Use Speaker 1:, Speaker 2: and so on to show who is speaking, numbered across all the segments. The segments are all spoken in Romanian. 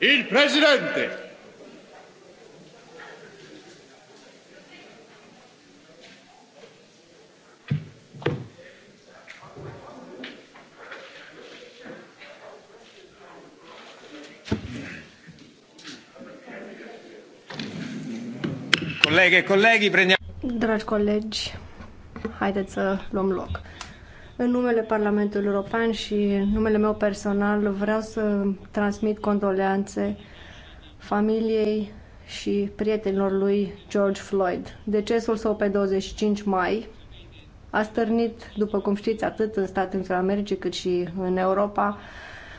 Speaker 1: Il Presidente!
Speaker 2: Colleghe e colleghi, prendiamo...
Speaker 3: Dragi colegi, haideți să luăm loc. În numele Parlamentului European și în numele meu personal vreau să transmit condoleanțe familiei și prietenilor lui George Floyd. Decesul său pe 25 mai a stârnit, după cum știți, atât în Statele Unite Americii cât și în Europa,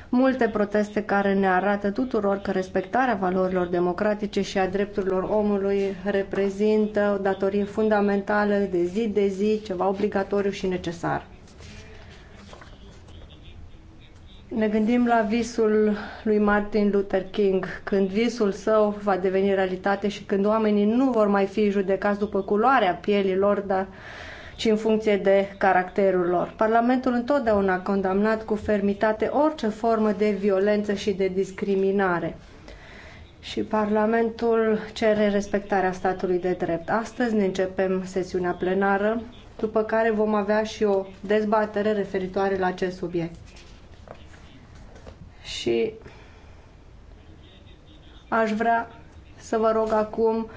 Speaker 3: multe proteste care ne arată tuturor că respectarea valorilor democratice și a drepturilor omului reprezintă o datorie fundamentală de zi de zi, ceva obligatoriu și necesar. Ne gândim la visul lui Martin Luther King, când visul său va deveni realitate și când oamenii nu vor mai fi judecați după culoarea pielii lor, dar ci în funcție de caracterul lor. Parlamentul întotdeauna a condamnat cu fermitate orice formă de violență și de discriminare. Și Parlamentul cere respectarea statului de drept. Astăzi ne începem sesiunea plenară, după care vom avea și o dezbatere referitoare la acest subiect și aș vrea să vă rog acum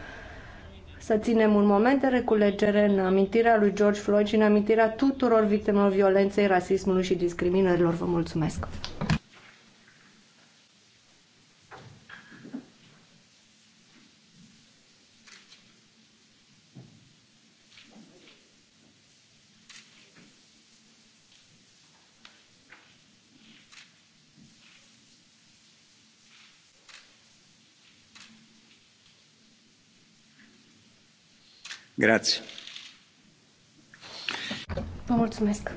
Speaker 3: să ținem un moment de reculegere în amintirea lui George Floyd și în amintirea tuturor victimelor violenței, rasismului și discriminărilor. Vă mulțumesc!
Speaker 2: Grazie.
Speaker 4: Vă mulțumesc.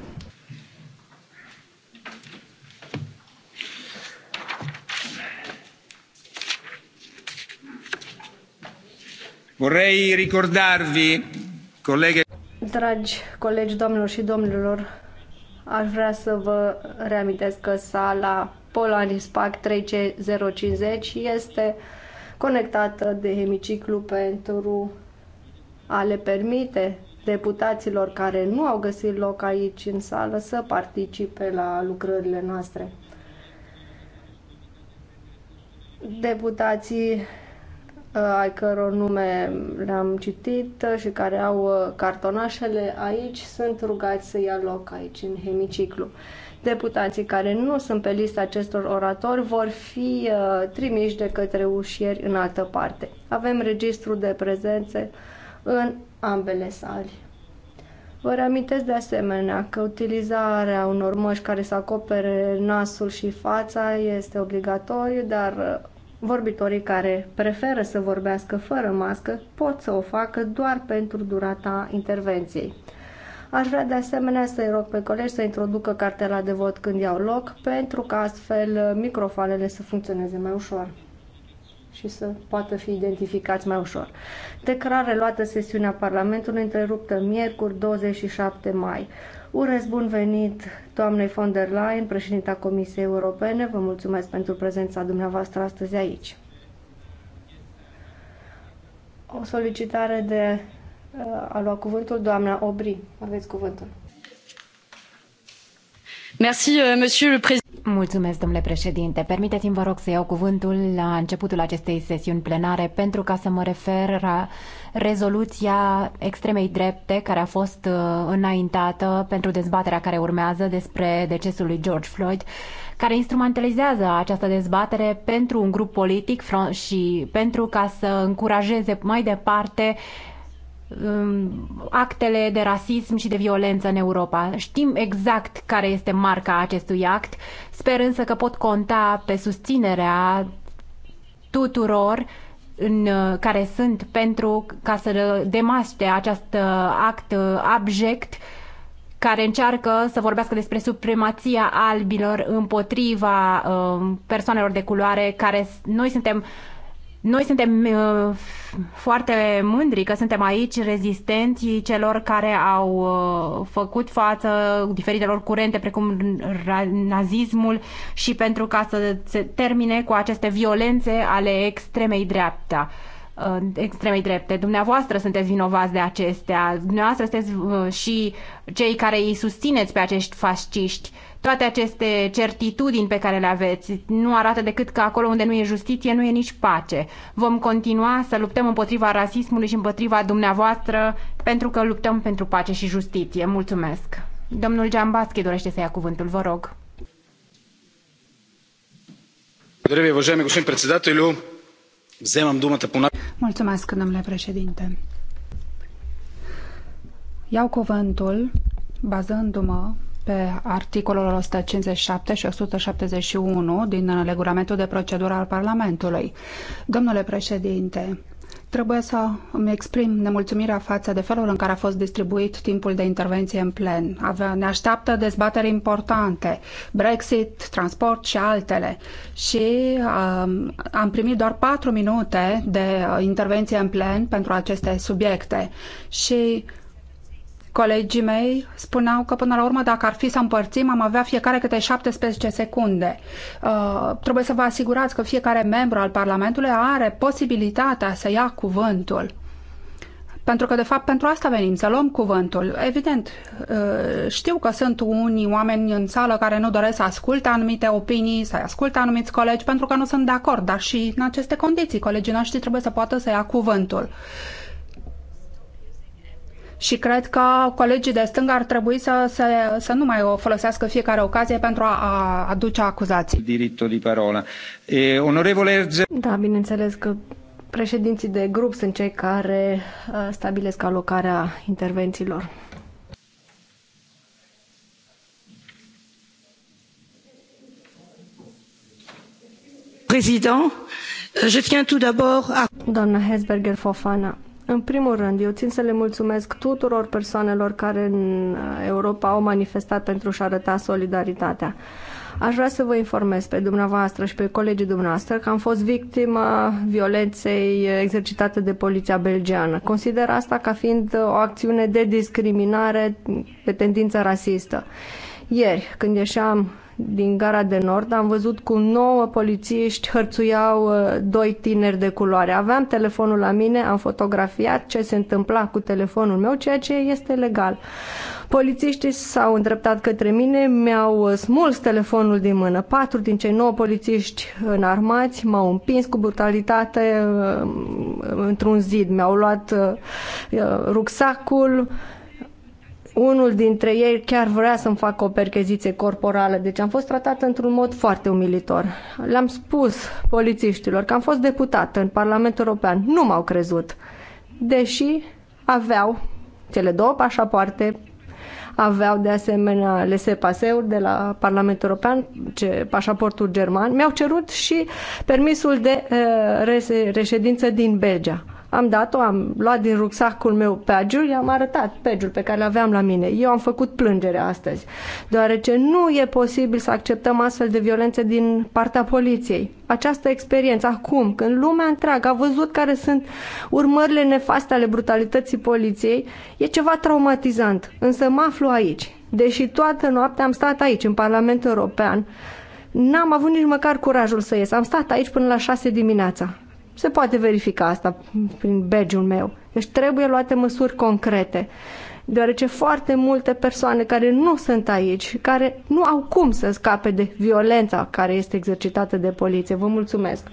Speaker 2: Vorrei ricordarvi, colleghe...
Speaker 3: Dragi colegi, doamnelor și domnilor, aș vrea să vă reamintesc că sala Polaris Pack 3C050 este conectată de hemiciclu pentru a le permite deputaților care nu au găsit loc aici în sală să participe la lucrările noastre. Deputații uh, ai căror nume le-am citit și care au uh, cartonașele aici sunt rugați să ia loc aici în hemiciclu. Deputații care nu sunt pe lista acestor oratori vor fi uh, trimiși de către ușieri în altă parte. Avem registru de prezențe în ambele sali. Vă reamintesc de asemenea că utilizarea unor măști care să acopere nasul și fața este obligatoriu, dar uh, vorbitorii care preferă să vorbească fără mască pot să o facă doar pentru durata intervenției. Aș vrea de asemenea să-i rog pe colegi să introducă cartela de vot când iau loc, pentru că astfel uh, microfoanele să funcționeze mai ușor și să poată fi identificați mai ușor. Declarare luată sesiunea Parlamentului întreruptă miercuri 27 mai. Urez bun venit doamnei von der Leyen, președinta Comisiei Europene. Vă mulțumesc pentru prezența dumneavoastră astăzi aici. O solicitare de uh, a lua cuvântul doamna Obri. Aveți cuvântul.
Speaker 4: Merci, euh, monsieur le président. Mulțumesc, domnule președinte. Permiteți-mi, vă rog, să iau cuvântul la începutul acestei sesiuni plenare pentru ca să mă refer la rezoluția extremei drepte care a fost uh, înaintată pentru dezbaterea care urmează despre decesul lui George Floyd, care instrumentalizează această dezbatere pentru un grup politic și pentru ca să încurajeze mai departe uh, Um, actele de rasism și de violență în Europa. Știm exact care este marca acestui act, sper însă că pot conta pe susținerea tuturor în uh, care sunt pentru ca să demaște acest uh, act uh, abject care încearcă să vorbească despre supremația albilor împotriva um, persoanelor de culoare care noi suntem uh, noi suntem uh, foarte mândri că suntem aici rezistenți celor care au uh, făcut față diferitelor curente precum nazismul și pentru ca să se termine cu aceste violențe ale extremei dreapta uh, extremei drepte. Dumneavoastră sunteți vinovați de acestea, dumneavoastră sunteți și cei care îi susțineți pe acești fasciști. Toate aceste certitudini pe care le aveți nu arată decât că acolo unde nu e justiție nu e nici pace. Vom continua să luptăm împotriva rasismului și împotriva dumneavoastră pentru că luptăm pentru pace și justiție. Mulțumesc! Domnul Giambaschi dorește să ia cuvântul, vă rog.
Speaker 5: Mulțumesc, domnule președinte. Iau cuvântul bazându-mă pe articolul 157 și 171 din regulamentul de procedură al Parlamentului. Domnule președinte, trebuie să îmi exprim nemulțumirea față de felul în care a fost distribuit timpul de intervenție în plen. Avea, ne așteaptă dezbateri importante, Brexit, transport și altele. Și um, am primit doar patru minute de uh, intervenție în plen pentru aceste subiecte. Și Colegii mei spuneau că până la urmă, dacă ar fi să împărțim, am avea fiecare câte 17 secunde. Uh, trebuie să vă asigurați că fiecare membru al Parlamentului are posibilitatea să ia cuvântul. Pentru că, de fapt, pentru asta venim, să luăm cuvântul. Evident, uh, știu că sunt unii oameni în sală care nu doresc să asculte anumite opinii, să asculte anumiți colegi, pentru că nu sunt de acord, dar și în aceste condiții, colegii noștri trebuie să poată să ia cuvântul și cred că colegii de stânga ar trebui să, să, să nu mai o folosească fiecare ocazie pentru a, a aduce
Speaker 2: acuzații. Diritto de parola. E, onorevole Erze...
Speaker 3: Da, bineînțeles că președinții de grup sunt cei care stabilesc alocarea intervențiilor. Président, je tiens tout d'abord à... Doamna Hesberger Fofana, în primul rând, eu țin să le mulțumesc tuturor persoanelor care în Europa au manifestat pentru și arăta solidaritatea. Aș vrea să vă informez pe dumneavoastră și pe colegii dumneavoastră că am fost victima violenței exercitate de poliția belgeană. Consider asta ca fiind o acțiune de discriminare pe tendință rasistă. Ieri, când ieșeam din gara de nord am văzut cum nouă polițiști hărțuiau uh, doi tineri de culoare. Aveam telefonul la mine, am fotografiat ce se întâmpla cu telefonul meu, ceea ce este legal. Polițiștii s-au îndreptat către mine, mi-au uh, smuls telefonul din mână. Patru din cei nouă polițiști înarmați m-au împins cu brutalitate uh, într-un zid. Mi-au luat rucsacul, unul dintre ei chiar vrea să-mi facă o percheziție corporală, deci am fost tratat într-un mod foarte umilitor. Le-am spus polițiștilor că am fost deputată în Parlamentul European. Nu m-au crezut, deși aveau cele două pașapoarte, aveau de asemenea lese paseuri de la Parlamentul European, ce, pașaportul german. Mi-au cerut și permisul de uh, reședință din Belgia. Am dat-o, am luat din rucsacul meu pagiul, i-am arătat pagiul pe care l-aveam la mine. Eu am făcut plângere astăzi, deoarece nu e posibil să acceptăm astfel de violențe din partea poliției. Această experiență acum, când lumea întreagă a văzut care sunt urmările nefaste ale brutalității poliției, e ceva traumatizant. Însă mă aflu aici. Deși toată noaptea am stat aici, în Parlamentul European, n-am avut nici măcar curajul să ies. Am stat aici până la șase dimineața se poate verifica asta prin badge-ul meu. Deci trebuie luate măsuri concrete, deoarece foarte multe persoane care nu sunt aici care nu au cum să scape de violența care este exercitată de poliție. Vă mulțumesc!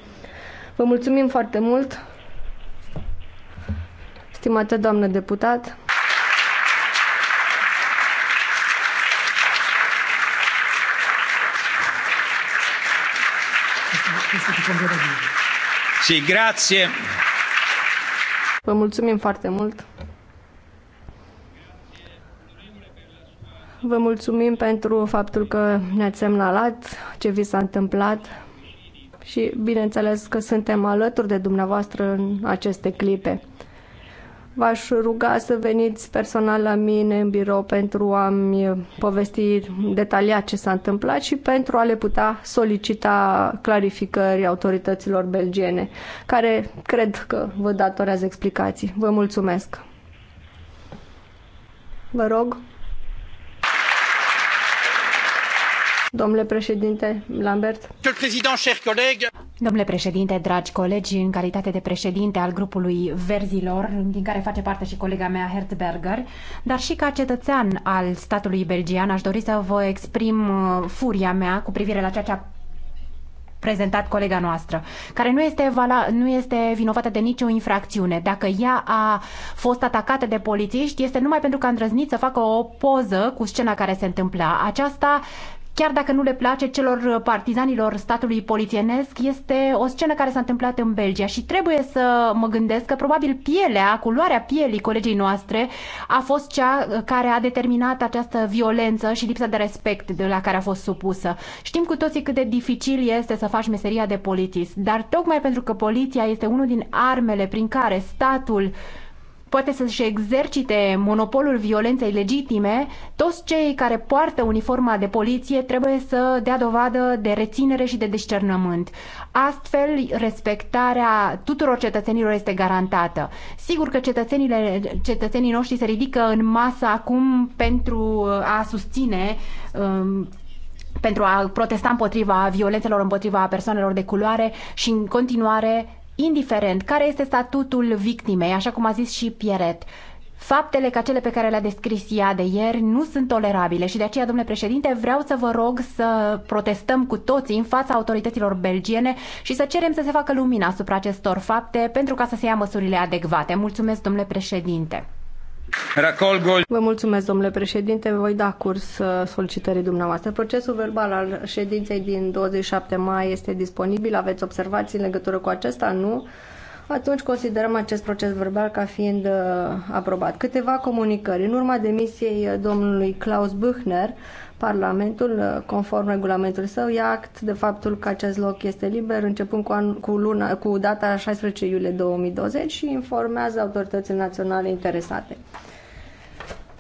Speaker 3: Vă mulțumim foarte mult, stimată doamnă deputat! Thank you.
Speaker 2: Și grație.
Speaker 3: Vă mulțumim foarte mult. Vă mulțumim pentru faptul că ne-ați semnalat ce vi s-a întâmplat și bineînțeles că suntem alături de dumneavoastră în aceste clipe v-aș ruga să veniți personal la mine în birou pentru a-mi povesti detaliat ce s-a întâmplat și pentru a le putea solicita clarificări autorităților belgiene, care cred că vă datorează explicații. Vă mulțumesc! Vă rog!
Speaker 4: Domnule președinte Lambert. Domnule președinte, dragi colegi, în calitate de președinte al grupului Verzilor, din care face parte și colega mea Hertzberger, dar și ca cetățean al statului belgian, aș dori să vă exprim uh, furia mea cu privire la ceea ce a prezentat colega noastră, care nu este, vala, nu este vinovată de nicio infracțiune. Dacă ea a fost atacată de polițiști, este numai pentru că a îndrăznit să facă o poză cu scena care se întâmpla. Aceasta chiar dacă nu le place celor uh, partizanilor statului polițienesc, este o scenă care s-a întâmplat în Belgia și trebuie să mă gândesc că probabil pielea, culoarea pielii colegii noastre a fost cea uh, care a determinat această violență și lipsa de respect de la care a fost supusă. Știm cu toții cât de dificil este să faci meseria de polițist, dar tocmai pentru că poliția este unul din armele prin care statul uh, poate să-și exercite monopolul violenței legitime, toți cei care poartă uniforma de poliție trebuie să dea dovadă de reținere și de discernământ. Astfel, respectarea tuturor cetățenilor este garantată. Sigur că cetățenile, cetățenii noștri se ridică în masă acum pentru a susține um, pentru a protesta împotriva violențelor împotriva persoanelor de culoare și în continuare indiferent care este statutul victimei, așa cum a zis și Pieret, Faptele ca cele pe care le-a descris ea de ieri nu sunt tolerabile și de aceea, domnule președinte, vreau să vă rog să protestăm cu toții în fața autorităților belgiene și să cerem să se facă lumina asupra acestor fapte pentru ca să se ia măsurile adecvate. Mulțumesc, domnule președinte. Vă mulțumesc, domnule președinte. Voi da curs uh, solicitării dumneavoastră. Procesul
Speaker 3: verbal al ședinței din 27 mai este disponibil. Aveți observații în legătură cu acesta? Nu? Atunci considerăm acest proces verbal ca fiind uh, aprobat. Câteva comunicări. În urma demisiei uh, domnului Klaus Büchner, Parlamentul, uh, conform regulamentului său, ia act de faptul că acest loc este liber începând cu, an, cu, luna, cu data 16 iulie 2020 și informează autoritățile naționale interesate.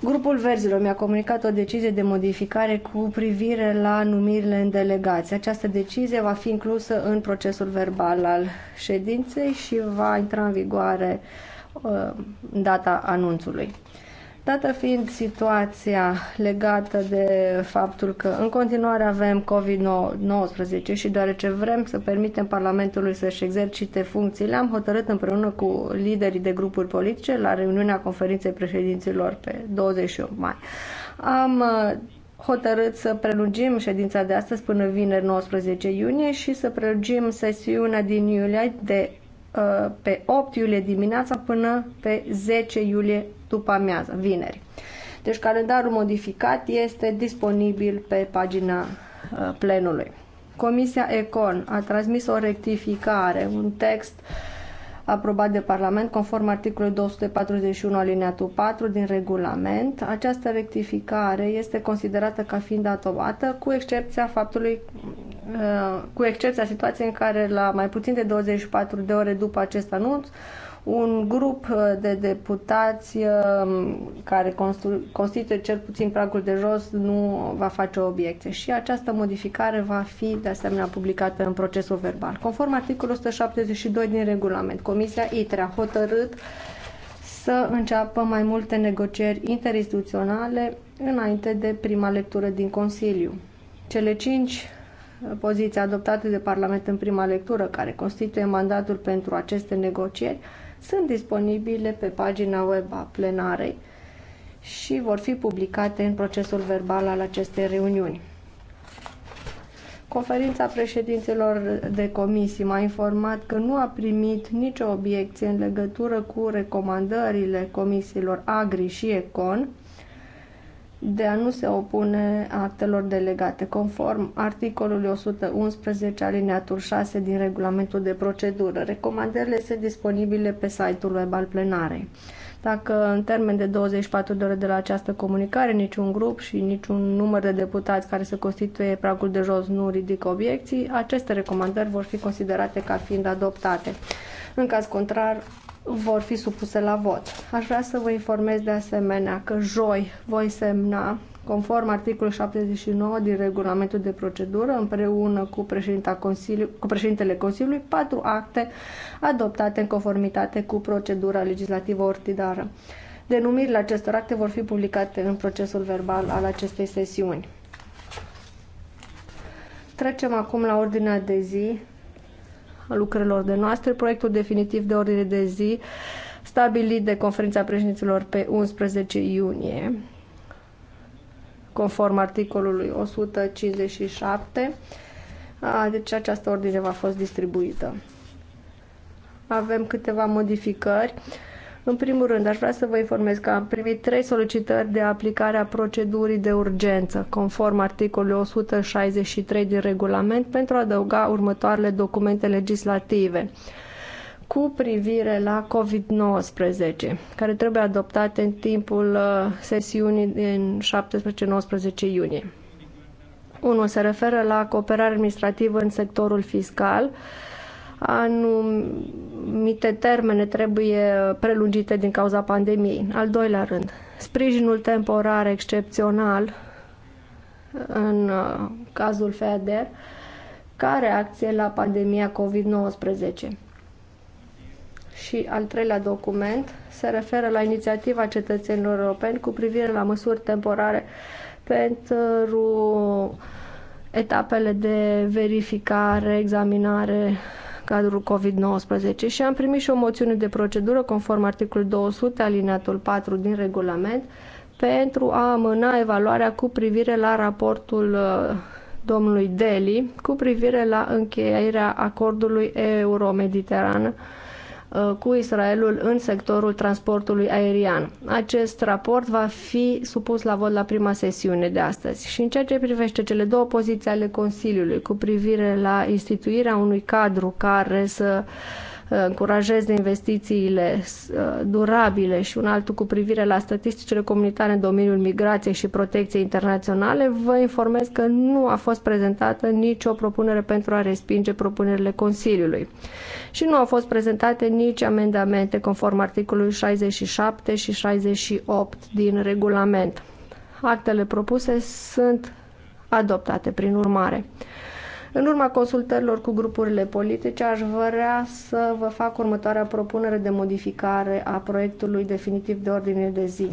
Speaker 3: Grupul Verzilor mi-a comunicat o decizie de modificare cu privire la numirile în delegație. Această decizie va fi inclusă în procesul verbal al ședinței și va intra în vigoare uh, data anunțului. Dată fiind situația legată de faptul că în continuare avem COVID-19 și deoarece vrem să permitem Parlamentului să-și exercite funcțiile, am hotărât împreună cu liderii de grupuri politice la reuniunea conferinței președinților pe 28 mai. Am uh, hotărât să prelungim ședința de astăzi până vineri 19 iunie și să prelungim sesiunea din iulie de pe 8 iulie dimineața până pe 10 iulie după amiază, vineri. Deci calendarul modificat este disponibil pe pagina uh, plenului. Comisia Econ a transmis o rectificare, un text uh, aprobat de Parlament conform articolului 241 alineatul 4 din regulament. Această rectificare este considerată ca fiind aprobată cu excepția faptului uh, cu excepția situației în care la mai puțin de 24 de ore după acest anunț, un grup uh, de deputați uh, care constituie cel puțin pragul de jos nu va face obiecție și această modificare va fi de asemenea publicată în procesul verbal. Conform articolul 172 din regulament, Comisia ITRE a hotărât să înceapă mai multe negocieri interinstituționale înainte de prima lectură din Consiliu. Cele cinci uh, poziții adoptate de Parlament în prima lectură, care constituie mandatul pentru aceste negocieri, sunt disponibile pe pagina web a plenarei și vor fi publicate în procesul verbal al acestei reuniuni. Conferința președinților de comisii m-a informat că nu a primit nicio obiecție în legătură cu recomandările comisiilor Agri și Econ de a nu se opune actelor delegate, conform articolului 111 alineatul 6 din regulamentul de procedură. Recomandările sunt disponibile pe site-ul web al plenarei. Dacă în termen de 24 de ore de la această comunicare niciun grup și niciun număr de deputați care se constituie pragul de jos nu ridică obiecții, aceste recomandări vor fi considerate ca fiind adoptate. În caz contrar, vor fi supuse la vot. Aș vrea să vă informez de asemenea că joi voi semna, conform articolul 79 din regulamentul de procedură, împreună cu, Consiliu, cu președintele Consiliului, patru acte adoptate în conformitate cu procedura legislativă ordinară. Denumirile acestor acte vor fi publicate în procesul verbal al acestei sesiuni. Trecem acum la ordinea de zi lucrărilor de noastre, proiectul definitiv de ordine de zi stabilit de conferința președinților pe 11 iunie, conform articolului 157. Deci această ordine va fost distribuită. Avem câteva modificări. În primul rând, aș vrea să vă informez că am primit trei solicitări de aplicare a procedurii de urgență, conform articolului 163 din regulament, pentru a adăuga următoarele documente legislative cu privire la COVID-19, care trebuie adoptate în timpul uh, sesiunii din 17-19 iunie. 1. Se referă la cooperare administrativă în sectorul fiscal, anumite termene trebuie prelungite din cauza pandemiei. Al doilea rând, sprijinul temporar excepțional în uh, cazul FEADER ca reacție la pandemia COVID-19. Și al treilea document se referă la inițiativa cetățenilor europeni cu privire la măsuri temporare pentru etapele de verificare, examinare cadrul COVID-19 și am primit și o moțiune de procedură conform articolul 200 alineatul 4 din regulament pentru a amâna evaluarea cu privire la raportul uh, domnului Deli cu privire la încheierea acordului euro-mediteran Uh, cu Israelul în sectorul transportului aerian. Acest raport va fi supus la vot la prima sesiune de astăzi. Și în ceea ce privește cele două poziții ale Consiliului cu privire la instituirea unui cadru care să uh, Uh, încurajeze investițiile uh, durabile și un altul cu privire la statisticile comunitare în domeniul migrației și protecției internaționale, vă informez că nu a fost prezentată nicio propunere pentru a respinge propunerile Consiliului și nu au fost prezentate nici amendamente conform articolului 67 și 68 din regulament. Actele propuse sunt adoptate prin urmare. În urma consultărilor cu grupurile politice, aș vrea să vă fac următoarea propunere de modificare a proiectului definitiv de ordine de zi.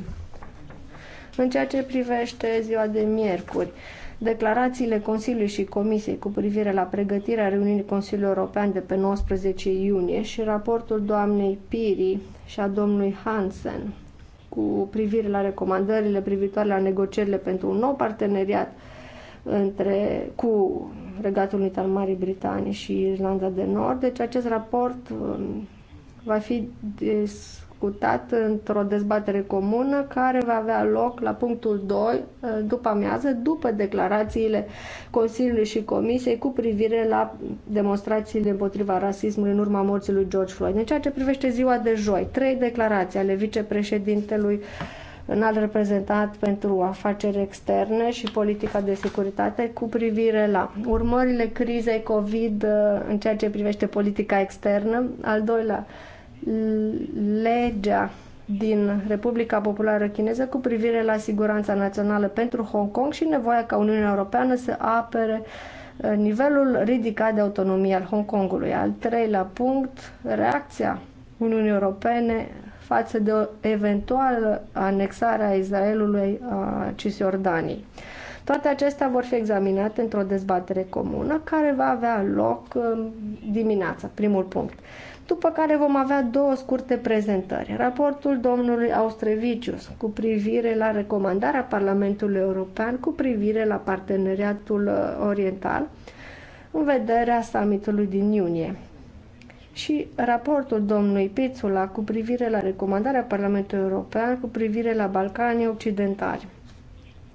Speaker 3: În ceea ce privește ziua de miercuri, declarațiile Consiliului și Comisiei cu privire la pregătirea reuniunii Consiliului European de pe 19 iunie și raportul doamnei Piri și a domnului Hansen cu privire la recomandările privitoare la negocierile pentru un nou parteneriat între, cu Regatul Unit al Marii Britanii și Irlanda de Nord. Deci acest raport um, va fi discutat într-o dezbatere comună care va avea loc la punctul 2 uh, după amiază, după declarațiile Consiliului și Comisiei cu privire la demonstrațiile împotriva rasismului în urma morții lui George Floyd. În ceea ce privește ziua de joi, trei declarații ale vicepreședintelui uh, înalt reprezentat pentru afaceri externe și politica de securitate cu privire la urmările crizei COVID uh, în ceea ce privește politica externă, al doilea, legea din Republica Populară Chineză cu privire la siguranța națională pentru Hong Kong și nevoia ca Uniunea Europeană să apere uh, nivelul ridicat de autonomie al Hong Kongului. Al treilea punct, reacția Uniunii Europene față de o eventuală anexare a Israelului a Cisjordaniei. Toate acestea vor fi examinate într-o dezbatere comună care va avea loc um, dimineața, primul punct. După care vom avea două scurte prezentări. Raportul domnului Austrevicius cu privire la recomandarea Parlamentului European cu privire la parteneriatul uh, oriental în vederea summitului din iunie și raportul domnului Pițula cu privire la recomandarea Parlamentului European cu privire la Balcanii Occidentali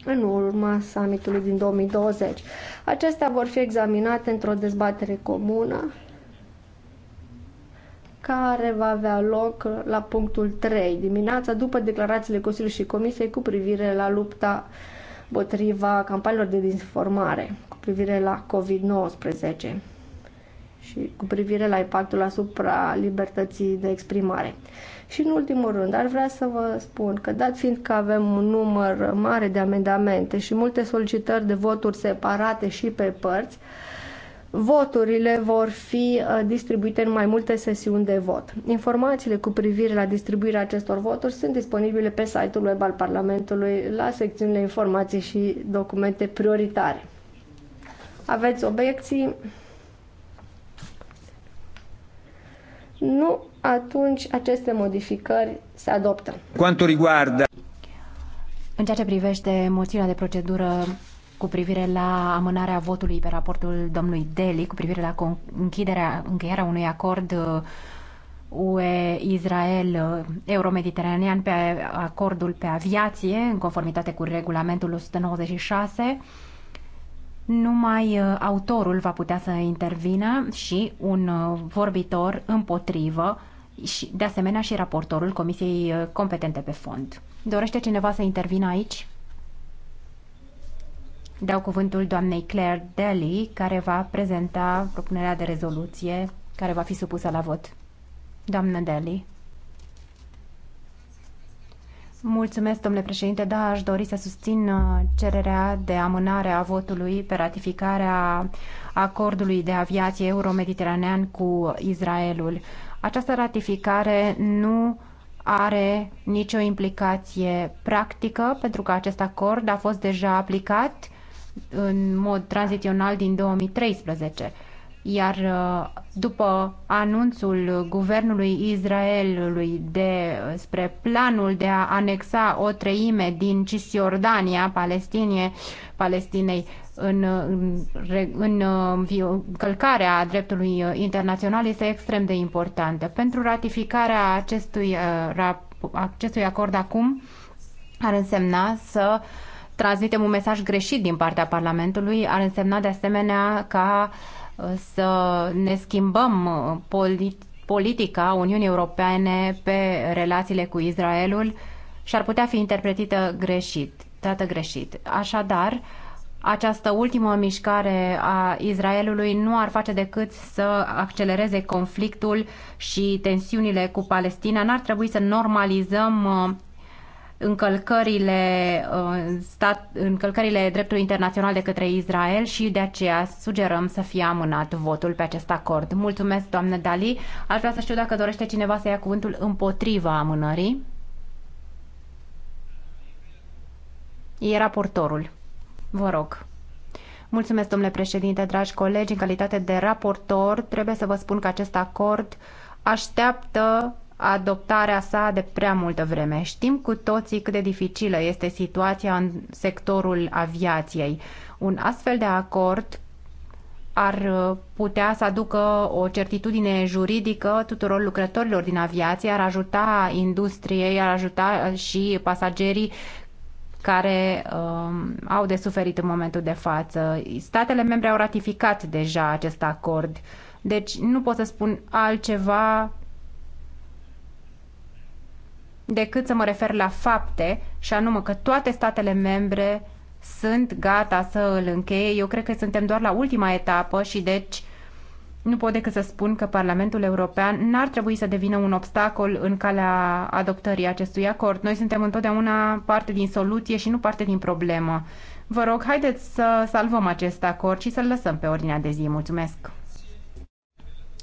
Speaker 3: în urma summitului din 2020. Acestea vor fi examinate într-o dezbatere comună care va avea loc la punctul 3 dimineața după declarațiile Consiliului și Comisiei cu privire la lupta împotriva campaniilor de dezinformare cu privire la COVID-19 și cu privire la impactul asupra libertății de exprimare. Și în ultimul rând, ar vrea să vă spun că, dat fiind că avem un număr mare de amendamente și multe solicitări de voturi separate și pe părți, Voturile vor fi uh, distribuite în mai multe sesiuni de vot. Informațiile cu privire la distribuirea acestor voturi sunt disponibile pe site-ul web al Parlamentului la secțiunile informații și documente prioritare. Aveți obiecții?
Speaker 4: nu atunci aceste modificări se adoptă.
Speaker 2: Quanto riguarda...
Speaker 4: În ceea ce privește moțiunea de procedură cu privire la amânarea votului pe raportul domnului Deli, cu privire la închiderea, încheierea unui acord uh, UE-Israel uh, euromediteranean pe acordul pe aviație, în conformitate cu regulamentul 196, numai uh, autorul va putea să intervină și un uh, vorbitor împotrivă, și, de asemenea și raportorul Comisiei uh, competente pe fond. Dorește cineva să intervină aici? Dau cuvântul doamnei Claire Daly, care va prezenta propunerea de rezoluție care va fi supusă la vot. Doamnă Daly. Mulțumesc, domnule președinte. Da, aș dori să susțin uh, cererea de amânare a votului pe ratificarea acordului de aviație euromediteranean cu Israelul. Această ratificare nu are nicio implicație practică, pentru că acest acord a fost deja aplicat în mod tranzițional din 2013. Iar uh, după anunțul guvernului Israelului despre uh, planul de a anexa o treime din Cisjordania, Palestinie, Palestinei, în, în, în uh, călcarea dreptului internațional este extrem de importantă. Pentru ratificarea acestui, acestui acord acum ar însemna să transmitem un mesaj greșit din partea Parlamentului, ar însemna de asemenea ca uh, să ne schimbăm uh, politica Uniunii Europene pe relațiile cu Israelul și ar putea fi interpretată greșit, dată greșit. Așadar, această ultimă mișcare a Israelului nu ar face decât să accelereze conflictul și tensiunile cu Palestina. N-ar trebui să normalizăm uh, încălcările, uh, stat, încălcările dreptului internațional de către Israel și de aceea sugerăm să fie amânat votul pe acest acord. Mulțumesc, doamnă Dali. Aș vrea să știu dacă dorește cineva să ia cuvântul împotriva amânării. E raportorul. Vă rog. Mulțumesc, domnule președinte, dragi colegi. În calitate de raportor, trebuie să vă spun că acest acord așteaptă adoptarea sa de prea multă vreme. Știm cu toții cât de dificilă este situația în sectorul aviației. Un astfel de acord ar uh, putea să aducă o certitudine juridică tuturor lucrătorilor din aviație, ar ajuta industriei, ar ajuta și pasagerii care um, au de suferit în momentul de față. Statele membre au ratificat deja acest acord, deci nu pot să spun altceva decât să mă refer la fapte, și anume că toate statele membre sunt gata să îl încheie. Eu cred că suntem doar la ultima etapă și deci nu pot decât să spun că Parlamentul European n-ar trebui să devină un obstacol în calea adoptării acestui acord. Noi suntem întotdeauna parte din soluție și nu parte din problemă. Vă rog, haideți să salvăm acest acord și să-l lăsăm pe ordinea de zi. Mulțumesc!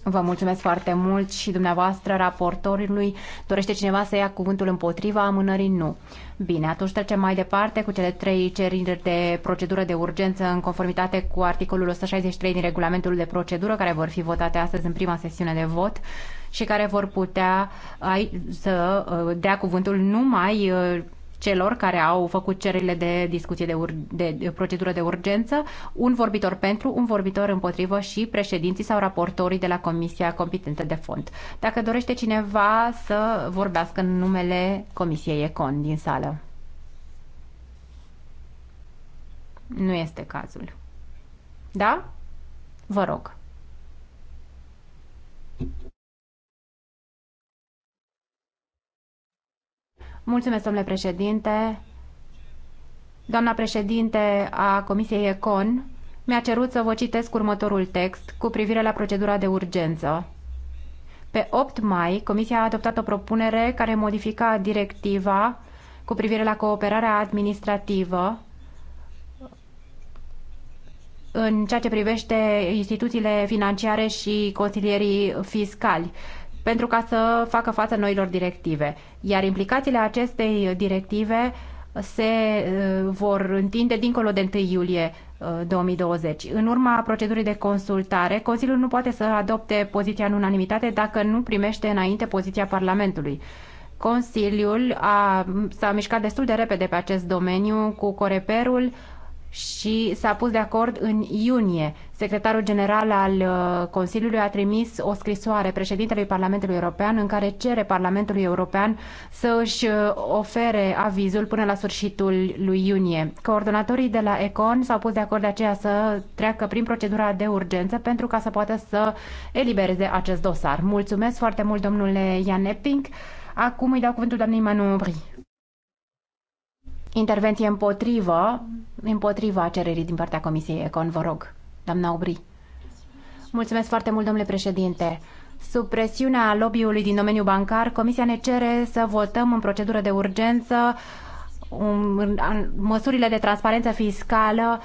Speaker 4: Vă mulțumesc foarte mult și dumneavoastră, raportorului. Dorește cineva să ia cuvântul împotriva amânării? Nu. Bine, atunci trecem mai departe cu cele trei cereri de procedură de urgență în conformitate cu articolul 163 din regulamentul de procedură, care vor fi votate astăzi în prima sesiune de vot și care vor putea să uh, dea cuvântul numai uh, celor care au făcut cererile de discuție de, ur- de procedură de urgență, un vorbitor pentru, un vorbitor împotrivă și președinții sau raportorii de la Comisia Competentă de Fond. Dacă dorește cineva să vorbească în numele Comisiei Econ din sală. Nu este cazul. Da? Vă rog. Mulțumesc, domnule președinte. Doamna președinte a Comisiei Econ mi-a cerut să vă citesc următorul text cu privire la procedura de urgență. Pe 8 mai, Comisia a adoptat o propunere care modifica directiva cu privire la cooperarea administrativă în ceea ce privește instituțiile financiare și consilierii fiscali pentru ca să facă față noilor directive. Iar implicațiile acestei directive se uh, vor întinde dincolo de 1 iulie 2020. Uh, în urma procedurii de consultare, Consiliul nu poate să adopte poziția în unanimitate dacă nu primește înainte poziția Parlamentului. Consiliul a, s-a mișcat destul de repede pe acest domeniu cu Coreperul și s-a pus de acord în iunie Secretarul general al uh, Consiliului a trimis o scrisoare președintelui Parlamentului European în care cere Parlamentului European să își uh, ofere avizul până la sfârșitul lui iunie. Coordonatorii de la Econ s-au pus de acord de aceea să treacă prin procedura de urgență pentru ca să poată să elibereze acest dosar. Mulțumesc foarte mult, domnule Ian Epping. Acum îi dau cuvântul doamnei Manu Bri. Intervenție împotrivă, împotriva cererii din partea Comisiei Econ, vă rog. Doamna Obri. Mulțumesc foarte mult, domnule președinte. Sub presiunea lobby-ului din domeniul bancar, Comisia ne cere să votăm în procedură de urgență um, măsurile de transparență fiscală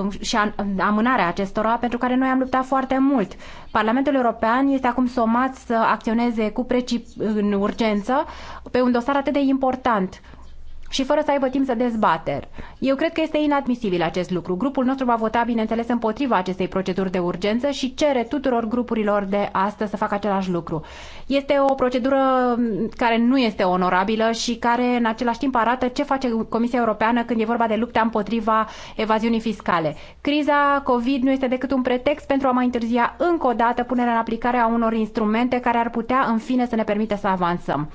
Speaker 4: um, și amânarea acestora, pentru care noi am luptat foarte mult. Parlamentul European este acum somat să acționeze cu preci în urgență pe un dosar atât de important și fără să aibă timp să dezbateri. Eu cred că este inadmisibil acest lucru. Grupul nostru va vota, bineînțeles, împotriva acestei proceduri de urgență și cere tuturor grupurilor de astăzi să facă același lucru. Este o procedură mm, care nu este onorabilă și care în același timp arată ce face Comisia Europeană când e vorba de lupta împotriva evaziunii fiscale. Criza COVID nu este decât un pretext pentru a mai întârzia încă o dată punerea în aplicare a unor instrumente care ar putea în fine să ne permită să avansăm.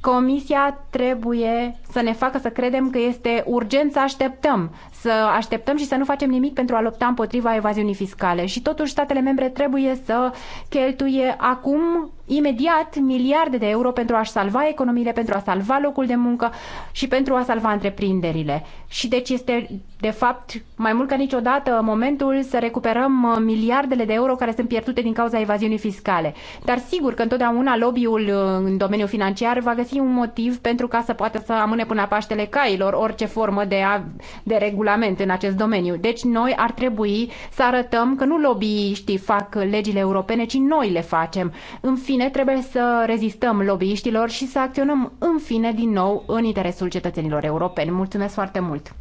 Speaker 4: Comisia trebuie să ne facă să credem că este urgent să așteptăm, să așteptăm și să nu facem nimic pentru a lupta împotriva evaziunii fiscale. Și totuși statele membre trebuie să cheltuie acum imediat miliarde de euro pentru a-și salva economiile, pentru a salva locul de muncă și pentru a salva întreprinderile. Și deci este, de fapt, mai mult ca niciodată momentul să recuperăm miliardele de euro care sunt pierdute din cauza evaziunii fiscale. Dar sigur că întotdeauna lobby-ul uh, în domeniul financiar va găsi un motiv pentru ca să poată să amâne până la Paștele Cailor orice formă de, a, de regulă regulament în acest domeniu. Deci noi ar trebui să arătăm că nu lobbyiștii fac legile europene, ci noi le facem. În fine, trebuie să rezistăm lobbyiștilor și să acționăm în fine din nou în interesul cetățenilor europeni. Mulțumesc foarte mult!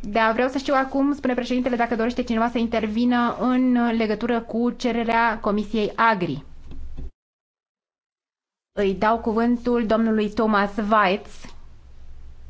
Speaker 4: Da, vreau să știu acum, spune președintele, dacă dorește cineva să intervină în legătură cu cererea Comisiei Agri. Îi dau cuvântul domnului Thomas Weitz,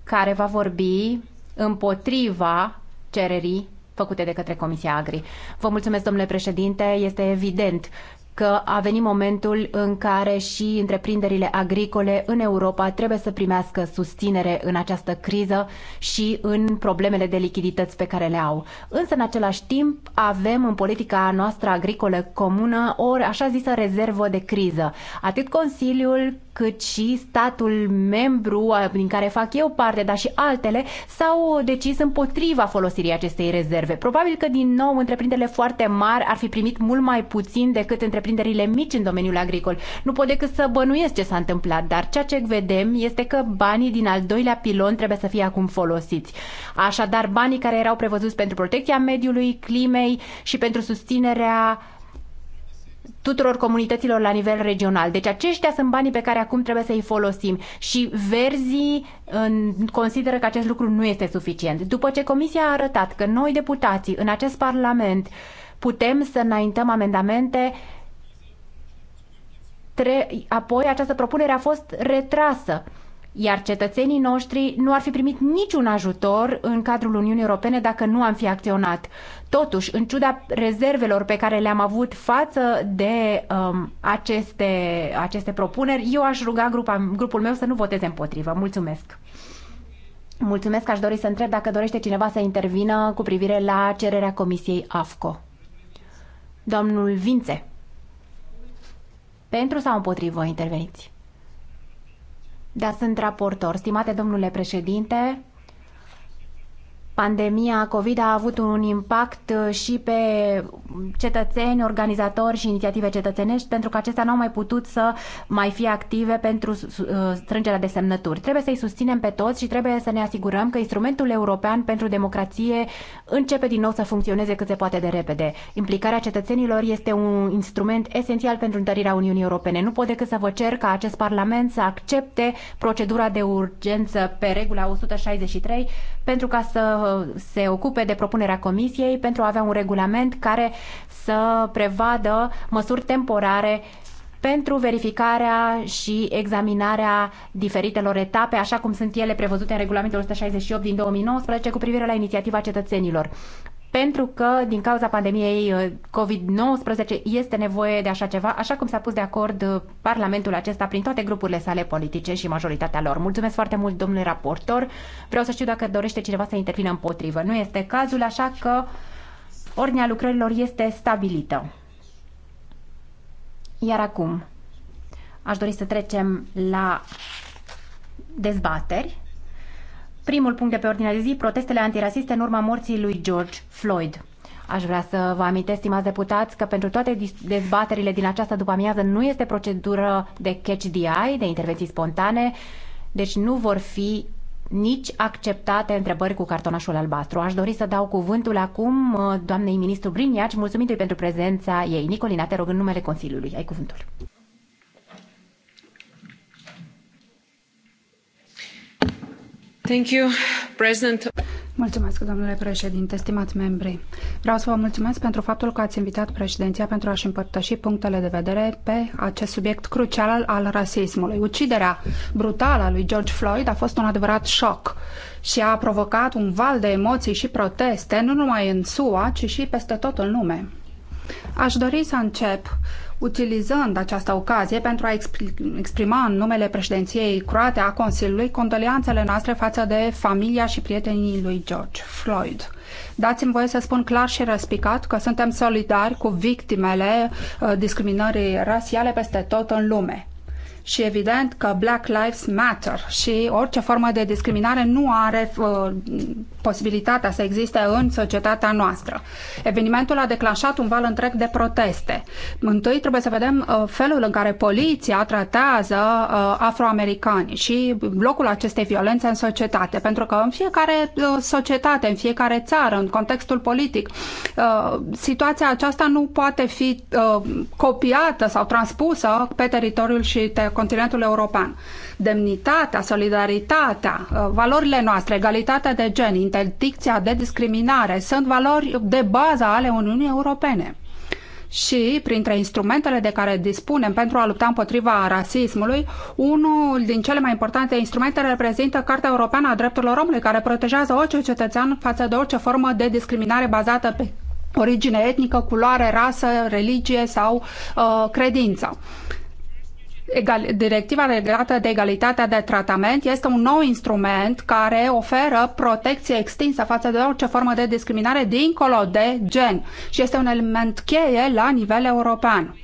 Speaker 4: care va vorbi împotriva cererii făcute de către Comisia Agri. Vă mulțumesc, domnule președinte. Este evident că a venit momentul în care și întreprinderile agricole în Europa trebuie să primească susținere în această criză și în problemele de lichidități pe care le au. Însă, în același timp, avem în politica noastră agricolă comună o așa zisă rezervă de criză. Atât Consiliul cât și statul membru din care fac eu parte, dar și altele, s-au decis împotriva folosirii acestei rezerve. Probabil că, din nou, întreprinderile foarte mari ar fi primit mult mai puțin decât întreprinderile mici în domeniul agricol. Nu pot decât să bănuiesc ce s-a întâmplat, dar ceea ce vedem este că banii din al doilea pilon trebuie să fie acum folosiți. Așadar, banii care erau prevăzuți pentru protecția mediului, climei și pentru susținerea tuturor comunităților la nivel regional. Deci aceștia sunt banii pe care acum trebuie să-i folosim și verzii consideră că acest lucru nu este suficient. După ce Comisia a arătat că noi deputații în acest Parlament putem să înaintăm amendamente tre- apoi această propunere a fost retrasă iar cetățenii noștri nu ar fi primit niciun ajutor în cadrul Uniunii Europene dacă nu am fi acționat. Totuși, în ciuda rezervelor pe care le-am avut față de um, aceste, aceste propuneri, eu aș ruga grupa, grupul meu să nu voteze împotrivă. Mulțumesc! Mulțumesc, aș dori să întreb dacă dorește cineva să intervină cu privire la cererea Comisiei AFCO. Domnul Vințe, pentru sau împotrivă interveniți? Da, sunt raportor. Stimate domnule președinte, Pandemia COVID a avut un impact uh, și pe cetățeni, organizatori și inițiative cetățenești pentru că acestea nu au mai putut să mai fie active pentru uh, strângerea de semnături. Trebuie să-i susținem pe toți și trebuie să ne asigurăm că instrumentul european pentru democrație începe din nou să funcționeze cât se poate de repede. Implicarea cetățenilor este un instrument esențial pentru întărirea Uniunii Europene. Nu pot decât să vă cer ca acest Parlament să accepte procedura de urgență pe regula 163 pentru ca să se ocupe de propunerea Comisiei pentru a avea un regulament care să prevadă măsuri temporare pentru verificarea și examinarea diferitelor etape, așa cum sunt ele prevăzute în regulamentul 168 din 2019 cu privire la inițiativa cetățenilor pentru că din cauza pandemiei uh, COVID-19 este nevoie de așa ceva, așa cum s-a pus de acord uh, Parlamentul acesta prin toate grupurile sale politice și majoritatea lor. Mulțumesc foarte mult, domnule raportor. Vreau să știu dacă dorește cineva să intervină împotrivă. Nu este cazul, așa că ordinea lucrărilor este stabilită. Iar acum aș dori să trecem la dezbateri. Primul punct de pe ordinea de zi, protestele antirasiste în urma morții lui George Floyd. Aș vrea să vă amintesc, stimați deputați, că pentru toate dezbaterile din această după-amiază nu este procedură de catch the eye, de intervenții spontane, deci nu vor fi nici acceptate întrebări cu cartonașul albastru. Aș dori să dau cuvântul acum uh, doamnei ministru Briniaci, mulțumindu-i pentru prezența ei. Nicolina, te rog în numele Consiliului. Ai cuvântul.
Speaker 5: Mulțumesc, domnule președinte, stimați membri. Vreau să vă mulțumesc pentru faptul că ați invitat președinția pentru a-și împărtăși punctele de vedere pe acest subiect crucial al rasismului. Uciderea brutală a lui George Floyd a fost un adevărat șoc și a provocat un val de emoții și proteste, nu numai în SUA, ci și peste tot în lume. Aș dori să încep utilizând această ocazie pentru a exprima în numele președinției croate a Consiliului condoleanțele noastre față de familia și prietenii lui George Floyd. Dați-mi voie să spun clar și răspicat că suntem solidari cu victimele uh, discriminării rasiale peste tot în lume și evident că Black Lives Matter și orice formă de discriminare nu are uh, posibilitatea să existe în societatea noastră. Evenimentul a declanșat un val întreg de proteste. Întâi trebuie să vedem uh, felul în care poliția tratează uh, afroamericani și blocul acestei violențe în societate, pentru că în fiecare uh, societate, în fiecare țară, în contextul politic, uh, situația aceasta nu poate fi uh, copiată sau transpusă pe teritoriul și te continentul european. Demnitatea, solidaritatea, uh, valorile noastre, egalitatea de gen, interdicția de discriminare sunt valori de bază ale Uniunii Europene și printre instrumentele de care dispunem pentru a lupta împotriva rasismului, unul din cele mai importante instrumente reprezintă Cartea Europeană a Drepturilor Omului, care protejează orice cetățean față de orice formă de discriminare bazată pe origine etnică, culoare, rasă, religie sau uh, credință egal, directiva legată de egalitatea de tratament este un nou instrument care oferă protecție extinsă față de orice formă de discriminare dincolo de gen și este un element cheie la nivel european.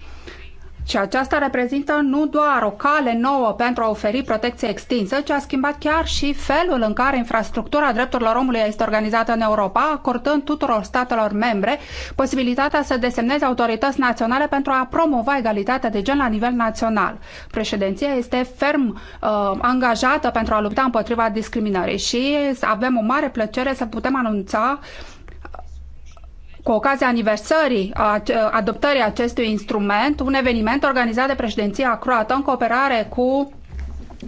Speaker 5: Și aceasta reprezintă nu doar o cale nouă pentru a oferi protecție extinsă, ci a schimbat chiar și felul în care infrastructura drepturilor omului este organizată în Europa, acordând tuturor statelor membre posibilitatea să desemneze autorități naționale pentru a promova egalitatea de gen la nivel național. Președinția este ferm uh, angajată pentru a lupta împotriva discriminării și avem o mare plăcere să putem anunța uh, cu ocazia aniversării a adoptării acestui instrument, un eveniment organizat de președinția croată în cooperare cu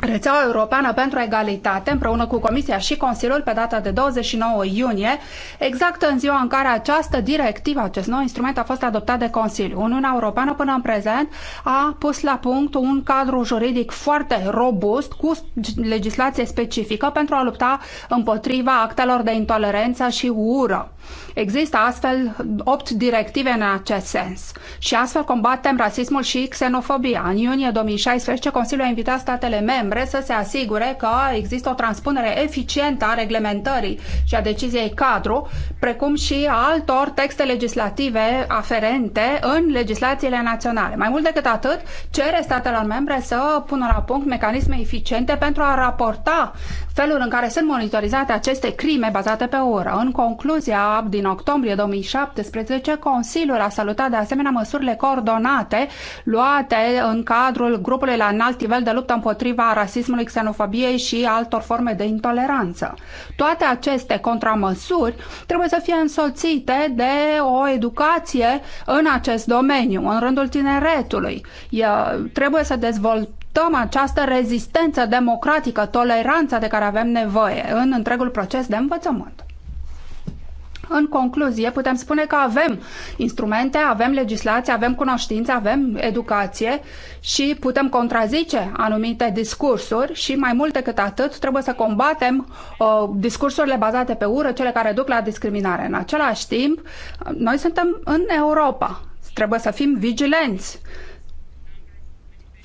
Speaker 5: Rețeaua Europeană pentru Egalitate, împreună cu Comisia și Consiliul, pe data de 29 iunie, exact în ziua în care această directivă, acest nou instrument, a fost adoptat de Consiliu. Uniunea Europeană, până în prezent, a pus la punct un cadru juridic foarte robust, cu legislație specifică pentru a lupta împotriva actelor de intoleranță și ură. Există astfel opt directive în acest sens și astfel combatem rasismul și xenofobia. În iunie 2016, Consiliul a invitat statele membre să se asigure că există o transpunere eficientă a reglementării și a deciziei cadru, precum și a altor texte legislative aferente în legislațiile naționale. Mai mult decât atât, cere statelor membre să pună la punct mecanisme eficiente pentru a raporta felul în care sunt monitorizate aceste crime bazate pe ură. În concluzia din octombrie 2017, Consiliul a salutat de asemenea măsurile coordonate luate în cadrul grupului la înalt nivel de luptă împotriva rasismului, xenofobiei și altor forme de intoleranță. Toate aceste contramăsuri trebuie să fie însoțite de o educație în acest domeniu, în rândul tineretului. E, trebuie să dezvoltăm acceptăm această rezistență democratică, toleranța de care avem nevoie în întregul proces de învățământ. În concluzie, putem spune că avem instrumente, avem legislație, avem cunoștință, avem educație și putem contrazice anumite discursuri și mai mult decât atât trebuie să combatem uh, discursurile bazate pe ură, cele care duc la discriminare. În același timp, noi suntem în Europa, trebuie să fim vigilenți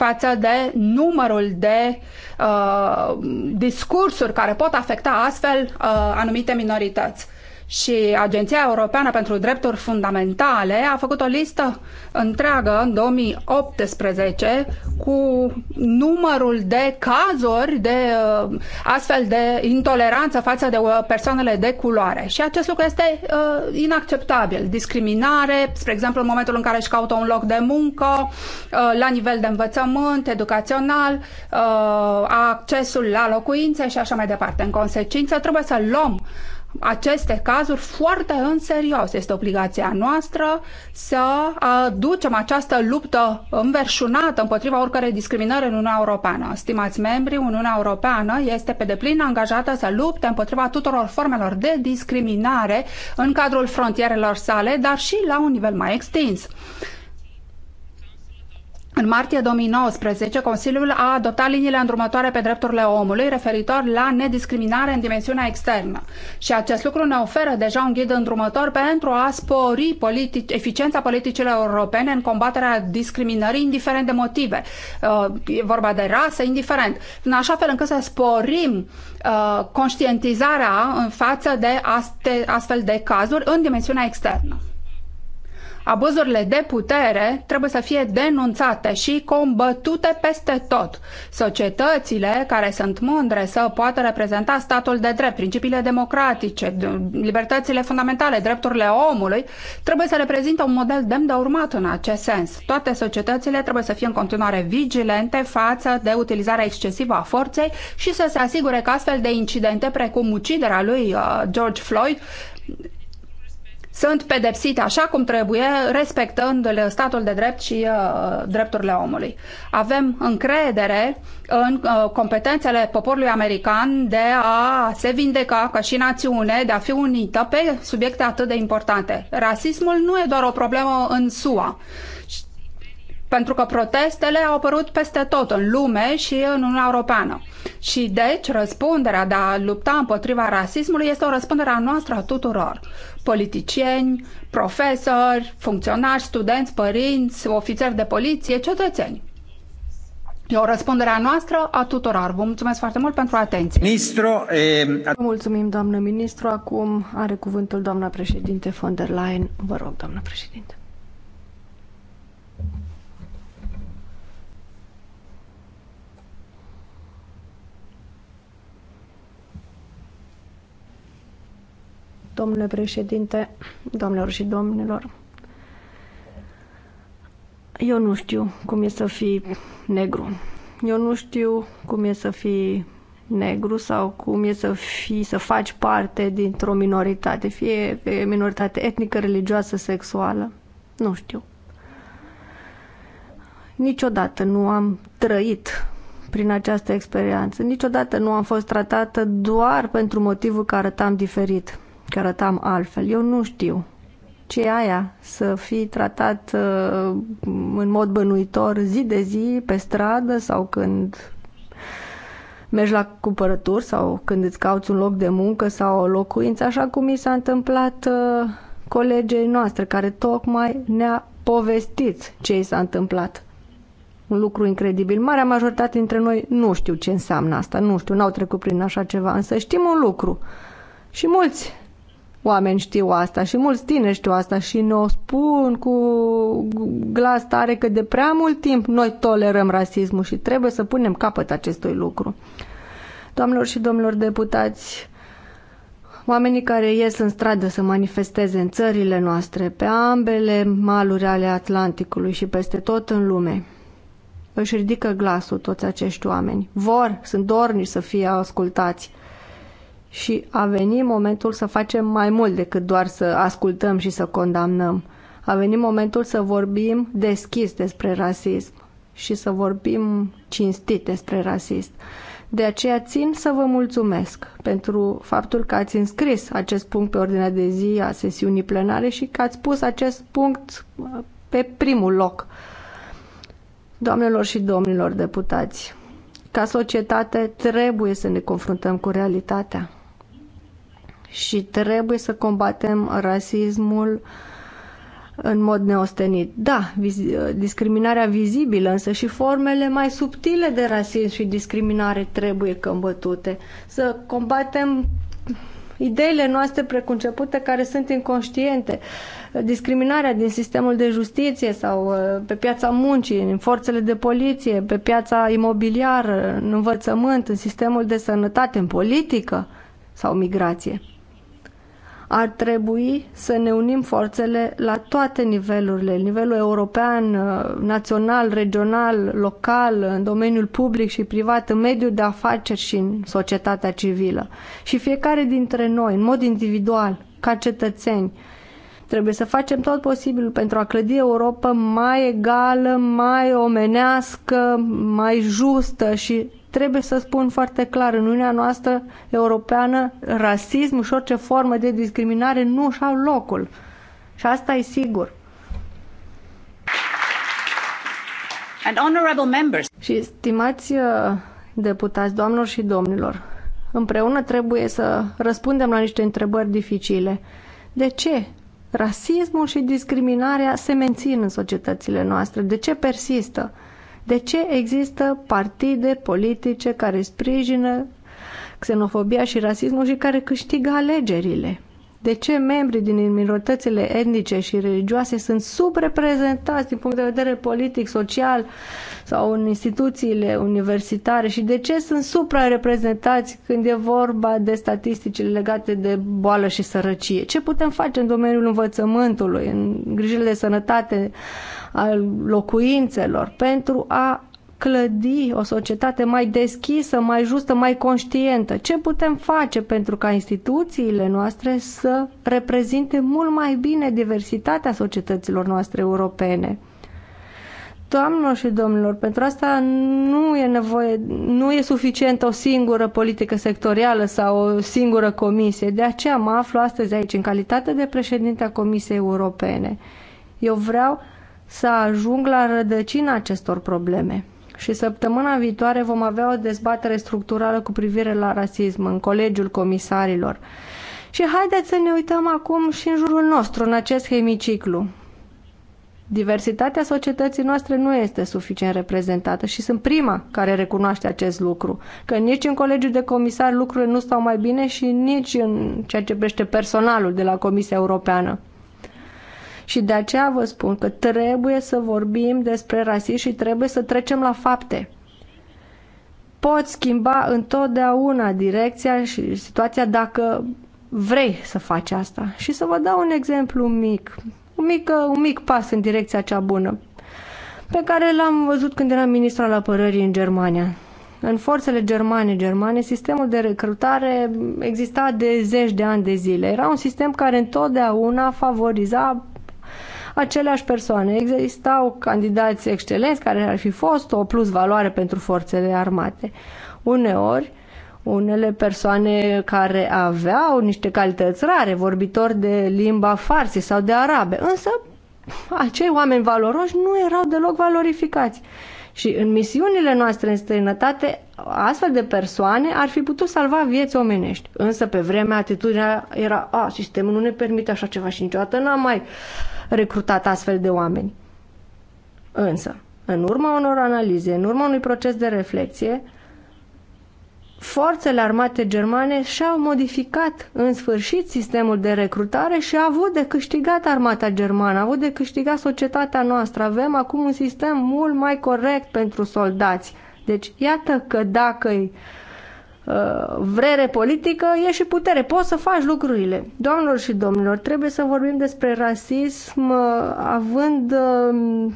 Speaker 5: față de numărul de uh, discursuri care pot afecta astfel uh, anumite minorități și Agenția Europeană pentru Drepturi Fundamentale a făcut o listă întreagă în 2018 cu numărul de cazuri de uh, astfel de intoleranță față de uh, persoanele de culoare. Și acest lucru este uh, inacceptabil. Discriminare, spre exemplu, în momentul în care își caută un loc de muncă, uh, la nivel de învățământ, educațional, uh, accesul la locuințe și așa mai departe. În consecință, trebuie să luăm aceste cazuri foarte în serios. Este obligația noastră să ducem această luptă înverșunată împotriva oricărei discriminări în Uniunea Europeană. Stimați membri, Uniunea Europeană este pe deplin angajată să lupte împotriva tuturor formelor de discriminare în cadrul frontierelor sale, dar și la un nivel mai extins. În martie 2019, Consiliul a adoptat liniile îndrumătoare pe drepturile omului referitor la nediscriminare în dimensiunea externă. Și acest lucru ne oferă deja un ghid îndrumător pentru a spori politici, eficiența politicilor europene în combaterea discriminării, indiferent de motive. Uh, e vorba de rasă, indiferent. În așa fel încât să sporim uh, conștientizarea în față de astfel de cazuri în dimensiunea externă abuzurile de putere trebuie să fie denunțate și combătute peste tot. Societățile care sunt mândre să poată reprezenta statul de drept, principiile democratice, libertățile fundamentale, drepturile omului, trebuie să reprezintă un model demn de urmat în acest sens. Toate societățile trebuie să fie în continuare vigilente față de utilizarea excesivă a forței și să se asigure că astfel de incidente precum uciderea lui uh, George Floyd sunt pedepsite așa cum trebuie, respectând statul de drept și uh, drepturile omului. Avem încredere în uh, competențele poporului american de a se vindeca ca și națiune, de a fi unită pe subiecte atât de importante. Rasismul nu e doar o problemă în SUA pentru că protestele au apărut peste tot în lume și în Uniunea Europeană. Și deci răspunderea de a lupta împotriva rasismului este o răspundere a noastră a tuturor. Politicieni, profesori, funcționari, studenți, părinți, ofițeri de poliție, cetățeni. E o răspundere a noastră a tuturor. Vă mulțumesc foarte mult pentru atenție. Ministru, e... Ehm, mulțumim, doamnă ministru. Acum are cuvântul doamna președinte von der Leyen. Vă rog,
Speaker 3: doamnă președinte. domnule președinte, doamnelor și domnilor. Eu nu știu cum e să fii negru. Eu nu știu cum e să fii negru sau cum e să fii, să faci parte dintr-o minoritate, fie minoritate etnică, religioasă, sexuală. Nu știu. Niciodată nu am trăit prin această experiență. Niciodată nu am fost tratată doar pentru motivul că arătam diferit că arătam altfel. Eu nu știu ce e aia să fii tratat uh, în mod bănuitor zi de zi pe stradă sau când mergi la cumpărături sau când îți cauți un loc de muncă sau o locuință, așa cum mi s-a întâmplat uh, colegei noastre care tocmai ne-a povestit ce i s-a întâmplat. Un lucru incredibil. Marea majoritate dintre noi nu știu ce înseamnă asta, nu știu, n-au trecut prin așa ceva, însă știm un lucru. Și mulți oameni știu asta și mulți tineri știu asta și ne o spun cu glas tare că de prea mult timp noi tolerăm rasismul și trebuie să punem capăt acestui lucru. Doamnelor și domnilor deputați, oamenii care ies în stradă să manifesteze în țările noastre, pe ambele maluri ale Atlanticului și peste tot în lume, își ridică glasul toți acești oameni. Vor, sunt dorni să fie ascultați și a venit momentul să facem mai mult decât doar să ascultăm și să condamnăm. A venit momentul să vorbim deschis despre rasism și să vorbim cinstit despre rasism. De aceea țin să vă mulțumesc pentru faptul că ați înscris acest punct pe ordinea de zi a sesiunii plenare și că ați pus acest punct uh, pe primul loc. Doamnelor și domnilor deputați, ca societate trebuie să ne confruntăm cu realitatea și trebuie să combatem rasismul în mod neostenit. Da, discriminarea vizibilă, însă și formele mai subtile de rasism și discriminare trebuie combătute. Să combatem ideile noastre preconcepute care sunt inconștiente, discriminarea din sistemul de justiție sau uh, pe piața muncii, în forțele de poliție, pe piața imobiliară, în învățământ, în sistemul de sănătate, în politică sau migrație ar trebui să ne unim forțele la toate nivelurile, nivelul european, uh, național, regional, local, în domeniul public și privat, în mediul de afaceri și în societatea civilă. Și fiecare dintre noi, în mod individual, ca cetățeni, Trebuie să facem tot posibilul pentru a clădi Europa mai egală, mai omenească, mai justă și Trebuie să spun foarte clar, în Uniunea noastră europeană, rasismul și orice formă de discriminare nu își au locul. Și asta e sigur.
Speaker 4: And honorable members.
Speaker 3: Și stimați uh, deputați, doamnelor și domnilor, împreună trebuie să răspundem la niște întrebări dificile. De ce rasismul și discriminarea se mențin în societățile noastre? De ce persistă? De ce există partide politice care sprijină xenofobia și rasismul și care câștigă alegerile? De ce membrii din minoritățile etnice și religioase sunt subreprezentați din punct de vedere politic, social sau în instituțiile universitare și de ce sunt suprareprezentați când e vorba de statisticile legate de boală și sărăcie? Ce putem face în domeniul învățământului, în grijile de sănătate, al locuințelor, pentru a clădi o societate mai deschisă, mai justă, mai conștientă. Ce putem face pentru ca instituțiile noastre să reprezinte mult mai bine diversitatea societăților noastre europene? Doamnelor și domnilor, pentru asta nu e nevoie, nu e suficient o singură politică sectorială sau o singură comisie. De aceea mă aflu astăzi aici în calitate de președinte a Comisiei Europene. Eu vreau să ajung la rădăcina acestor probleme. Și săptămâna viitoare vom avea o dezbatere structurală cu privire la rasism în Colegiul Comisarilor. Și haideți să ne uităm acum și în jurul nostru, în acest hemiciclu. Diversitatea societății noastre nu este suficient reprezentată și sunt prima care recunoaște acest lucru, că nici în colegiul de comisari lucrurile nu stau mai bine și nici în ceea ce privește personalul de la Comisia Europeană. Și de aceea vă spun că trebuie să vorbim despre rasism și trebuie să trecem la fapte. Poți schimba întotdeauna direcția și situația dacă vrei să faci asta. Și să vă dau un exemplu mic, un mic, un mic pas în direcția cea bună, pe care l-am văzut când eram ministru al apărării în Germania. În forțele germane, germane, sistemul de recrutare exista de zeci de ani de zile. Era un sistem care întotdeauna favoriza aceleași persoane. Existau candidați excelenți care ar fi fost o plus valoare pentru forțele armate. Uneori, unele persoane care aveau niște calități rare, vorbitori de limba farsi sau de arabe, însă acei oameni valoroși nu erau deloc valorificați. Și în misiunile noastre în străinătate, astfel de persoane ar fi putut salva vieți omenești. Însă pe vremea atitudinea era, a, sistemul nu ne permite așa ceva și niciodată n-am mai uh, recrutat astfel de oameni. Însă, în urma unor analize, în urma unui proces de reflexie, forțele armate germane și-au modificat în sfârșit sistemul de recrutare și a avut de câștigat armata germană, a avut de câștigat societatea noastră. Avem acum un sistem mult mai corect pentru soldați. Deci, iată că dacă îi uh, Uh, vrere politică, e și putere. Poți să faci lucrurile. Doamnelor și domnilor, trebuie să vorbim despre rasism uh, având uh,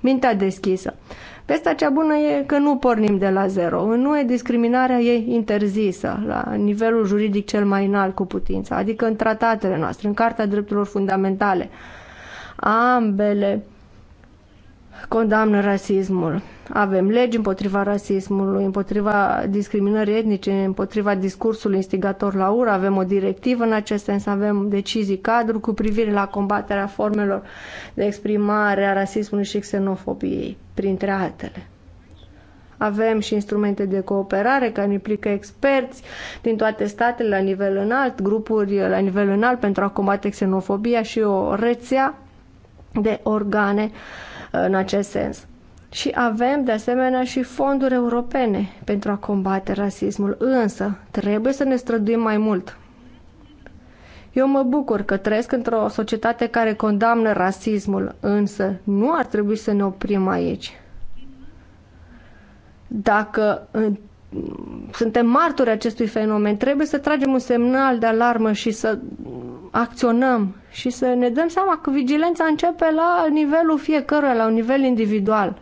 Speaker 3: mintea deschisă. Vestea cea bună e că nu pornim de la zero. În e discriminarea e interzisă la nivelul juridic cel mai înalt cu putință, adică în tratatele noastre, în Carta Drepturilor Fundamentale. Ambele uh, condamnă rasismul. Avem legi împotriva rasismului, împotriva discriminării etnice, împotriva discursului instigator la ură, avem o directivă în acest sens, avem decizii cadru cu privire la combaterea formelor de exprimare a rasismului și xenofobiei, printre altele. Avem și instrumente de cooperare care implică experți din toate statele la nivel înalt, grupuri la nivel înalt pentru a combate xenofobia și o rețea de organe uh, Uh, în acest sens. Și avem, de asemenea, și fonduri europene pentru a combate rasismul, însă trebuie să ne străduim mai mult. Eu mă bucur că trăiesc într-o societate care condamnă rasismul, însă nu ar trebui să ne oprim aici. Dacă uh, suntem martori acestui fenomen, trebuie să tragem un semnal de alarmă și să acționăm și să ne dăm seama că vigilența începe la nivelul fiecăruia, la un nivel individual.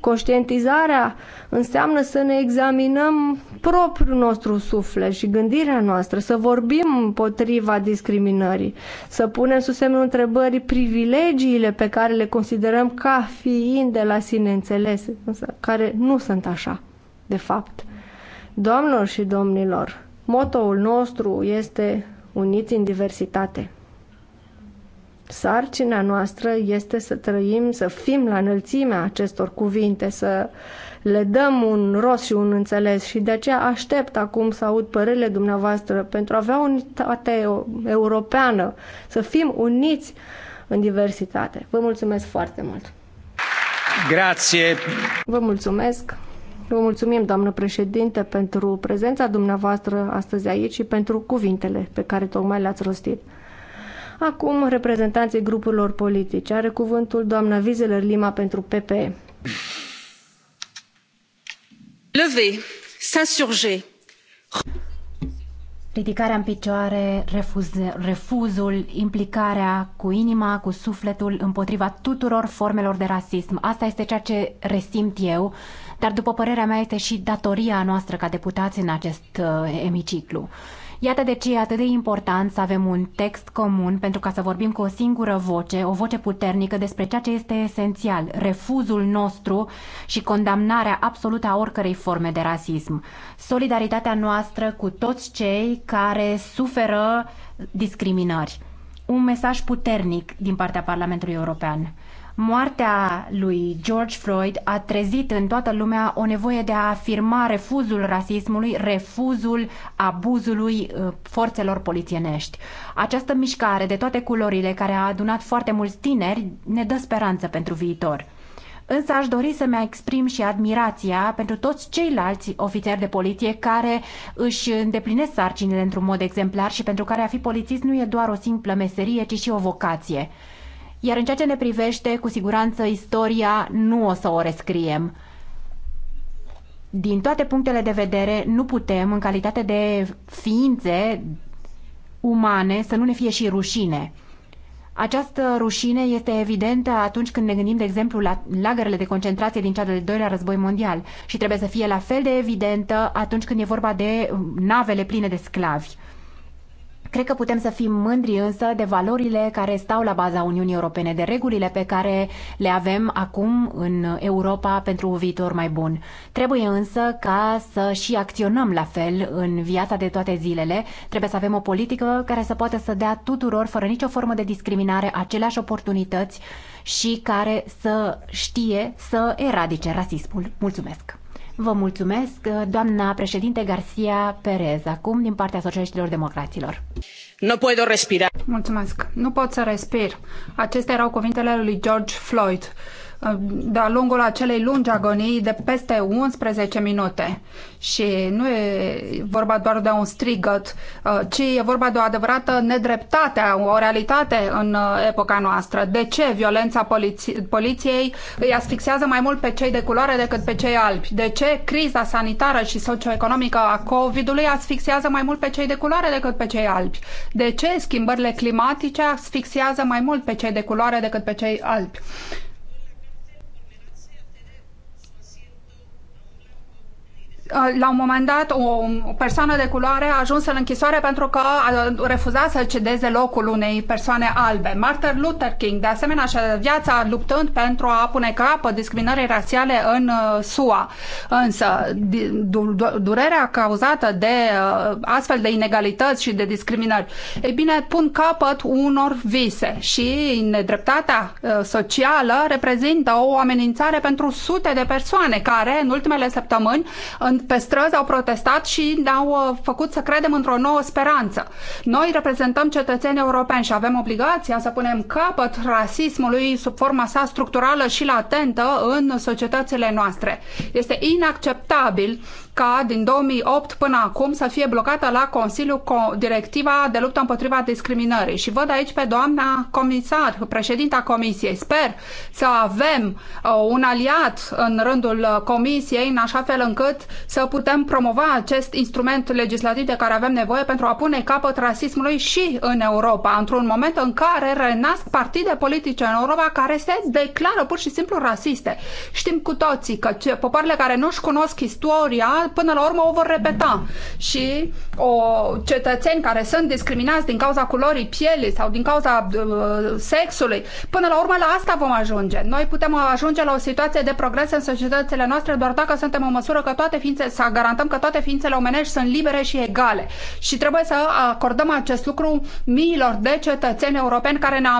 Speaker 3: Conștientizarea înseamnă să ne examinăm propriul nostru suflet și gândirea noastră, să vorbim împotriva discriminării, să punem sub semnul întrebării privilegiile pe care le considerăm ca fiind de la sine înțelese, însă care nu sunt așa, de fapt. Doamnelor și domnilor, motoul nostru este uniți în diversitate. Sarcina noastră este să trăim, să fim la înălțimea acestor cuvinte, să le dăm un rost și un înțeles și de aceea aștept acum să aud părerile dumneavoastră pentru a avea unitate europeană, să fim uniți în diversitate. Vă mulțumesc foarte mult!
Speaker 2: Grazie!
Speaker 3: Vă mulțumesc! Vă mulțumim, doamnă președinte, pentru prezența dumneavoastră astăzi aici și pentru cuvintele pe care tocmai le-ați rostit. Acum, reprezentanții grupurilor politice. Are cuvântul doamna Vizeler Lima pentru PPE. Levé, s'insurger.
Speaker 4: Ridicarea în picioare, refuz, refuzul, implicarea cu inima, cu sufletul împotriva tuturor formelor de rasism. Asta este ceea ce resimt eu dar după părerea mea este și datoria noastră ca deputați în acest uh, emiciclu. Iată de ce e atât de important să avem un text comun pentru ca să vorbim cu o singură voce, o voce puternică despre ceea ce este esențial, refuzul nostru și condamnarea absolută a oricărei forme de rasism. Solidaritatea noastră cu toți cei care suferă discriminări. Un mesaj puternic din partea Parlamentului European. Moartea lui George Floyd a trezit în toată lumea o nevoie de a afirma refuzul rasismului, refuzul abuzului uh, forțelor polițienești. Această mișcare de toate culorile care a adunat foarte mulți tineri ne dă speranță pentru viitor. Însă aș dori să-mi exprim și admirația pentru toți ceilalți ofițeri de poliție care își îndeplinesc sarcinile într-un mod exemplar și pentru care a fi polițist nu e doar o simplă meserie, ci și o vocație. Iar în ceea ce ne privește, cu siguranță, istoria nu o să o rescriem. Din toate punctele de vedere, nu putem, în calitate de ființe umane, să nu ne fie și rușine. Această rușine este evidentă atunci când ne gândim, de exemplu, la lagărele de concentrație din cea de doilea război mondial și trebuie să fie la fel de evidentă atunci când e vorba de navele pline de sclavi. Cred că putem să fim mândri însă de valorile care stau la baza Uniunii Europene, de regulile pe care le avem acum în Europa pentru un viitor mai bun. Trebuie însă ca să și acționăm la fel în viața de toate zilele. Trebuie să avem o politică care să poată să dea tuturor, fără nicio formă de discriminare, aceleași oportunități și care să știe să eradice rasismul. Mulțumesc! Vă mulțumesc, doamna președinte Garcia Perez, acum din partea Socialiștilor Democraților.
Speaker 5: Nu pot respira.
Speaker 4: Mulțumesc. Nu pot să respir. Acestea
Speaker 5: erau cuvintele lui George Floyd de-a lungul acelei lungi agonii de peste 11 minute. Și nu e vorba doar de un strigăt, uh, ci e vorba de o adevărată nedreptate, o realitate în uh, epoca noastră. De ce violența poliți- poliției îi asfixiază mai mult pe cei de culoare decât pe cei albi? De ce criza sanitară și socioeconomică a COVID-ului asfixiază mai mult pe cei de culoare decât pe cei albi? De ce schimbările climatice asfixiază mai mult pe cei de culoare decât pe cei albi? la un moment dat o persoană de culoare a ajuns în închisoare pentru că a refuzat să cedeze locul unei persoane albe. Martin Luther King, de asemenea, și-a viața luptând pentru a pune capăt discriminării rasiale în uh, SUA. Însă, durerea cauzată de uh, astfel de inegalități și de discriminări, ei bine, pun capăt unor vise și nedreptatea uh, socială reprezintă o amenințare pentru sute de persoane care, în ultimele săptămâni, în pe străzi au protestat și ne-au uh, făcut să credem într-o nouă speranță. Noi reprezentăm cetățenii europeni și avem obligația să punem capăt rasismului sub forma sa structurală și latentă în societățile noastre. Este inacceptabil ca din 2008 până acum să fie blocată la Consiliu directiva de luptă împotriva discriminării. Și văd aici pe doamna comisar, președinta Comisiei. Sper să avem uh, un aliat în rândul uh, Comisiei, în așa fel încât să putem promova acest instrument legislativ de care avem nevoie pentru a pune capăt rasismului și în Europa, într-un moment în care renasc partide politice în Europa care se declară pur și simplu rasiste. Știm cu toții că popoarele care nu-și cunosc istoria până la urmă o vor repeta. Și o, cetățeni care sunt discriminați din cauza culorii pielii sau din cauza uh, sexului. Până la urmă la asta vom ajunge. Noi putem ajunge la o situație de progres în societățile noastre doar dacă suntem în măsură că toate ființe, să garantăm că toate ființele omenești sunt libere și egale. Și trebuie să acordăm acest lucru miilor de cetățeni europeni care ne-au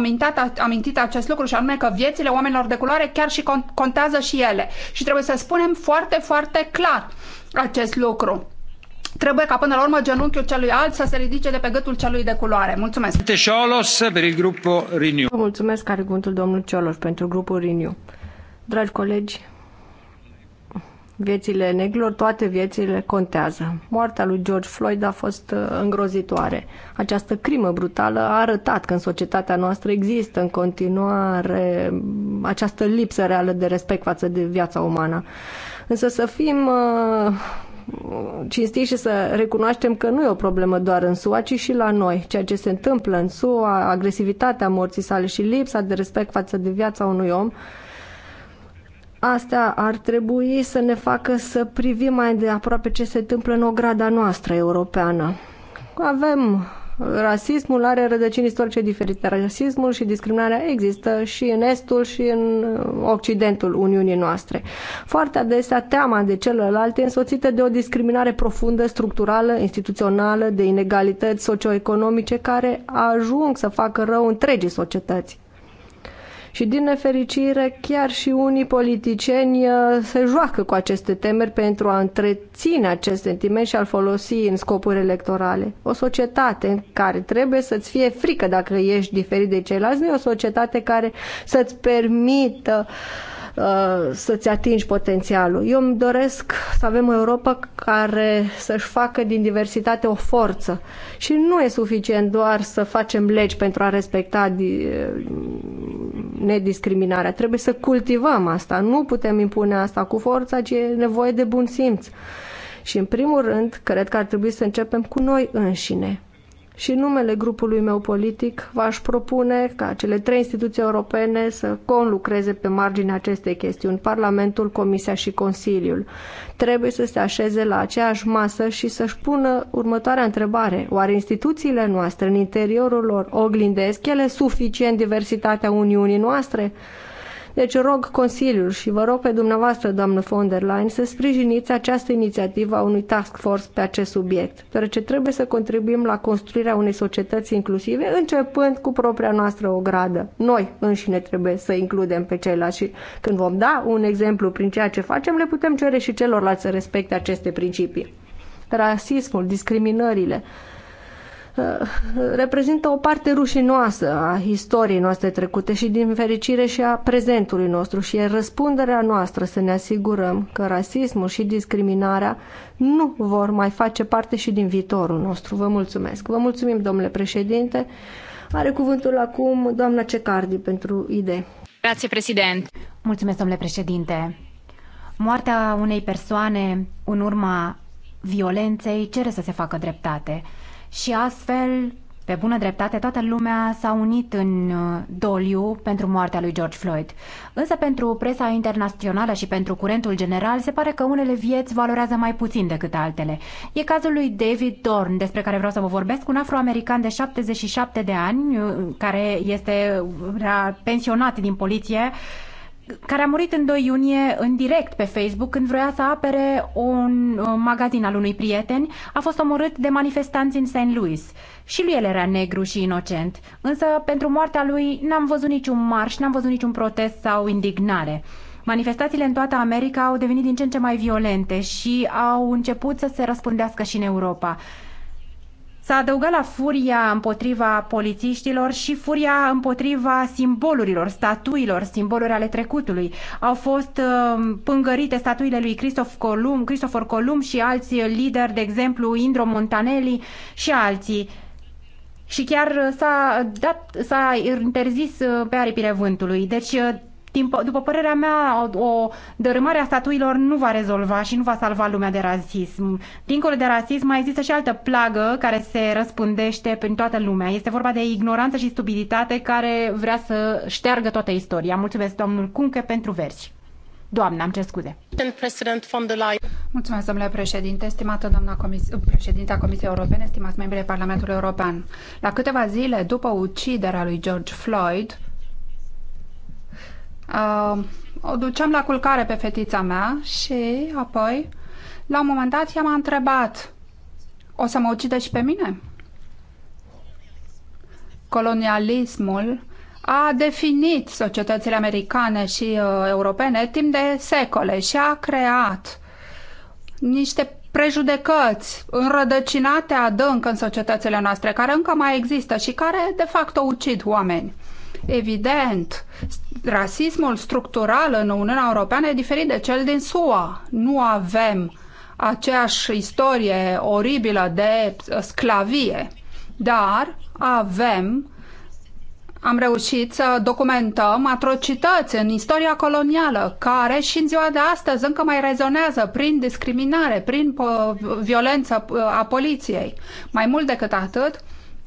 Speaker 5: amintit acest lucru și anume că viețile oamenilor de culoare chiar și contează și ele. Și trebuie să spunem foarte, foarte clar acest lucru Trebuie ca până la urmă genunchiul celui alt să se ridice de pe gâtul celui de culoare. Mulțumesc.
Speaker 2: grupul Renew.
Speaker 3: Mulțumesc, are domnul Ciolos, pentru grupul Renew. Dragi colegi, viețile negrilor, toate viețile contează. Moartea lui George Floyd a fost uh, îngrozitoare. Această crimă brutală a arătat că în societatea noastră există în continuare mm, această lipsă reală de respect față de viața umană. Însă să fim uh, cinsti și să recunoaștem că nu e o problemă doar în SUA, ci și la noi. Ceea ce se întâmplă în SUA, agresivitatea morții sale și lipsa de respect față de viața unui om, astea ar trebui să ne facă să privim mai de aproape ce se întâmplă în ograda noastră europeană. Avem rasismul are rădăcini istorice diferite. Rasismul și discriminarea există și în estul și în uh, occidentul Uniunii noastre. Foarte adesea teama de celălalt e însoțită de o discriminare profundă, structurală, instituțională, de inegalități socioeconomice care ajung să facă rău întregii societăți. Și din nefericire, chiar și unii politicieni uh, se joacă cu aceste temeri pentru a întreține acest sentiment și a-l folosi în scopuri electorale. O societate în care trebuie să-ți fie frică dacă ești diferit de ceilalți, nu e o societate care să-ți permită uh, Uh, să-ți atingi potențialul. Eu îmi doresc să avem o Europa care să-și facă din diversitate o forță și nu e suficient doar să facem legi pentru a respecta uh, nediscriminarea. Trebuie să cultivăm asta. Nu putem impune asta cu forța, ci e nevoie de bun simț. Și în primul rând, cred că ar trebui să începem cu noi înșine și în numele grupului meu politic v-aș propune ca cele trei instituții europene să conlucreze pe marginea acestei chestiuni, Parlamentul, Comisia și Consiliul. Trebuie să se așeze la aceeași masă și să-și pună următoarea întrebare. Oare instituțiile noastre în interiorul lor oglindesc ele suficient diversitatea Uniunii noastre? Deci rog Consiliul și vă rog pe dumneavoastră, doamnă von der Leyen, să sprijiniți această inițiativă a unui task force pe acest subiect, deoarece trebuie să contribuim la construirea unei societăți inclusive, începând cu propria noastră ogradă. Noi înșine trebuie să includem pe ceilalți și când vom da un exemplu prin ceea ce facem, le putem cere și celorlalți să respecte aceste principii. Rasismul, discriminările, Eh, reprezintă o parte rușinoasă a istoriei noastre trecute și din fericire și a prezentului nostru și e răspunderea noastră să ne asigurăm că rasismul și discriminarea nu vor mai face parte și din viitorul nostru. Vă mulțumesc. Vă mulțumim, domnule președinte. Are cuvântul acum doamna Cecardi pentru
Speaker 4: idei. Grazie, președinte. Mulțumesc, domnule președinte. Moartea unei persoane în urma violenței cere să se facă dreptate și astfel, pe bună dreptate, toată lumea s-a unit în uh, doliu pentru moartea lui George Floyd. Însă pentru presa internațională și pentru curentul general se pare că unele vieți valorează mai puțin decât altele. E cazul lui David Dorn, despre care vreau să vă vorbesc, un afroamerican de 77 de ani, uh, care este uh, pensionat din poliție care a murit în 2 iunie în direct pe Facebook când vroia să apere un magazin al unui prieten, a fost omorât de manifestanți în St. Louis. Și lui el era negru și inocent, însă pentru moartea lui n-am văzut niciun marș, n-am văzut niciun protest sau indignare. Manifestațiile în toată America au devenit din ce în ce mai violente și au început să se răspândească și în Europa. S-a adăugat la furia împotriva polițiștilor și furia împotriva simbolurilor, statuilor, simboluri ale trecutului. Au fost uh, pângărite statuile lui Cristof Colum, Cristofor Colum și alți lideri, de exemplu Indro Montanelli și alții. Și chiar s-a, dat, s-a interzis uh, pe aripile vântului. Deci uh, din, după părerea mea, o, o dărâmare a statuilor nu va rezolva și nu va salva lumea de rasism. Dincolo de rasism, mai există și altă plagă care se răspândește prin toată lumea. Este vorba de ignoranță și stupiditate care vrea să șteargă toată istoria. Mulțumesc, domnul Cunche, pentru versi. Doamna, am cer scuze.
Speaker 5: Mulțumesc, domnule președinte, stimată doamna comis- președinta Comisiei Europene, stimați membri Parlamentului European. La câteva zile după uciderea lui George Floyd, uh, o duceam la culcare pe fetița mea și apoi, la un moment dat, ea m-a întrebat o să mă ucide și pe mine? Colonialismul a definit societățile americane și uh, europene timp de secole și a creat niște prejudecăți înrădăcinate adânc în societățile noastre, care încă mai există și care de fapt o ucid oameni. Evident, rasismul structural în Uniunea Europeană e diferit de cel din SUA. Nu avem aceeași istorie oribilă de sclavie, dar avem am reușit să documentăm atrocități în istoria colonială, care și în ziua de astăzi încă mai rezonează prin discriminare, prin uh, violență uh, a poliției. Mai mult decât atât,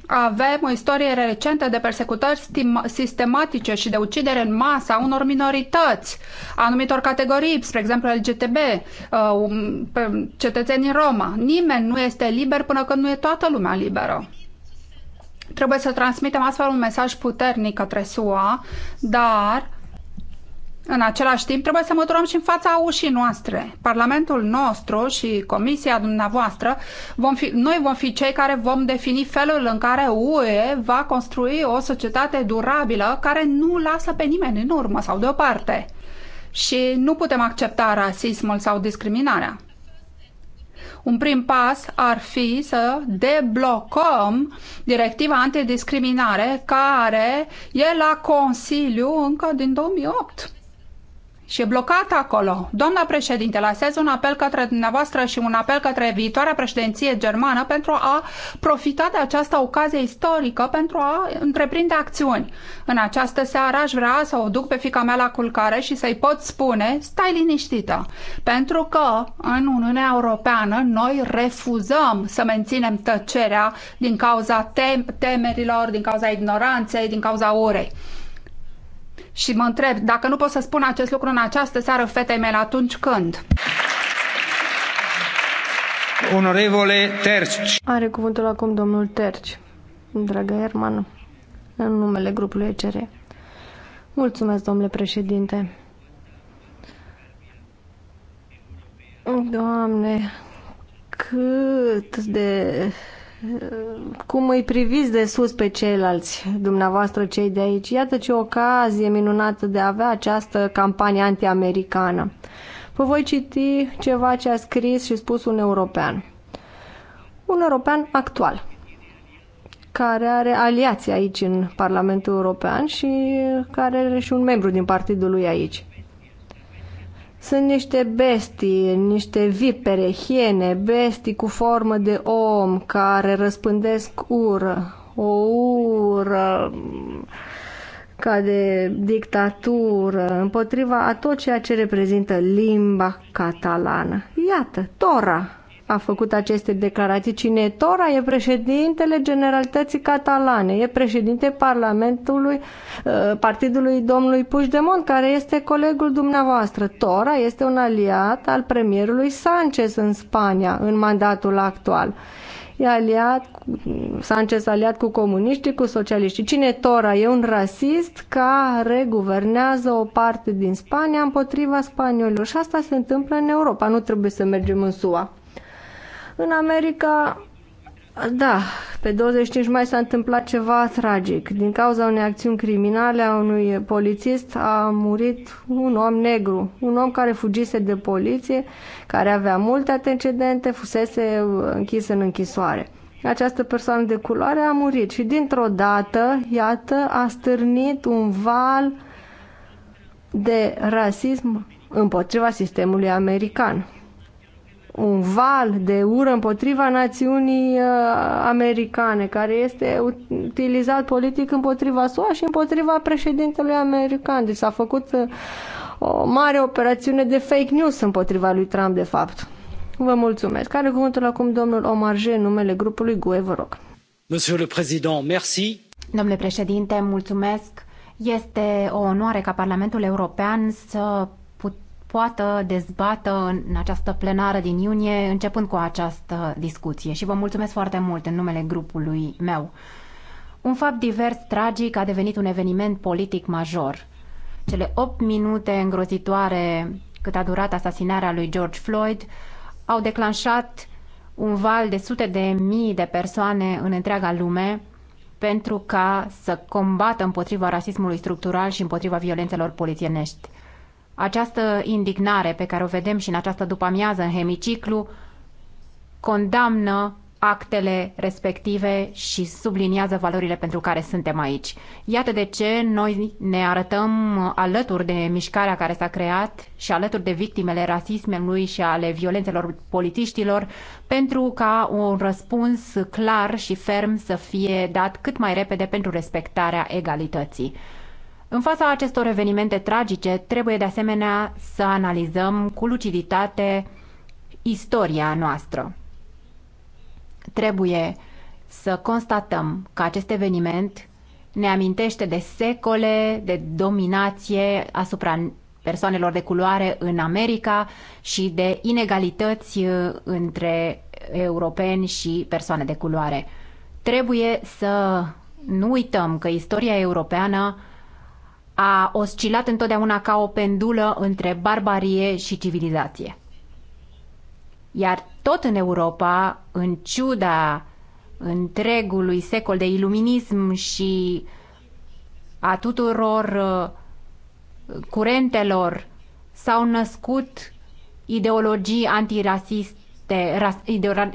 Speaker 5: avem o istorie recentă de persecutări sistematice și de ucidere în masă a unor minorități, a anumitor categorii, spre exemplu LGTB, uh, um, cetățenii Roma. Nimeni nu este liber până când nu e toată lumea liberă. Trebuie să transmitem astfel un mesaj puternic către SUA, dar în același timp, trebuie să măturăm și în fața ușii noastre. Parlamentul nostru și Comisia dumneavoastră, vom fi, noi vom fi cei care vom defini felul în care UE va construi o societate durabilă care nu lasă pe nimeni în urmă sau deoparte. Și nu putem accepta rasismul sau discriminarea. Un prim pas ar fi să deblocăm directiva antidiscriminare care e la Consiliu încă din 2008 și e acolo. Doamna președinte, lasez un apel către dumneavoastră și un apel către viitoarea președinție germană pentru a profita de această ocazie istorică pentru a întreprinde acțiuni. În această seară aș vrea să o duc pe fica mea la culcare și să-i pot spune, stai liniștită, pentru că în Uniunea Europeană noi refuzăm să menținem tăcerea din cauza tem temerilor, din cauza ignoranței, din cauza urei. Și mă întreb, dacă nu pot să spun acest lucru în această seară fetei mele, atunci când?
Speaker 2: Onorevole Terci.
Speaker 5: Are cuvântul acum domnul Terci,
Speaker 3: dragă Herman, în numele grupului ECR. Mulțumesc, domnule președinte. Doamne, cât de cum îi priviți de sus pe ceilalți, dumneavoastră cei de aici. Iată ce ocazie minunată de a avea această campanie anti-americană. Vă voi citi ceva ce a scris și spus un european. Un european actual, care are aliații aici în Parlamentul European și care are și un membru din partidul lui aici. Sunt niște bestii, niște vipere, hiene, bestii cu formă de om care răspândesc ură, o ură ca de dictatură, împotriva a tot ceea ce reprezintă limba catalană. Iată, Tora, a făcut aceste declarații. Cine Tora e președintele Generalității Catalane, e președinte Parlamentului uh, Partidului domnului Puigdemont, care este colegul dumneavoastră. Tora este un aliat al premierului Sanchez în Spania, în mandatul actual. E aliat, Sanchez aliat cu comuniștii, cu socialiștii. Cine Tora e un rasist care guvernează o parte din Spania împotriva spaniolilor. Și asta se întâmplă în Europa. Nu trebuie să mergem în SUA. În America, da, pe 25 mai s-a întâmplat ceva tragic. Din cauza unei acțiuni criminale a unui polițist a murit un om negru, un om care fugise de poliție, care avea multe antecedente, fusese uh, închis în închisoare această persoană de culoare a murit și dintr-o dată, iată, a stârnit un val de rasism împotriva sistemului american un val de ură împotriva națiunii uh, americane, care este utilizat politic împotriva SUA și împotriva președintelui american. Deci s-a făcut uh, o mare operațiune de fake news împotriva lui Trump, de fapt.
Speaker 4: Vă mulțumesc. Care cuvântul acum domnul Omar în numele grupului GUE, vă rog.
Speaker 6: Monsieur le Président, merci.
Speaker 4: Domnule președinte, mulțumesc. Este o onoare ca Parlamentul European să poată dezbată în această plenară din iunie, începând cu această discuție. Și vă mulțumesc foarte mult în numele grupului meu. Un fapt divers tragic a devenit un eveniment politic major. Cele 8 minute îngrozitoare cât a durat asasinarea lui George Floyd au declanșat un val de sute de mii de persoane în întreaga lume pentru ca să combată împotriva rasismului structural și împotriva violențelor polițienești. Această indignare pe care o vedem și în această dupamiază în hemiciclu condamnă actele respective și subliniază valorile pentru care suntem aici. Iată de ce noi ne arătăm alături de mișcarea care s-a creat și alături de victimele rasismului și ale violențelor polițiștilor pentru ca un răspuns clar și ferm să fie dat cât mai repede pentru respectarea egalității. În fața acestor evenimente tragice, trebuie de asemenea să analizăm cu luciditate istoria noastră. Trebuie să constatăm că acest eveniment ne amintește de secole de dominație asupra persoanelor de culoare în America și de inegalități uh, între europeni și persoane de culoare. Trebuie să nu uităm că istoria europeană a oscilat întotdeauna ca o pendulă între barbarie și civilizație. Iar tot în Europa, în ciuda întregului secol de iluminism și a tuturor uh, curentelor, s-au născut ideologii antirasiste, ras,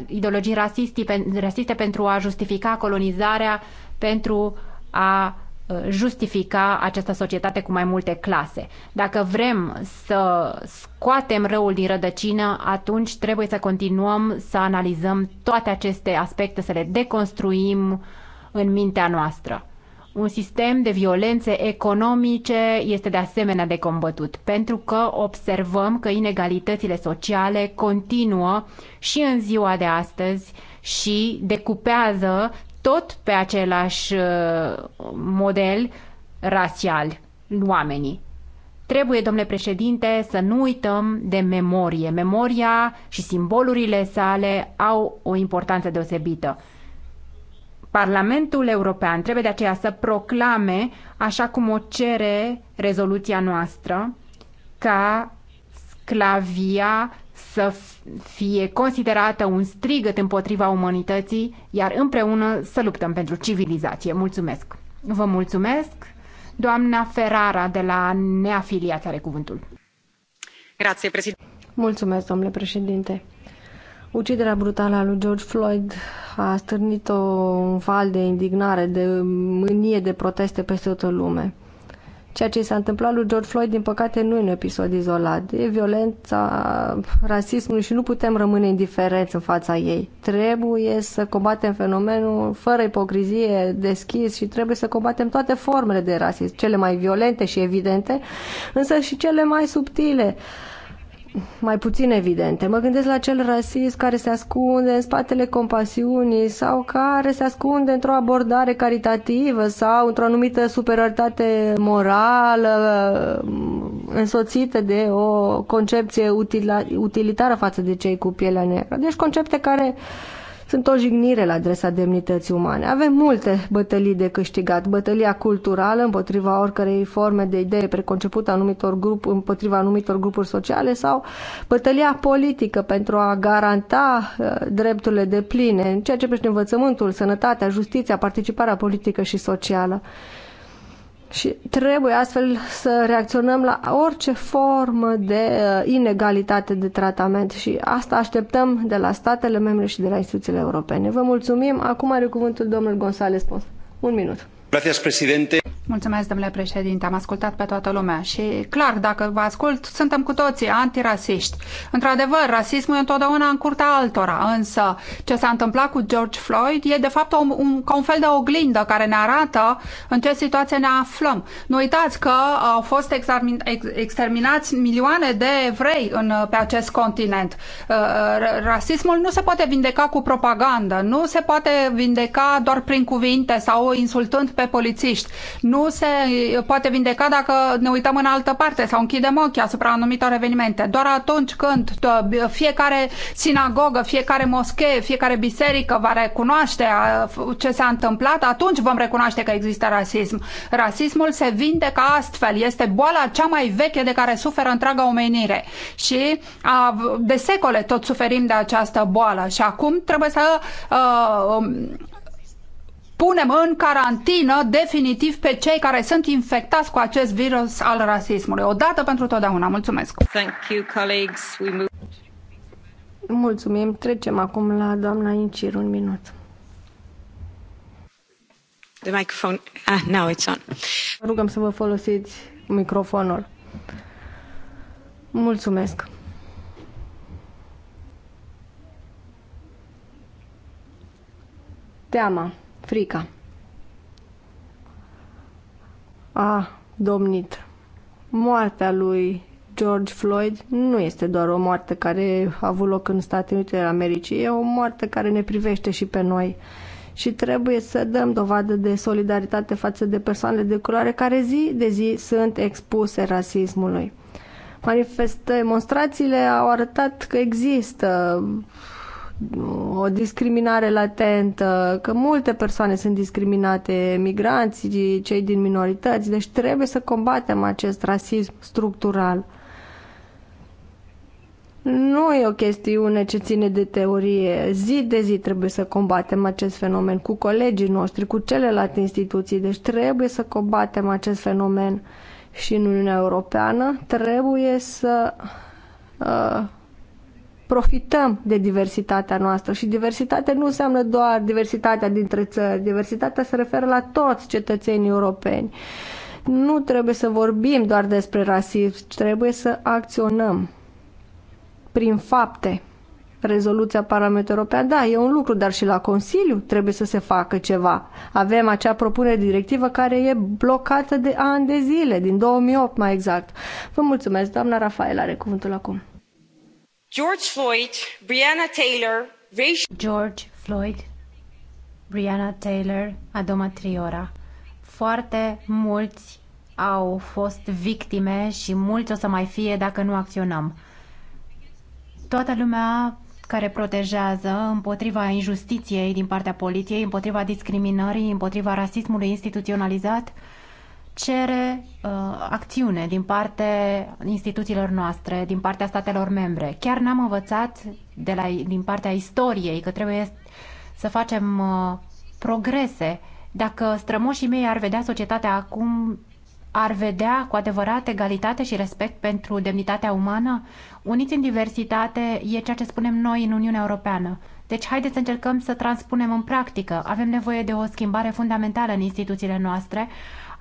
Speaker 4: ideologii rasiste, rasiste pentru a justifica colonizarea, pentru a Uh, justifica această societate cu mai multe clase. Dacă vrem să scoatem răul din rădăcină, atunci trebuie să continuăm să analizăm toate aceste aspecte, să le deconstruim în mintea noastră. Un sistem de violențe economice este de asemenea de combătut, pentru că observăm că inegalitățile sociale continuă și în ziua de astăzi și decupează tot pe același uh, model rasial oamenii. Trebuie, domnule președinte, să nu uităm de memorie. Memoria și simbolurile sale au o importanță deosebită. Parlamentul European trebuie de aceea să proclame, așa cum o cere rezoluția noastră, ca sclavia să fie considerată un strigăt împotriva umanității, iar împreună să luptăm pentru civilizație. Mulțumesc! Vă mulțumesc! Doamna Ferrara de la Neafiliați are cuvântul. Grație, președinte. Mulțumesc, domnule președinte.
Speaker 3: Uciderea brutală a lui George Floyd a stârnit o, un val de indignare, de mânie, de proteste peste toată lumea. Ceea ce s-a întâmplat lui George Floyd, din păcate, nu e un episod izolat. E violența rasismului și nu putem rămâne indiferenți în fața ei. Trebuie să combatem fenomenul fără ipocrizie, deschis și trebuie să combatem toate formele de rasism, cele mai violente și evidente, însă și cele mai subtile mai puțin evidente. Mă gândesc la cel rasist care se ascunde în spatele compasiunii sau care se ascunde într-o abordare caritativă sau într-o anumită superioritate morală mm, însoțită de o concepție utilitară față de cei cu pielea neagră. Deci concepte care sunt o jignire la adresa demnității umane. Avem multe bătălii de câștigat. Bătălia culturală împotriva oricărei forme de idee preconcepută anumitor grup, împotriva anumitor grupuri sociale sau bătălia politică pentru a garanta uh, drepturile de pline în ceea ce privește învățământul, sănătatea, justiția, participarea politică și socială. Și trebuie astfel să reacționăm la orice formă de uh, inegalitate de tratament și asta așteptăm de la statele membre și de la instituțiile europene. Vă mulțumim. Acum are cuvântul domnul
Speaker 5: González Pons. Un minut. Mulțumesc, domnule președinte. Am ascultat pe toată lumea și, clar, dacă vă ascult, suntem cu toții antirasiști. Într-adevăr, rasismul e întotdeauna în curtea altora, însă ce s-a întâmplat cu George Floyd e, de fapt, un, un, ca un fel de oglindă care ne arată în ce situație ne aflăm. Nu uitați că au fost exterminați milioane de evrei în, pe acest continent. Uh, uh, rasismul nu se poate vindeca cu propagandă, nu se poate vindeca doar prin cuvinte sau insultând pe pe polițiști. Nu se poate vindeca dacă ne uităm în altă parte sau închidem ochii asupra anumitor evenimente. Doar atunci când fiecare sinagogă, fiecare moschee, fiecare biserică va recunoaște ce s-a întâmplat, atunci vom recunoaște că există rasism. Rasismul se vindecă astfel. Este boala cea mai veche de care suferă întreaga omenire. Și de secole tot suferim de această boală și acum trebuie să uh, punem în carantină definitiv pe cei care sunt infectați cu acest virus al rasismului. O dată pentru totdeauna. Mulțumesc! Thank you, colleagues. We move...
Speaker 3: Mulțumim. Trecem acum la doamna Incir. Un minut.
Speaker 7: The microphone. Ah, now it's on.
Speaker 3: Rugăm să vă folosiți microfonul. Mulțumesc. Teama. Frica a domnit. Moartea lui George Floyd nu este doar o moarte care a avut loc în Statele Unite ale Americii, e o moarte care ne privește și pe noi și trebuie să dăm dovadă de solidaritate față de persoanele de culoare care zi de zi sunt expuse rasismului. Manifestă, demonstrațiile au arătat că există o discriminare latentă, că multe persoane sunt discriminate, migranții, cei din minorități, deci trebuie să combatem acest rasism structural. Nu e o chestiune ce ține de teorie. Zi de zi trebuie să combatem acest fenomen cu colegii noștri, cu celelalte instituții. Deci trebuie să combatem acest fenomen și în Uniunea Europeană. Trebuie să uh, profităm de diversitatea noastră și diversitatea nu înseamnă doar diversitatea dintre țări, diversitatea se referă la toți cetățenii europeni. Nu trebuie să vorbim doar despre rasism, trebuie să acționăm prin fapte. Rezoluția Parlamentului European, da, e un lucru, dar și la Consiliu trebuie să se facă ceva. Avem acea propunere directivă care e blocată de ani de zile, din 2008 mai exact. Vă mulțumesc, doamna Rafaela, are cuvântul acum.
Speaker 4: George Floyd, Breonna Taylor, Rachel... George Floyd, Brianna Taylor, Adoma Triora. Foarte mulți au fost victime și mulți o să mai fie dacă nu acționăm. Toată lumea care protejează împotriva injustiției din partea poliției, împotriva discriminării, împotriva rasismului instituționalizat, cere uh, acțiune din partea instituțiilor noastre, din partea statelor membre. Chiar n-am învățat de la, din partea istoriei că trebuie să facem uh, progrese. Dacă strămoșii mei ar vedea societatea acum, ar vedea cu adevărat egalitate și respect pentru demnitatea umană? Uniți în diversitate e ceea ce spunem noi în Uniunea Europeană. Deci haideți să încercăm să transpunem în practică. Avem nevoie de o schimbare fundamentală în instituțiile noastre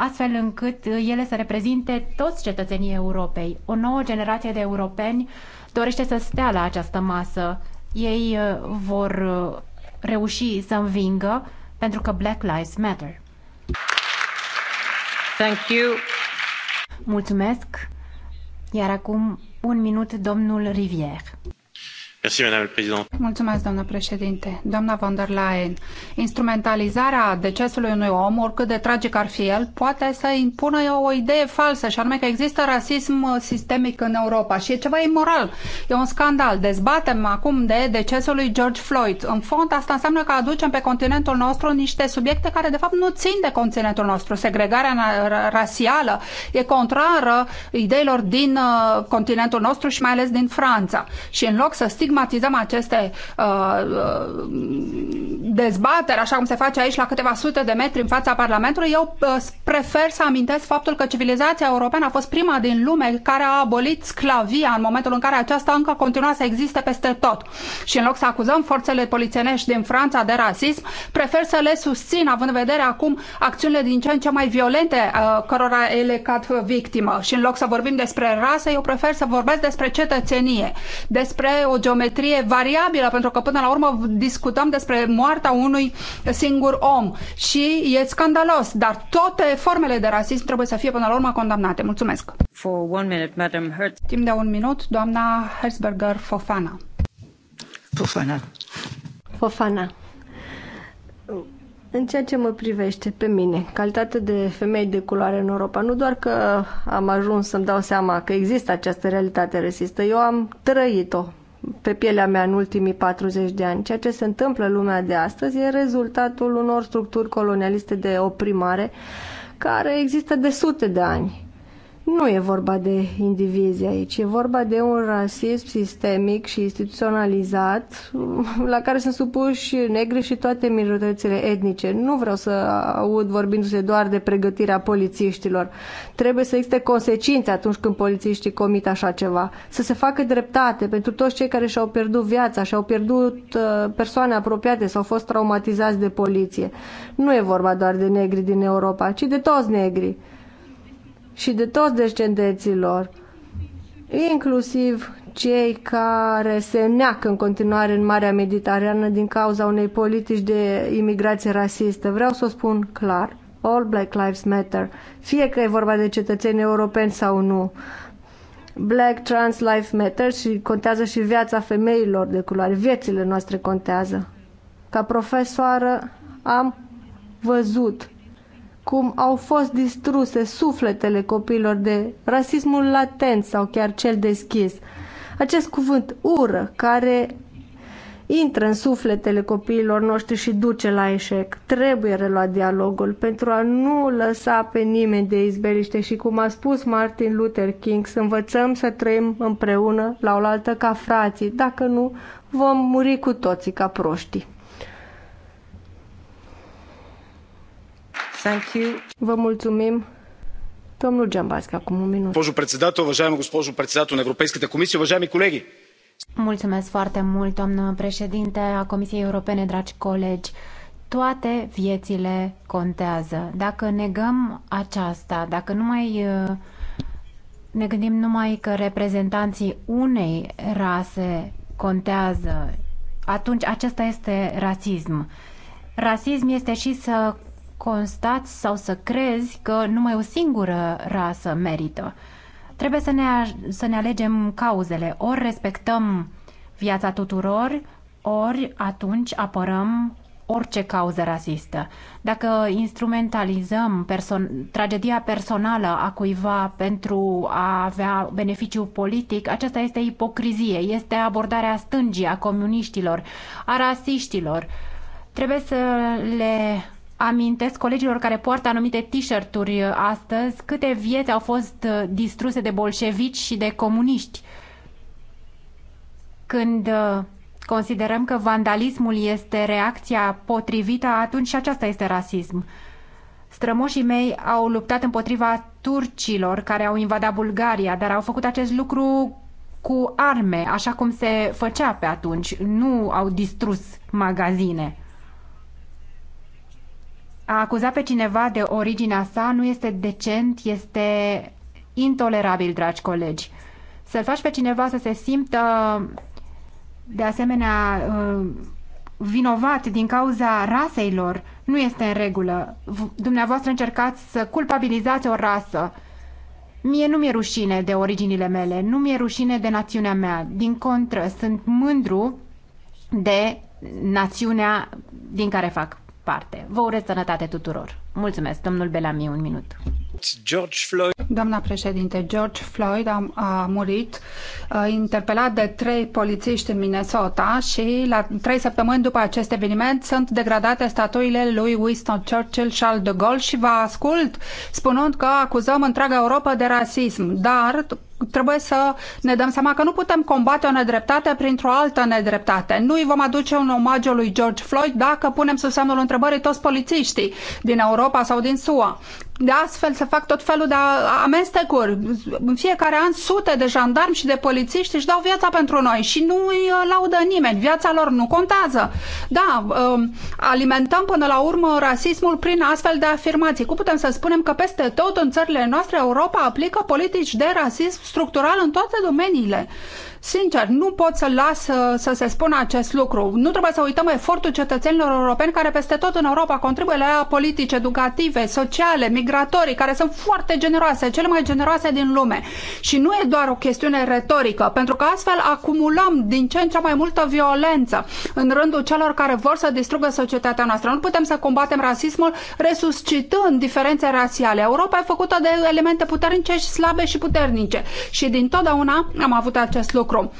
Speaker 4: astfel încât uh, ele să reprezinte toți cetățenii Europei. O nouă generație de europeni dorește să stea la această masă. Ei uh, vor uh, reuși să învingă pentru că Black Lives Matter. Thank you. Mulțumesc. Iar acum un minut domnul Rivière.
Speaker 5: Mulțumesc, doamnă președinte. Doamna von der Leyen, instrumentalizarea decesului unui om, oricât de tragic ar fi el, poate să impună o idee falsă, și anume că există rasism uh, sistemic în Europa și e ceva imoral. E un scandal. Dezbatem acum de decesul lui George Floyd. În fond, asta înseamnă că aducem pe continentul nostru niște subiecte care, de fapt, nu țin de continentul nostru. Segregarea rasială e contrară ideilor din uh, continentul nostru și mai ales din Franța. Și în loc să stig stigmatizăm aceste uh, uh, dezbateri, așa cum se face aici la câteva sute de metri în fața Parlamentului, eu uh, prefer să amintesc faptul că civilizația europeană a fost prima din lume care a abolit sclavia în momentul în care aceasta încă continua să existe peste tot. Și în loc să acuzăm forțele polițienești din Franța de rasism, prefer să le susțin, având în vedere acum acțiunile din ce în ce mai violente uh, cărora ele cad victimă. Și în loc să vorbim despre rasă, eu prefer să vorbesc despre cetățenie, despre o geometrie geometrie variabilă, pentru că până la urmă discutăm despre moartea unui singur om și e scandalos, dar toate formele de rasism trebuie să fie până la urmă condamnate. Mulțumesc!
Speaker 3: For one minute, Madam Hertz.
Speaker 5: Timp de un minut, doamna Herzberger Fofana. Fofana.
Speaker 3: Fofana. În ceea ce mă privește pe mine, calitate de femeie de culoare în Europa, nu doar că am ajuns să-mi dau seama că există această realitate rasistă, eu am trăit-o pe pielea mea în ultimii 40 de ani. Ceea ce se întâmplă în lumea de astăzi e rezultatul unor structuri colonialiste de oprimare care există de sute de ani nu e vorba de indivizi aici, e vorba de un rasism sistemic și instituționalizat la care sunt supuși negri și toate minoritățile etnice. Nu vreau să aud vorbindu-se doar de pregătirea polițiștilor. Trebuie să existe consecințe atunci când polițiștii comit așa ceva. Să se facă dreptate pentru toți cei care și-au pierdut viața, și-au pierdut uh, persoane apropiate sau au fost traumatizați de poliție. Nu e vorba doar de negri din Europa, ci de toți negrii și de toți descendenților, inclusiv cei care se neacă în continuare în Marea Mediterană din cauza unei politici de imigrație rasistă. Vreau să o spun clar. All Black Lives Matter. Fie că e vorba de cetățeni europeni sau nu. Black Trans Life Matter și contează și viața femeilor de culoare. Viețile noastre contează. Ca profesoară am văzut cum au fost distruse sufletele copiilor de rasismul latent sau chiar cel deschis. Acest cuvânt ură care intră în sufletele copiilor noștri și duce la eșec. Trebuie reluat dialogul pentru a nu lăsa pe nimeni de izbeliște și cum a spus Martin Luther King, să învățăm să trăim împreună la oaltă ca frații, dacă nu vom muri cu toții ca proștii.
Speaker 4: Thank you. Vă mulțumim. Domnul Giambasca, acum un minut.
Speaker 6: Госпожо председател, уважаема госпожо председател на Европейската комисия, уважаеми колеги.
Speaker 4: Mulțumesc foarte mult, doamnă președinte a Comisiei Europene, dragi colegi. Toate viețile contează. Dacă negăm aceasta, dacă nu mai uh, ne gândim numai că reprezentanții unei rase contează, atunci acesta este rasism. Rasism este și să constați sau să crezi că numai o singură rasă merită. Trebuie să ne, să ne alegem cauzele. Ori respectăm viața tuturor, ori atunci apărăm orice cauză rasistă. Dacă instrumentalizăm perso- tragedia personală a cuiva pentru a avea beneficiu politic, aceasta este ipocrizie, este abordarea stângii a comuniștilor, a rasiștilor. Trebuie să le amintesc colegilor care poartă anumite t-shirt-uri uh, astăzi câte vieți au fost uh, distruse de bolșevici și de comuniști. Când uh, considerăm că vandalismul este reacția potrivită, atunci și aceasta este rasism. Strămoșii mei au luptat împotriva turcilor care au invadat Bulgaria, dar au făcut acest lucru cu arme, așa cum se făcea pe atunci. Nu au distrus magazine. A acuza pe cineva de originea sa nu este decent, este intolerabil, dragi colegi. Să-l faci pe cineva să se simtă de asemenea uh, vinovat din cauza rasei lor nu este în regulă. Dumneavoastră încercați să culpabilizați o rasă. Mie nu mi-e rușine de originile mele, nu mi-e rușine de națiunea mea. Din contră, sunt mândru de națiunea din care fac parte. Vă urez sănătate tuturor. Mulțumesc, domnul Bellamy, un minut.
Speaker 2: George Floyd.
Speaker 4: Doamna președinte,
Speaker 5: George Floyd a, a murit a, interpelat de trei polițiști în Minnesota și la trei săptămâni după acest eveniment sunt degradate statuile lui Winston Churchill, Charles de Gaulle și vă ascult spunând că acuzăm întreaga Europa de rasism, dar trebuie să ne dăm seama că nu putem combate o nedreptate printr-o altă nedreptate. Nu îi vom aduce un omagiu lui George Floyd dacă punem sub semnul întrebării toți polițiștii din Europa sau din SUA de astfel se fac tot felul de amestecuri. În fiecare an sute de jandarmi și de polițiști își dau viața pentru noi și nu îi uh, laudă nimeni. Viața lor nu contează. Da, um, alimentăm până la urmă rasismul prin astfel de afirmații. Cum putem să spunem că peste tot în țările noastre Europa aplică politici de rasism structural în toate domeniile? Sincer, nu pot să las să se spună acest lucru. Nu trebuie să uităm efortul cetățenilor europeni care peste tot în Europa contribuie la politici educative, sociale, migratorii, care sunt foarte generoase, cele mai generoase din lume. Și nu e doar o chestiune retorică, pentru că astfel acumulăm din ce în ce mai multă violență în rândul celor care vor să distrugă societatea noastră. Nu putem să combatem rasismul resuscitând diferențe rasiale. Europa e făcută de elemente puternice și slabe și puternice. Și din totdeauna am avut acest lucru lucru.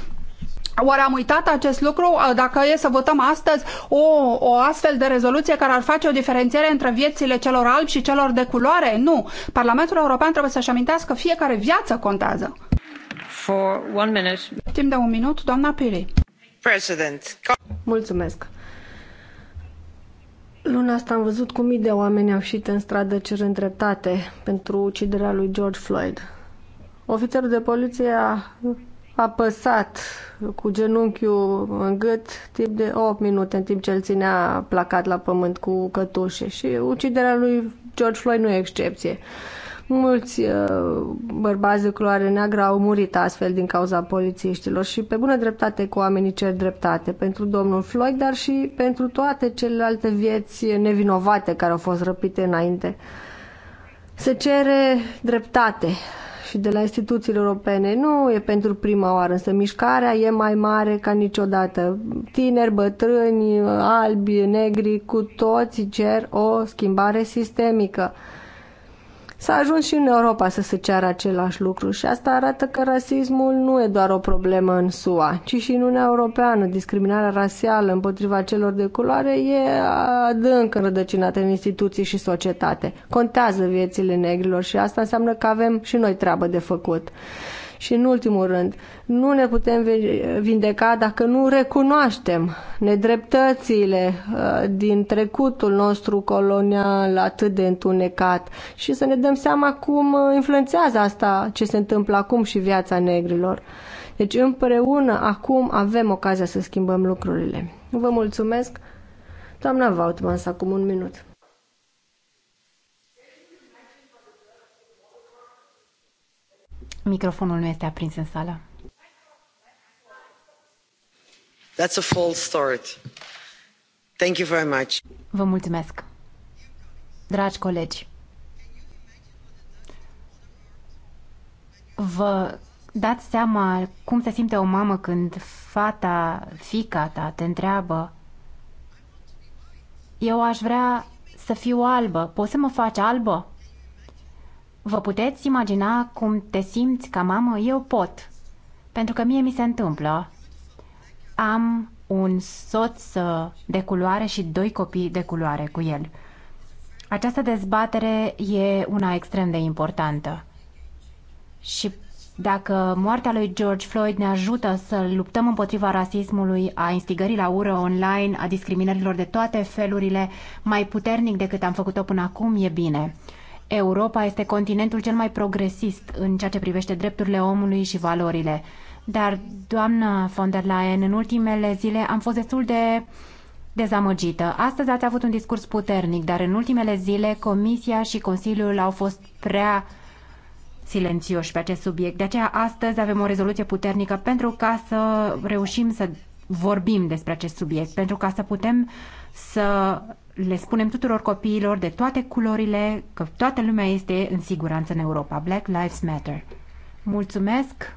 Speaker 5: Oare am uitat acest lucru dacă e să votăm astăzi o, o astfel de rezoluție care ar face o diferențiere între viețile celor albi și celor de culoare? Nu. Parlamentul European trebuie să-și amintească că fiecare viață contează. For one minute. Timp de un minut, doamna Piri.
Speaker 2: President.
Speaker 5: Mulțumesc. Luna asta am văzut cum mii de
Speaker 3: oameni au ieșit în stradă cerând dreptate pentru uciderea lui George Floyd. Ofițerul de poliție a apăsat cu genunchiul în gât timp de 8 minute în timp ce îl ținea placat la pământ cu cătușe și uciderea lui George Floyd nu e excepție. Mulți uh, bărbați de culoare neagră au murit astfel din cauza polițiștilor și pe bună dreptate cu oamenii cer dreptate pentru domnul Floyd, dar și pentru toate celelalte vieți nevinovate care au fost răpite înainte. Se cere dreptate și de la instituțiile europene. Nu e pentru prima oară, însă mișcarea e mai mare ca niciodată. Tineri, bătrâni, albi, negri, cu toții cer o schimbare sistemică. S-a ajuns și în Europa să se ceară același lucru și asta arată că rasismul nu e doar o problemă în SUA, ci și în Uniunea Europeană. Discriminarea rasială împotriva celor de culoare e adânc înrădăcinată în instituții și societate. Contează viețile negrilor și asta înseamnă că avem și noi treabă de făcut. Și în ultimul rând, nu ne putem vindeca dacă nu recunoaștem nedreptățile uh, din trecutul nostru colonial atât de întunecat și să ne dăm seama cum uh, influențează asta ce se întâmplă acum și viața negrilor. Deci împreună acum avem ocazia să schimbăm lucrurile. Vă mulțumesc! Doamna Vautman, acum un minut.
Speaker 4: Microfonul nu este aprins în sală. That's
Speaker 8: a false start. Thank you very much.
Speaker 4: Vă mulțumesc. Dragi colegi, vă dați seama cum se simte o mamă când fata, fica ta, te întreabă Eu aș vrea să fiu albă, poți să mă faci albă? Vă puteți imagina cum te simți ca mamă? Eu pot, pentru că mie mi se întâmplă. Am un soț uh, de culoare și doi copii de culoare cu el. Această dezbatere e una extrem de importantă. Și dacă moartea lui George Floyd ne ajută să luptăm împotriva rasismului, a instigării la ură online, a discriminărilor de toate felurile, mai puternic decât am făcut-o până acum, e bine. Europa este continentul cel mai progresist în ceea ce privește drepturile omului și valorile. Dar, doamnă von der Leyen, în ultimele zile am fost destul de dezamăgită. Astăzi ați avut un discurs puternic, dar în ultimele zile Comisia și Consiliul au fost prea silențioși pe acest subiect. De aceea astăzi avem o rezoluție puternică pentru ca să reușim să vorbim despre acest subiect, pentru ca să putem uh, să le spunem tuturor copiilor de toate culorile că toată lumea este în siguranță în Europa. Black Lives Matter. Mulțumesc!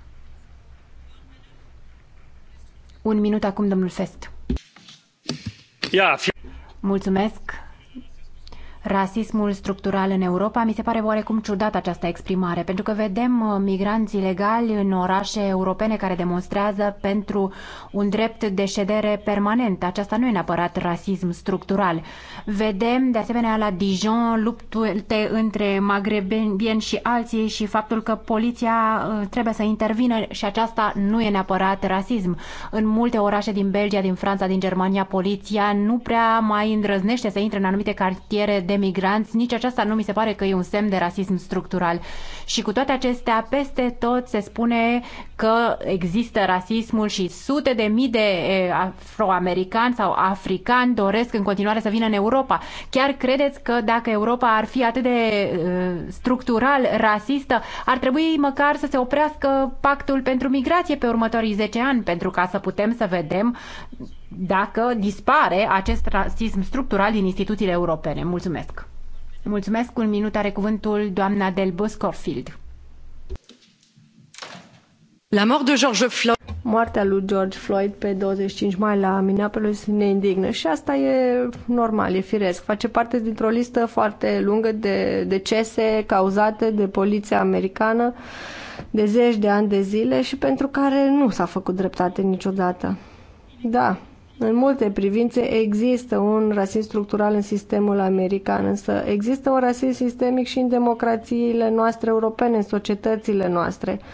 Speaker 4: Un minut acum, domnul Fest. Mulțumesc! rasismul structural în Europa. Mi se pare oarecum ciudată această exprimare, pentru că vedem uh, migranți ilegali în orașe europene care demonstrează pentru un drept de ședere permanent. Aceasta nu e neapărat rasism structural. Vedem, de asemenea, la Dijon lupte între magrebieni și alții și faptul că poliția uh, trebuie să intervină și aceasta nu e neapărat rasism. În multe orașe din Belgia, din Franța, din Germania, poliția nu prea mai îndrăznește să intre în anumite cartiere de de migranți, nici aceasta nu mi se pare că e un semn de rasism structural. Și cu toate acestea, peste tot se spune că există rasismul și sute de mii de afroamericani sau africani doresc în continuare să vină în Europa. Chiar credeți că dacă Europa ar fi atât de structural rasistă, ar trebui măcar să se oprească pactul pentru migrație pe următorii 10 ani, pentru ca să putem să vedem dacă dispare acest rasism structural din instituțiile europene. Mulțumesc! Mulțumesc! Un minut are cuvântul doamna Del Scorfield. La mort de
Speaker 3: George Floyd. Moartea lui George Floyd pe 25 mai la Minneapolis ne indignă și asta e normal, e firesc. Face parte dintr-o listă foarte lungă de decese cauzate de poliția americană de zeci de ani de zile și pentru care nu s-a făcut dreptate niciodată. Da, în multe privințe există un rasism structural în sistemul american, însă există un rasism sistemic și în democrațiile noastre europene, în societățile noastre. Uh,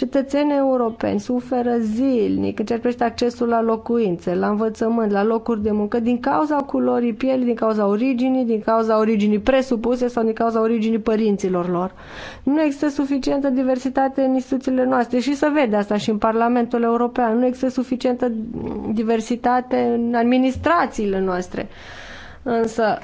Speaker 3: Cetățenii europeni suferă zilnic când cerpește accesul la locuințe, la învățământ, la locuri de muncă, din cauza culorii pielii, din cauza originii, din cauza originii presupuse sau din cauza originii părinților lor. Nu există suficientă diversitate în instituțiile noastre și să vede asta și în Parlamentul European. Nu există suficientă diversitate în administrațiile noastre. Însă,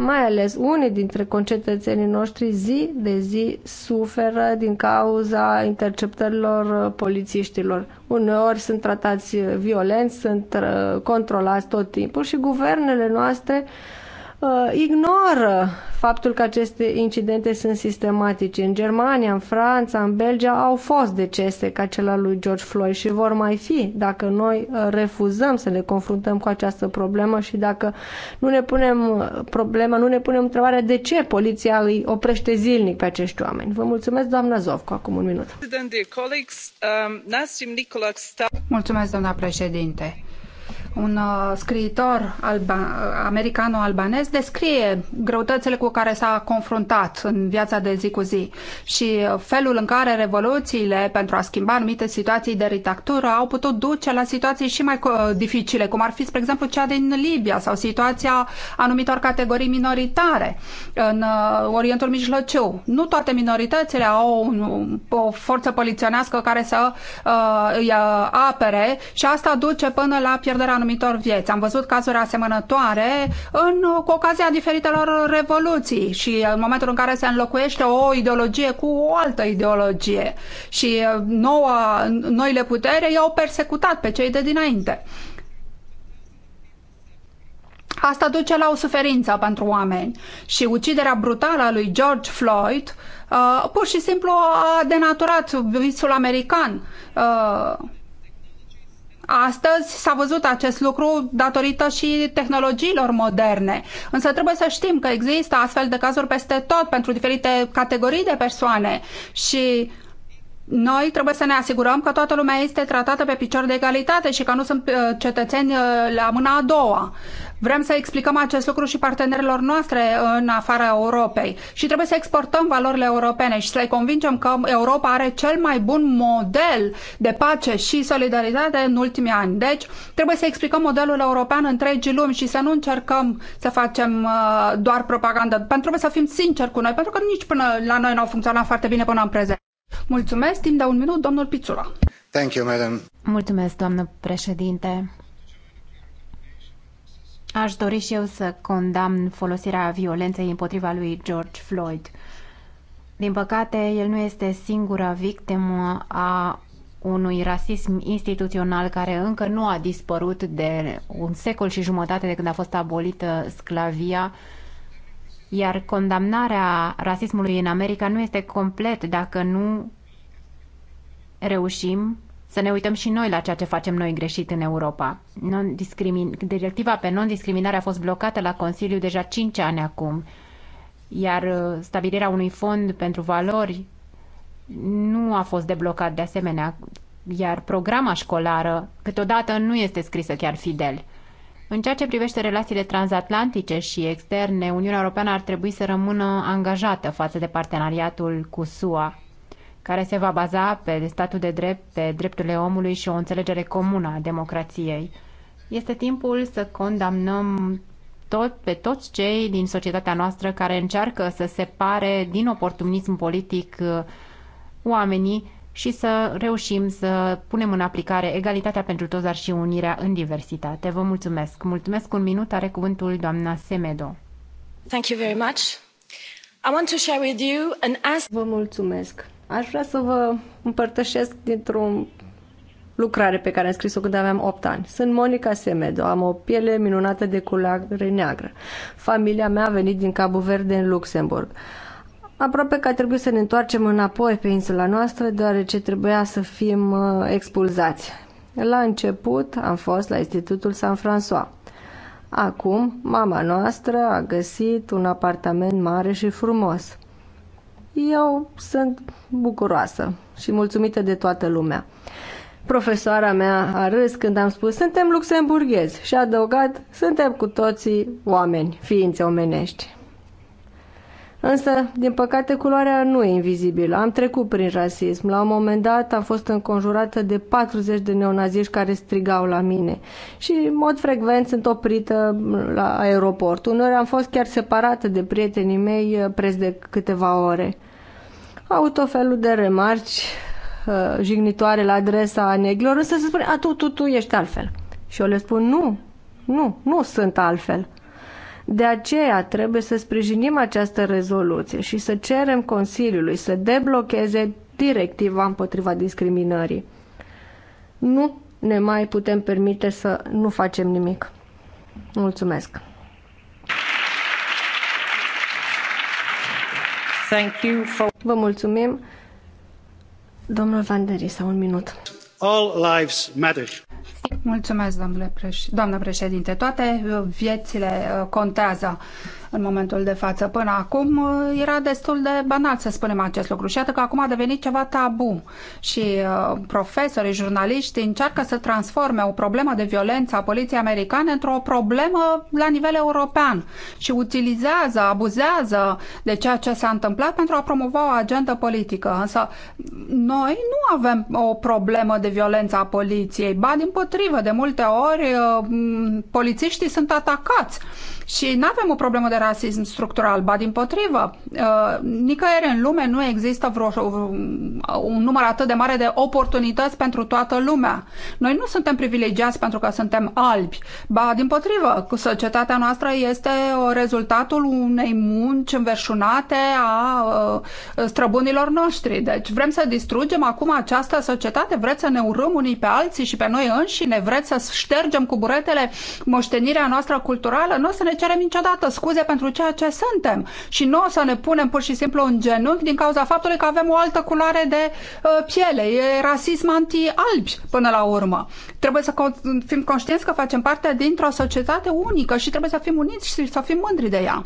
Speaker 3: mai ales unii dintre concetățenii noștri zi de zi suferă din cauza interceptărilor polițiștilor. Uneori sunt tratați violenți, sunt uh, controlați tot timpul și guvernele noastre Uh, ignoră faptul că aceste incidente sunt sistematice. În Germania, în Franța, în Belgia au fost decese ca cel al lui George Floyd și vor mai fi dacă noi uh, refuzăm să ne confruntăm cu această problemă și dacă nu ne punem uh, problema, nu ne punem întrebarea de ce poliția îi oprește zilnic pe acești oameni. Vă mulțumesc, doamna Zovco, acum un minut.
Speaker 6: Um,
Speaker 5: mulțumesc, doamna președinte un uh, scriitor alba, uh, americano-albanez, descrie greutățile cu care s-a confruntat în viața de zi cu zi și uh, felul în care revoluțiile pentru a schimba anumite situații de dictatură au putut duce la situații și mai dificile, cum ar fi, spre exemplu, cea din Libia sau situația anumitor categorii minoritare în Orientul Mijlociu. Nu toate minoritățile au un, o forță poliționească care să uh, îi apere și asta duce până la pierderea anumitor vieți. Am văzut cazuri asemănătoare în, cu ocazia diferitelor revoluții și în momentul în care se înlocuiește o ideologie cu o altă ideologie și uh, noua, noile putere i-au persecutat pe cei de dinainte. Asta duce la o suferință pentru oameni și uciderea brutală a lui George Floyd uh, pur și simplu a denaturat visul american. Uh, Astăzi s-a văzut acest lucru datorită și tehnologiilor moderne. Însă trebuie să știm că există astfel de cazuri peste tot pentru diferite categorii de persoane și noi trebuie să ne asigurăm că toată lumea este tratată pe picior de egalitate și că nu sunt uh, cetățeni uh, la mâna a doua. Vrem să explicăm acest lucru și partenerilor noastre în afara Europei și trebuie să exportăm valorile europene și să-i convingem că Europa are cel mai bun model de pace și solidaritate în ultimii ani. Deci trebuie să explicăm modelul european întregii lumi și să nu încercăm să facem uh, doar propagandă. Pentru că să fim sinceri cu noi, pentru că nici până la noi nu au funcționat foarte bine până în prezent. Mulțumesc, timp de un minut, domnul Pițula. Thank you, madam.
Speaker 4: Mulțumesc, doamnă președinte. Aș dori și eu să condamn folosirea violenței împotriva lui George Floyd. Din păcate, el nu este singura victimă a unui rasism instituțional care încă nu a dispărut de un secol și jumătate de când a fost abolită sclavia, iar condamnarea rasismului în America nu este complet dacă nu reușim să ne uităm și noi la ceea ce facem noi greșit în Europa. Non -discrimin... Directiva pe non-discriminare a fost blocată la Consiliu deja 5 ani acum, iar uh, stabilirea unui fond pentru valori nu a fost deblocat de asemenea, iar programa școlară câteodată nu este scrisă chiar fidel. În ceea ce privește relațiile transatlantice și externe, Uniunea Europeană ar trebui să rămână angajată față de parteneriatul cu SUA care se va baza pe statul de drept, pe drepturile omului și o înțelegere comună a democrației. Este timpul să condamnăm tot, pe toți cei din societatea noastră care încearcă să separe din oportunism politic uh, oamenii și să reușim să punem în aplicare egalitatea pentru toți, dar și unirea în diversitate. Vă mulțumesc. Mulțumesc un minut, are cuvântul doamna Semedo. Thank you very much.
Speaker 3: I want to share with you an Vă mulțumesc. Aș vrea să vă împărtășesc dintr-o lucrare pe care am scris-o când aveam 8 ani. Sunt Monica Semedo, am o piele minunată de culoare neagră. Familia mea a venit din Cabo Verde în Luxemburg. Aproape că a trebuit să ne întoarcem înapoi pe insula noastră, deoarece trebuia să fim uh, expulzați. La început am fost la Institutul San François. Acum, mama noastră a găsit un apartament mare și frumos. Eu sunt bucuroasă și mulțumită de toată lumea. Profesoara mea a râs când am spus suntem luxemburghezi și a adăugat suntem cu toții oameni, ființe omenești. Însă, din păcate, culoarea nu e invizibilă. Am trecut prin rasism. La un moment dat am fost înconjurată de 40 de neonaziști care strigau la mine. Și, în mod frecvent, sunt oprită la aeroport. Uneori am fost chiar separată de prietenii mei preț de câteva ore au tot felul de remarci uh, jignitoare la adresa negrilor, însă se spune, a, tu, tu, tu ești altfel. Și eu le spun, nu, nu, nu sunt altfel. De aceea trebuie să sprijinim această rezoluție și să cerem Consiliului să deblocheze directiva împotriva discriminării. Nu ne mai putem permite să nu facem nimic. Mulțumesc! Thank you for... Vă mulțumim.
Speaker 5: Domnul der sau un minut.
Speaker 1: All lives matter.
Speaker 5: Mulțumesc, domnule președinte. Toate viețile uh, contează în momentul de față. Până acum uh, era destul de banal să spunem acest lucru și iată că acum a devenit ceva tabu și uh, profesorii, jurnaliști încearcă să transforme o problemă de violență a poliției americane într-o problemă la nivel european și utilizează, abuzează de ceea ce s-a întâmplat pentru a promova o agendă politică. Însă noi nu avem o problemă de violență a poliției, ba din potrivă, de multe ori uh, polițiștii sunt atacați și nu avem o problemă de rasism structural, ba din potrivă. Uh, nicăieri în lume nu există vreo, uh, un număr atât de mare de oportunități pentru toată lumea. Noi nu suntem privilegiați pentru că suntem albi. Ba din potrivă, societatea noastră este uh, rezultatul unei munci înverșunate a străbunilor noștri. Deci vrem să distrugem acum această societate, vreți să ne urâm unii pe alții și pe noi înșine, vreți să ștergem cu buretele moștenirea noastră culturală, nu o să ne cerem niciodată scuze pentru ceea ce suntem și nu o să ne punem pur și simplu în genunchi din cauza faptului că avem o altă culoare de uh, piele. E rasism anti-albi până la urmă. Trebuie să fim conștienți că facem parte dintr-o societate unică și trebuie să fim uniți și să fim mândri de ea.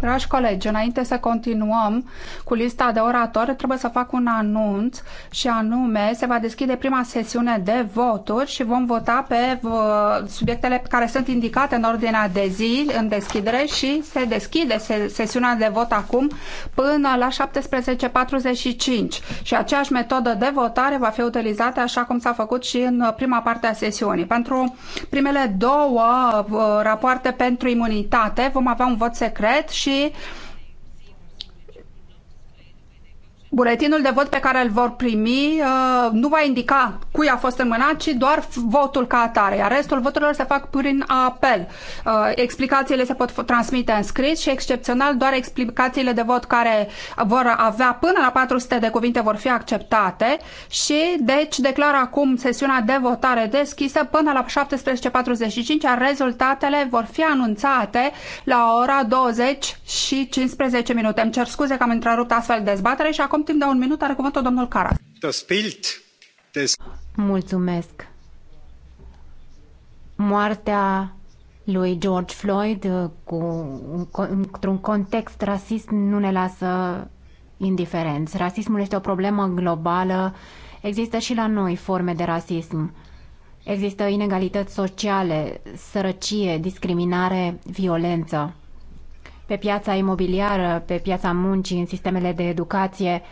Speaker 5: Dragi colegi, înainte să continuăm cu lista de oratori, trebuie să fac un anunț și anume se va deschide prima sesiune de voturi și vom vota pe subiectele care sunt indicate în ordinea de zi în deschidere și se deschide sesiunea de vot acum până la 17.45 și aceeași metodă de votare va fi utilizată așa cum s-a făcut și în prima parte a sesiunii. Pentru primele două rapoarte pentru imunitate vom avea un vot mod secret și uh, Buletinul de vot pe care îl vor primi uh, nu va indica cui a fost înmânat, ci doar votul ca atare, iar restul voturilor se fac prin apel. Uh, explicațiile se pot transmite în scris și excepțional doar explicațiile de vot care vor avea până la 400 de cuvinte vor fi acceptate și deci declar acum sesiunea de votare deschisă până la 17.45, iar rezultatele vor fi anunțate la ora 20 și 15 minute. Îmi cer scuze că am întrerupt astfel dezbatere și acum Acum timp de un minut are cuvântul domnul Caras.
Speaker 4: Mulțumesc. Moartea lui George Floyd uh, cu, într-un context rasist nu ne lasă indiferenți. Rasismul este o problemă globală. Există și la noi forme de rasism. Există inegalități sociale, sărăcie, discriminare, violență pe piața imobiliară, pe piața muncii, în sistemele de educație,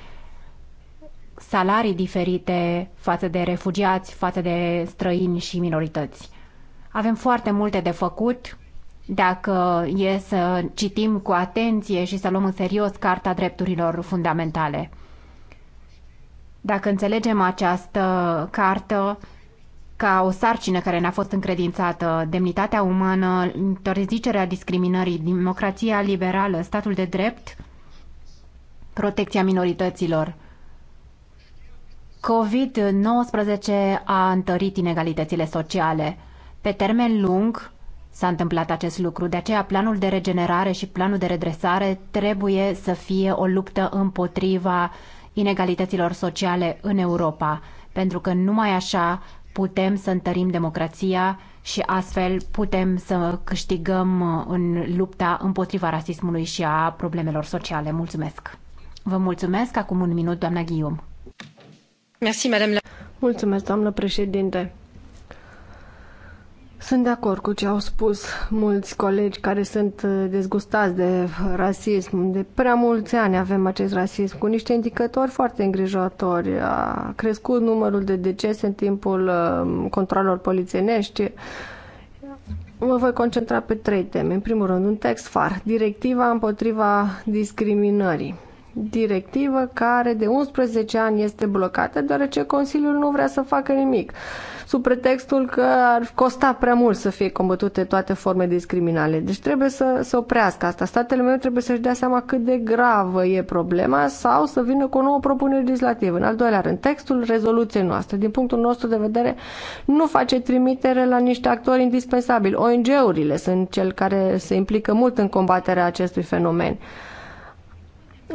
Speaker 4: salarii diferite față de refugiați, față de străini și minorități. Avem foarte multe de făcut dacă e să citim cu atenție și să luăm în serios Carta Drepturilor Fundamentale. Dacă înțelegem această cartă, ca o sarcină care ne-a fost încredințată, demnitatea umană, interzicerea discriminării, democrația liberală, statul de drept, protecția minorităților. COVID-19 a întărit inegalitățile sociale. Pe termen lung s-a întâmplat acest lucru, de aceea planul de regenerare și planul de redresare trebuie să fie o luptă împotriva inegalităților sociale în Europa, pentru că numai așa putem să întărim democrația și astfel putem să câștigăm uh, în lupta împotriva rasismului și a problemelor sociale. Mulțumesc! Vă mulțumesc. Acum un minut, doamna Ghium. Mulțumesc, doamnă președinte.
Speaker 3: Sunt de acord cu ce au spus mulți colegi care sunt uh, dezgustați de rasism. De prea mulți ani avem acest rasism cu niște indicatori foarte îngrijorători. A crescut numărul de decese în timpul um, controlelor polițienești. Mă voi concentra pe trei teme. În primul rând, un text far, directiva împotriva discriminării directivă care de 11 ani este blocată deoarece Consiliul nu vrea să facă nimic sub pretextul că ar costa prea mult să fie combătute toate forme de discriminare. Deci trebuie să se oprească asta. Statele membre trebuie să-și dea seama cât de gravă e problema sau să vină cu o nouă propunere legislativă. În al doilea rând, textul rezoluției noastre, din punctul nostru de vedere, nu face trimitere la niște actori indispensabili. ONG-urile sunt cel care se implică mult în combaterea acestui fenomen.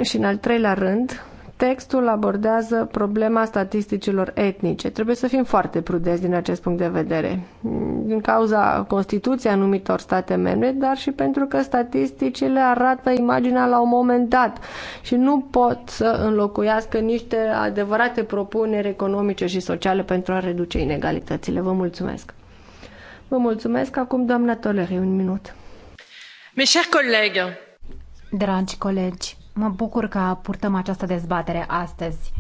Speaker 3: Și în al treilea rând, Textul abordează problema statisticilor etnice. Trebuie să fim foarte prudenți din acest punct de vedere, din cauza Constituției anumitor state membre, dar și pentru că statisticile arată imaginea la un moment dat și nu pot să înlocuiască niște adevărate propuneri economice și sociale pentru a reduce inegalitățile. Vă mulțumesc!
Speaker 4: Vă mulțumesc. Acum, doamna Toleri, un minut.
Speaker 5: Mes chers collègues,
Speaker 4: Dragi colegi, Mă bucur că purtăm această dezbatere astăzi.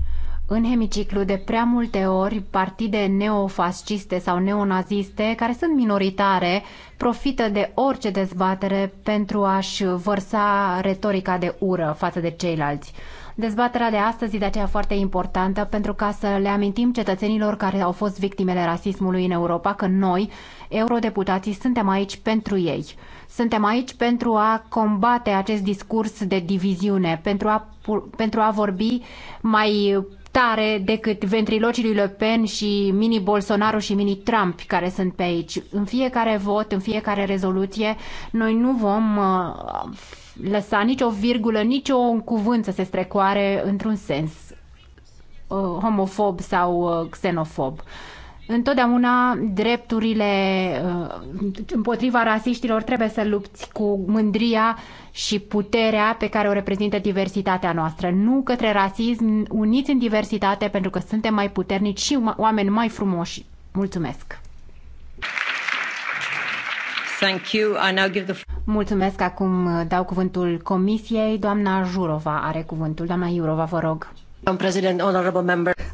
Speaker 4: În hemiciclu, de prea multe ori, partide neofasciste sau neonaziste, care sunt minoritare, profită de orice dezbatere pentru a-și vărsa retorica de ură față de ceilalți. Dezbaterea de astăzi e de aceea foarte importantă pentru ca să le amintim cetățenilor care au fost victimele rasismului în Europa că noi, eurodeputații, suntem aici pentru ei. Suntem aici pentru a combate acest discurs de diviziune, pentru a, pentru a vorbi mai tare decât ventrilocii lui Le Pen și mini Bolsonaro și mini Trump care sunt pe aici. În fiecare vot, în fiecare rezoluție, noi nu vom uh, lăsa nicio virgulă, nicio un cuvânt să se strecoare într-un sens uh, homofob sau uh, xenofob. Uh, Întotdeauna drepturile uh, împotriva rasiștilor trebuie să lupți cu mândria și puterea pe care o reprezintă diversitatea noastră. Nu către rasism, uniți în diversitate pentru că suntem mai puternici și oameni mai frumoși. Mulțumesc! Thank you. I now give the... Mulțumesc. Acum uh, dau cuvântul Comisiei. Doamna Jurova are cuvântul. Doamna Jurova, vă rog.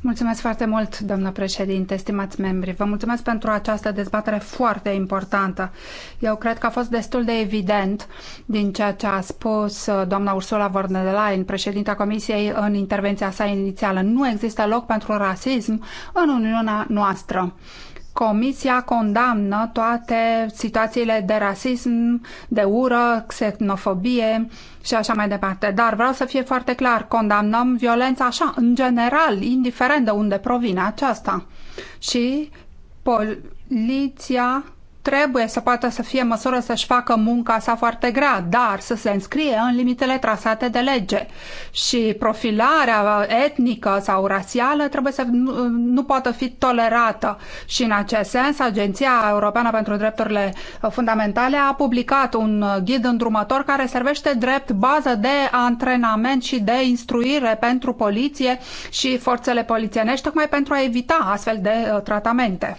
Speaker 5: Mulțumesc foarte mult, doamnă președinte, stimați membri. Vă mulțumesc pentru această dezbatere foarte importantă. Eu cred că a fost destul de evident din ceea ce a spus uh, doamna Ursula von der Leyen, președinta Comisiei, în intervenția sa inițială. Nu există loc pentru rasism în Uniunea noastră. Comisia condamnă toate situațiile de rasism, de ură, xenofobie și așa mai departe. Dar vreau să fie foarte clar, condamnăm violența așa, în general, indiferent de unde provine aceasta. Și poliția trebuie să poată să fie măsură să-și facă munca sa foarte grea, dar să se înscrie în limitele trasate de lege. Și profilarea etnică sau rasială trebuie să nu, nu poată fi tolerată. Și în acest sens, Agenția Europeană pentru Drepturile Fundamentale a publicat un ghid îndrumător care servește drept bază de antrenament și de instruire pentru poliție și forțele polițienești, tocmai pentru a evita astfel de uh, tratamente.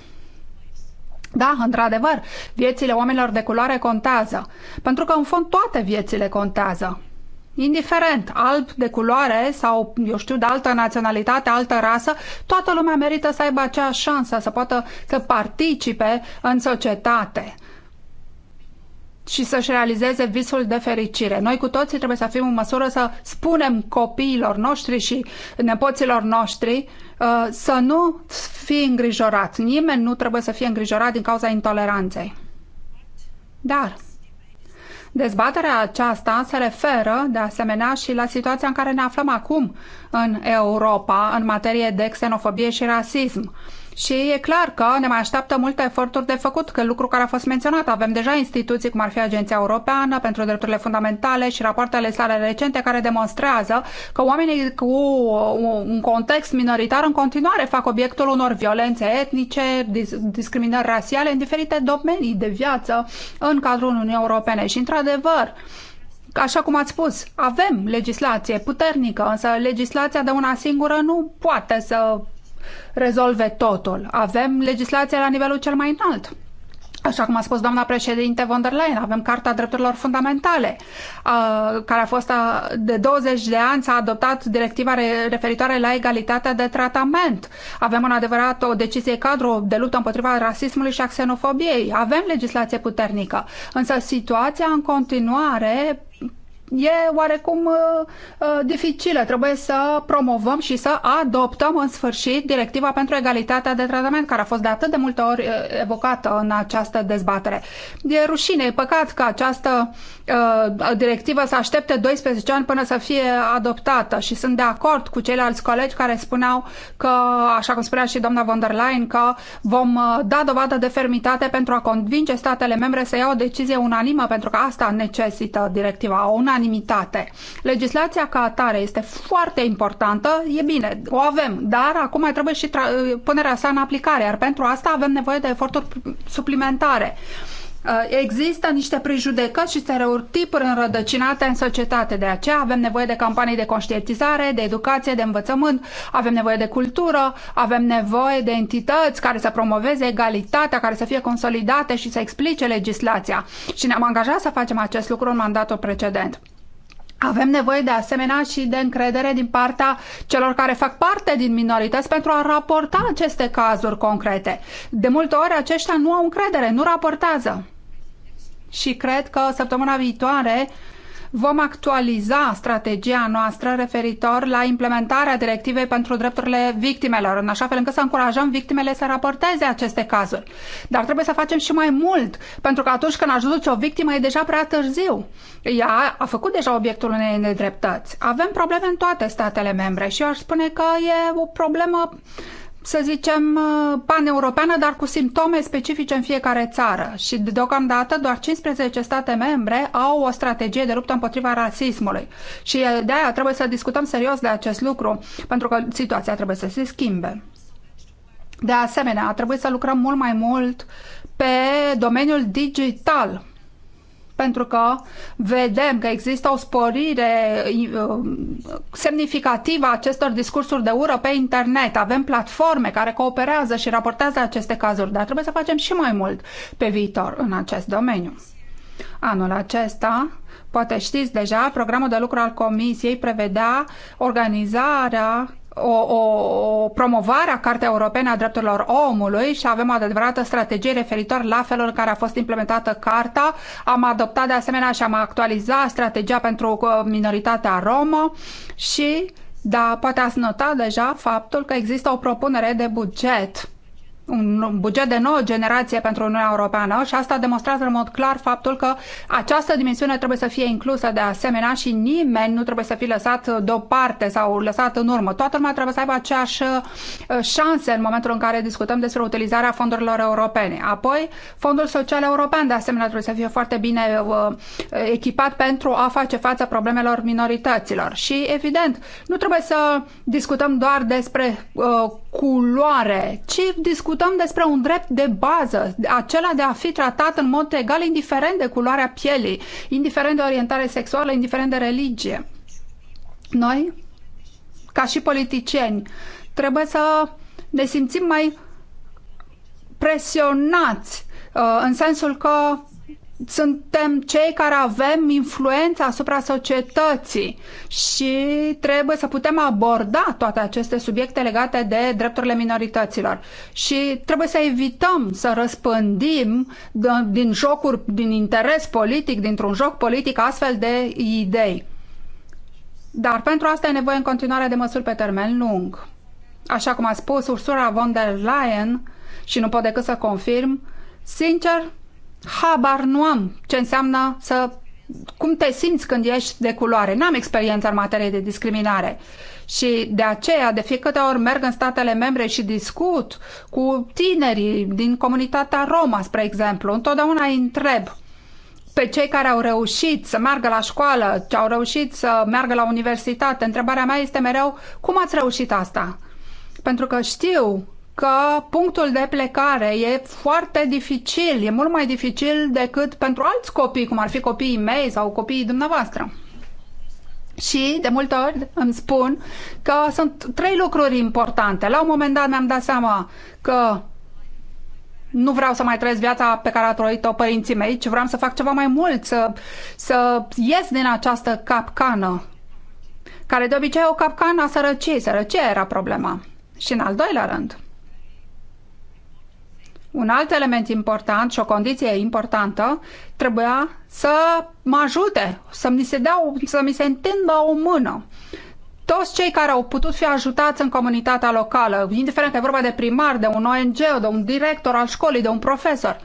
Speaker 5: Da, într-adevăr, viețile oamenilor de culoare contează, pentru că în fond toate viețile contează. Indiferent, alb de culoare sau, eu știu, de altă naționalitate, altă rasă, toată lumea merită să aibă aceeași șansă, să poată să participe în societate și să-și realizeze visul de fericire. Noi cu toții trebuie să fim în măsură să spunem copiilor noștri și nepoților noștri uh, să nu fie îngrijorat. Nimeni nu trebuie să fie îngrijorat din cauza intoleranței. Dar dezbaterea aceasta se referă de asemenea și la situația în care ne aflăm acum în Europa în materie de xenofobie și rasism și e clar că ne mai așteaptă multe eforturi de făcut, că lucru care a fost menționat. Avem deja instituții cum ar fi Agenția Europeană pentru Drepturile Fundamentale și rapoartele sale recente care demonstrează că oamenii cu un context minoritar în continuare fac obiectul unor violențe etnice, discriminări rasiale în diferite domenii de viață în cadrul Uniunii Europene. Și într-adevăr, Așa cum ați spus, avem legislație puternică, însă legislația de una singură nu poate să rezolve totul. Avem legislația la nivelul cel mai înalt. Așa cum a spus doamna președinte von der Leyen, avem Carta Drepturilor Fundamentale, care a fost de 20 de ani, s-a adoptat directiva referitoare la egalitatea de tratament. Avem în adevărat o decizie cadru de luptă împotriva rasismului și a xenofobiei. Avem legislație puternică, însă situația în continuare e oarecum uh, uh, dificilă. Trebuie să promovăm și să adoptăm în sfârșit directiva pentru egalitatea de tratament, care a fost de atât de multe ori uh, evocată în această dezbatere. E rușine, e păcat că această directivă să aștepte 12 ani până să fie adoptată și sunt de acord cu ceilalți colegi care spuneau că, așa cum spunea și doamna von der Leyen, că vom da dovadă de fermitate pentru a convinge statele membre să ia o decizie unanimă, pentru că asta necesită directiva, o unanimitate unanimitate. Legislația ca atare este foarte importantă, e bine, o avem, dar acum mai trebuie și punerea sa în aplicare, iar pentru asta avem nevoie de eforturi suplimentare. Uh, există niște prejudecăți și stereotipuri înrădăcinate în societate. De aceea avem nevoie de campanii de conștientizare, de educație, de învățământ, avem nevoie de cultură, avem nevoie de entități care să promoveze egalitatea, care să fie consolidate și să explice legislația. Și ne-am angajat să facem acest lucru în mandatul precedent. Avem nevoie de asemenea și de încredere din partea celor care fac parte din minorități pentru a raporta aceste cazuri concrete. De multe ori aceștia nu au încredere, nu raportează. Și cred că săptămâna viitoare vom actualiza strategia noastră referitor la implementarea directivei pentru drepturile victimelor, în așa fel încât să încurajăm victimele să raporteze aceste cazuri. Dar trebuie să facem și mai mult, pentru că atunci când ajunge o victimă e deja prea târziu. Ea a făcut deja obiectul unei nedreptăți. Avem probleme în toate statele membre și eu aș spune că e o problemă să zicem, uh, paneuropeană, dar cu simptome specifice în fiecare țară. Și deocamdată doar 15 state membre au o strategie de luptă împotriva rasismului. Și uh, de aia trebuie să discutăm serios de acest lucru, pentru că situația trebuie să se schimbe. De asemenea, trebuie să lucrăm mult mai mult pe domeniul digital, pentru că vedem că există o sporire uh, semnificativă a acestor discursuri de ură pe internet. Avem platforme care cooperează și raportează aceste cazuri, dar trebuie să facem și mai mult pe viitor în acest domeniu. Anul acesta, poate știți deja, programul de lucru al Comisiei prevedea organizarea o, o promovare a Cartei Europene a Drepturilor Omului și avem o adevărată strategie referitor la felul în care a fost implementată Carta. Am adoptat de asemenea și am actualizat strategia pentru uh, minoritatea romă și, da, poate ați notat deja faptul că există o propunere de buget un buget de nouă generație pentru Uniunea Europeană și asta demonstrează în mod clar faptul că această dimensiune trebuie să fie inclusă de asemenea și nimeni nu trebuie să fie lăsat deoparte sau lăsat în urmă. Toată lumea trebuie să aibă aceeași uh, șanse în momentul în care discutăm despre utilizarea fondurilor europene. Apoi, Fondul Social European de asemenea trebuie să fie foarte bine uh, echipat pentru a face față problemelor minorităților. Și evident, nu trebuie să discutăm doar despre uh, culoare, ci discutăm discutăm despre un drept de bază, acela de a fi tratat în mod egal, indiferent de culoarea pielii, indiferent de orientare sexuală, indiferent de religie. Noi, ca și politicieni, trebuie să ne simțim mai presionați uh, în sensul că suntem cei care avem influența asupra societății și trebuie să putem aborda toate aceste subiecte legate de drepturile minorităților. Și trebuie să evităm să răspândim din jocuri, din interes politic, dintr-un joc politic, astfel de idei. Dar pentru asta e nevoie în continuare de măsuri pe termen lung. Așa cum a spus Ursula von der Leyen, și nu pot decât să confirm, sincer, habar nu am ce înseamnă să cum te simți când ești de culoare. N-am experiență în materie de discriminare. Și de aceea, de fiecare ori merg în statele membre și discut cu tinerii din comunitatea Roma, spre exemplu, întotdeauna îi întreb pe cei care au reușit să meargă la școală, ce au reușit să meargă la universitate. Întrebarea mea este mereu, cum ați reușit asta? Pentru că știu că punctul de plecare e foarte dificil, e mult mai dificil decât pentru alți copii, cum ar fi copiii mei sau copiii dumneavoastră. Și de multe ori îmi spun că sunt trei lucruri importante. La un moment dat mi-am dat seama că nu vreau să mai trăiesc viața pe care a trăit-o părinții mei, ci vreau să fac ceva mai mult, să, să ies din această capcană, care de obicei e o capcană a sărăciei. Sărăcie era problema. Și în al doilea rând, un alt element important și o condiție importantă trebuia să mă ajute, să mi se, dea, să mi se întindă o mână toți cei care au putut fi ajutați în comunitatea locală, indiferent că e vorba de primar, de un ONG, de un director al școlii, de un profesor,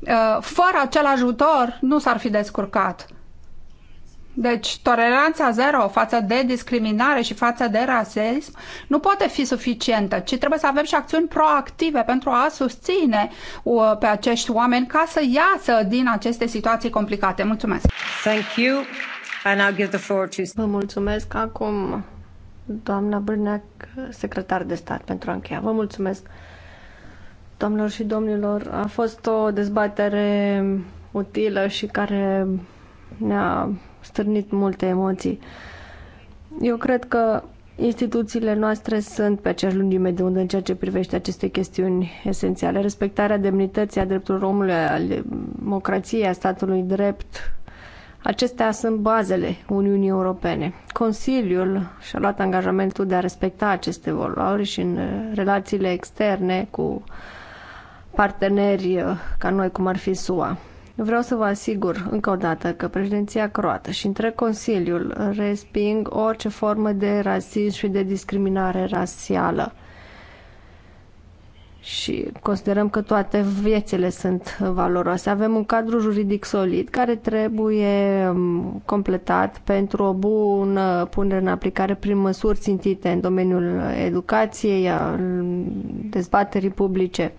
Speaker 5: uh, fără acel ajutor nu s-ar fi descurcat. Deci, toleranța zero față de discriminare și față de rasism nu poate fi suficientă, ci trebuie să avem și acțiuni proactive pentru a susține uh, pe acești oameni ca să iasă din aceste situații complicate. Mulțumesc! Thank you. And I'll give the floor to... Vă mulțumesc acum, doamna Bârneac, secretar de stat,
Speaker 3: pentru a încheia. Vă mulțumesc, doamnelor și domnilor. A fost o dezbatere utilă și care ne-a stârnit multe emoții. Eu cred că instituțiile noastre sunt pe aceeași lungime de undă în ceea ce privește aceste chestiuni esențiale. Respectarea demnității, a drepturilor omului, a democrației, a statului drept, Acestea sunt bazele Uniunii Europene. Consiliul și-a luat angajamentul de a respecta aceste valori și în relațiile externe cu parteneri uh, ca noi, cum ar fi SUA. Vreau să vă asigur încă o dată că președinția croată și întreg Consiliul resping orice formă de rasism și de discriminare rasială. Și considerăm că toate viețile sunt valoroase. Avem un cadru juridic solid care trebuie um, completat pentru o bună punere în aplicare prin măsuri țintite în domeniul educației, a dezbaterii publice.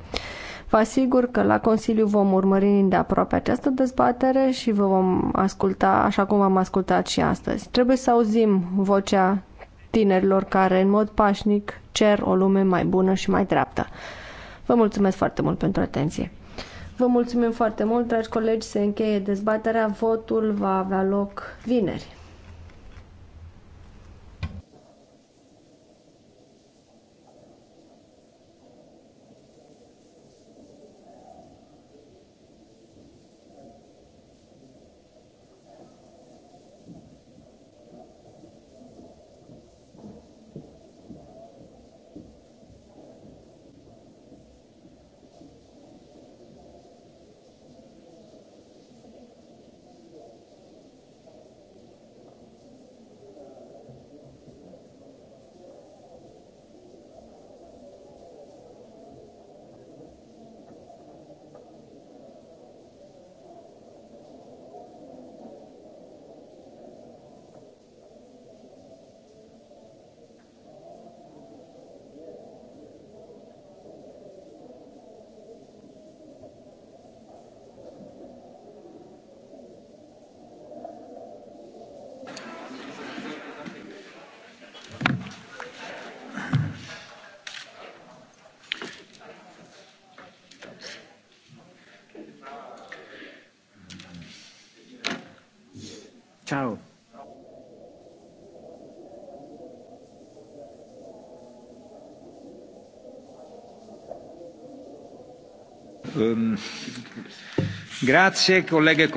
Speaker 3: Vă asigur că la Consiliu vom urmări de aproape această dezbatere și vă vom asculta așa cum am ascultat și astăzi. Trebuie să auzim vocea tinerilor care în mod pașnic cer o lume mai bună și mai dreaptă. Vă mulțumesc foarte mult pentru atenție. Vă mulțumim foarte mult, dragi colegi, se încheie dezbaterea. Votul va avea loc vineri.
Speaker 9: Ehm,
Speaker 2: grazie, colleghe,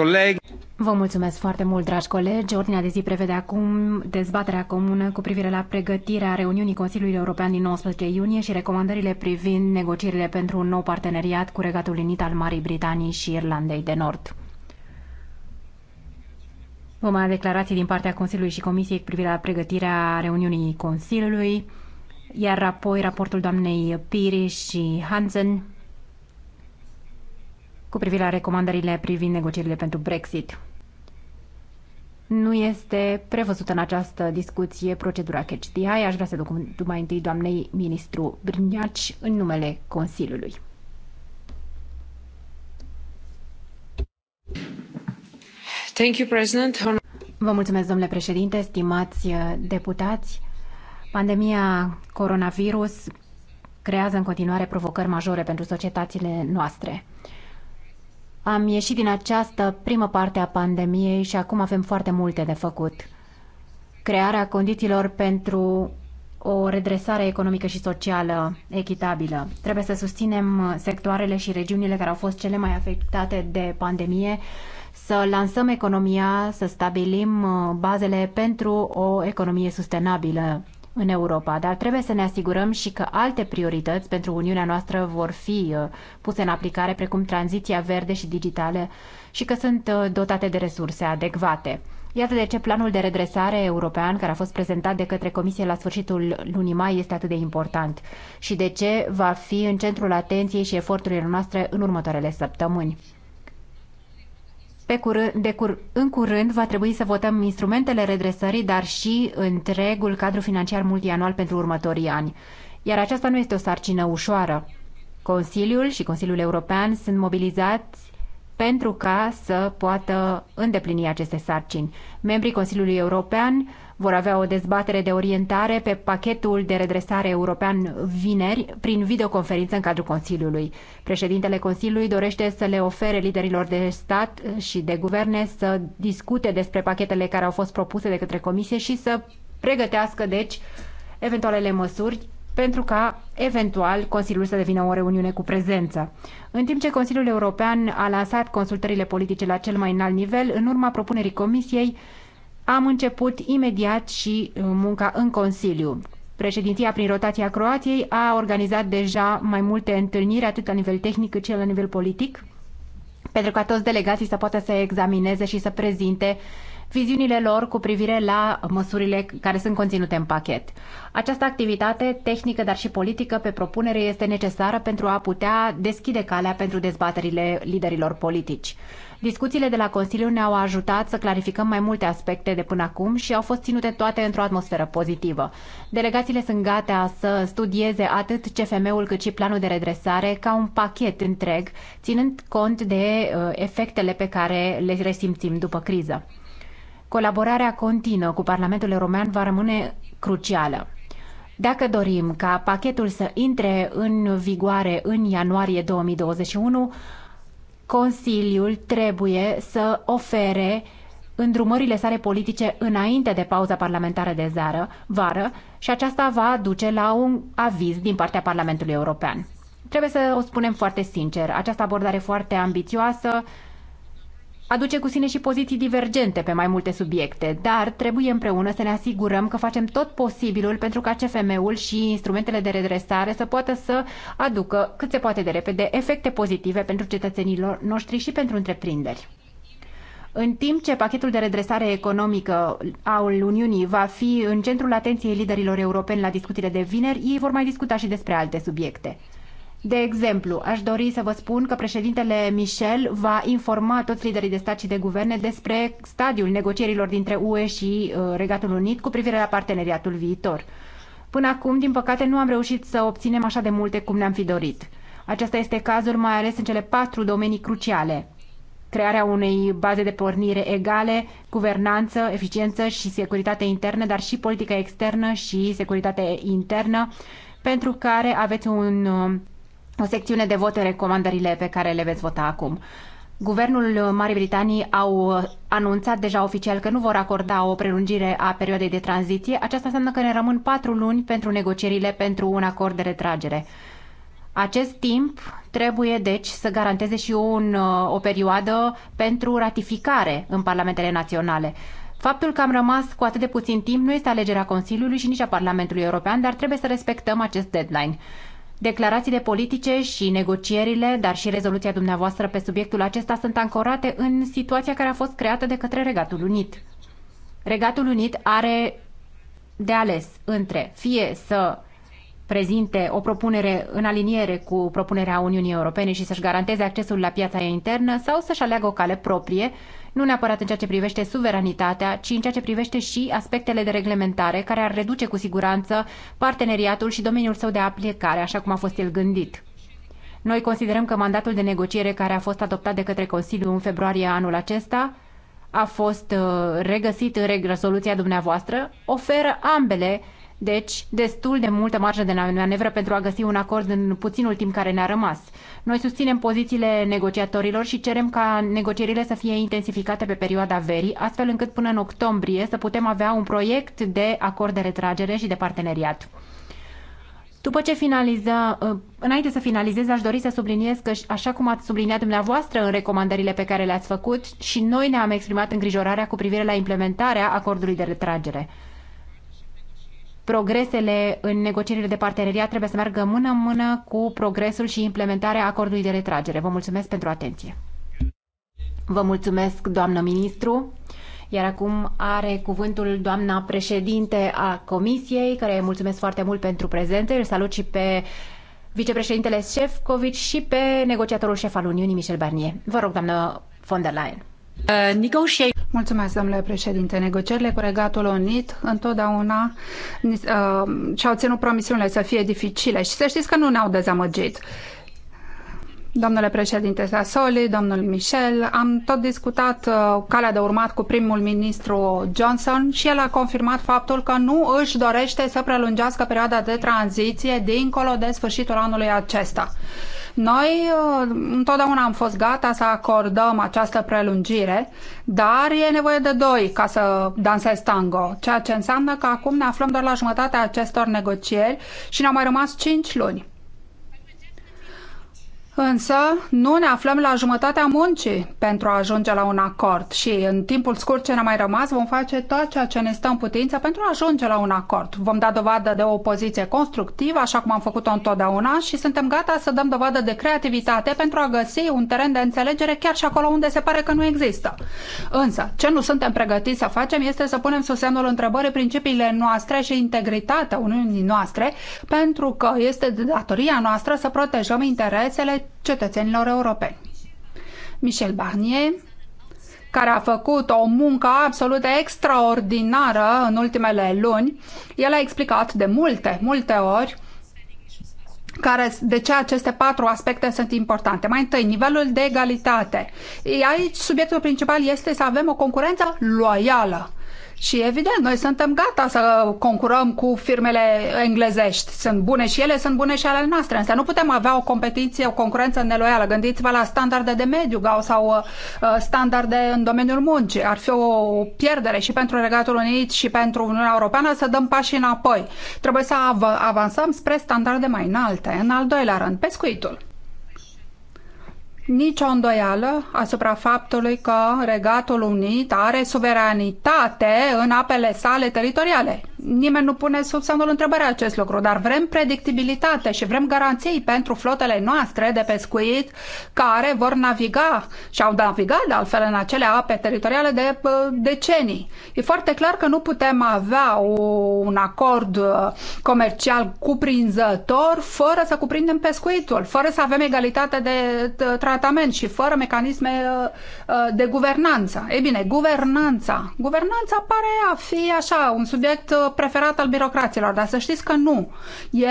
Speaker 4: Vă mulțumesc foarte mult, dragi colegi. Ordinea de zi prevede acum dezbaterea comună cu privire la pregătirea reuniunii Consiliului European din 19 iunie și recomandările privind negocierile pentru un nou parteneriat cu Regatul Unit al Marii Britanii și Irlandei de Nord. Vom avea declarații din partea Consiliului și Comisiei cu privire la pregătirea reuniunii Consiliului, iar apoi raportul doamnei Piri și Hansen cu privire la recomandările privind negocierile pentru Brexit. Nu este prevăzută în această discuție procedura CHDI. Aș vrea să duc mai întâi doamnei ministru Brignaci în numele Consiliului. Thank you, President. Vă mulțumesc, domnule președinte, stimați deputați. Pandemia coronavirus creează în continuare provocări majore pentru societățile noastre. Am ieșit din această primă parte a pandemiei și acum avem foarte multe de făcut. Crearea condițiilor pentru o redresare economică și socială echitabilă. Trebuie să susținem sectoarele și regiunile care au fost cele mai afectate de pandemie, să lansăm economia, să stabilim bazele pentru o economie sustenabilă în Europa, dar trebuie să ne asigurăm și că alte priorități pentru Uniunea noastră vor fi uh, puse în aplicare, precum tranziția verde și digitală, și că sunt uh, dotate de resurse adecvate. Iată de ce planul de redresare european care a fost prezentat de către Comisie la sfârșitul lunii mai este atât de important și de ce va fi în centrul atenției și eforturilor noastre în următoarele săptămâni. Pe curând, de cur, în curând va trebui să votăm instrumentele redresării, dar și întregul cadru financiar multianual pentru următorii ani. Iar aceasta nu este o sarcină ușoară. Consiliul și Consiliul European sunt mobilizați pentru ca să poată îndeplini aceste sarcini. Membrii Consiliului European vor avea o dezbatere de orientare pe pachetul de redresare european vineri prin videoconferință în cadrul Consiliului. Președintele Consiliului dorește să le ofere liderilor de stat și de guverne să discute despre pachetele care au fost propuse de către Comisie și să pregătească, deci, eventualele măsuri pentru ca, eventual, Consiliul să devină o reuniune cu prezență. În timp ce Consiliul European a lansat consultările politice la cel mai înalt nivel, în urma propunerii Comisiei, am început imediat și uh, munca în Consiliu. Președinția prin rotația Croației a organizat deja mai multe întâlniri, atât la nivel tehnic cât și la nivel politic, pentru ca toți delegații să poată să examineze și să prezinte viziunile lor cu privire la măsurile care sunt conținute în pachet. Această activitate tehnică, dar și politică, pe propunere, este necesară pentru a putea deschide calea pentru dezbaterile liderilor politici. Discuțiile de la Consiliu ne-au ajutat să clarificăm mai multe aspecte de până acum și au fost ținute toate într-o atmosferă pozitivă. Delegațiile sunt gata să studieze atât CFM-ul cât și planul de redresare ca un pachet întreg, ținând cont de uh, efectele pe care le resimțim după criză. Colaborarea continuă cu Parlamentul European va rămâne crucială. Dacă dorim ca pachetul să intre în vigoare în ianuarie 2021, Consiliul trebuie să ofere îndrumările sale politice înainte de pauza parlamentară de zară, vară și aceasta va duce la un aviz din partea Parlamentului European. Trebuie să o spunem foarte sincer, această abordare foarte ambițioasă aduce cu sine și poziții divergente pe mai multe subiecte, dar trebuie împreună să ne asigurăm că facem tot posibilul pentru ca CFM-ul și instrumentele de redresare să poată să aducă cât se poate de repede efecte pozitive pentru cetățenilor noștri și pentru întreprinderi. În timp ce pachetul de redresare economică al Uniunii va fi în centrul atenției liderilor europeni la discuțiile de vineri, ei vor mai discuta și despre alte subiecte. De exemplu, aș dori să vă spun că președintele Michel va informa toți liderii de stat și de guverne despre stadiul negocierilor dintre UE și uh, Regatul Unit cu privire la parteneriatul viitor. Până acum, din păcate, nu am reușit să obținem așa de multe cum ne-am fi dorit. Acesta este cazul mai ales în cele patru domenii cruciale. Crearea unei baze de pornire egale, guvernanță, eficiență și securitate internă, dar și politică externă și securitate internă, pentru care aveți un uh, o secțiune de vot în recomandările pe care le veți vota acum. Guvernul Marii Britanii au anunțat deja oficial că nu vor acorda o prelungire a perioadei de tranziție. Aceasta înseamnă că ne rămân patru luni pentru negocierile pentru un acord de retragere. Acest timp trebuie, deci, să garanteze și un, uh, o perioadă pentru ratificare în parlamentele naționale. Faptul că am rămas cu atât de puțin timp nu este alegerea Consiliului și nici a Parlamentului European, dar trebuie să respectăm acest deadline. Declarațiile politice și negocierile, dar și rezoluția dumneavoastră pe subiectul acesta sunt ancorate în situația care a fost creată de către Regatul Unit. Regatul Unit are de ales între fie să prezinte o propunere în aliniere cu propunerea Uniunii Europene și să-și garanteze accesul la piața internă sau să-și aleagă o cale proprie, nu neapărat în ceea ce privește suveranitatea, ci în ceea ce privește și aspectele de reglementare care ar reduce cu siguranță parteneriatul și domeniul său de aplicare, așa cum a fost el gândit. Noi considerăm că mandatul de negociere care a fost adoptat de către Consiliu în februarie anul acesta a fost uh, regăsit în rezoluția dumneavoastră, oferă ambele deci, destul de multă marjă de manevră pentru a găsi un acord în puținul timp care ne-a rămas. Noi susținem pozițiile negociatorilor și cerem ca negocierile să fie intensificate pe perioada verii, astfel încât până în octombrie să putem avea un proiect de acord de retragere și de parteneriat. După ce finaliză, uh, înainte să finalizez, aș dori să subliniez că, așa cum ați subliniat dumneavoastră în recomandările pe care le-ați făcut, și noi ne-am exprimat îngrijorarea cu privire la implementarea acordului de retragere progresele în negocierile de parteneriat trebuie să meargă mână-mână cu progresul și implementarea acordului de retragere. Vă mulțumesc pentru atenție. Vă mulțumesc, doamnă ministru. Iar acum are cuvântul doamna președinte a Comisiei, care îi mulțumesc foarte mult pentru prezență. Îl salut și pe vicepreședintele Șefcovic și pe negociatorul șef al Uniunii, Michel Barnier. Vă rog, doamnă von der Leyen.
Speaker 5: Uh, Mulțumesc, domnule președinte. Negocierile cu Regatul Unit întotdeauna uh, și-au ținut promisiunile să fie dificile și să știți că nu ne-au dezamăgit. Domnule președinte Sassoli, domnul Michel, am tot discutat uh, calea de urmat cu primul ministru Johnson și el a confirmat faptul că nu își dorește să prelungească perioada de tranziție dincolo de sfârșitul anului acesta. Noi uh, întotdeauna am fost gata să acordăm această prelungire, dar e nevoie de doi ca să dansezi tango, ceea ce înseamnă că acum ne aflăm doar la jumătatea acestor negocieri și ne-au mai rămas cinci luni. Însă nu ne aflăm la jumătatea muncii pentru a ajunge la un acord și în timpul scurt ce ne-a mai rămas vom face tot ceea ce ne stă în putință pentru a ajunge la un acord. Vom da dovadă de o poziție constructivă, așa cum am făcut-o întotdeauna și suntem gata să dăm dovadă de creativitate pentru a găsi un teren de înțelegere chiar și acolo unde se pare că nu există. Însă, ce nu suntem pregătiți să facem este să punem sub semnul întrebării principiile noastre și integritatea Uniunii noastre, pentru că este datoria noastră să protejăm interesele cetățenilor europeni. Michel Barnier, care a făcut o muncă absolut extraordinară în ultimele luni, el a explicat de multe, multe ori care, de ce aceste patru aspecte sunt importante. Mai întâi, nivelul de egalitate. Aici subiectul principal este să avem o concurență loială și evident, noi suntem gata să concurăm cu firmele englezești. Sunt bune și ele, sunt bune și ale noastre. Însă nu putem avea o competiție, o concurență neloială. Gândiți-vă la standarde de mediu sau uh, standarde în domeniul muncii. Ar fi o pierdere și pentru Regatul Unit și pentru Uniunea Europeană să dăm pași înapoi. Trebuie să avansăm spre standarde mai înalte. În al doilea rând, pescuitul nicio îndoială asupra faptului că Regatul Unit are suveranitate în apele sale teritoriale nimeni nu pune sub semnul întrebării acest lucru, dar vrem predictibilitate și vrem garanții pentru flotele noastre de pescuit care vor naviga și au navigat de altfel în acele ape teritoriale de decenii. E foarte clar că nu putem avea un acord uh, comercial cuprinzător fără să cuprindem pescuitul, fără să avem egalitate de tratament și fără mecanisme uh, uh, de guvernanță. Ei bine, guvernanța. Guvernanța pare a fi așa, un subiect preferat al birocraților, dar să știți că nu.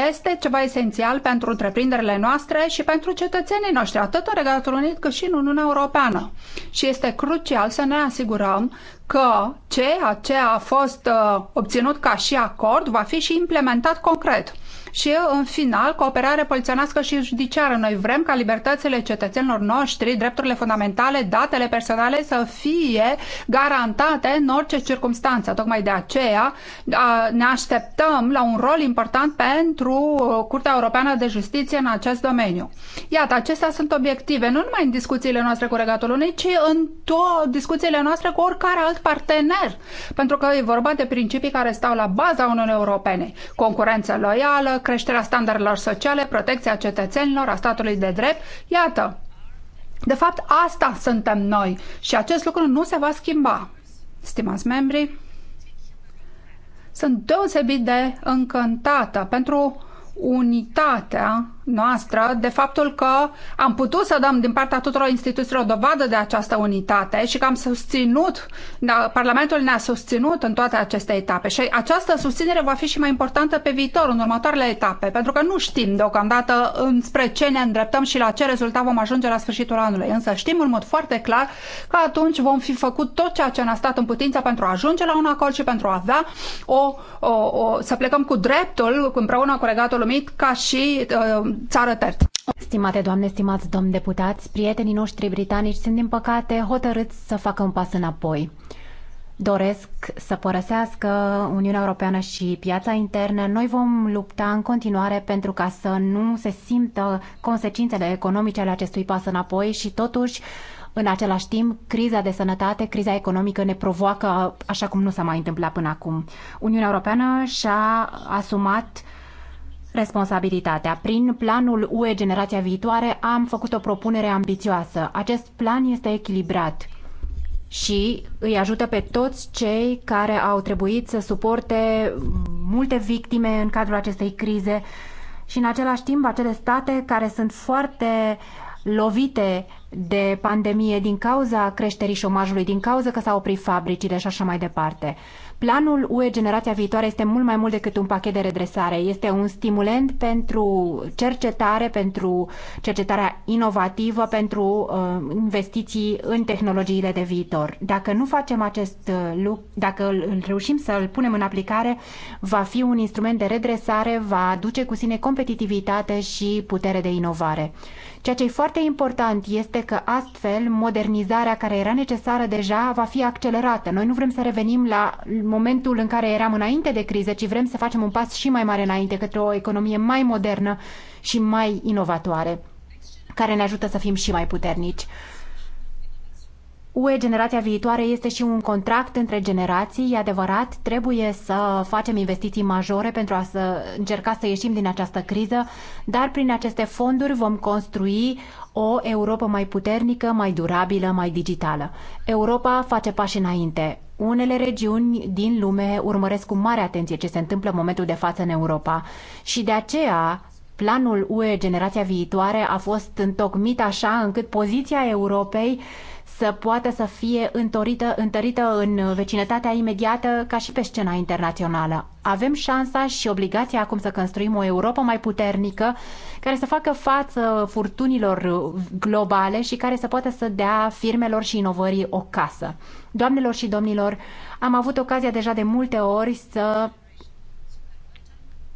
Speaker 5: Este ceva esențial pentru întreprinderile noastre și pentru cetățenii noștri, atât în Regatul Unit cât și în Uniunea Europeană. Și este crucial să ne asigurăm că ceea ce a fost uh, obținut ca și acord va fi și implementat concret și, în final, cooperare poliționească și judiciară. Noi vrem ca libertățile cetățenilor noștri, drepturile fundamentale, datele personale să fie garantate în orice circunstanță. Tocmai de aceea ne așteptăm la un rol important pentru Curtea Europeană de Justiție în acest domeniu. Iată, acestea sunt obiective, nu numai în discuțiile noastre cu Regatul Unei, ci în toate discuțiile noastre cu oricare alt partener. Pentru că e vorba de principii care stau la baza Uniunii Europene. Concurență loială, creșterea standardelor sociale, protecția cetățenilor, a statului de drept. Iată, de fapt, asta suntem noi și acest lucru nu se va schimba. Stimați membri, sunt deosebit de încântată pentru unitatea noastră de faptul că am putut să dăm din partea tuturor instituțiilor dovadă de această unitate și că am susținut, da, Parlamentul ne-a susținut în toate aceste etape și această susținere va fi și mai importantă pe viitor, în următoarele etape, pentru că nu știm deocamdată înspre ce ne îndreptăm și la ce rezultat vom ajunge la sfârșitul anului, însă știm în mod foarte clar că atunci vom fi făcut tot ceea ce ne-a stat în putință pentru a ajunge la un acord și pentru a avea
Speaker 4: o, o, o să plecăm cu dreptul împreună cu Regatul Unit ca și uh, țară terță. Stimate doamne, stimați domn deputați, prietenii noștri britanici sunt din păcate hotărâți să facă un pas înapoi. Doresc să părăsească Uniunea Europeană și piața internă. Noi vom lupta în continuare pentru ca să nu se simtă consecințele economice ale acestui pas înapoi și totuși în același timp, criza de sănătate, criza economică ne provoacă așa cum nu s-a mai întâmplat până acum. Uniunea Europeană și-a asumat uh, responsabilitatea. Prin planul UE Generația Viitoare am făcut o propunere ambițioasă. Acest plan este echilibrat și îi ajută pe toți cei care au trebuit să suporte multe victime în cadrul acestei crize și în același timp acele state care sunt foarte uh, lovite de pandemie din cauza creșterii șomajului, din cauza că s-au oprit fabricile și așa mai departe. Planul UE Generația Viitoare este mult mai mult decât un pachet de redresare. Este un stimulent pentru cercetare, pentru cercetarea inovativă, pentru uh, investiții în tehnologiile de viitor. Dacă nu facem acest uh, lucru, dacă îl reușim să îl punem în aplicare, va fi un instrument de redresare, va aduce cu sine competitivitate și putere de inovare. Ceea ce e foarte important este că astfel modernizarea care era necesară deja va fi accelerată. Noi nu vrem să revenim la momentul în care eram înainte de criză, ci vrem să facem un pas și mai mare înainte către o economie mai modernă și mai inovatoare, care ne ajută să fim și mai puternici. UE Generația Viitoare este și un contract între generații, e adevărat, trebuie să facem investiții majore pentru a să încerca să ieșim din această criză, dar prin aceste fonduri vom construi o Europa mai puternică, mai durabilă, mai digitală. Europa face pași înainte. Unele regiuni din lume urmăresc cu mare atenție ce se întâmplă în momentul de față în Europa și de aceea planul UE Generația Viitoare a fost întocmit așa încât poziția Europei să poată să fie întorită, întărită în vecinătatea imediată ca și pe scena internațională. Avem șansa și obligația acum să construim o Europa mai puternică care să facă față furtunilor globale și care să poată să dea firmelor și inovării o casă. Doamnelor și domnilor, am avut ocazia deja de multe ori să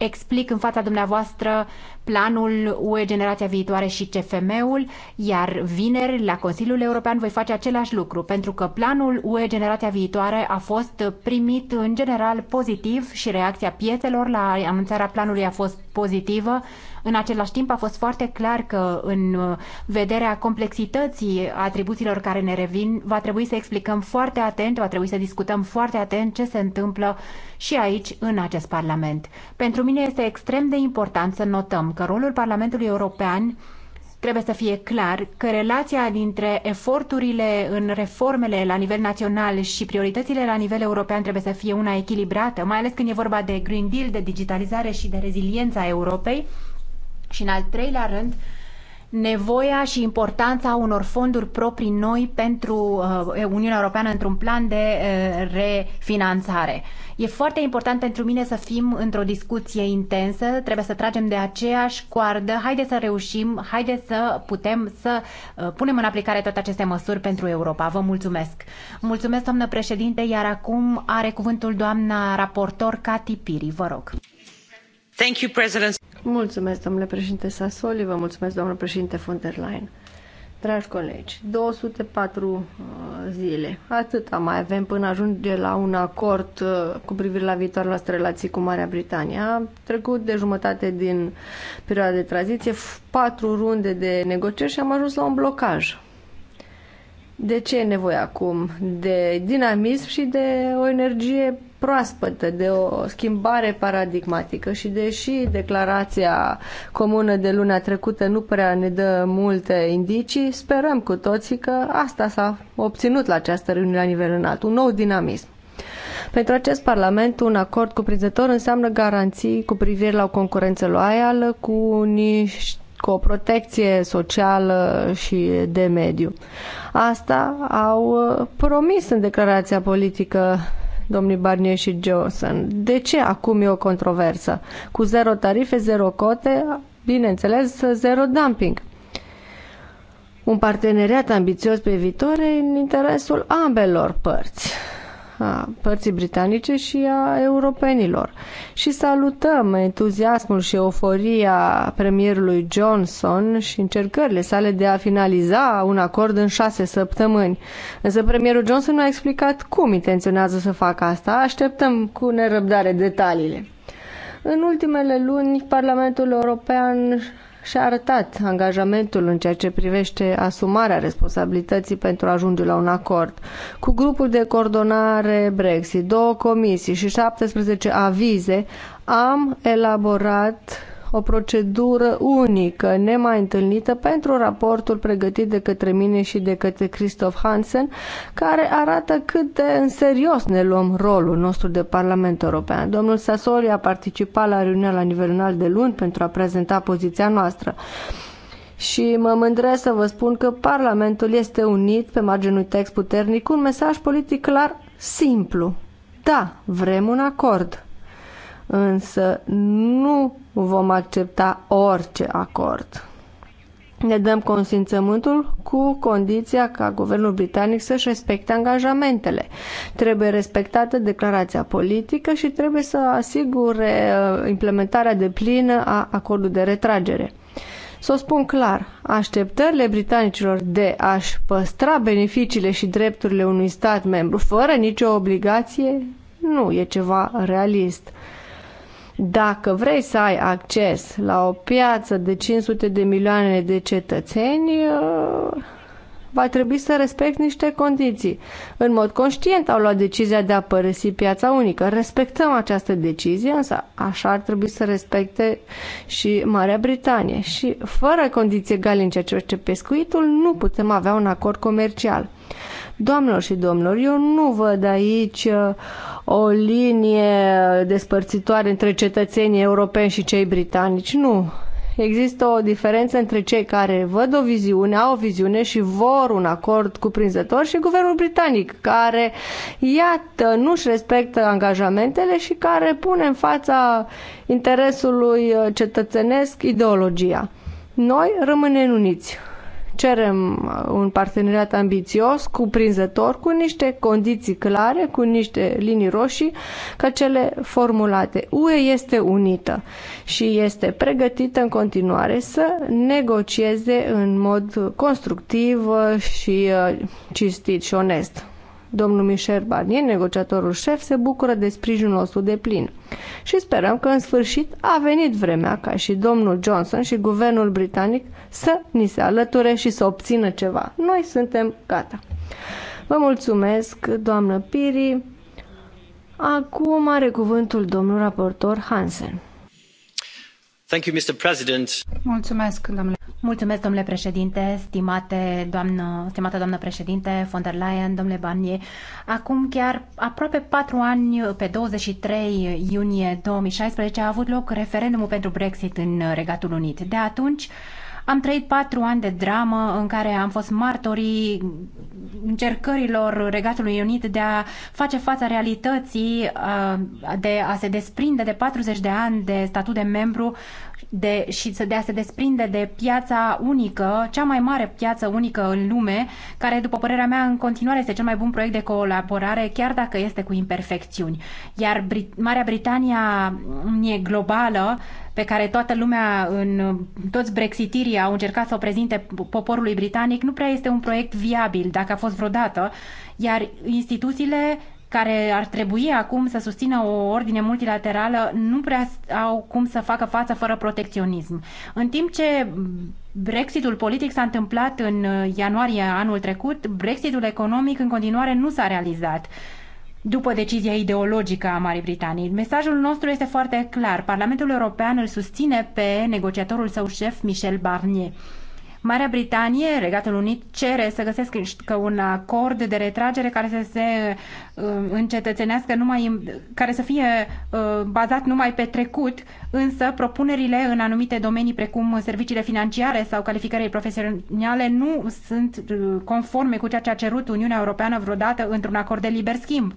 Speaker 4: explic în fața dumneavoastră planul UE Generația Viitoare și CFM-ul, iar vineri la Consiliul European voi face același lucru, pentru că planul UE Generația Viitoare a fost primit în general pozitiv și reacția piețelor la anunțarea planului a fost pozitivă în același timp a fost foarte clar că în uh, vederea complexității atribuțiilor care ne revin, va trebui să explicăm foarte atent, va trebui să discutăm foarte atent ce se întâmplă și aici, în acest Parlament. Pentru mine este extrem de important să notăm că rolul Parlamentului European trebuie să fie clar că relația dintre eforturile în reformele la nivel național și prioritățile la nivel european trebuie să fie una echilibrată, mai ales când e vorba de Green Deal, de digitalizare și de reziliența Europei, și în al treilea rând, nevoia și importanța unor fonduri proprii noi pentru uh, Uniunea Europeană într-un plan de uh, refinanțare. E foarte important pentru mine să fim într-o discuție intensă, trebuie să tragem de aceeași coardă, haide să reușim, haide să putem să uh, punem în aplicare toate aceste măsuri pentru Europa. Vă mulțumesc! Mulțumesc, doamnă președinte, iar acum are cuvântul doamna raportor Cati Piri. Vă rog!
Speaker 3: Thank you, President.
Speaker 4: Mulțumesc, domnule președinte
Speaker 3: Sassoli, vă mulțumesc, domnule președinte von der Leyen. Dragi colegi, 204 uh, zile, atâta mai avem până ajunge la un acord uh, cu privire la viitoarele noastre relații cu Marea Britanie. A trecut de jumătate din perioada de tranziție, patru runde de negocieri și am ajuns la un blocaj. De ce e nevoie acum? De dinamism și de o energie proaspătă, de o schimbare paradigmatică și deși declarația comună de luna trecută nu prea ne dă multe indicii, sperăm cu toții că asta s-a obținut la această reuniune la nivel înalt, un nou dinamism. Pentru acest Parlament, un acord cuprinzător înseamnă garanții cu privire la o concurență loială cu niște cu o protecție socială și de mediu. Asta au uh, promis în declarația politică domnii Barnier și Johnson. De ce acum e o controversă? Cu zero tarife, zero cote, bineînțeles, zero dumping. Un parteneriat ambițios pe viitor e în interesul ambelor părți a părții britanice și a europenilor. Și salutăm entuziasmul și euforia premierului Johnson și încercările sale de a finaliza un acord în șase săptămâni. Însă premierul Johnson nu a explicat cum intenționează să facă asta. Așteptăm cu nerăbdare detaliile. În ultimele luni, Parlamentul European și-a arătat angajamentul în ceea ce privește asumarea responsabilității pentru a ajunge la un acord. Cu grupul de coordonare Brexit, două comisii și 17 avize, am elaborat o procedură unică, nemai întâlnită pentru raportul pregătit de către mine și de către Christoph Hansen, care arată cât de în serios ne luăm rolul nostru de Parlament European. Domnul Sassoli a participat la reuniunea la nivel înalt de luni pentru a prezenta poziția noastră. Și mă mândresc să vă spun că Parlamentul este unit pe marginea unui text puternic cu un mesaj politic clar simplu. Da, vrem un acord însă nu vom accepta orice acord. Ne dăm consimțământul cu condiția ca guvernul britanic să-și respecte angajamentele. Trebuie respectată declarația politică și trebuie să asigure uh, implementarea deplină a acordului de retragere. Să o spun clar, așteptările britanicilor de a-și păstra beneficiile și drepturile unui stat membru fără nicio obligație nu e ceva realist. Dacă vrei să ai acces la o piață de 500 de milioane de cetățeni, uh, va trebui să respect niște condiții. În mod conștient au luat decizia de a părăsi piața unică. Respectăm această decizie, însă așa ar trebui să respecte și Marea Britanie. Și fără condiții egale în ceea ce pescuitul, nu putem avea un acord comercial. Doamnelor și domnilor, eu nu văd aici uh, o linie despărțitoare între cetățenii europeni și cei britanici, nu. Există o diferență între cei care văd o viziune, au o viziune și vor un acord cuprinzător și guvernul britanic, care, iată, nu-și respectă angajamentele și care pune în fața interesului uh, cetățenesc ideologia. Noi rămânem uniți cerem un parteneriat ambițios, cuprinzător, cu niște condiții clare, cu niște linii roșii, ca cele formulate. UE este unită și este pregătită în continuare să negocieze în mod constructiv și uh, cistit și onest. Domnul Michel Barnier, negociatorul șef, se bucură de sprijinul nostru de plin. Și sperăm că în sfârșit a venit vremea ca și domnul Johnson și guvernul britanic să ni se alăture și să obțină ceva. Noi suntem gata. Vă mulțumesc, doamnă Piri. Acum are cuvântul
Speaker 4: domnul raportor Hansen.
Speaker 6: Thank you, Mr. President.
Speaker 4: Mulțumesc, domnule Mulțumesc, domnule președinte, stimate doamnă, stimată doamnă președinte von der Leyen, domnule Barnier. Acum chiar aproape patru ani, pe 23 iunie 2016, a avut loc referendumul pentru Brexit în Regatul Unit. De atunci, am trăit patru ani de dramă în care am fost martorii încercărilor Regatului Unit de a face fața realității, uh, de a se desprinde de 40 de ani de statut de membru de, și de a se desprinde de piața unică, cea mai mare piață unică în lume, care, după părerea mea, în continuare este cel mai bun proiect de colaborare, chiar dacă este cu imperfecțiuni. Iar Brit- Marea Britania e globală pe care toată lumea, în, toți brexitirii au încercat să o prezinte poporului britanic, nu prea este un proiect viabil, dacă a fost vreodată, iar instituțiile care ar trebui acum să susțină o ordine multilaterală nu prea au cum să facă față fără protecționism. În timp ce Brexitul politic s-a întâmplat în ianuarie anul trecut, Brexitul economic în continuare nu s-a realizat după decizia ideologică a Marii Britanii. Mesajul nostru este foarte clar. Parlamentul European îl susține pe negociatorul său șef, Michel Barnier. Marea Britanie, Regatul Unit, cere să găsească un acord de retragere care să se um, încetățenească numai, care să fie uh, bazat numai pe trecut, însă propunerile în anumite domenii precum serviciile financiare sau calificările profesionale nu sunt uh, conforme cu ceea ce a cerut Uniunea Europeană vreodată într-un acord de liber schimb.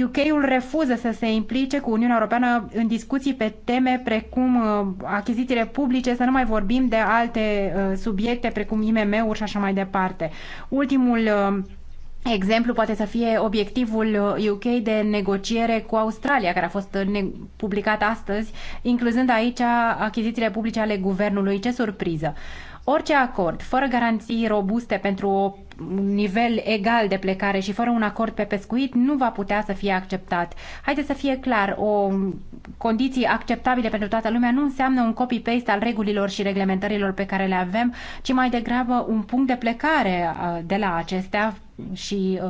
Speaker 4: UK-ul refuză să se implice cu Uniunea Europeană în discuții pe teme precum uh, achizițiile publice, să nu mai vorbim de alte uh, subiecte precum IMM-uri și așa mai departe. Ultimul uh, exemplu poate să fie obiectivul UK de negociere cu Australia, care a fost publicat astăzi, incluzând aici achizițiile publice ale guvernului. Ce surpriză! Orice acord, fără garanții robuste pentru o un nivel egal de plecare și fără un acord pe pescuit nu va putea să fie acceptat. Haideți să fie clar, o condiții acceptabile pentru toată lumea nu înseamnă un copy-paste al regulilor și reglementărilor pe care le avem, ci mai degrabă un punct de plecare uh, de la acestea și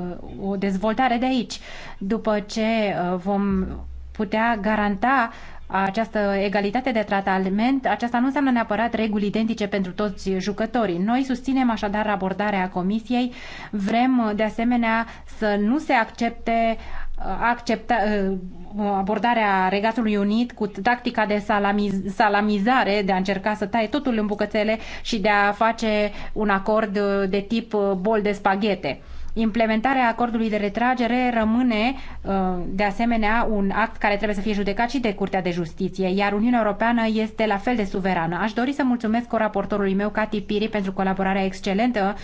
Speaker 4: uh, o dezvoltare de aici. După ce uh, vom putea garanta această egalitate de tratament, aceasta nu înseamnă neapărat reguli identice pentru toți jucătorii. Noi susținem așadar abordarea comisiei, vrem de asemenea să nu se accepte uh, accepta, uh, abordarea Regatului Unit cu tactica de salamiz, salamizare, de a încerca să taie totul în bucățele și de a face un acord uh, de tip bol de spaghete. Implementarea acordului de retragere rămâne, uh, de asemenea, un act care trebuie să fie judecat și de Curtea de Justiție, iar Uniunea Europeană este la fel de suverană. Aș dori să mulțumesc coraportorului meu, Cati Piri, pentru colaborarea excelentă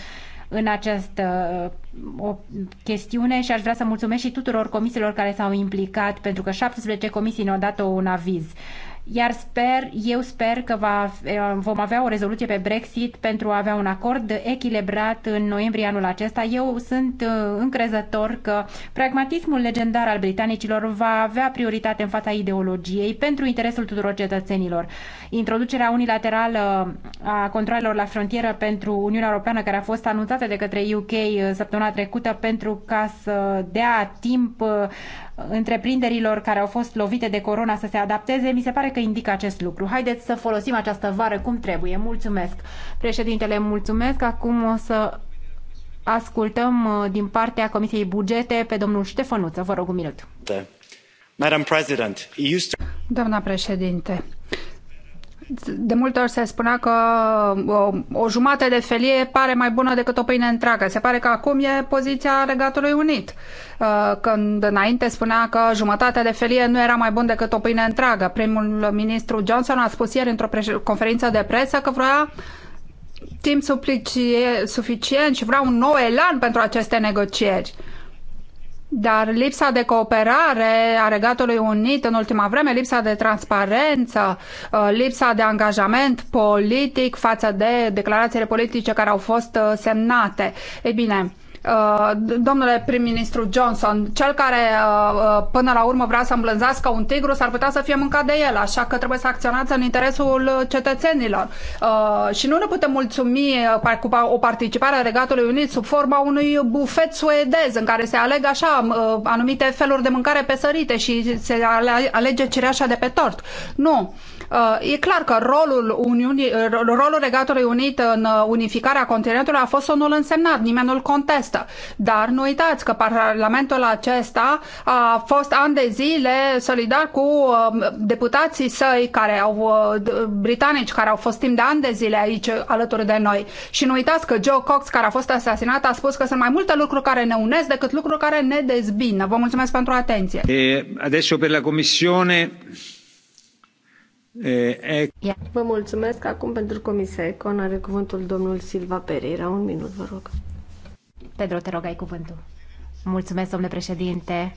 Speaker 4: în această uh, o chestiune și aș vrea să mulțumesc și tuturor comisiilor care s-au implicat, pentru că 17 comisii ne-au dat un aviz iar sper, eu sper că va, eh, vom avea o rezoluție pe Brexit pentru a avea un acord echilibrat în noiembrie anul acesta. Eu sunt eh, încrezător că pragmatismul legendar al britanicilor va avea prioritate în fața ideologiei pentru interesul tuturor cetățenilor. Introducerea unilaterală a controlelor la frontieră pentru Uniunea Europeană, care a fost anunțată de către UK eh, săptămâna trecută pentru ca să dea timp întreprinderilor care au fost lovite de corona să se adapteze, mi se pare că indică acest lucru. Haideți să folosim această vară cum trebuie. Mulțumesc. Președintele, mulțumesc. Acum o să ascultăm uh, din partea Comisiei Bugete pe domnul Ștefănuță. Vă rog un minut.
Speaker 5: Doamna președinte, de multe ori se spunea că o, o jumătate de felie pare mai bună decât o pâine întreagă. Se pare că acum e poziția Regatului Unit. Uh, când înainte spunea că jumătatea de felie nu era mai bun decât o pâine întreagă. Primul ministru Johnson a spus ieri într-o conferință de presă că vrea timp suficient și vrea un nou elan pentru aceste negocieri. Dar lipsa de cooperare a Regatului Unit în ultima vreme, lipsa de transparență, uh, lipsa de angajament politic față de declarațiile politice care au fost uh, semnate. Ei bine, Uh, domnule prim-ministru Johnson, cel care uh, uh, până la urmă vrea să îmblânzească un tigru s-ar putea să fie mâncat de el, așa că trebuie să acționați în interesul cetățenilor. și nu ne putem mulțumi cu o participare a Regatului Unit sub forma unui bufet suedez în care se aleg așa anumite feluri de mâncare pesărite și se alege cireașa de pe tort. Nu. Uh, e clar că rolul, Uniunii, uh, rolul Regatului Unit în uh, unificarea continentului a fost unul însemnat, nimeni nu-l contestă. Dar nu uitați că Parlamentul acesta a fost ani de zile solidar cu deputații săi care au, britanici care au fost timp de ani de zile aici alături de noi. Și nu uitați că Joe Cox, care a fost asasinat, a spus că sunt mai multe lucruri care ne unesc decât lucruri care ne dezbină. Vă mulțumesc pentru atenție.
Speaker 2: E, adesso per la Commissione Eh, eh,
Speaker 5: vă mulțumesc acum pentru Comisia
Speaker 3: Econ. Are cuvântul domnul Silva Pereira. Un minut, vă rog. Pedro, te rog, ai
Speaker 4: cuvântul. Mulțumesc, domnule președinte.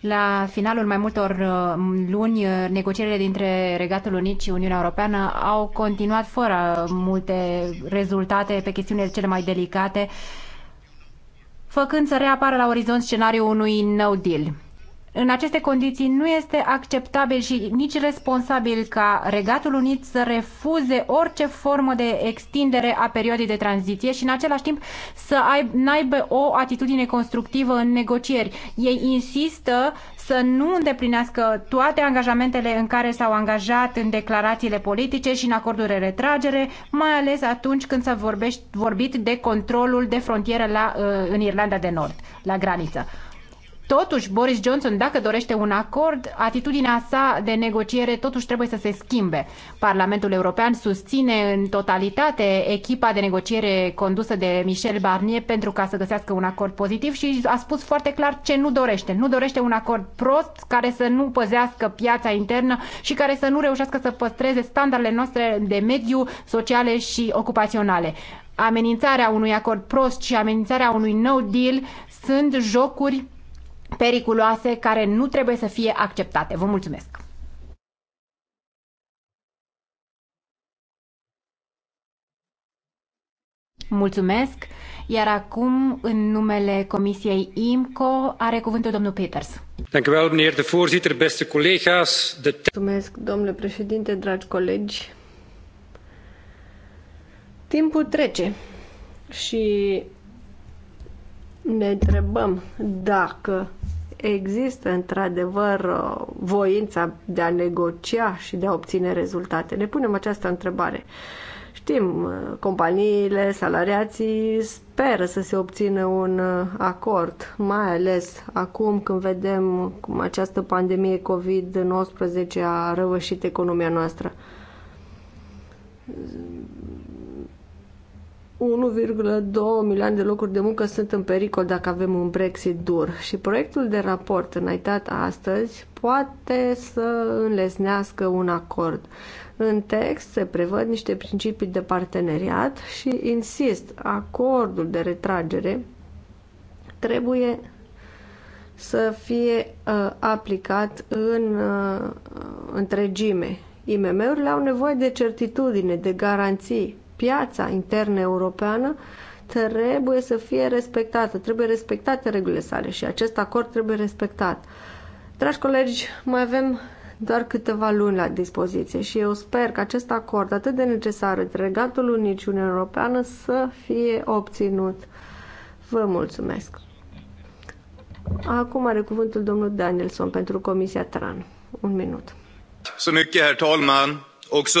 Speaker 4: La finalul mai multor uh, luni, uh, negocierile dintre Regatul Unit și Uniunea Europeană au continuat fără multe rezultate pe chestiunile cele mai delicate, făcând să reapară la orizont scenariul unui no deal. În aceste condiții nu este acceptabil și nici responsabil ca Regatul Unit să refuze orice formă de extindere a perioadei de tranziție și în același timp să aibă o atitudine constructivă în negocieri. Ei insistă să nu îndeplinească toate angajamentele în care s-au angajat în declarațiile politice și în acorduri de retragere, mai ales atunci când s-a vorbit de controlul de frontieră la, uh, în Irlanda de Nord, la graniță. Totuși, Boris Johnson, dacă dorește un acord, atitudinea sa de negociere totuși trebuie să se schimbe. Parlamentul European susține în totalitate echipa de negociere condusă de Michel Barnier pentru ca să găsească un acord pozitiv și a spus foarte clar ce nu dorește. Nu dorește un acord prost care să nu păzească piața internă și care să nu reușească să păstreze standardele noastre de mediu, sociale și ocupaționale amenințarea unui acord prost și amenințarea unui no deal sunt jocuri periculoase care nu trebuie să fie acceptate. Vă mulțumesc! Mulțumesc! Iar acum, în numele Comisiei IMCO, are cuvântul domnul Peters. Mulțumesc, domnule președinte, dragi colegi.
Speaker 3: Timpul trece și ne întrebăm dacă există într-adevăr uh, voința de a negocia și de a obține rezultate? Ne punem această întrebare. Știm, uh, companiile, salariații speră să se obțină un uh, acord, mai ales acum când vedem cum această pandemie COVID-19 a răvășit economia noastră 1,2 milioane de locuri de muncă sunt în pericol dacă avem un Brexit dur și proiectul de raport înaintat astăzi poate să înlesnească un acord. În text se prevăd niște principii de parteneriat și, insist, acordul de retragere trebuie să fie uh, aplicat în uh, întregime. IMM-urile au nevoie de certitudine, de garanții piața internă europeană trebuie să fie respectată, trebuie respectate regulile sale și acest acord trebuie respectat. Dragi colegi, mai avem doar câteva luni la dispoziție și eu sper că acest acord atât de necesar între Regatul Uniunii Europeană să fie obținut. Vă mulțumesc! Acum are cuvântul domnul Danielson pentru Comisia TRAN.
Speaker 5: Un minut.
Speaker 1: Så mycket, herr talman. Också...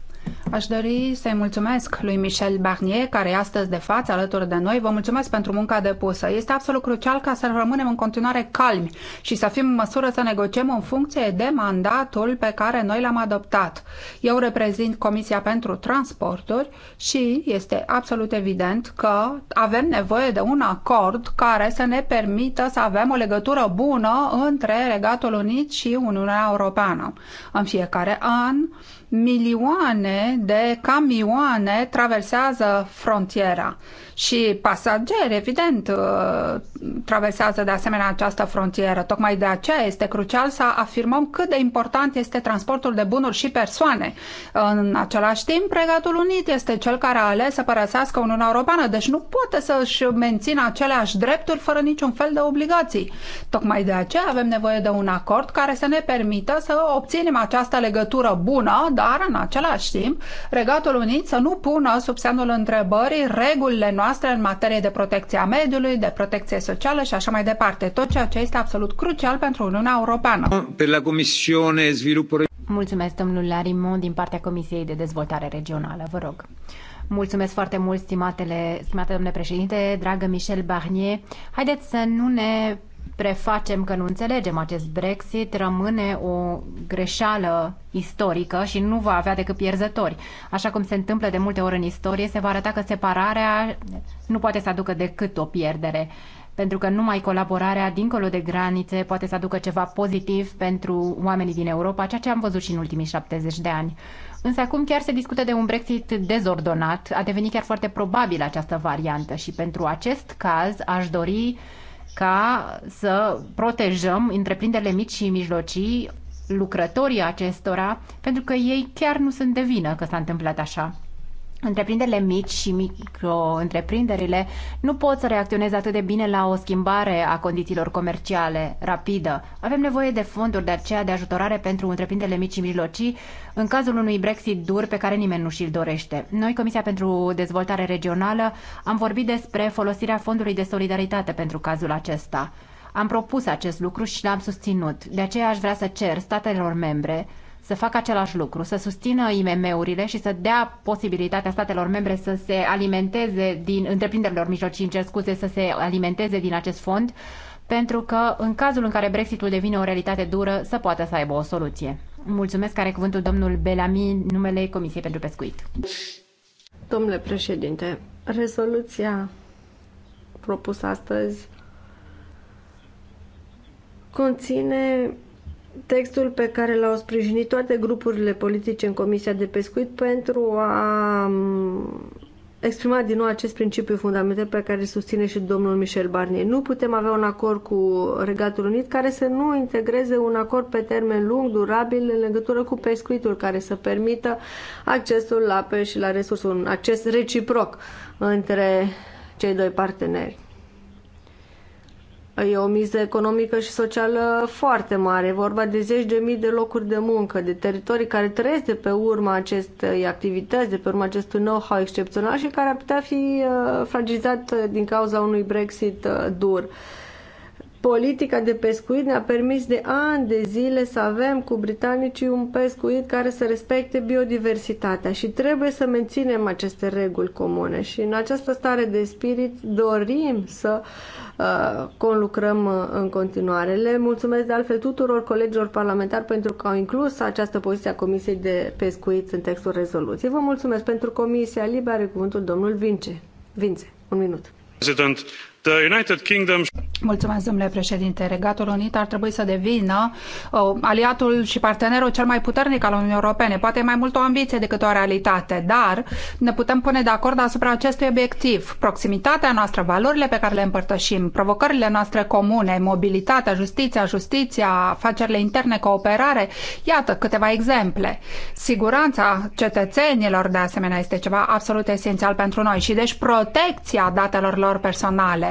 Speaker 5: Aș dori să-i mulțumesc lui Michel Barnier, care e astăzi de față alături de noi. Vă mulțumesc pentru munca depusă. Este absolut crucial ca să rămânem în continuare calmi și să fim în măsură să negociem în funcție de mandatul pe care noi l-am adoptat. Eu reprezint Comisia pentru Transporturi și este absolut evident că avem nevoie de un acord care să ne permită să avem o legătură bună între Regatul Unit și Uniunea Europeană. În fiecare an, milioane de camioane traversează frontiera și pasageri, evident, uh, traversează de asemenea această frontieră. Tocmai de aceea este crucial să afirmăm cât de important este transportul de bunuri și persoane. În același timp, Regatul Unit este cel care a ales să părăsească Uniunea Europeană, deci nu poate să-și mențină aceleași drepturi fără niciun fel de obligații. Tocmai de aceea avem nevoie de un acord care să ne permită să obținem această legătură bună, dar în același timp Regatul Unit să nu pună sub semnul întrebării regulile noastre în materie de protecție a mediului, de protecție socială și așa mai departe, tot ceea ce este absolut crucial pentru Uniunea Europeană.
Speaker 2: Pe la Comisione Sviluppo...
Speaker 4: Mulțumesc, domnul Larimon, din partea Comisiei de Dezvoltare Regională. Vă rog. Mulțumesc foarte mult, stimatele, stimate domnule președinte, dragă Michel Barnier. Haideți să nu ne prefacem că nu înțelegem acest Brexit, rămâne o greșeală istorică și nu va avea decât pierzători. Așa cum se întâmplă de multe ori în istorie, se va arăta că separarea nu poate să aducă decât o pierdere pentru că numai colaborarea dincolo de granițe poate să aducă ceva pozitiv pentru oamenii din Europa, ceea ce am văzut și în ultimii 70 de ani. Însă acum chiar se discută de un Brexit dezordonat, a devenit chiar foarte probabil această variantă și pentru acest caz aș dori ca să protejăm întreprinderile mici și mijlocii, lucrătorii acestora, pentru că ei chiar nu sunt de vină că s-a întâmplat așa. Întreprinderile mici și micro-întreprinderile nu pot să reacționeze atât de bine la o schimbare a condițiilor comerciale rapidă. Avem nevoie de fonduri de aceea de ajutorare pentru întreprinderile mici și mijlocii în cazul unui Brexit dur pe care nimeni nu și-l dorește. Noi, Comisia pentru Dezvoltare Regională, am vorbit despre folosirea fondului de solidaritate pentru cazul acesta. Am propus acest lucru și l-am susținut. De aceea aș vrea să cer statelor membre să facă același lucru, să susțină IMM-urile și să dea posibilitatea statelor membre să se alimenteze din întreprinderilor mijlocii, cer scuze, să se alimenteze din acest fond, pentru că în cazul în care Brexitul devine o realitate dură, să poată să aibă o soluție. Mulțumesc, care cuvântul domnul Belami, numele Comisiei pentru Pescuit.
Speaker 3: Domnule președinte, rezoluția propusă astăzi conține textul pe care l-au sprijinit toate grupurile politice în Comisia de Pescuit pentru a exprima din nou acest principiu fundamental pe care îl susține și domnul Michel Barnier. Nu putem avea un acord cu Regatul Unit care să nu integreze un acord pe termen lung, durabil, în legătură cu pescuitul, care să permită accesul la pe și la resursul, un acces reciproc între cei doi parteneri. E o miză economică și socială foarte mare. E vorba de zeci de mii de locuri de muncă, de teritorii care trăiesc de pe urma acestei activități, de pe urma acestui know-how excepțional și care ar putea fi uh, fragilizat uh, din cauza unui Brexit uh, dur politica de pescuit ne-a permis de ani de zile să avem cu britanicii un pescuit care să respecte biodiversitatea și trebuie să menținem aceste reguli comune și în această stare de spirit dorim să uh, conlucrăm uh, în continuare. Le mulțumesc de altfel tuturor colegilor parlamentari pentru că au inclus această poziție a Comisiei de Pescuit în textul rezoluției. Vă mulțumesc pentru Comisia Liberă, cuvântul domnul Vince. Vince, un
Speaker 1: minut. The United Kingdom...
Speaker 5: Mulțumesc, domnule președinte. Regatul Unit ar trebui să devină uh, aliatul și partenerul cel mai puternic al Uniunii Europene. Poate mai mult o ambiție decât o realitate, dar ne putem pune de acord asupra acestui obiectiv. Proximitatea noastră, valorile pe care le împărtășim, provocările noastre comune, mobilitatea, justiția, justiția, afacerile interne, cooperare, iată câteva exemple. Siguranța cetățenilor, de asemenea, este ceva absolut esențial pentru noi și deci protecția datelor lor personale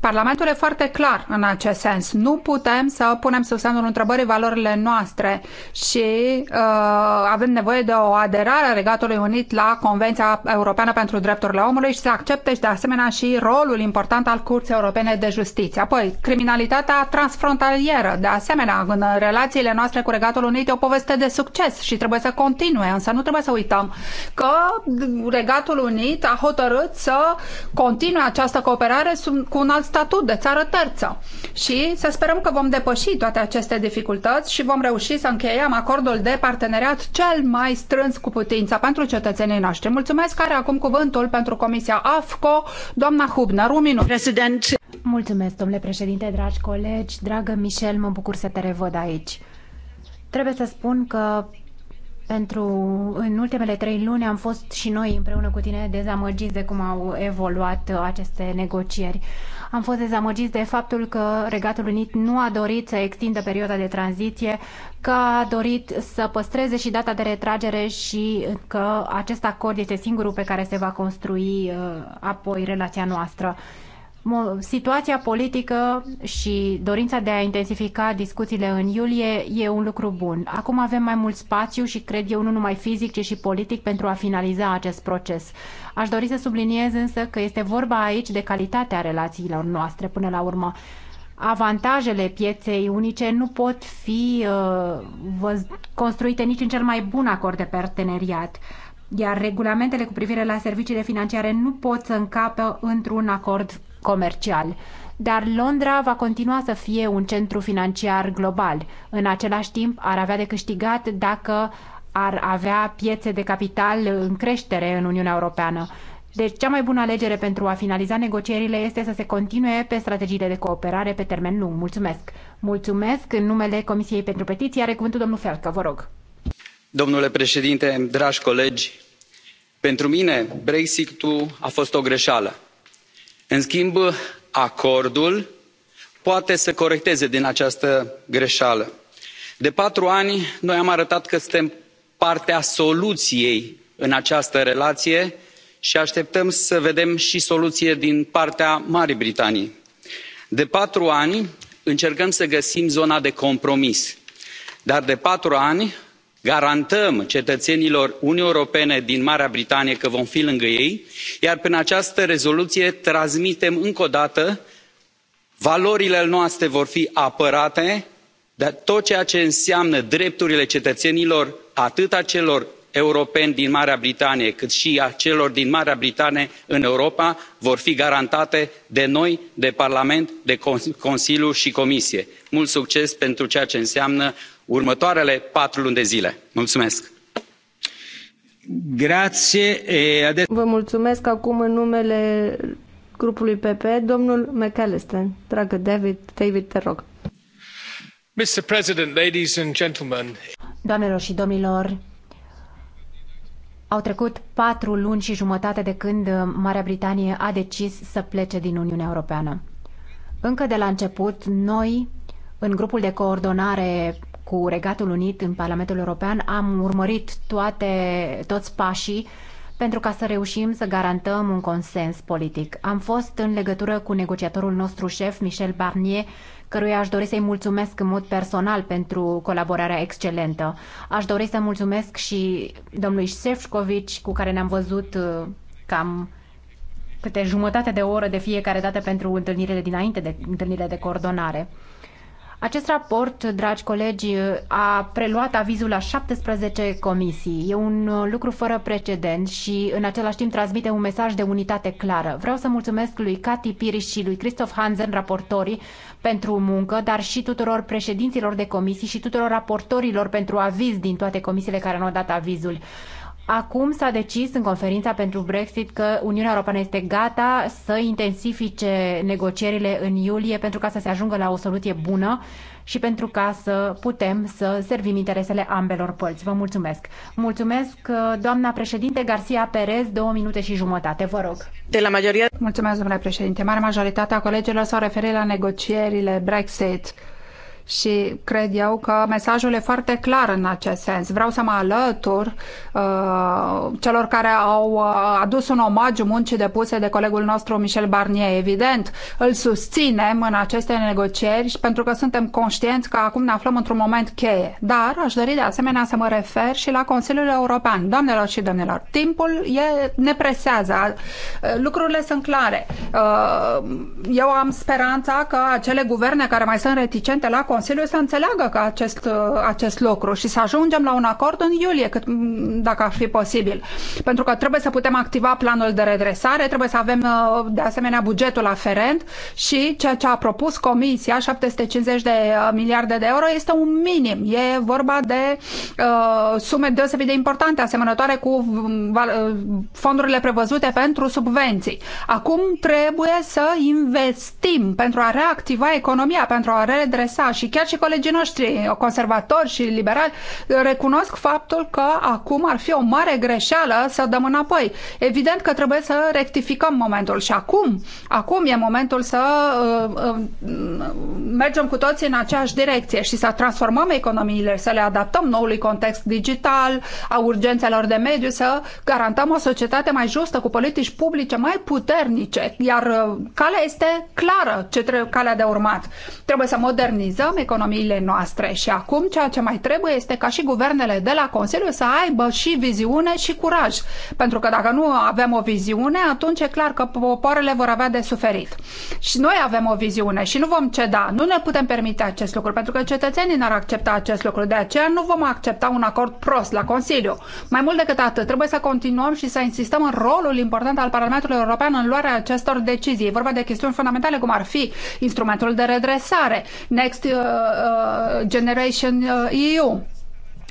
Speaker 5: Parlamentul e foarte clar în acest sens. Nu putem să punem sub semnul întrebării valorile noastre și uh, avem nevoie de o aderare a Regatului Unit la Convenția Europeană pentru Drepturile Omului și să accepte și de asemenea și rolul important al Curții Europene de Justiție. Apoi, criminalitatea transfrontalieră, de asemenea, în relațiile noastre cu Regatul Unit e o poveste de succes și trebuie să continue, însă nu trebuie să uităm că Regatul Unit a hotărât să continue această cooperare cu un alt statut de țară terță. Și să sperăm că vom depăși toate aceste dificultăți și vom reuși să încheiem acordul de parteneriat cel mai strâns cu putință pentru cetățenii noștri. Mulțumesc, care acum cuvântul pentru Comisia AFCO,
Speaker 4: doamna Hubner, un minut. Mulțumesc, domnule președinte, dragi colegi, dragă Michel, mă bucur să te revăd aici. Trebuie să spun că pentru în ultimele trei luni am fost și noi împreună cu tine dezamăgiți de cum au evoluat aceste negocieri. Am fost dezamăgiți de faptul că Regatul Unit nu a dorit să extindă perioada de tranziție, că a dorit să păstreze și data de retragere și că acest acord este singurul pe care se va construi uh, apoi relația noastră situația politică și dorința de a intensifica discuțiile în iulie e un lucru bun. Acum avem mai mult spațiu și cred eu nu numai fizic, ci și politic pentru a finaliza acest proces. Aș dori să subliniez însă că este vorba aici de calitatea relațiilor noastre până la urmă. Avantajele pieței unice nu pot fi uh, construite nici în cel mai bun acord de parteneriat iar regulamentele cu privire la serviciile financiare nu pot să încapă într-un acord comercial. Dar Londra va continua să fie un centru financiar global. În același timp, ar avea de câștigat dacă ar avea piețe de capital în creștere în Uniunea Europeană. Deci, cea mai bună alegere pentru a finaliza negocierile este să se continue pe strategiile de cooperare pe termen lung. Mulțumesc! Mulțumesc! În numele Comisiei pentru Petiții are cuvântul domnul Felcă. Vă rog!
Speaker 6: Domnule președinte, dragi colegi, pentru mine Brexit-ul a fost o greșeală în schimb acordul poate să corecteze din această greșeală. de patru ani noi am arătat că suntem parte a soluției în această relație și așteptăm să vedem și soluție din partea marii britanii. de patru ani încercăm să găsim zona de compromis dar de patru ani garantăm cetățenilor uniunii europene din marea britanie că vom fi lângă ei iar prin această rezoluție transmitem încă o dată valorile noastre vor fi apărate dar tot ceea ce înseamnă drepturile cetățenilor atât a celor europeni din marea britanie cât și a celor din marea britanie în europa vor fi garantate de noi de parlament de consiliu și comisie. mult succes pentru ceea ce înseamnă următoarele patru luni de zile. mulțumesc.
Speaker 3: Vă mulțumesc acum în numele grupului PP, domnul McAllister. Dragă David, David, te rog.
Speaker 1: Mr. President, ladies and gentlemen.
Speaker 4: Doamnelor și domnilor, au trecut patru luni și jumătate de când Marea Britanie a decis să plece din Uniunea Europeană. Încă de la început, noi, în grupul de coordonare cu Regatul Unit în Parlamentul European, am urmărit toate, toți pașii pentru ca să reușim să garantăm un consens politic. Am fost în legătură cu negociatorul nostru șef, Michel Barnier, căruia aș dori să-i mulțumesc în mod personal pentru colaborarea excelentă. Aș dori să mulțumesc și domnului Șefșcovici, cu care ne-am văzut uh, cam câte jumătate de oră de fiecare dată pentru întâlnirile dinainte de întâlnirile de coordonare. Acest raport, dragi colegi, a preluat avizul la 17 comisii. E un uh, lucru fără precedent și în același timp transmite un mesaj de unitate clară. Vreau să mulțumesc lui Cati Piriș și lui Christoph Hansen, raportorii, pentru muncă, dar și tuturor președinților de comisii și tuturor raportorilor pentru aviz din toate comisiile care au dat avizul. Acum s-a decis în conferința pentru Brexit că Uniunea Europeană este gata să intensifice negocierile în iulie pentru ca să se ajungă la o soluție bună și pentru ca să putem să servim interesele ambelor părți. Vă mulțumesc. Mulțumesc, doamna președinte Garcia Perez, două minute și jumătate, vă rog. De la majoria... Mulțumesc,
Speaker 5: domnule președinte. Marea majoritatea colegilor s-au referit la negocierile Brexit și cred eu că mesajul e foarte clar în acest sens. Vreau să mă alătur uh, celor care au uh, adus un omagiu muncii depuse de colegul nostru Michel Barnier. Evident, îl susținem în aceste negocieri și pentru că suntem conștienți că acum ne aflăm într-un moment cheie. Dar aș dori de asemenea să mă refer și la Consiliul European. Doamnelor și domnilor, timpul e, ne presează. Lucrurile sunt clare. Uh, eu am speranța că acele guverne care mai sunt reticente la Consiliul să înțeleagă că acest, uh, acest lucru și să ajungem la un acord în iulie, cât, mm, dacă ar fi posibil. Pentru că trebuie să putem activa planul de redresare, trebuie să avem uh, de asemenea bugetul aferent și ceea ce a propus Comisia, 750 de uh, miliarde de euro, este un minim. E vorba de uh, sume deosebit de importante, asemănătoare cu mm, fondurile prevăzute pentru subvenții. Acum trebuie să investim pentru a reactiva economia, pentru a redresa și și chiar și colegii noștri conservatori și liberali recunosc faptul că acum ar fi o mare greșeală să dăm înapoi. Evident că trebuie să rectificăm momentul și acum, acum e momentul să uh, uh, mergem cu toții în aceeași direcție și să transformăm economiile, să le adaptăm noului context digital, a urgențelor de mediu, să garantăm o societate mai justă, cu politici publice mai puternice, iar uh, calea este clară, ce trebuie, calea de urmat. Trebuie să modernizăm economiile noastre și acum ceea ce mai trebuie este ca și guvernele de la Consiliu să aibă și viziune și curaj. Pentru că dacă nu avem o viziune, atunci e clar că popoarele vor avea de suferit. Și noi avem o viziune și nu vom ceda. Nu ne putem permite acest lucru, pentru că cetățenii n-ar accepta acest lucru. De aceea nu vom accepta un acord prost la Consiliu. Mai mult decât atât, trebuie să continuăm și să insistăm în rolul important al Parlamentului European în luarea acestor decizii. E vorba de chestiuni fundamentale, cum ar fi instrumentul de redresare, Next uh, Uh, uh, Generation uh, EU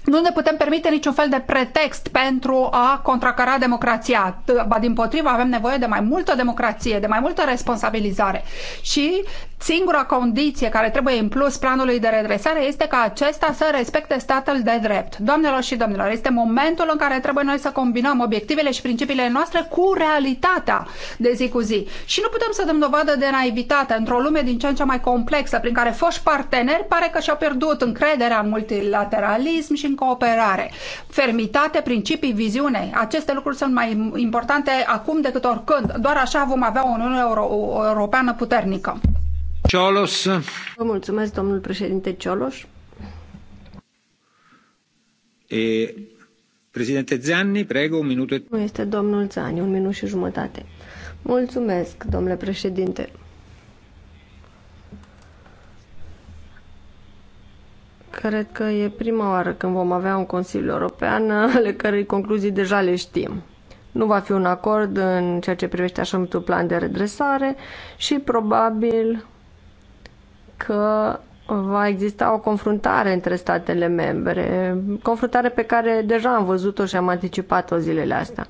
Speaker 5: nu ne putem permite niciun fel de pretext pentru a contracara democrația. Ba din potrivă, avem nevoie de mai multă democrație, de mai multă responsabilizare. Și singura condiție care trebuie în plus planului de redresare este ca acesta să respecte statul de drept. Doamnelor și domnilor, este momentul în care trebuie noi să combinăm obiectivele și principiile noastre cu realitatea de zi cu zi. Și nu putem să dăm dovadă de naivitate într-o lume din ce în ce mai complexă, prin care foști parteneri pare că și-au pierdut încrederea în multilateralism și în prin cooperare. Fermitate, principii, viziune. Aceste lucruri sunt mai importante acum decât oricând. Doar așa vom avea o Uniune Euro Europeană puternică. Cioloș. Vă mulțumesc, domnul președinte Cioloș.
Speaker 2: E... Președinte Zanni, prego, un minut.
Speaker 3: Nu este domnul Zanni, un minut și jumătate. Mulțumesc, domnule președinte. Cred că e prima oară când vom avea un Consiliu European ale cărei concluzii deja le știm. Nu va fi un acord în ceea ce privește așa numitul plan de redresare și probabil că va exista o confruntare între statele membre, confruntare pe care deja am văzut-o și am anticipat-o zilele astea.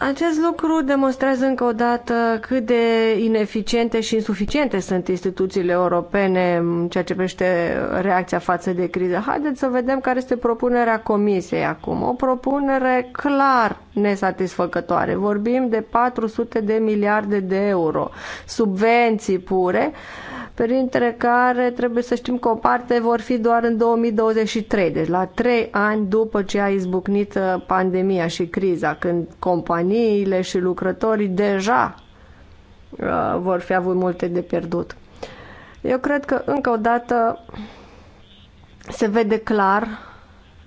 Speaker 3: Acest lucru demonstrează încă o dată cât de ineficiente și insuficiente sunt instituțiile europene în ceea ce privește reacția față de criză. Haideți să vedem care este propunerea Comisiei acum. O propunere clar nesatisfăcătoare. Vorbim de 400 de miliarde de euro, subvenții pure, printre care trebuie să știm că o parte vor fi doar în 2023, deci la trei ani după ce a izbucnit uh, pandemia și criza, când companii companiile și lucrătorii deja uh, vor fi avut multe de pierdut. Eu cred că încă o dată se vede clar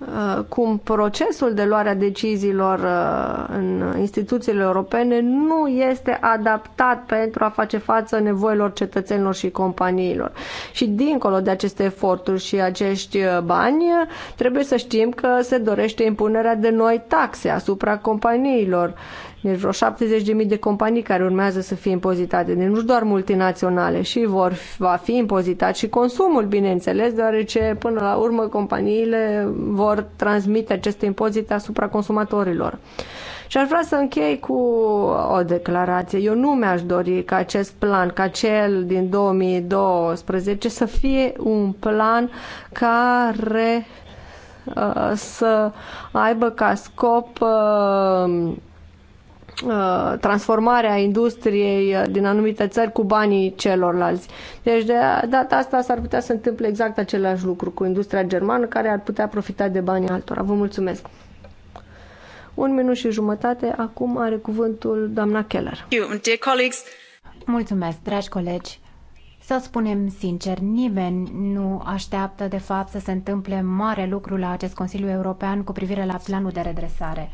Speaker 3: Uh, cum procesul de luare a deciziilor uh, în instituțiile europene nu este adaptat pentru a face față nevoilor cetățenilor și companiilor. Și dincolo de aceste eforturi și acești uh, bani, trebuie să știm că se dorește impunerea de noi taxe asupra companiilor deci vreo 70.000 de companii care urmează să fie impozitate, deci nu doar multinaționale, și vor, va fi impozitat și consumul, bineînțeles, deoarece până la urmă companiile vor transmite aceste impozite asupra consumatorilor. Și aș vrea să închei cu o declarație. Eu nu mi-aș dori ca acest plan, ca cel din 2012, să fie un plan care uh, să aibă ca scop uh, Uh, transformarea industriei uh, din anumite țări cu banii celorlalți. Deci de data asta s-ar putea să întâmple exact același lucru cu industria germană care ar putea profita de banii altora. Vă mulțumesc!
Speaker 4: Un minut și jumătate, acum are cuvântul doamna Keller. Mulțumesc, dragi colegi! Să spunem sincer, nimeni nu așteaptă de fapt să se întâmple mare lucru la acest Consiliu European cu privire la planul de redresare.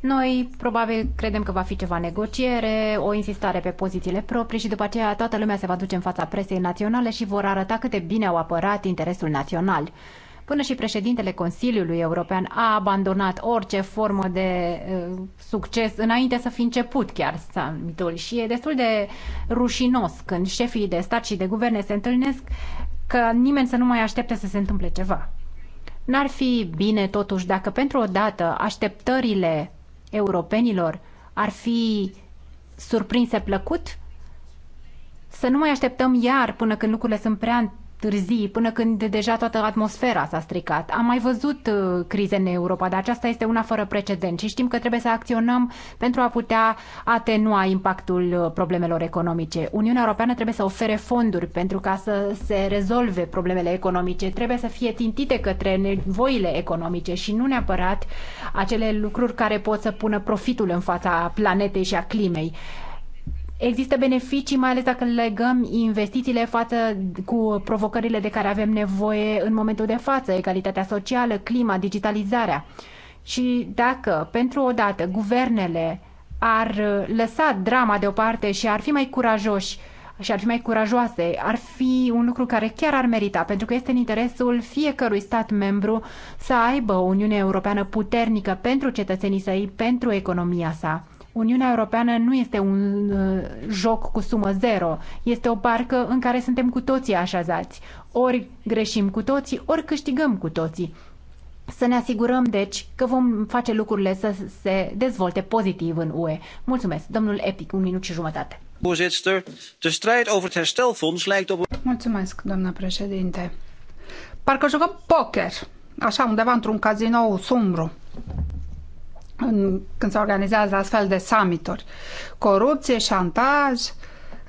Speaker 4: Noi probabil credem că va fi ceva negociere, o insistare pe pozițiile proprii și după aceea toată lumea se va duce în fața presei naționale și vor arăta cât de bine au apărat interesul național. Până și președintele Consiliului European a abandonat orice formă de uh, succes înainte să fi început chiar summitul și e destul de rușinos când șefii de stat și de guverne se întâlnesc că nimeni să nu mai aștepte să se întâmple ceva. N-ar fi bine totuși dacă pentru o dată așteptările europenilor ar fi surprinse plăcut? Să nu mai așteptăm iar până când lucrurile sunt prea târzii, până când deja toată atmosfera s-a stricat. Am mai văzut uh, crize în Europa, dar aceasta este una fără precedent și știm că trebuie să acționăm pentru a putea atenua impactul uh, problemelor economice. Uniunea Europeană trebuie să ofere fonduri pentru ca să se rezolve problemele economice. Trebuie să fie tintite către nevoile economice și nu neapărat acele lucruri care pot să pună profitul în fața planetei și a climei. Există beneficii, mai ales dacă legăm investițiile față cu provocările de care avem nevoie în momentul de față, egalitatea socială, clima, digitalizarea. Și dacă, pentru o dată, guvernele ar lăsa drama deoparte și ar fi mai curajoși și ar fi mai curajoase, ar fi un lucru care chiar ar merita, pentru că este în interesul fiecărui stat membru să aibă o Uniune Europeană puternică pentru cetățenii săi, pentru economia sa. Uniunea Europeană nu este un uh, joc cu sumă zero, este o parcă în care suntem cu toții așezați. Ori greșim cu toții, ori câștigăm cu toții. Să ne asigurăm, deci, că vom face lucrurile să se dezvolte pozitiv în UE. Mulțumesc. Domnul Epic, un minut și jumătate. Mulțumesc, doamna președinte.
Speaker 5: Parcă jucăm poker, așa, undeva într-un cazinou sumbru în, când se organizează astfel de summituri. Corupție, șantaj,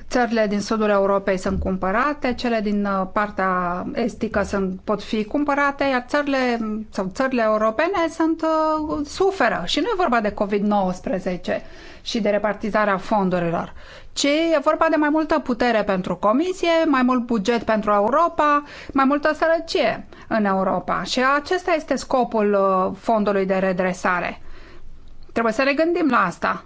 Speaker 5: țările din sudul Europei sunt cumpărate, cele din uh, partea estică sunt, pot fi cumpărate, iar țările sau țările europene sunt uh, suferă. Și nu e vorba de COVID-19 și de repartizarea fondurilor, ci e vorba de mai multă putere pentru Comisie, mai mult buget pentru Europa, mai multă sărăcie în Europa. Și acesta este scopul uh, fondului de redresare Trebuie să ne gândim la asta.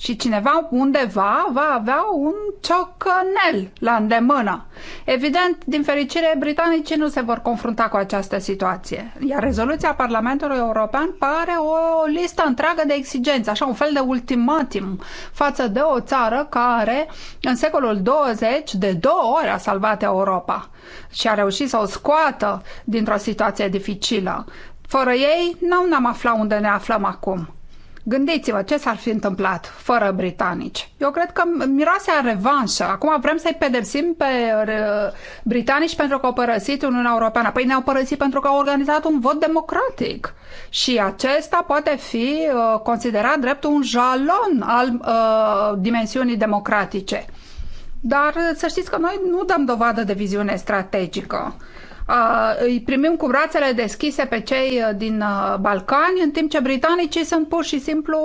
Speaker 5: Și cineva undeva va avea un ciocănel la îndemână. Evident, din fericire, britanicii nu se vor confrunta cu această situație. Iar rezoluția Parlamentului European pare o listă întreagă de exigențe, așa un fel de ultimatum față de o țară care în secolul 20 de două ori a salvat Europa și a reușit să o scoată dintr-o situație dificilă. Fără ei, nu n am aflat unde ne aflăm acum. Gândiți-vă ce s-ar fi întâmplat fără britanici. Eu cred că miroasea revanșă. Acum vrem să-i pedepsim pe britanici pentru că au părăsit Uniunea Europeană. Păi ne-au părăsit pentru că au organizat un vot democratic. Și acesta poate fi uh, considerat drept un jalon al uh, dimensiunii democratice. Dar să știți că noi nu dăm dovadă de viziune strategică îi primim cu brațele deschise pe cei uh, din uh, Balcani, în timp ce britanicii sunt pur și simplu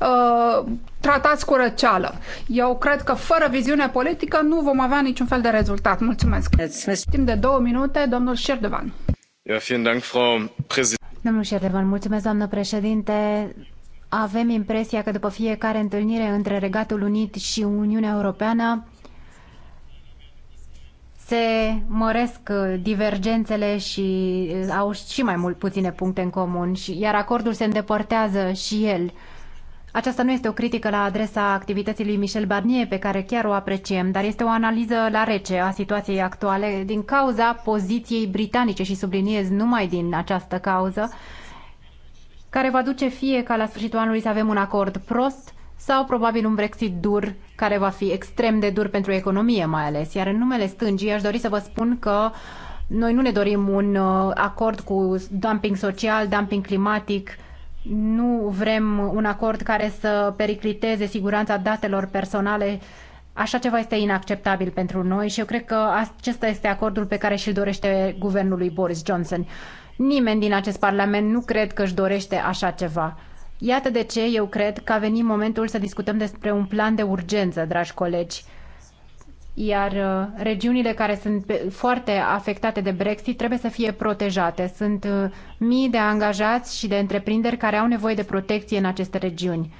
Speaker 5: uh, tratați cu răceală. Eu cred că fără viziune politică nu vom avea niciun fel de rezultat. Mulțumesc. Timp
Speaker 4: de două minute, domnul Șerdevan. Dank, Frau Domnul Șerdevan, mulțumesc, doamnă președinte. Avem impresia că după fiecare întâlnire între Regatul Unit și Uniunea Europeană, se măresc uh, divergențele și uh, au și mai mult puține puncte în comun, și, iar acordul se îndepărtează și el. Aceasta nu este o critică la adresa activității lui Michel Barnier, pe care chiar o apreciem, dar este o analiză la rece a situației actuale din cauza poziției britanice și subliniez numai din această cauză, care va duce fie ca la sfârșitul anului să avem un acord prost, sau probabil un Brexit dur, care va fi extrem de dur pentru economie mai ales. Iar în numele stângii aș dori să vă spun că noi nu ne dorim un uh, acord cu dumping social, dumping climatic, nu vrem un acord care să pericliteze siguranța datelor personale. Așa ceva este inacceptabil pentru noi și eu cred că acesta este acordul pe care și-l dorește guvernul lui Boris Johnson. Nimeni din acest parlament nu cred că își dorește așa ceva. Iată de ce eu cred că a venit momentul să discutăm despre un plan de urgență, dragi colegi. Iar uh, regiunile care sunt foarte afectate de Brexit trebuie să fie protejate. Sunt uh, mii de angajați și de întreprinderi care au nevoie de protecție în aceste regiuni.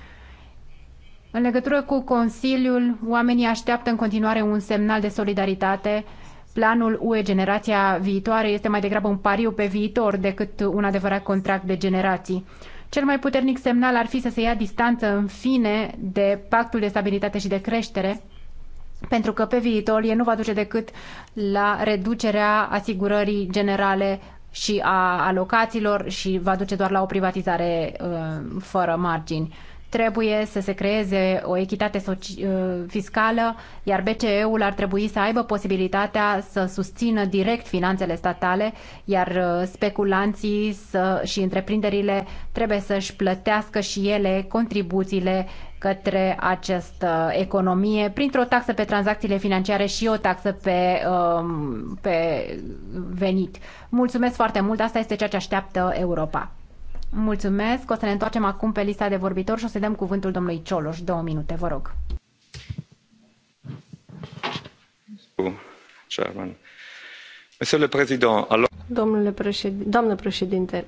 Speaker 4: În legătură cu Consiliul, oamenii așteaptă în continuare un semnal de solidaritate. Planul UE Generația Viitoare este mai degrabă un pariu pe viitor decât un adevărat contract de generații. Cel mai puternic semnal ar fi să se ia distanță, în fine, de pactul de stabilitate și de creștere, pentru că pe viitor el nu va duce decât la reducerea asigurării generale și a alocațiilor și va duce doar la o privatizare uh, fără margini. Trebuie să se creeze o echitate uh, fiscală, iar BCE-ul ar trebui să aibă posibilitatea să susțină direct finanțele statale, iar uh, speculanții să, și întreprinderile trebuie să-și plătească și ele contribuțiile către această economie printr-o taxă pe tranzacțiile financiare și o taxă pe, um, pe venit. Mulțumesc foarte mult, asta este ceea ce așteaptă Europa. Mulțumesc. O să ne întoarcem acum pe lista de vorbitori și o să dăm cuvântul domnului Cioloș. Două minute, vă rog.
Speaker 3: Domnule președinte, doamnă președinte,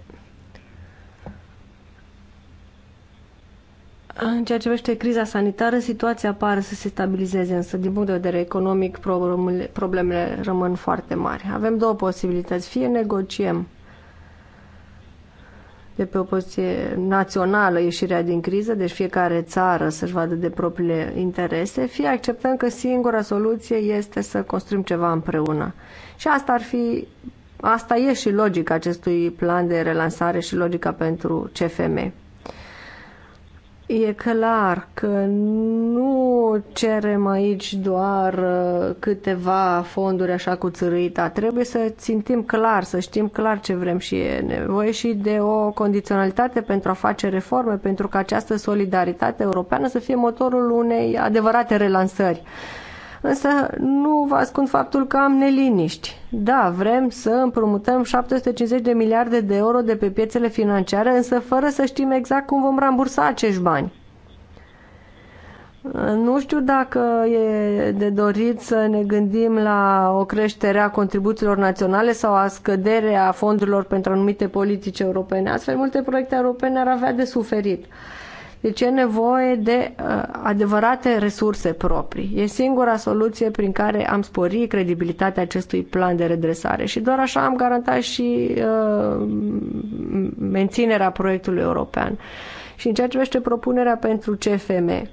Speaker 3: În ceea ce vește criza sanitară, situația pare să se stabilizeze, însă din punct de vedere economic problemele rămân foarte mari. Avem două posibilități. Fie negociem de pe o poziție națională ieșirea din criză, deci fiecare țară să-și vadă de propriile interese, fie acceptăm că singura soluție este să construim ceva împreună. Și asta ar fi Asta e și logica acestui plan de relansare și logica pentru CFM. E clar că nu cerem aici doar uh, câteva fonduri așa cu țărâita. Trebuie să țintim clar, să știm clar ce vrem și e nevoie și de o condiționalitate pentru a face reforme, pentru ca această solidaritate europeană să fie motorul unei adevărate relansări Însă nu vă ascund faptul că am neliniști. Da, vrem să împrumutăm 750 de miliarde de euro de pe piețele financiare, însă fără să știm exact cum vom rambursa acești bani. Nu știu dacă e de dorit să ne gândim la o creștere a contribuțiilor naționale sau a scădere a fondurilor pentru anumite politici europene. Astfel, multe proiecte europene ar avea de suferit. Deci e nevoie de uh, adevărate resurse proprii. E singura soluție prin care am spori credibilitatea acestui plan de redresare și doar așa am garantat și uh, menținerea proiectului european. Și în ceea ce privește propunerea pentru CFM,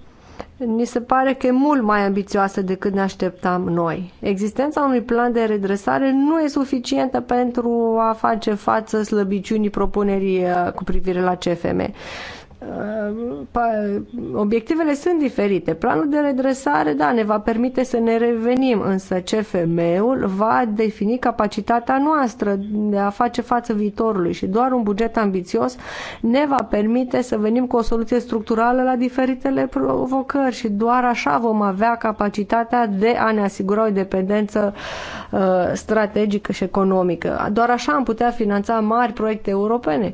Speaker 3: Ni se pare că e mult mai ambițioasă decât ne așteptam noi. Existența unui plan de redresare nu e suficientă pentru a face față slăbiciunii propunerii uh, cu privire la CFM obiectivele sunt diferite. Planul de redresare, da, ne va permite să ne revenim, însă CFM-ul va defini capacitatea noastră de a face față viitorului și doar un buget ambițios ne va permite să venim cu o soluție structurală la diferitele provocări și doar așa vom avea capacitatea de a ne asigura o independență uh, strategică și economică. Doar așa am putea finanța mari proiecte europene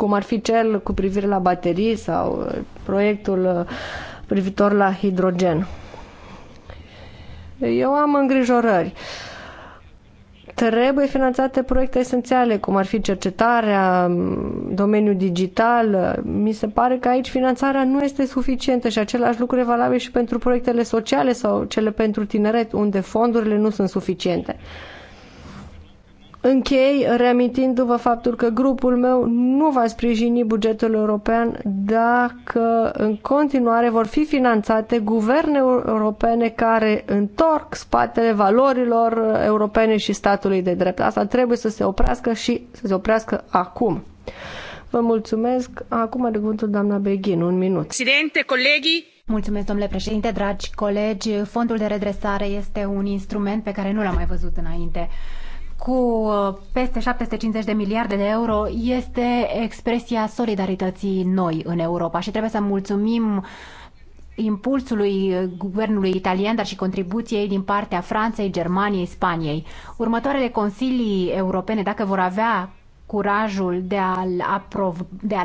Speaker 3: cum ar fi cel cu privire la baterii sau uh, proiectul uh, privitor la hidrogen. Eu am îngrijorări. Trebuie finanțate proiecte esențiale, cum ar fi cercetarea, domeniul digital. Mi se pare că aici finanțarea nu este suficientă și același lucru e valabil și pentru proiectele sociale sau cele pentru tineret, unde fondurile nu sunt suficiente. Uh, Închei reamintindu-vă faptul că grupul meu nu va sprijini bugetul european dacă în continuare vor fi finanțate guverne europene care întorc spatele valorilor europene și statului de drept. Asta trebuie să se oprească și să se oprească acum. Vă mulțumesc.
Speaker 4: Acum are cuvântul doamna Beghin. Un minut.
Speaker 5: Presidente, colegi.
Speaker 4: Mulțumesc, domnule președinte, dragi colegi. Fondul de redresare este un instrument pe care nu l-am mai văzut înainte cu uh, peste 750 de miliarde de euro este expresia solidarității noi în Europa și trebuie să mulțumim impulsului guvernului italian, dar și contribuției din partea Franței, Germaniei, Spaniei. Următoarele consilii europene, dacă vor avea curajul de a-l, aprov- de a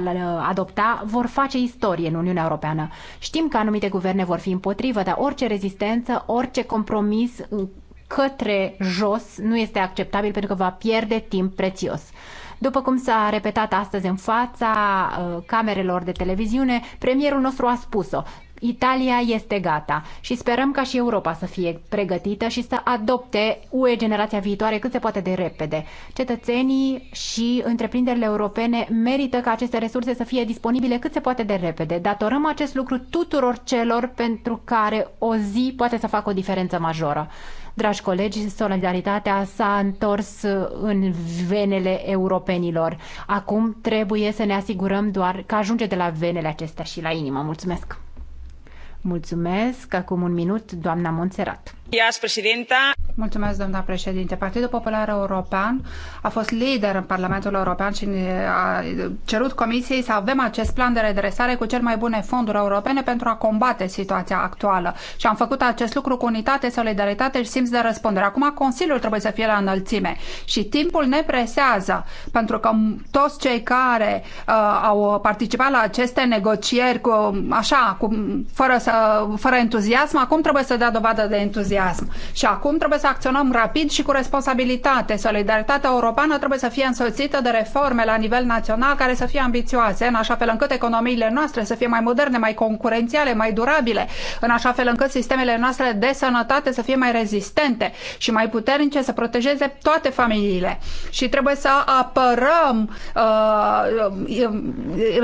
Speaker 4: adopta vor face istorie în Uniunea Europeană. Știm că anumite guverne vor fi împotrivă, dar orice rezistență, orice compromis către jos nu este acceptabil pentru că va pierde timp prețios. După cum s-a repetat astăzi în fața uh, camerelor de televiziune, premierul nostru a spus-o. Italia este gata și sperăm ca și Europa să fie pregătită și să adopte UE generația viitoare cât se poate de repede. Cetățenii și întreprinderile europene merită ca aceste resurse să fie disponibile cât se poate de repede. Datorăm acest lucru tuturor celor pentru care o zi poate să facă o diferență majoră. Dragi colegi, solidaritatea s-a întors în venele europenilor. Acum trebuie să ne asigurăm doar că ajunge de la venele acestea și la inimă. Mulțumesc! Mulțumesc! Acum un minut, doamna Monserat. Mulțumesc, doamna
Speaker 5: președinte. Partidul Popular European a fost lider în Parlamentul European și a cerut Comisiei să avem acest plan de redresare cu cel mai bune fonduri europene pentru a combate situația actuală. Și am făcut acest lucru cu unitate, solidaritate și simț de răspundere. Acum Consiliul trebuie să fie la înălțime și timpul ne presează, pentru că toți cei care uh, au participat la aceste negocieri cu, așa, cu, fără, să, fără entuziasm, acum trebuie să dea dovadă de entuziasm entuziasm. Și acum trebuie să acționăm rapid și cu responsabilitate. Solidaritatea europeană trebuie să fie însoțită de reforme la nivel național care să fie ambițioase, în așa fel încât economiile noastre să fie mai moderne, mai concurențiale, mai durabile, în așa fel încât sistemele noastre de sănătate să fie mai rezistente și mai puternice să protejeze toate familiile. Și trebuie să apărăm uh, uh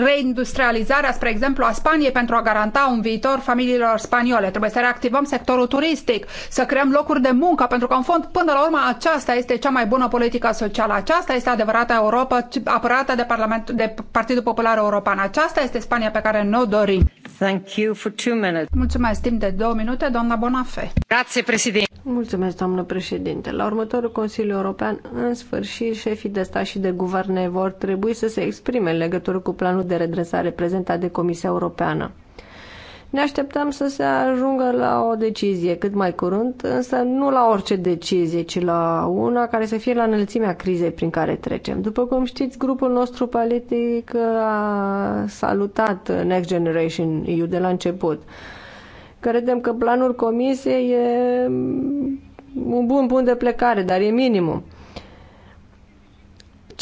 Speaker 5: reindustrializarea, spre exemplu, a Spaniei pentru a garanta un viitor familiilor spaniole. Trebuie să reactivăm sectorul turistic, să creăm locuri de muncă, pentru că, în fond, până la urmă, aceasta este cea mai bună politică socială. Aceasta este adevărata Europa apărată de, de Partidul Popular European. Aceasta este Spania pe care ne-o dorim. Thank you for two minutes. Mulțumesc timp de două minute, doamna Bonafé. Grazie, președinte. Mulțumesc, doamnă președinte. La următorul Consiliu European,
Speaker 3: în sfârșit, șefii de stat și de guverne vor trebui să se exprime în legătură cu planul de redresare prezentat de Comisia Europeană. Ne așteptăm să se ajungă la o decizie cât mai curând, însă nu la orice decizie, ci la una care să fie la înălțimea crizei prin care trecem. După cum știți, grupul nostru politic a salutat Next Generation EU de la început. Credem că planul comisiei e un bun punct de plecare, dar e minimum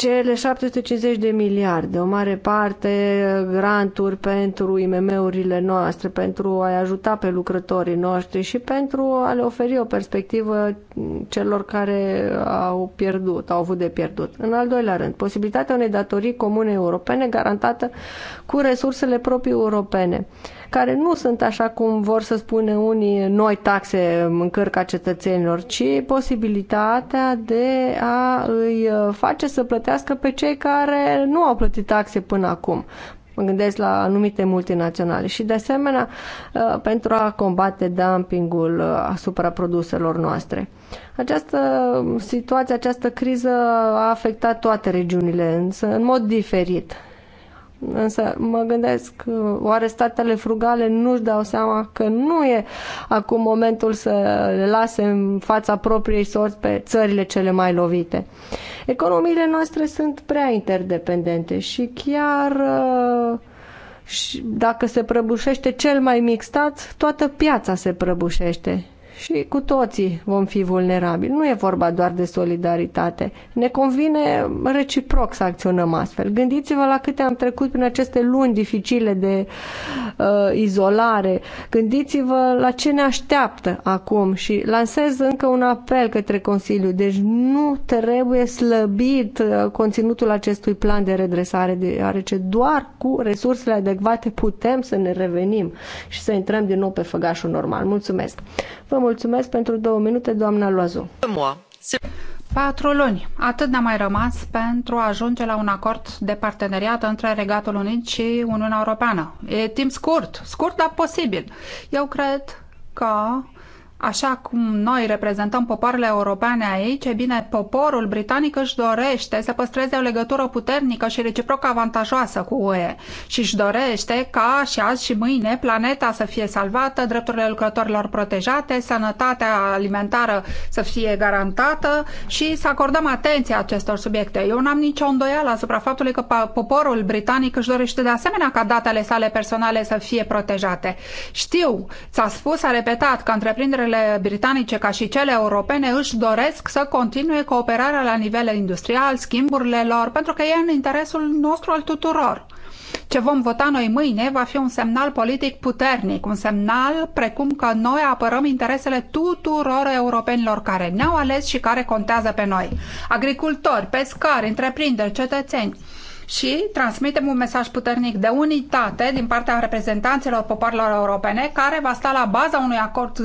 Speaker 3: cele 750 de miliarde, o mare parte granturi pentru IMM-urile noastre, pentru a-i ajuta pe lucrătorii noștri și pentru a le oferi o perspectivă celor care au pierdut, au avut de pierdut. În al doilea rând, posibilitatea unei datorii comune europene garantată cu resursele proprii europene. Uh, care nu sunt, așa cum vor să spune unii, noi taxe în cărca cetățenilor, ci posibilitatea de a îi uh, face să plătească pe cei care nu au plătit taxe până acum. Mă gândesc la anumite multinaționale și, de asemenea, uh, pentru a combate dumpingul uh, asupra produselor noastre. Această situație, această criză a afectat toate regiunile, însă în mod diferit. Însă mă gândesc, oare statele frugale nu-și dau seama că nu e acum momentul să le lase în fața propriei sorți pe țările cele mai lovite. Economiile noastre sunt prea interdependente și chiar uh, dacă se prăbușește cel mai mic stat, toată piața se prăbușește și cu toții vom fi vulnerabili. Nu e vorba doar de solidaritate. Ne convine reciproc să acționăm astfel. Gândiți-vă la câte am trecut prin aceste luni dificile de uh, izolare. Gândiți-vă la ce ne așteaptă acum și lansez încă un apel către Consiliu. Deci nu trebuie slăbit uh, conținutul acestui plan de redresare, deoarece doar cu resursele adecvate putem să ne revenim și să intrăm din nou pe făgașul normal. Mulțumesc! Vă mulțumesc pentru două minute, doamna Loazu.
Speaker 5: Patru luni. Atât ne-a mai rămas pentru a ajunge la un acord de parteneriat între Regatul Unit și Uniunea Europeană. E timp scurt, scurt, dar posibil. Eu cred că Așa cum noi reprezentăm popoarele europene aici, e bine, poporul britanic își dorește să păstreze o legătură puternică și reciproc avantajoasă cu UE și își dorește ca și azi și mâine planeta să fie salvată, drepturile lucrătorilor protejate, sănătatea alimentară să fie garantată și să acordăm atenție acestor subiecte. Eu n-am nicio îndoială asupra faptului că poporul britanic își dorește de asemenea ca datele sale personale să fie protejate. Știu, ți a spus, a repetat că întreprinderile Întreprinderile britanice ca și cele europene își doresc să continue cooperarea la nivel industrial, schimburile lor, pentru că e în interesul nostru al tuturor. Ce vom vota noi mâine va fi un semnal politic puternic, un semnal precum că noi apărăm interesele tuturor europenilor care ne-au ales și care contează pe noi. Agricultori, pescari, întreprinderi, cetățeni și transmitem un mesaj puternic de unitate din partea reprezentanților popoarelor europene care va sta la baza unui acord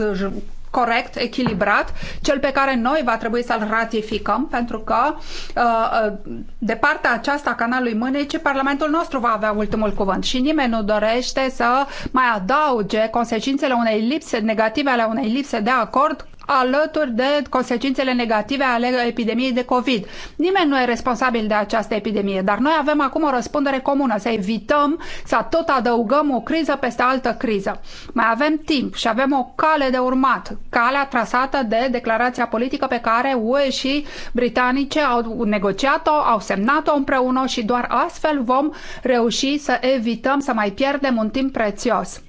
Speaker 5: corect, echilibrat, cel pe care noi va trebui să-l ratificăm, pentru că uh, uh, de partea aceasta a canalului Mâneci, Parlamentul nostru va avea ultimul cuvânt și nimeni nu dorește să mai adauge consecințele unei lipse negative ale unei lipse de acord alături de consecințele negative ale epidemiei de COVID. Nimeni nu e responsabil de această epidemie, dar noi avem acum o răspundere comună să evităm să tot adăugăm o criză peste altă criză. Mai avem timp și avem o cale de urmat, calea trasată de declarația politică pe care UE și britanice au negociat-o, au semnat-o împreună și doar astfel vom reuși să evităm să mai pierdem un timp prețios.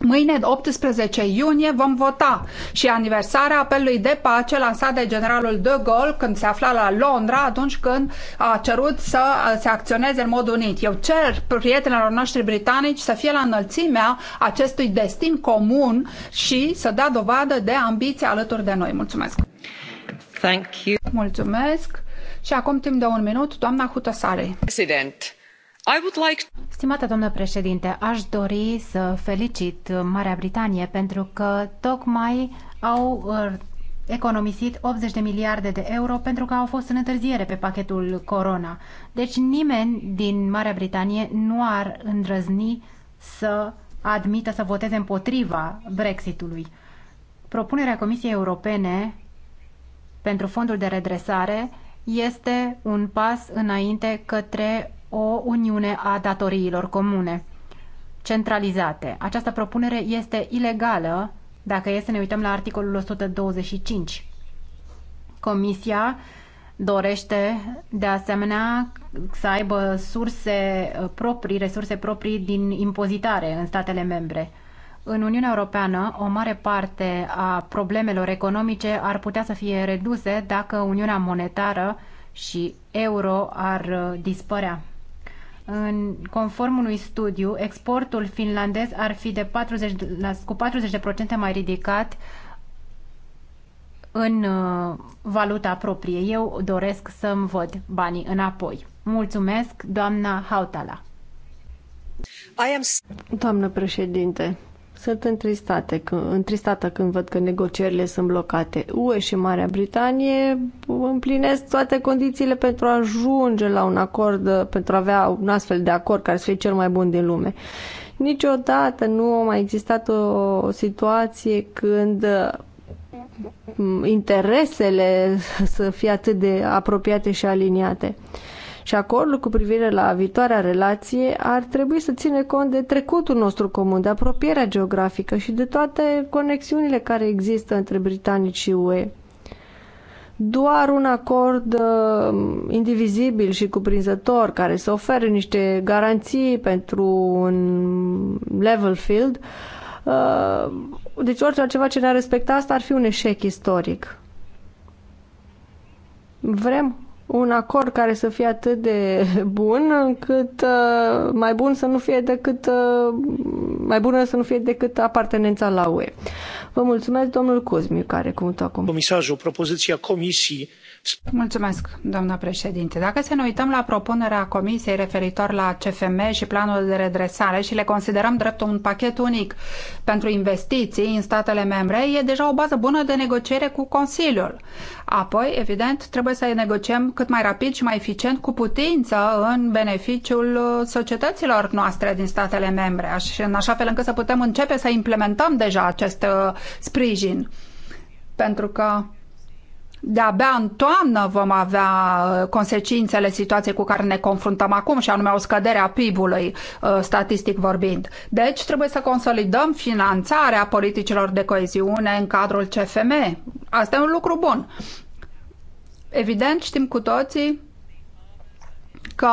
Speaker 5: Mâine, 18 iunie, vom vota și aniversarea apelului de pace lansat de generalul de Gaulle când se afla la Londra, atunci când a cerut să se acționeze în mod unit. Eu cer prietenilor noștri britanici să fie la înălțimea acestui destin comun și să dea dovadă de ambiție alături de noi. Mulțumesc! Thank you. Mulțumesc!
Speaker 4: Și acum timp de un minut, doamna Hutasare. President. Stimată doamnă președinte, aș dori să felicit Marea Britanie pentru că tocmai au uh, economisit 80 de miliarde de euro pentru că au fost în întârziere pe pachetul Corona. Deci nimeni din Marea Britanie nu ar îndrăzni să admită să voteze împotriva Brexitului. Propunerea Comisiei Europene pentru fondul de redresare este un pas înainte către o uniune a datoriilor comune centralizate. Această propunere este ilegală dacă e să ne uităm la articolul 125. Comisia dorește de asemenea să aibă surse uh, proprii, resurse proprii din impozitare în statele membre. În Uniunea Europeană, o mare parte a problemelor economice ar putea să fie reduse dacă Uniunea Monetară și euro ar uh, dispărea în, conform unui studiu, exportul finlandez ar fi de 40, cu 40% mai ridicat în uh, valuta proprie. Eu doresc să-mi văd banii înapoi. Mulțumesc, doamna Hautala.
Speaker 3: Doamnă președinte, sunt întristate, întristată când văd că negocierile sunt blocate. UE și Marea Britanie împlinesc toate condițiile pentru a ajunge la un acord, pentru a avea un astfel de acord care să fie cel mai bun din lume. Niciodată nu a mai existat o situație când mm, interesele să fie atât de apropiate și aliniate. Și acordul cu privire la viitoarea relație ar trebui să ține cont de trecutul nostru comun, de apropierea geografică și de toate conexiunile care există între britanici și UE. Doar un acord uh, indivizibil și cuprinzător care să ofere niște garanții pentru un level field uh, deci orice altceva ce ne-ar respecta asta ar fi un eșec istoric. Vrem un acord care să fie atât de bun încât uh, mai bun să nu fie decât uh, mai bună să nu fie decât apartenența la UE. Vă mulțumesc, domnul Cosmiu, care cuvântul acum. Comisarul, propoziția comisiei
Speaker 5: Mulțumesc, doamna președinte. Dacă să ne uităm la propunerea Comisiei referitor la CFM și planul de redresare și le considerăm drept un pachet unic pentru investiții în statele membre, e deja o bază bună de negociere cu Consiliul. Apoi, evident, trebuie să negociem cât mai rapid și mai eficient cu putință în beneficiul societăților noastre din statele membre, în așa fel încât să putem începe să implementăm deja acest uh, sprijin. Pentru că de-abia în toamnă vom avea uh, consecințele situației cu care ne confruntăm acum și anume o scădere a PIB-ului, uh, statistic vorbind. Deci trebuie să consolidăm finanțarea politicilor de coeziune în cadrul CFM. Asta e un lucru bun. Evident, știm cu toții că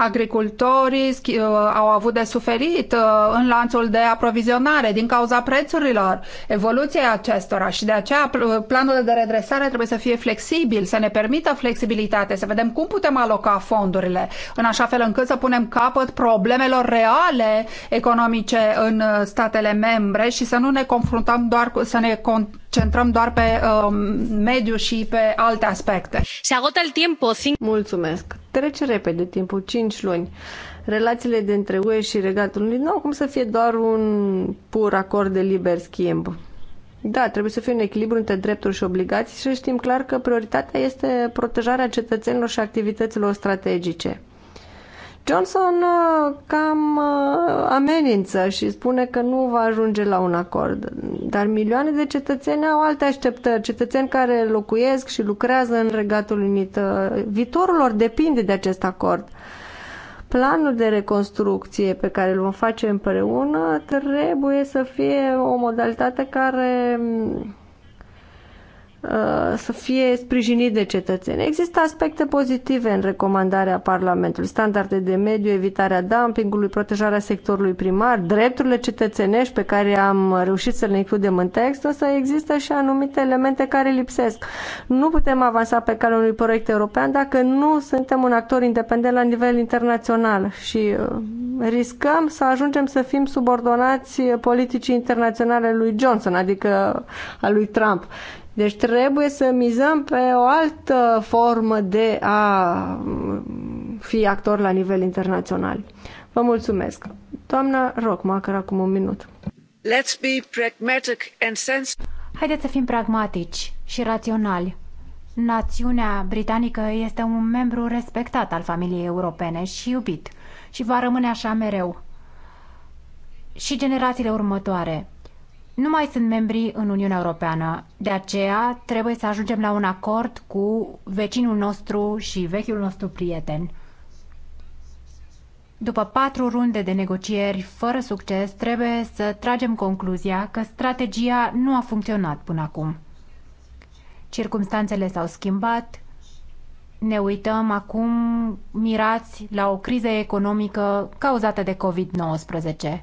Speaker 5: agricultorii uh, au avut de suferit uh, în lanțul de aprovizionare din cauza prețurilor, evoluția acestora și de aceea uh, planul de redresare trebuie să fie flexibil, să ne permită flexibilitate, să vedem cum putem aloca fondurile în așa fel încât să punem capăt problemelor reale economice în statele membre și să nu ne confruntăm doar cu, să ne con- centrăm doar pe um, mediu și pe alte aspecte. Se agotă el tiempo. Mulțumesc. Trece repede timpul, 5 luni. Relațiile dintre
Speaker 3: UE și Regatul Unit nu au cum să fie doar un pur acord de liber schimb. Da, trebuie să fie un echilibru între drepturi și obligații și știm clar că prioritatea este protejarea cetățenilor și activităților strategice. Johnson uh, cam uh, amenință și spune că nu va ajunge la un acord. Dar milioane de cetățeni au alte așteptări, cetățeni care locuiesc și lucrează în Regatul Unit. Uh, viitorul lor depinde de acest acord. Planul de reconstrucție pe care îl vom face împreună trebuie să fie o modalitate care Uh, să fie sprijinit de cetățeni. Există aspecte pozitive în recomandarea Parlamentului, standarde de mediu, evitarea dumpingului, protejarea sectorului primar, drepturile cetățenești pe care am reușit să le includem în text, însă există și anumite elemente care lipsesc. Nu putem avansa pe calea unui proiect european dacă nu suntem un actor independent la nivel internațional și uh, riscăm să ajungem să fim subordonați politicii internaționale lui Johnson, adică a lui Trump. Deci trebuie să mizăm pe o altă formă de a fi actor la nivel internațional. Vă
Speaker 5: mulțumesc.
Speaker 4: Doamna Rockmacher, acum un minut.
Speaker 5: Let's be pragmatic and
Speaker 4: sensible. Haideți să fim pragmatici și raționali. Națiunea britanică este un membru respectat al familiei europene și iubit și va rămâne așa mereu. Și generațiile următoare nu mai sunt membri în Uniunea Europeană. De aceea trebuie să ajungem la un acord cu vecinul nostru și vechiul nostru prieten. După patru runde de negocieri fără succes, trebuie să tragem concluzia că strategia nu a funcționat până acum. Circumstanțele s-au schimbat, ne uităm acum mirați la o criză economică cauzată de COVID-19.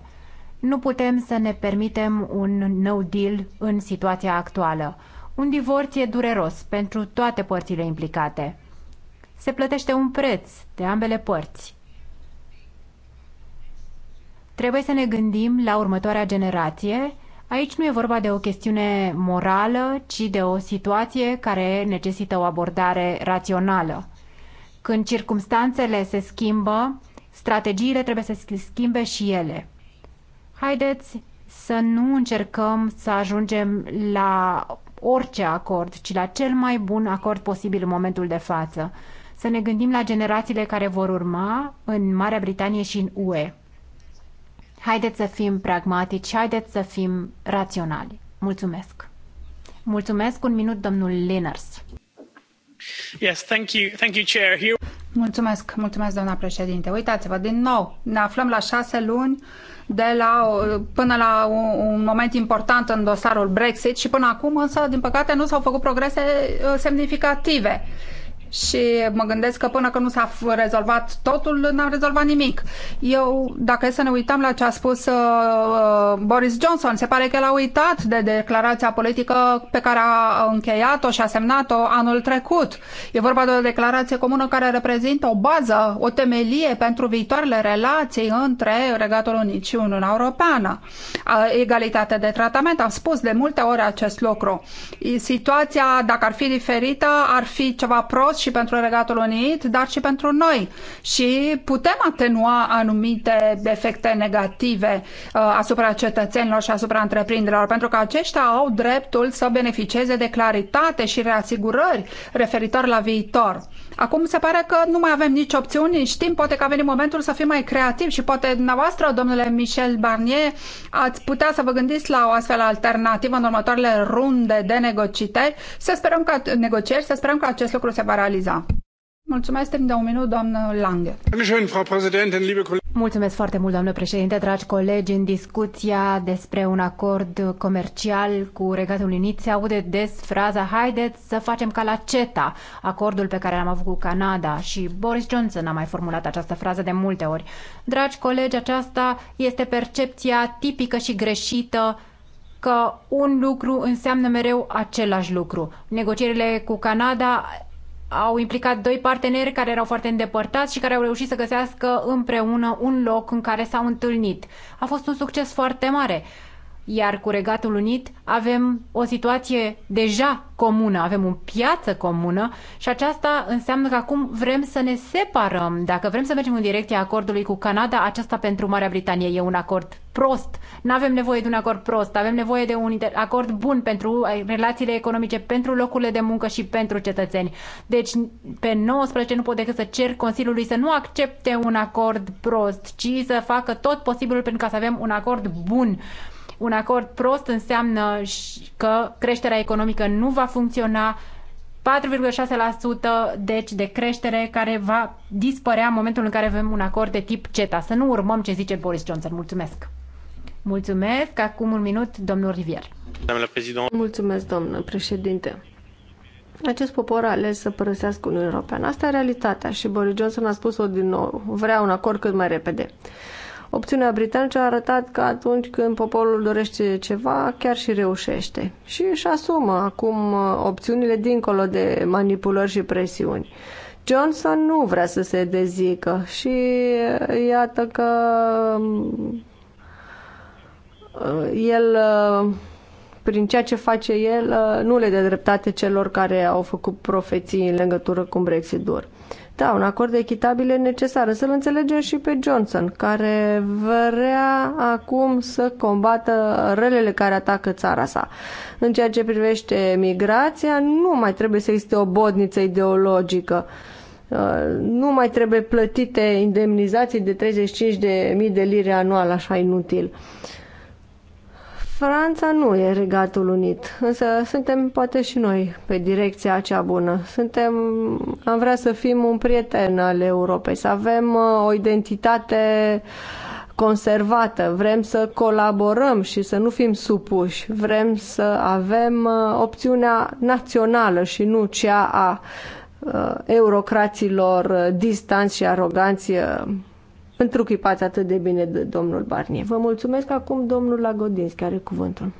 Speaker 4: Nu putem să ne permitem un no deal în situația actuală. Un divorț e dureros pentru toate părțile implicate. Se plătește un preț de ambele părți. Trebuie să ne gândim la următoarea generație. Aici nu e vorba de o chestiune morală, ci de o situație care necesită o abordare rațională. Când circumstanțele se schimbă, strategiile trebuie să se schimbe și ele. Haideți să nu încercăm să ajungem la orice acord, ci la cel mai bun acord posibil în momentul de față. Să ne gândim la generațiile care vor urma în Marea Britanie și în UE. Haideți să fim pragmatici, haideți să fim raționali. Mulțumesc! Mulțumesc un minut, domnul Liners.
Speaker 6: Yes, thank
Speaker 5: you, thank you, Chair. Here... Mulțumesc, mulțumesc, doamna președinte. Uitați-vă, din nou, ne aflăm la șase luni uh, de la, până la un moment important în dosarul Brexit și până acum însă, din păcate, nu s-au făcut progrese uh, semnificative și mă gândesc că până când nu s-a rezolvat totul, n-am rezolvat nimic. Eu, dacă e să ne uităm la ce a spus uh, uh, Boris Johnson, se pare că l-a uitat de declarația politică pe care a încheiat-o și a semnat-o anul trecut. E vorba de o declarație comună care reprezintă o bază, o temelie pentru viitoarele relații între Regatul Unit și Uniunea Europeană. Egalitate de tratament, am spus de multe ori acest lucru. Situația, dacă ar fi diferită, ar fi ceva prost toți și pentru Regatul Unit, dar și pentru noi. Și putem atenua anumite efecte negative uh, asupra cetățenilor și asupra întreprinderilor, pentru că aceștia au dreptul să beneficieze de claritate și reasigurări referitor la viitor. Acum se pare că nu mai avem nici opțiuni, știm, poate că a venit momentul să fim mai creativi și poate dumneavoastră, domnule Michel Barnier, ați putea să vă gândiți la o astfel alternativă în următoarele runde de negocieri. Să sperăm că, negocieri, să sperăm că acest lucru se va realiza.
Speaker 4: Mulțumesc, timp de un minut, doamnă Lange. Mulțumesc foarte mult, doamnă președinte, dragi colegi. În discuția despre un acord comercial cu Regatul Unit se aude des fraza haideți să facem ca la CETA, acordul pe care l-am avut cu Canada și Boris Johnson a mai formulat această frază de multe ori. Dragi colegi, aceasta este percepția tipică și greșită că un lucru înseamnă mereu același lucru. Negocierile cu Canada au implicat doi parteneri care erau foarte îndepărtați și care au reușit să găsească împreună un loc în care s-au întâlnit. A fost un succes foarte mare. Iar cu Regatul Unit avem o situație deja comună, avem o piață comună și aceasta înseamnă că acum vrem să ne separăm. Dacă vrem să mergem în direcția acordului cu Canada, aceasta pentru Marea Britanie e un acord prost. Nu avem nevoie de un acord prost, avem nevoie de un acord bun pentru eh, relațiile economice, pentru locurile de muncă și pentru cetățeni. Deci, pe 19 nu pot decât să cer Consiliului să nu accepte un acord prost, ci să facă tot posibilul pentru ca să avem un acord bun un acord prost înseamnă că creșterea economică nu va funcționa, 4,6% deci de creștere care va dispărea în momentul în care avem un acord de tip CETA. Să nu urmăm ce zice Boris Johnson. Mulțumesc! Mulțumesc! Acum un minut, domnul Rivier. Mulțumesc, domnule președinte. Acest popor a ales să părăsească Uniunea
Speaker 3: Europeană. Asta e realitatea și Boris Johnson a spus-o din nou. Vrea un acord cât mai repede. Opțiunea britanică a arătat că atunci când poporul dorește ceva, chiar și reușește. Și își asumă acum uh, opțiunile dincolo de manipulări și presiuni. Johnson nu vrea să se dezică și uh, iată că um, uh, el, prin ceea ce face el, nu le dă dreptate celor care au făcut profeții în legătură cu Brexit-ul. Da, un acord echitabil e necesar. Să-l înțelegem și pe Johnson, care vrea acum să combată relele care atacă țara sa. În ceea ce privește migrația, nu mai trebuie să existe o bodniță ideologică. Uh, nu mai trebuie plătite indemnizații de 35.000 de lire anual, așa inutil. Franța nu e Regatul Unit, însă suntem poate și noi pe direcția cea bună. Suntem, am vrea să fim un prieten al Europei, să avem uh, o identitate conservată, vrem să colaborăm și să nu fim supuși, vrem să avem uh, opțiunea națională și nu cea a uh, eurocraților distanți și aroganți întruchipați atât de bine de
Speaker 5: domnul Barnier. Vă mulțumesc acum
Speaker 6: domnul
Speaker 3: Lagodinski are cuvântul.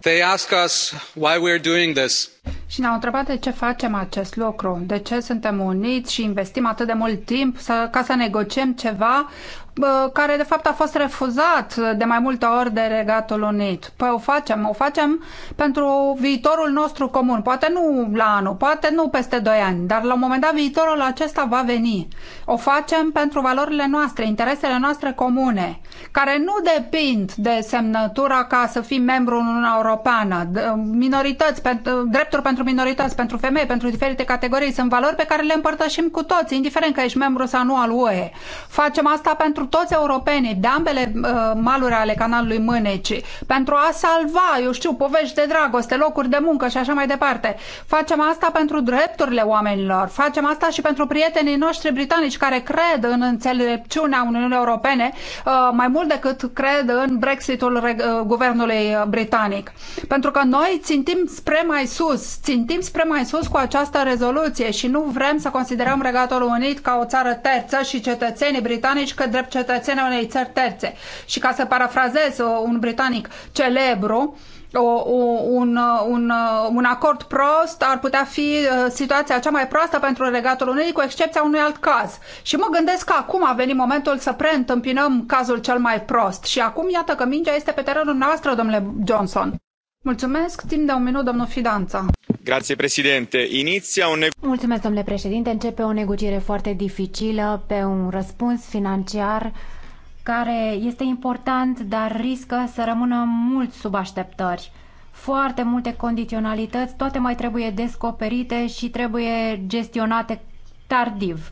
Speaker 6: They ask us why we're doing this.
Speaker 5: Și ne-au întrebat de ce facem acest lucru, de ce suntem uniți și investim atât de mult timp să, ca să negociem ceva care de fapt a fost refuzat de mai multe ori de Regatul Unit. Păi o facem, o facem pentru viitorul nostru comun. Poate nu la anul, poate nu peste doi ani, dar la un moment dat viitorul acesta va veni. O facem pentru valorile noastre, interesele noastre comune, care nu depind de semnătura ca să fim membru în Uniunea Europeană. Minorități, drepturi pentru minorități, pentru femei, pentru diferite categorii, sunt valori pe care le împărtășim cu toți, indiferent că ești membru sau nu al UE. Facem asta pentru toți europenii de ambele uh, maluri ale canalului Mâneci pentru a salva, eu știu, povești de dragoste, locuri de muncă și așa mai departe. Facem asta pentru drepturile oamenilor, facem asta și pentru prietenii noștri britanici care cred în înțelepciunea Uniunii Europene uh, mai mult decât cred în Brexitul uh, guvernului uh, britanic. Pentru că noi țintim spre mai sus, țintim spre mai sus cu această rezoluție și nu vrem să considerăm Regatul Unit ca o țară terță și cetățenii britanici că drept cetățeni unei țări terțe. Și ca să parafrazez uh, un britanic celebru, o, un, uh, un, uh, un acord prost ar putea fi situația cea mai proastă pentru Regatul Unit, cu excepția unui alt caz. Și mă gândesc că acum a venit momentul să preîntâmpinăm cazul cel mai prost. Și acum, iată că mingea este pe terenul noastră, domnule Johnson. Mulțumesc.
Speaker 4: Timp de un minut, domnul Fidanța.
Speaker 6: Grazie, președinte. Iniția un
Speaker 4: Mulțumesc, domnule președinte. Începe o negociere foarte dificilă pe un răspuns financiar care este important, dar riscă să rămână mult sub așteptări. Foarte multe condiționalități, toate mai trebuie descoperite și trebuie gestionate tardiv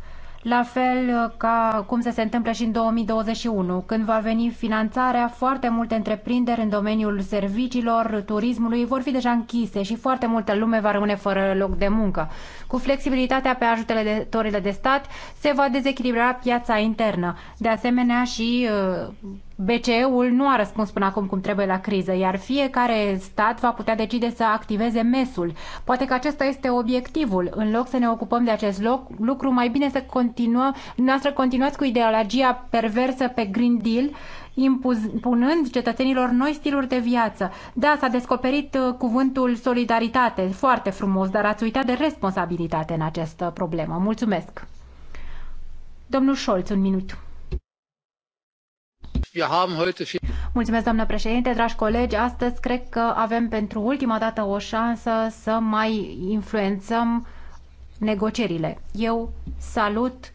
Speaker 4: la fel uh, ca cum se, întâmplă și în 2021, când va veni finanțarea, foarte multe întreprinderi în domeniul serviciilor, turismului vor fi deja închise și foarte multă lume va rămâne fără loc de muncă. Cu flexibilitatea pe ajutele de, de stat se va dezechilibra piața internă. De asemenea și uh, BCE-ul nu a răspuns până acum cum trebuie la criză, iar fiecare stat va putea decide să activeze mesul. Poate că acesta este obiectivul. În loc să ne ocupăm de acest loc, lucru, mai bine să continuăm, noastră continuați cu ideologia perversă pe Green Deal, impunând cetățenilor noi stiluri de viață. Da, s-a descoperit uh, cuvântul solidaritate, foarte frumos, dar ați uitat de responsabilitate în această problemă. Mulțumesc! Domnul Scholz, un minut. Mulțumesc, doamnă președinte, dragi colegi. Astăzi cred că avem pentru ultima dată o șansă să mai influențăm negocierile. Eu salut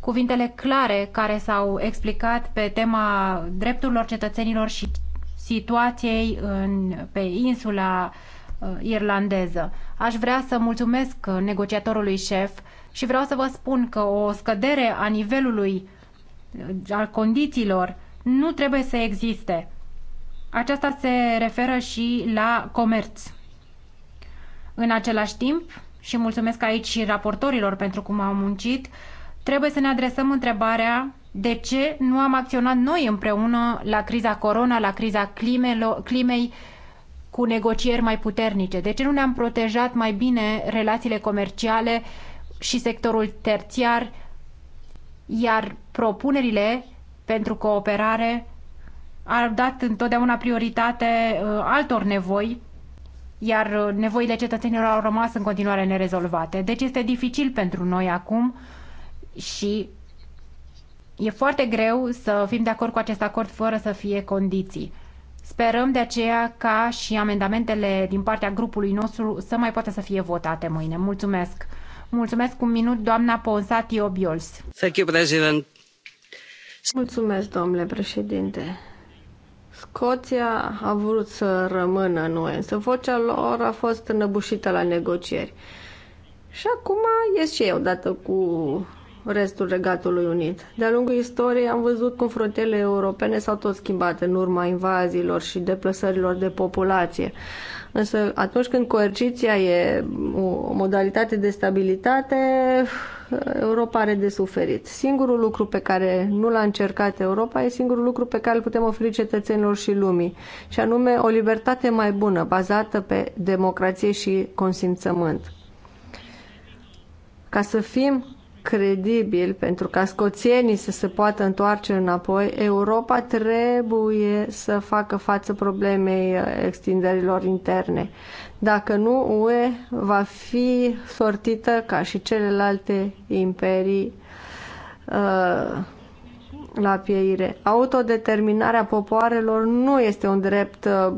Speaker 4: cuvintele clare care s-au explicat pe tema drepturilor cetățenilor și situației în, pe insula uh, irlandeză. Aș vrea să mulțumesc negociatorului șef și vreau să vă spun că o scădere a nivelului uh, al condițiilor nu trebuie să existe. Aceasta se referă și la comerț. În același timp, și mulțumesc aici și raportorilor pentru cum au muncit, trebuie să ne adresăm întrebarea de ce nu am acționat noi împreună la criza corona, la criza climelo, climei, cu negocieri mai puternice? De ce nu ne-am protejat mai bine relațiile comerciale și sectorul terțiar, iar propunerile pentru cooperare a dat întotdeauna prioritate uh, altor nevoi, iar uh, nevoile cetățenilor au rămas în continuare nerezolvate. Deci este dificil pentru noi acum și e foarte greu să fim de acord cu acest acord fără să fie condiții. Sperăm de aceea ca și amendamentele din partea grupului nostru să mai poată să fie votate mâine. Mulțumesc! Mulțumesc un minut, doamna Ponsati Obiols.
Speaker 2: Thank you, President.
Speaker 4: Mulțumesc, domnule
Speaker 3: președinte. Scoția a vrut să rămână în UE, însă vocea lor a fost înăbușită la negocieri. Și acum ies și eu, dată cu restul Regatului Unit. De-a lungul istoriei am văzut cum frontierele europene s-au tot schimbat în urma invaziilor și deplasărilor de populație. Însă atunci când coerciția e o modalitate de stabilitate, Europa are de suferit. Singurul lucru pe care nu l-a încercat Europa e singurul lucru pe care îl putem oferi cetățenilor și lumii, și anume o libertate mai bună, bazată pe democrație și consimțământ. Ca să fim credibil pentru ca scoțienii să se poată întoarce înapoi, Europa trebuie să facă față problemei uh, extinderilor interne. Dacă nu, UE va fi sortită ca și celelalte imperii uh, la pieire. Autodeterminarea popoarelor nu este un drept uh,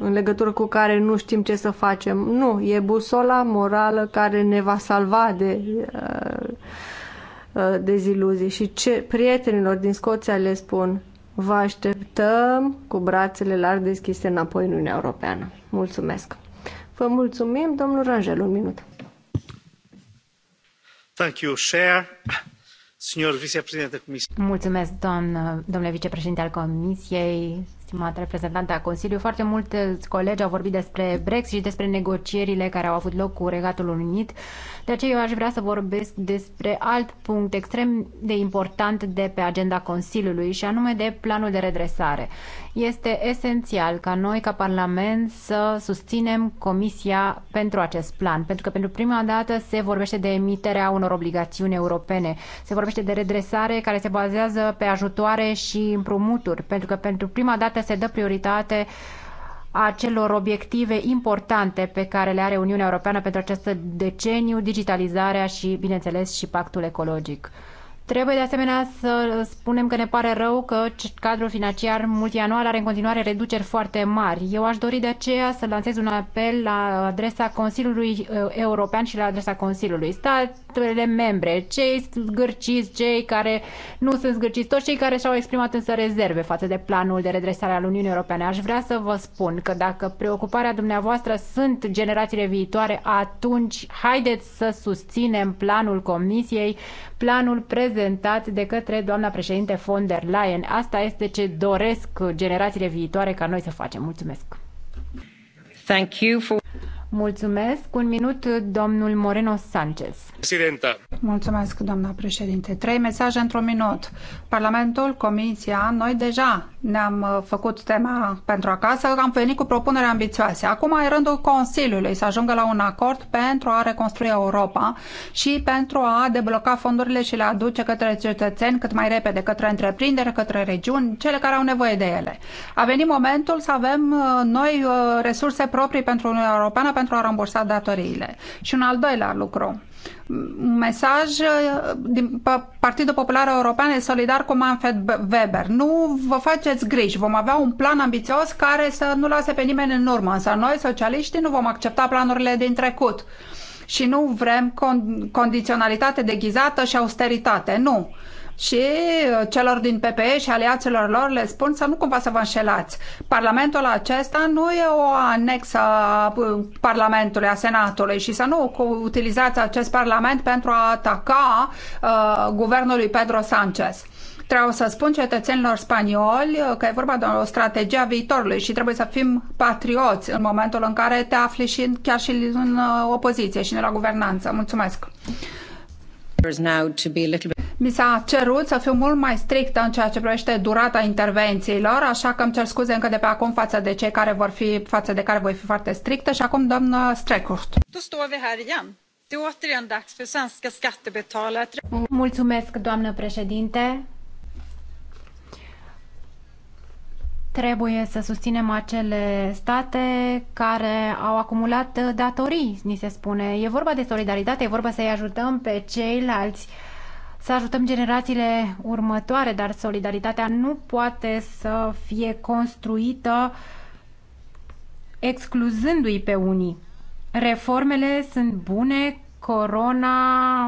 Speaker 3: în legătură cu care nu știm ce să facem. Nu, e busola morală care ne va salva de uh, deziluzii. Și ce prietenilor din Scoția le spun, Vă așteptăm cu brațele larg deschise înapoi în Uniunea Europeană. Mulțumesc! Vă mulțumim, domnul Rangel, un minut.
Speaker 1: Thank you, Chair.
Speaker 4: Mulțumesc, doamnă, domnule vicepreședinte al Comisiei, stimat reprezentante a Consiliului, foarte multe eh, colegi au vorbit despre Brexit și despre negocierile care au avut loc cu Regatul Unit. De aceea eu aș vrea să vorbesc despre alt punct extrem de important de pe agenda Consiliului și anume de planul de redresare. Este esențial ca noi, ca Parlament, să susținem Comisia pentru acest plan, pentru că pentru prima dată se vorbește de emiterea unor obligațiuni europene, se vorbește de redresare care se bazează pe ajutoare și împrumuturi, pentru că pentru prima dată se dă prioritate acelor obiective importante pe care le are Uniunea Europeană pentru acest deceniu, digitalizarea și, bineînțeles, și pactul ecologic. Trebuie de asemenea să spunem că ne pare rău că cadrul financiar multianual are în continuare reduceri foarte mari. Eu aș dori de aceea să lansez un apel la adresa Consiliului uh, European și la adresa Consiliului. Statele membre, cei zgârciți, cei care nu sunt zgârciți, toți cei care și-au exprimat însă rezerve față de planul de redresare al Uniunii Europene. Aș vrea să vă spun că dacă preocuparea dumneavoastră sunt generațiile viitoare, atunci haideți să susținem planul Comisiei planul prezentat de către doamna președinte von der Leyen. Asta este ce doresc generațiile viitoare ca noi să facem. Mulțumesc! Thank you for... Mulțumesc. Un minut, domnul Moreno Sanchez. Presidenta.
Speaker 5: Mulțumesc, doamna președinte. Trei mesaje într-un minut. Parlamentul, Comisia, noi deja ne-am uh, făcut tema pentru acasă, am venit cu propuneri ambițioase. Acum e rândul Consiliului să ajungă la un acord pentru a reconstrui Europa și pentru a debloca fondurile și le aduce către cetățeni cât mai repede, către întreprinderi, către regiuni, cele care au nevoie de ele. A venit momentul să avem uh, noi uh, resurse proprii pentru Uniunea Europeană, pentru a rambursa datoriile. Și un al doilea lucru, un mesaj uh, din Partidul Popular European este solidar cu Manfred Weber. Nu vă faceți griji, vom avea un plan ambițios care să nu lase pe nimeni în urmă, însă noi, socialiștii, nu vom accepta planurile din trecut și nu vrem con- condiționalitate deghizată și austeritate. Nu și uh, celor din PPE și aliaților lor le spun să nu cumva să vă înșelați. Parlamentul acesta nu e o anexă a uh, Parlamentului, a Senatului și să nu utilizați acest Parlament pentru a ataca uh, guvernul lui Pedro Sanchez. Trebuie să spun cetățenilor spanioli uh, că e vorba de o strategie a viitorului și trebuie să fim patrioți în momentul în care te afli și chiar și în opoziție și în la guvernanță. Mulțumesc! Mi s-a cerut să fiu mult mai strictă în ceea ce privește durata intervențiilor, așa că îmi cer scuze încă de pe acum față de cei care vor fi, față de care voi fi foarte strictă și acum doamnă Strecurt.
Speaker 4: Mulțumesc, doamnă președinte. trebuie să susținem acele state care au acumulat datorii, ni se spune. E vorba de solidaritate, e vorba să-i ajutăm pe ceilalți uh, să ajutăm generațiile următoare, dar solidaritatea nu poate să fie construită excluzându-i pe unii. Reformele sunt bune, corona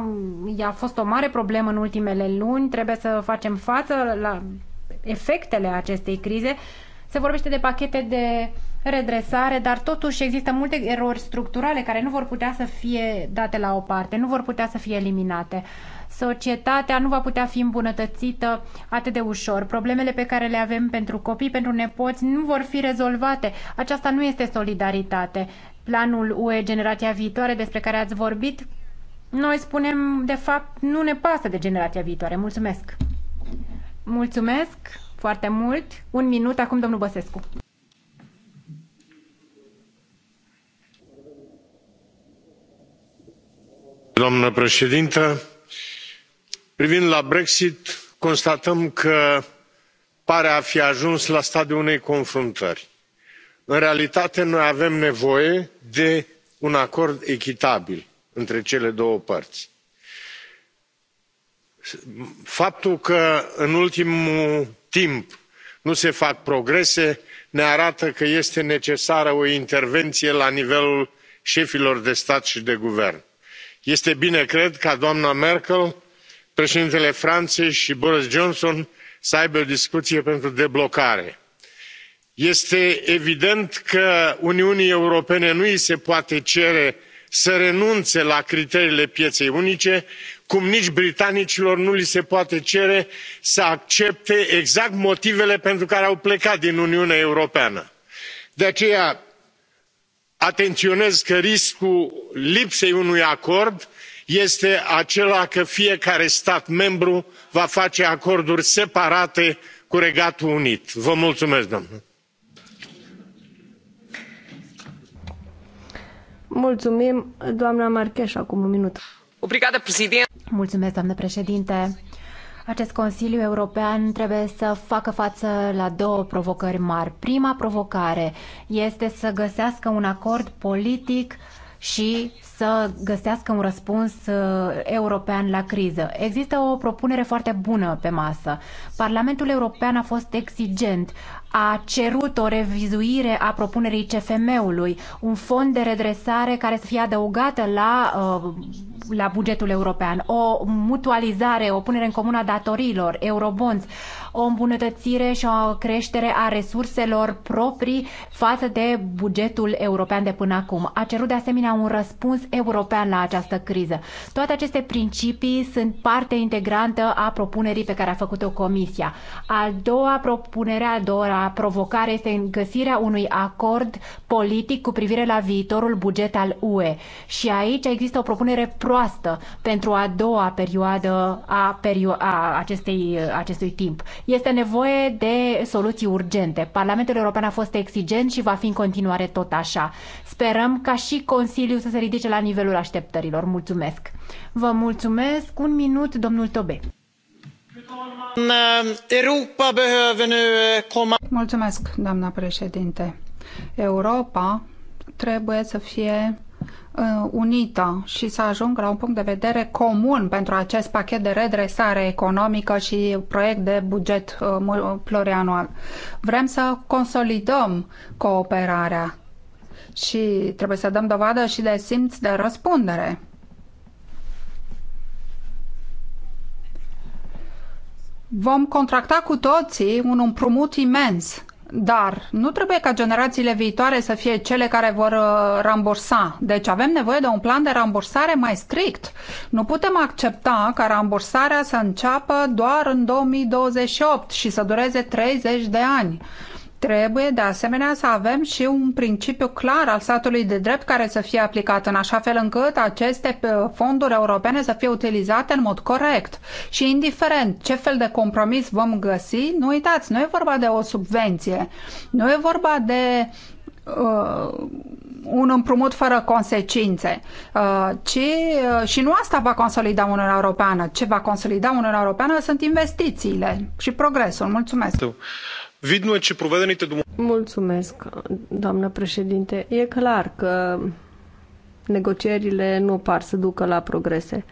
Speaker 4: a fost o mare problemă în ultimele luni, trebuie să facem față la efectele acestei crize. Se vorbește de pachete de redresare, dar totuși există multe erori structurale care nu vor putea să fie date la o parte, nu vor putea să fie eliminate societatea nu va putea fi îmbunătățită atât de ușor. Problemele pe care le avem pentru copii, pentru nepoți, nu vor fi rezolvate. Aceasta nu este solidaritate. Planul UE Generația Viitoare despre care ați vorbit, noi spunem, de fapt, nu ne pasă de generația viitoare. Mulțumesc! Mulțumesc foarte mult! Un minut acum, domnul Băsescu.
Speaker 1: doamnă președintă privind la brexit constatăm că pare a fi ajuns la stadiul unei confruntări. în realitate noi avem nevoie de un acord echitabil între cele două părți. faptul că în ultimul timp nu se fac progrese ne arată că este necesară o intervenție la nivelul șefilor de stat și de guvern. este bine cred ca doamna merkel președintele franței și boris johnson să aibă o discuție pentru deblocare. este evident că uniunii europene nu i se poate cere să renunțe la criteriile pieței unice cum nici britanicilor nu li se poate cere să accepte exact motivele pentru care au plecat din uniunea europeană. de aceea atenționez că riscul lipsei unui acord este acela că fiecare stat membru va face acorduri separate cu regatul unit. vă mulțumesc doamnă
Speaker 4: Mulțumim, minut. Mulțumesc, președinte. Acest Consiliu European trebuie să facă față la două provocări mari. Prima provocare este să găsească un acord politic și să găsească un răspuns uh, european la criză. Există o propunere foarte bună pe masă. Parlamentul European a fost exigent, a cerut o revizuire a propunerii CFM-ului, un fond de redresare care să fie adăugată la, uh, la bugetul european, o mutualizare, o punere în comun a datoriilor, eurobonds, o îmbunătățire și o creștere a resurselor proprii față de bugetul european de până acum. A cerut de asemenea un răspuns european la această criză. Toate aceste principii sunt parte integrantă a propunerii pe care a făcut-o Comisia. A doua propunere, a doua provocare este găsirea unui acord politic cu privire la viitorul buget al UE. Și aici există o propunere proastă pentru a doua perioadă a, perio- a acestei, acestui timp. Este nevoie de soluții urgente. Parlamentul European a fost exigent și va fi în continuare tot așa. Sperăm ca și Consiliul să se ridice la nivelul așteptărilor. Mulțumesc! Vă mulțumesc! Un minut, domnul Tobe. Uh,
Speaker 5: uh, mulțumesc, doamna președinte. Europa trebuie să fie Uh, unită și să ajungă la un punct de vedere comun pentru acest pachet de redresare economică și proiect de buget uh, plurianual. Vrem să consolidăm cooperarea și trebuie să dăm dovadă și de simț de răspundere. Vom contracta cu toții un împrumut imens dar nu trebuie ca generațiile viitoare să fie cele care vor uh, rambursa. Deci avem nevoie de un plan de rambursare mai strict. Nu putem accepta ca rambursarea să înceapă doar în 2028 și să dureze 30 de ani. Trebuie, de asemenea, să avem și un principiu clar al statului de drept care să fie aplicat în așa fel încât aceste fonduri europene să fie utilizate în mod corect. Și indiferent ce fel de compromis vom găsi, nu uitați, nu e vorba de o subvenție, nu e vorba de uh, un împrumut fără consecințe, uh, ci, uh, și nu asta va consolida Uniunea Europeană. Ce va consolida Uniunea Europeană sunt investițiile și progresul. Mulțumesc!
Speaker 1: Tu. Mulțumesc,
Speaker 5: doamnă
Speaker 3: președinte. E clar că negocierile nu par să ducă la progrese.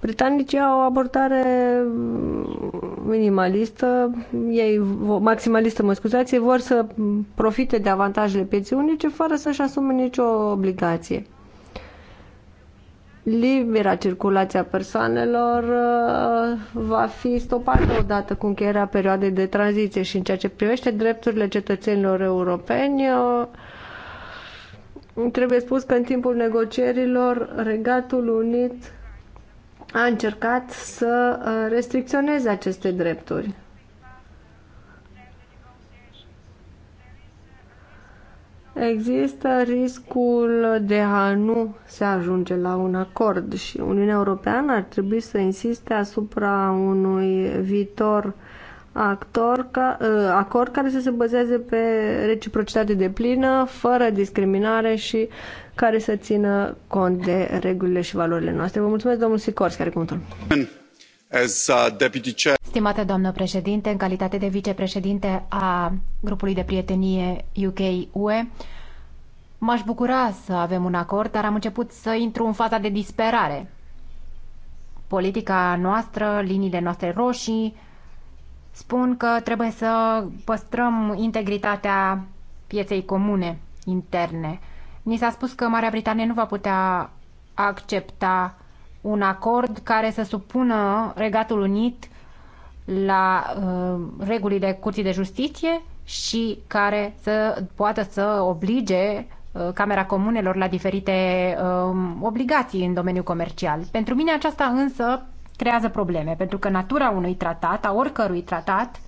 Speaker 3: Britanicii au o abordare minimalistă, ei, maximalistă, mă scuzați, ei vor să profite de avantajele pieței unice fără să-și asume nicio obligație libera circulație a persoanelor uh, va fi stopată odată cu încheierea perioadei de tranziție și în ceea ce privește drepturile cetățenilor europeni, uh, trebuie spus că în timpul negocierilor Regatul Unit a încercat să uh, restricționeze aceste drepturi. Există riscul de a nu se ajunge la un acord și Uniunea Europeană ar trebui să insiste asupra unui viitor actor ca, uh, acord care să se bazeze pe reciprocitate de plină, fără discriminare și care să țină cont de regulile și valorile noastre. Vă
Speaker 4: mulțumesc, domnul Sikorski, care
Speaker 1: cuvântul as uh, deputy chair.
Speaker 4: Stimată doamnă președinte, în calitate de vicepreședinte a grupului de prietenie UK-UE, m-aș bucura să avem un acord, dar am început să intru în faza de disperare. Politica noastră, liniile noastre roșii, spun că trebuie să păstrăm integritatea pieței comune interne. Ni s-a spus că Marea Britanie nu va putea accepta un acord care să supună Regatul Unit la uh, regulile Curții de Justiție și care să poată să oblige uh, Camera Comunelor la diferite uh, obligații în domeniul comercial. Pentru mine aceasta însă creează probleme, pentru că natura unui tratat, a oricărui tratat,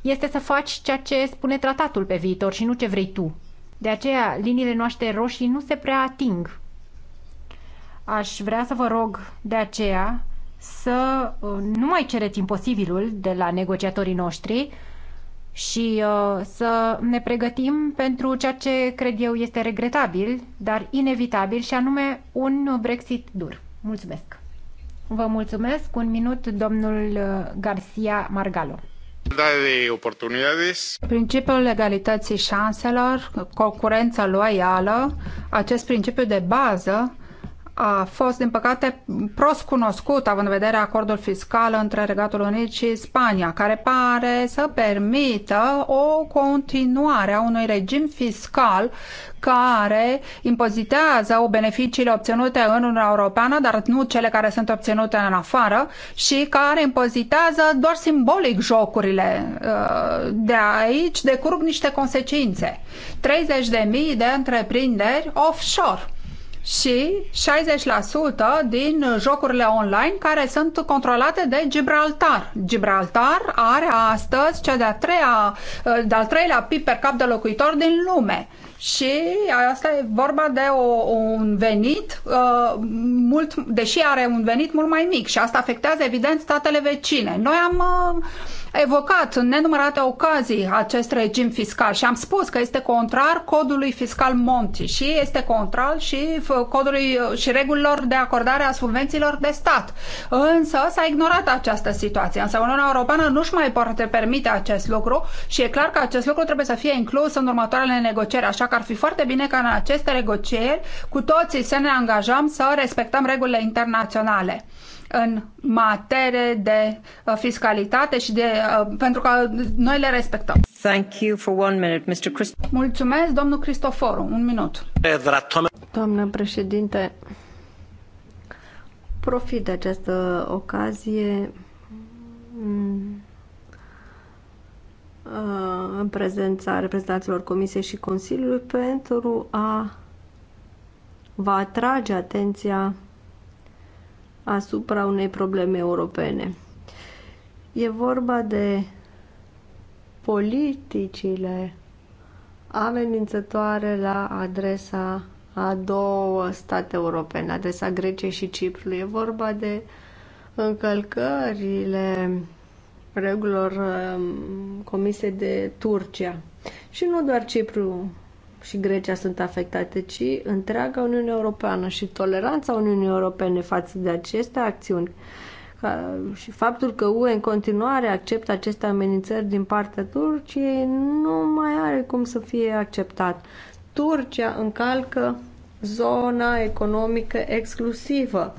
Speaker 4: este să faci ceea ce spune tratatul pe viitor și nu ce vrei tu. De aceea, liniile noastre roșii nu se prea ating Aș vrea să vă rog de aceea să uh, nu mai cereți imposibilul de la negociatorii noștri și uh, să ne pregătim pentru ceea ce cred eu este regretabil, dar inevitabil și anume un Brexit dur. Mulțumesc! Vă mulțumesc. Un minut, domnul uh, Garcia Margalo. Principiul egalității șanselor, concurența
Speaker 5: loială, acest principiu de bază a fost, din păcate, prost cunoscut, având în vedere acordul fiscal între Regatul Unit și Spania, care pare să permită o continuare a unui regim fiscal care impozitează beneficiile obținute în Uniunea Europeană, dar nu cele care sunt obținute în afară și care impozitează doar simbolic jocurile. Uh, de aici decurg niște consecințe. 30.000 de întreprinderi offshore și 60% din jocurile online care sunt controlate de Gibraltar. Gibraltar are astăzi cea de-a treia, de-al treilea PIB per cap de locuitor din lume. Și asta e vorba de o, un venit, uh, mult, deși are un venit mult mai mic și asta afectează evident statele vecine. Noi am uh, evocat în nenumărate ocazii acest regim fiscal și am spus că este contrar codului fiscal Monti și este contrar și codului și regulilor de acordare a subvențiilor de stat. Însă s-a ignorat această situație. Însă Uniunea Europeană nu-și mai poate permite acest lucru și e clar că acest lucru trebuie să fie inclus în următoarele negocieri, așa că ar fi foarte bine ca în aceste negocieri cu toții să ne angajăm să respectăm regulile internaționale în materie de uh, fiscalitate și de uh, pentru că noi le respectăm. Thank you for one minute, Mr. Christ- Mulțumesc, domnul Cristoforu, un minut. Doamnă președinte,
Speaker 3: profit de această ocazie mm, în prezența reprezentanților Comisiei și Consiliului pentru a vă atrage atenția asupra unei probleme europene. E vorba de politicile amenințătoare la adresa a două state europene, adresa Greciei și Ciprului. E vorba de încălcările regulilor um, comise de Turcia. Și nu doar Cipru și Grecia sunt afectate, ci întreaga Uniune Europeană și toleranța Uniunii Europene față de aceste acțiuni și faptul că UE în continuare acceptă aceste amenințări din partea Turciei nu mai are cum să fie acceptat. Turcia încalcă zona economică exclusivă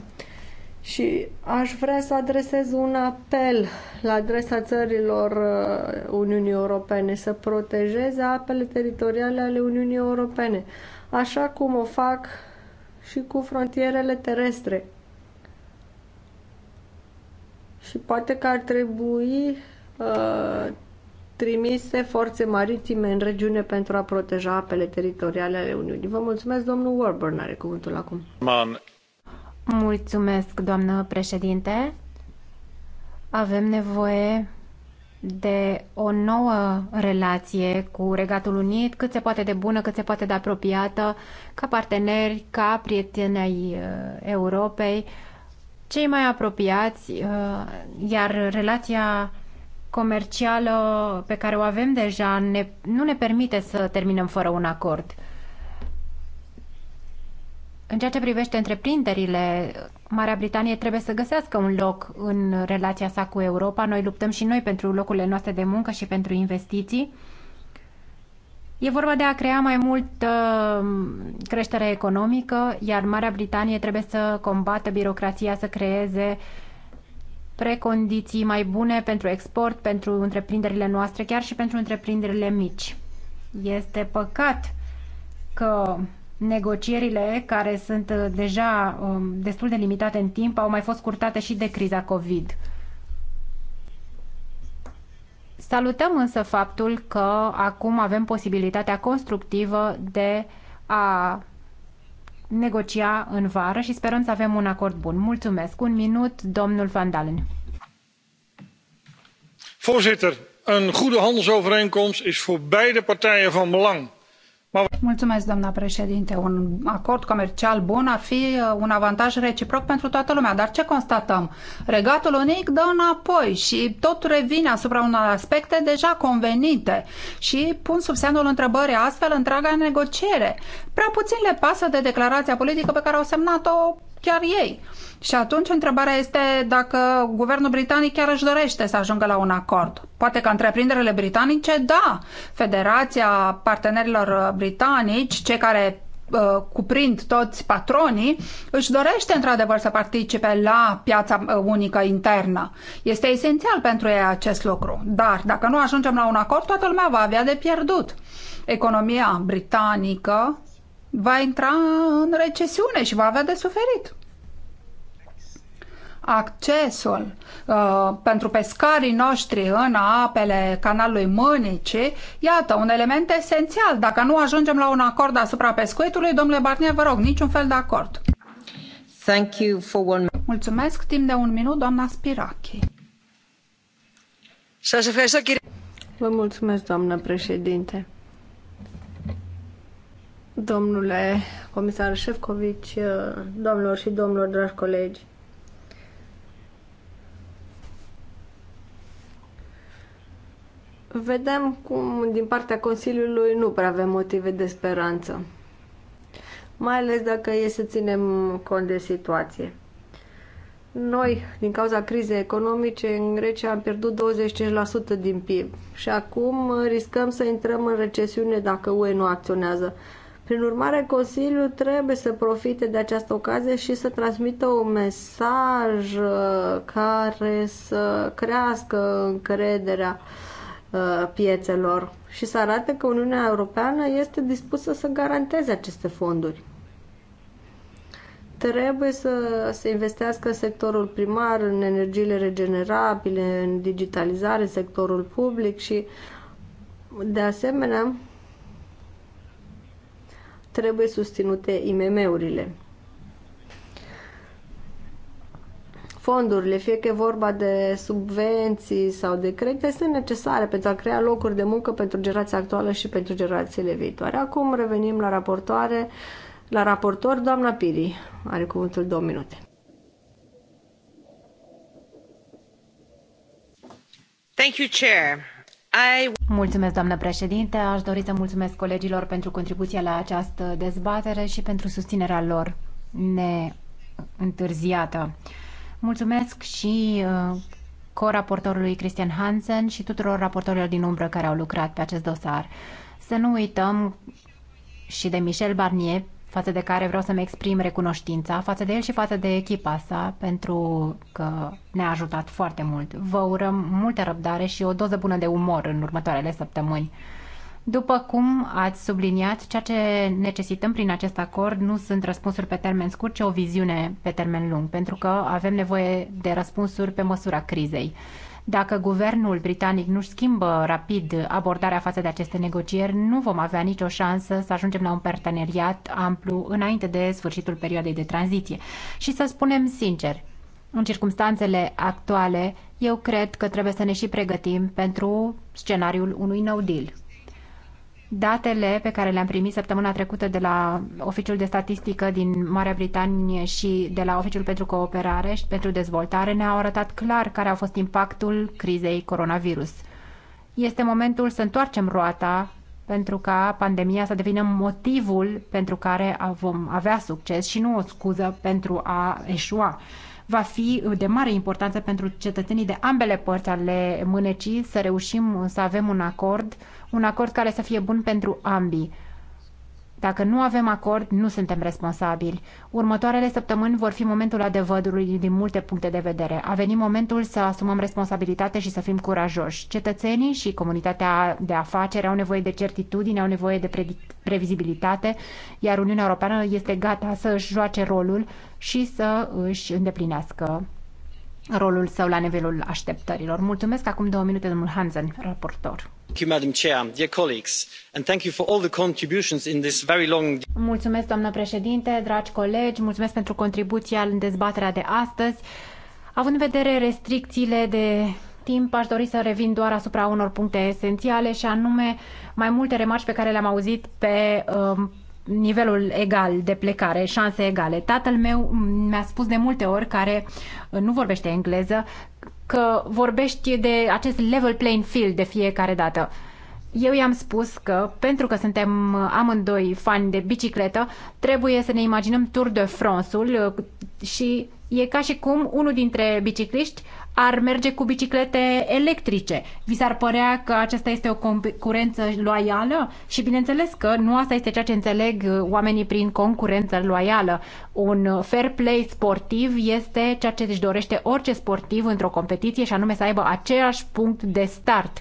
Speaker 3: și aș vrea să adresez un apel la adresa țărilor uh, Uniunii Europene să protejeze apele teritoriale ale Uniunii Europene, așa cum o fac și cu frontierele terestre. Și poate că ar trebui uh, trimise forțe maritime în regiune pentru a proteja apele teritoriale ale Uniunii. Vă mulțumesc, domnul Warburn are cuvântul acum.
Speaker 1: Man.
Speaker 4: Mulțumesc, doamnă președinte. Avem nevoie de o nouă relație cu Regatul Unit, cât se poate de bună, cât se poate de apropiată, ca parteneri, ca prieteni ai uh, Europei, cei mai apropiați, uh, iar relația comercială pe care o avem deja ne, nu ne permite să terminăm fără un acord. În ceea ce privește întreprinderile, Marea Britanie trebuie să găsească un loc în relația sa cu Europa. Noi luptăm și noi pentru locurile noastre de muncă și pentru investiții. E vorba de a crea mai mult um, creștere economică, iar Marea Britanie trebuie să combată birocrația, să creeze precondiții mai bune pentru export, pentru întreprinderile noastre, chiar și pentru întreprinderile mici. Este păcat că negocierile care sunt uh, deja um, destul de limitate în timp au mai fost curtate și de criza COVID. Salutăm însă faptul că acum avem posibilitatea constructivă de a negocia în vară și sperăm să avem un acord bun. Mulțumesc. Un minut, domnul Van Dalen.
Speaker 1: Voorzitter, een goede handelsovereenkomst is voor beide partijen van belang.
Speaker 4: Mulțumesc,
Speaker 5: doamna președinte. Un acord comercial bun ar fi uh, un avantaj reciproc pentru toată lumea. Dar ce constatăm? Regatul unic dă înapoi și tot revine asupra unor aspecte deja convenite și pun sub semnul întrebării astfel întreaga negociere. Prea puțin le pasă de declarația politică pe care au semnat-o chiar ei. Și atunci întrebarea este dacă guvernul britanic chiar își dorește să ajungă la un acord. Poate că întreprinderile britanice, da, Federația Partenerilor Britanici, cei care uh, cuprind toți patronii, își dorește într-adevăr să participe la piața uh, unică internă. Este esențial pentru ei acest lucru. Dar dacă nu ajungem la un acord, toată lumea va avea de pierdut. Economia britanică va intra în recesiune și va avea de suferit. Accesul uh, pentru pescarii noștri în apele canalului Mânici, iată, un element esențial. Dacă nu ajungem la un acord asupra pescuitului, domnule Barnier, vă rog, niciun fel de acord. Thank you for one... Mulțumesc. Timp de un minut, doamna Spirachi. Vă mulțumesc, doamnă președinte
Speaker 3: domnule comisar Șefcovici, eh, domnilor și domnilor, dragi colegi. Vedem cum din partea Consiliului nu prea avem motive de speranță, mai ales dacă e să ținem cont de situație. Noi, din cauza crizei economice, în Grecia am pierdut 25% din PIB și acum riscăm să intrăm în recesiune dacă UE nu acționează. Prin urmare, Consiliul trebuie să profite de această ocazie și să transmită un mesaj uh, care să crească încrederea uh, piețelor și să arate că Uniunea Europeană este dispusă să garanteze aceste fonduri. Trebuie să se investească în sectorul primar, în energiile regenerabile, în digitalizare, în sectorul public și, de asemenea, trebuie susținute IMM-urile. Fondurile, fie că e vorba de subvenții sau de credite, sunt necesare pentru a crea locuri de muncă pentru generația actuală și pentru generațiile viitoare. Acum revenim la raportoare, la raportor, doamna Piri. Are cuvântul două minute.
Speaker 5: Thank you, Chair.
Speaker 4: Mulțumesc, doamnă președinte. Aș dori să mulțumesc colegilor pentru contribuția la această dezbatere și pentru susținerea lor neîntârziată. Mulțumesc și uh, co-raportorului Christian Hansen și tuturor raportorilor din umbră care au lucrat pe acest dosar. Să nu uităm și de Michel Barnier, față de care vreau să-mi exprim recunoștința, față de el și față de echipa sa, pentru că ne-a ajutat foarte mult. Vă urăm multă răbdare și o doză bună de umor în următoarele săptămâni. După cum ați subliniat, ceea ce necesităm prin acest acord nu sunt răspunsuri pe termen scurt, ci o viziune pe termen lung, pentru că avem nevoie de răspunsuri pe măsura crizei. Dacă guvernul britanic nu schimbă rapid abordarea față de aceste negocieri, nu vom avea nicio șansă să ajungem la un parteneriat amplu înainte de sfârșitul perioadei de tranziție. Și să spunem sincer, în circunstanțele actuale, eu cred că trebuie să ne și pregătim pentru scenariul unui nou deal. Datele pe care le-am primit săptămâna trecută de la Oficiul de Statistică din Marea Britanie și de la Oficiul pentru Cooperare și pentru Dezvoltare ne-au arătat clar care a fost impactul crizei coronavirus. Este momentul să întoarcem roata pentru ca pandemia să devină motivul pentru care vom avea succes și nu o scuză pentru a eșua va fi de mare importanță pentru cetățenii de ambele părți ale mânecii să reușim să avem un acord, un acord care să fie bun pentru ambii. Dacă nu avem acord, nu suntem responsabili. Următoarele săptămâni vor fi momentul adevărului din multe puncte de vedere. A venit momentul să asumăm responsabilitate și să fim curajoși. Cetățenii și comunitatea de afaceri au nevoie de certitudine, au nevoie de previzibilitate, iar Uniunea Europeană este gata să își joace rolul și să își îndeplinească rolul său la nivelul așteptărilor. Mulțumesc acum două minute, domnul Hansen, raportor mulțumesc doamnă președinte dragi colegi mulțumesc pentru contribuția în dezbaterea de astăzi. având în vedere restricțiile de timp aș dori să revin doar asupra unor puncte esențiale și anume mai multe remarci pe care le-am auzit pe um, nivelul egal de plecare, șanse egale. Tatăl meu mi-a spus de multe ori, care nu vorbește engleză, că vorbești de acest level playing field de fiecare dată. Eu i-am spus că, pentru că suntem amândoi fani de bicicletă, trebuie să ne imaginăm Tour de France-ul uh, și e ca și cum unul dintre bicicliști ar merge cu biciclete electrice. Vi s-ar părea că aceasta este o concurență loială? Și bineînțeles că nu asta este ceea ce înțeleg uh, oamenii prin concurență loială. Un uh, fair play sportiv este ceea ce își dorește orice sportiv într-o competiție și anume să aibă același punct de start.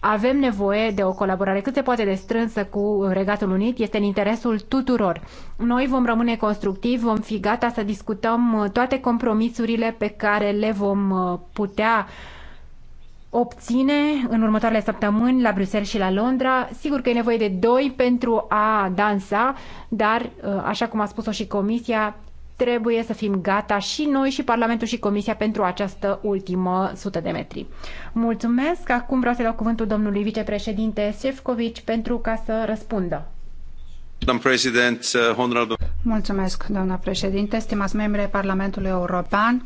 Speaker 4: Avem nevoie de o colaborare cât se poate de strânsă cu Regatul Unit, este în interesul tuturor. Noi vom rămâne constructivi, vom fi gata să discutăm uh, toate compromisurile pe care le vom uh, putea obține în următoarele săptămâni la Bruxelles și la Londra. Sigur că e nevoie de doi pentru a dansa, dar, uh, așa cum a spus-o și Comisia, trebuie să fim gata și noi și Parlamentul și Comisia pentru această ultimă sută de metri. Mulțumesc. Acum vreau să dau cuvântul domnului vicepreședinte Sefcovic pentru ca să răspundă.
Speaker 5: Mulțumesc, doamna președinte, stimați membri ai Parlamentului European.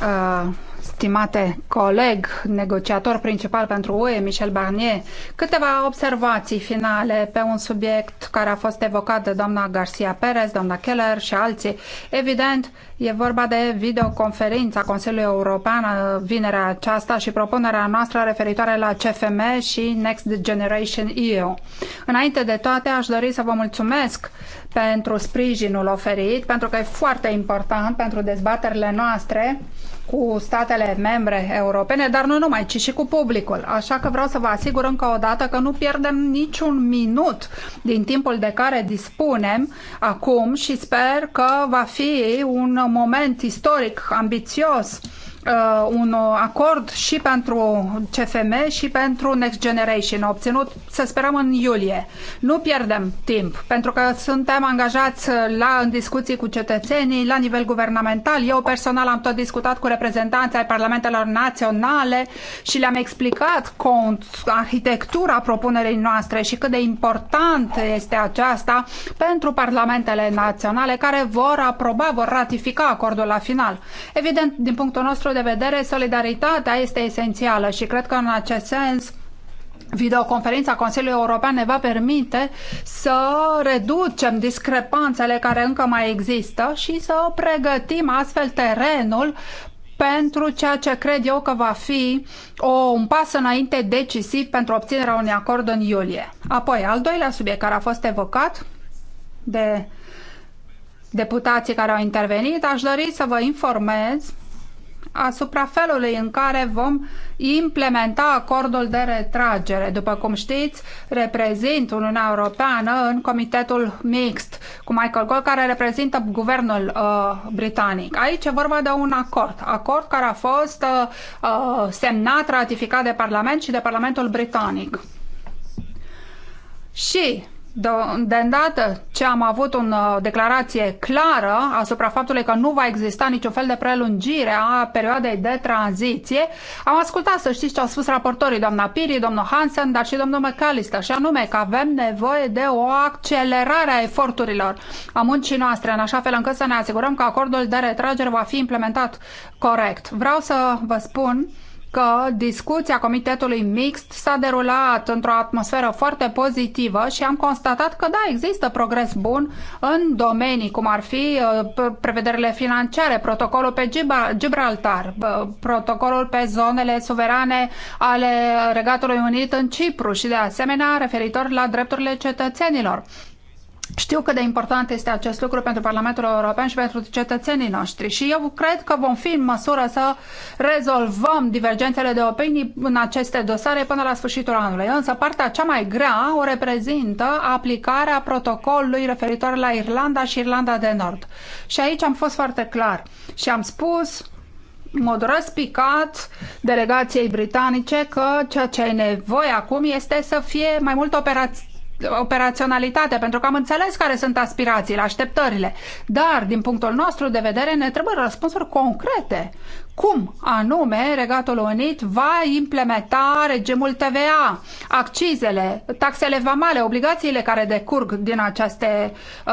Speaker 5: Uh, stimate coleg, negociator principal pentru UE, Michel Barnier, câteva observații finale pe un subiect care a fost evocat de doamna Garcia Perez, doamna Keller și alții. Evident, e vorba de videoconferința Consiliului European vinerea aceasta și propunerea noastră referitoare la CFM și Next Generation EU. Înainte de toate, aș dori să vă mulțumesc pentru sprijinul oferit, pentru că e foarte important pentru dezbaterile noastre cu statele membre europene, dar nu numai, ci și cu publicul. Așa că vreau să vă asigur încă o dată că nu pierdem niciun minut din timpul de care dispunem acum și sper că va fi un moment istoric ambițios uh, un acord și pentru CFM și pentru Next Generation, obținut, să sperăm, în iulie. Nu pierdem timp, pentru că suntem angajați la, în discuții cu cetățenii, la nivel guvernamental. Eu personal am tot discutat cu reprezentanții ai parlamentelor naționale și le-am explicat cont, arhitectura propunerii noastre și cât de important este aceasta pentru parlamentele naționale care vor aproba, vor ratifica acordul la final. Evident, din punctul nostru nostru de vedere, solidaritatea este esențială și cred că în acest sens Videoconferința Consiliului European ne va permite să reducem discrepanțele care încă mai există și să pregătim astfel terenul pentru ceea ce cred eu că va fi o, un pas înainte decisiv pentru obținerea unui acord în iulie. Apoi, al doilea subiect care a fost evocat de deputații care au intervenit, aș dori să vă informez asupra felului în care vom implementa acordul de retragere. După cum știți, reprezint Uniunea Europeană în comitetul mixt cu Michael Gove, care reprezintă guvernul uh, britanic. Aici e vorba de un acord, acord care a fost uh, uh semnat, ratificat de Parlament și de Parlamentul britanic. Și de îndată ce am avut o uh, declarație clară asupra faptului că nu va exista niciun fel de prelungire a perioadei de tranziție, am ascultat să știți ce au spus raportorii, doamna Piri, domnul Hansen, dar și domnul McAllister, și anume că avem nevoie de o accelerare a eforturilor a muncii noastre, în așa fel încât să ne asigurăm că acordul de retragere va fi implementat corect. Vreau să vă spun că discuția Comitetului Mixt s-a derulat într-o atmosferă foarte pozitivă și am constatat că da, există progres bun în domenii, cum ar fi uh, prevederile financiare, protocolul pe Gibraltar, uh, protocolul pe zonele suverane ale Regatului Unit în Cipru și de asemenea referitor la drepturile cetățenilor. Știu cât de important este acest lucru pentru Parlamentul European și pentru cetățenii noștri și eu cred că vom fi în măsură să rezolvăm divergențele de opinii în aceste dosare până la sfârșitul anului. Însă partea cea mai grea o reprezintă aplicarea protocolului referitor la Irlanda și Irlanda de Nord. Și aici am fost foarte clar și am spus în mod răspicat delegației britanice că ceea ce ai nevoie acum este să fie mai mult operați operaționalitate, pentru că am înțeles care sunt aspirațiile, așteptările. Dar, din punctul nostru de vedere, ne trebuie răspunsuri concrete cum anume Regatul Unit va implementa regimul TVA, accizele, taxele vamale, obligațiile care decurg din aceste uh,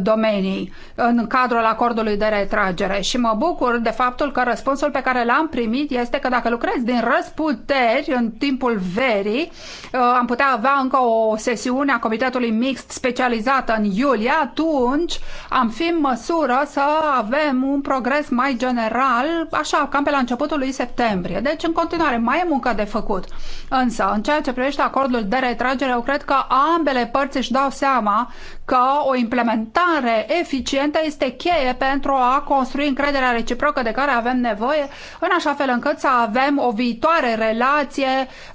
Speaker 5: domenii în cadrul acordului de retragere. Și mă bucur de faptul că răspunsul pe care l-am primit este că dacă lucrez din răsputeri în timpul verii, uh, am putea avea încă o sesiune a Comitetului Mixt specializată în iulie, atunci am fi în măsură să avem un progres mai general așa, cam pe la începutul lui septembrie. Deci, în continuare, mai e muncă de făcut. Însă, în ceea ce privește acordul de retragere, eu cred că ambele părți își dau seama că o implementare eficientă este cheie pentru a construi încrederea reciprocă de care avem nevoie, în așa fel încât să avem o viitoare relație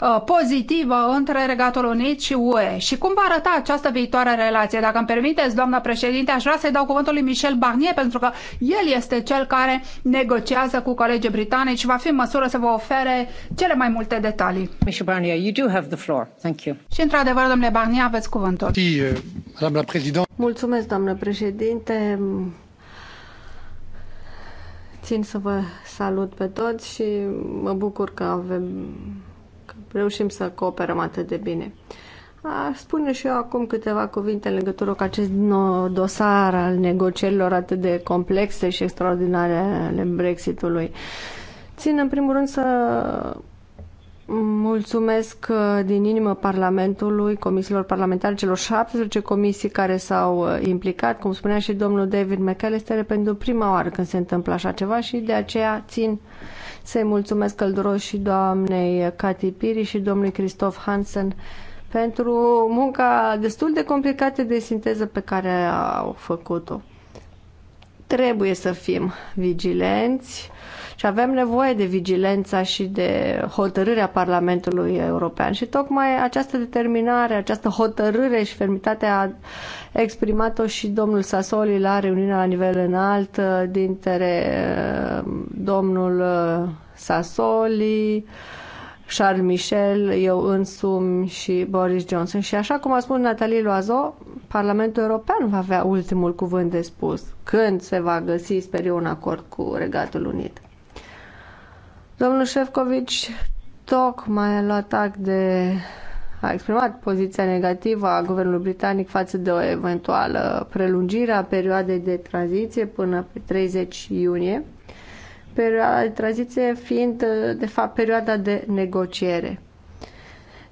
Speaker 5: uh, pozitivă între Regatul Unit și UE. Și cum va arăta această viitoare relație? Dacă îmi permiteți, doamna președinte, aș vrea să-i dau cuvântul lui Michel Barnier, pentru că el este cel care negociază împreună cu colegii britanici va fi în măsură să vă ofere cele mai multe detalii. Barnier, you do have the floor. Thank you. Și într-adevăr, domnule Barnier, aveți cuvântul. Eh, Mulțumesc, doamnă președinte. Țin
Speaker 3: să vă salut pe toți și mă bucur că avem că reușim să cooperăm atât de bine. Uh, Aș spune și eu acum câteva cuvinte în legătură cu acest dosar al negocierilor atât de complexe și extraordinare ale Brexitului. Țin în primul rând să Mulțumesc uh, din inimă Parlamentului, comisiilor parlamentare, celor 17 comisii care s-au uh, implicat, cum spunea și domnul David McAllister, pentru prima oară când se întâmplă așa ceva și de aceea țin să-i mulțumesc călduros și doamnei uh, Cati Piri și domnului Christoph Hansen pentru munca destul de complicată de sinteză pe care au făcut-o. Trebuie să fim vigilenți și avem nevoie de vigilența și de hotărârea Parlamentului European. Și tocmai această determinare, această hotărâre și fermitatea a exprimat-o și domnul Sasoli la reuniunea la nivel înalt uh, dintre uh, domnul uh, Sasoli, Charles Michel, eu însumi și Boris Johnson. Și așa cum a spus Natalie Loazo, Parlamentul European va avea ultimul cuvânt de spus când se va găsi, sper eu, un acord cu Regatul Unit. Domnul Șefcovic tocmai a luat act de a exprimat poziția negativă a guvernului britanic față de o eventuală prelungire a perioadei de tranziție până pe 30 iunie perioada de tranziție fiind, uh, de fapt, perioada de negociere.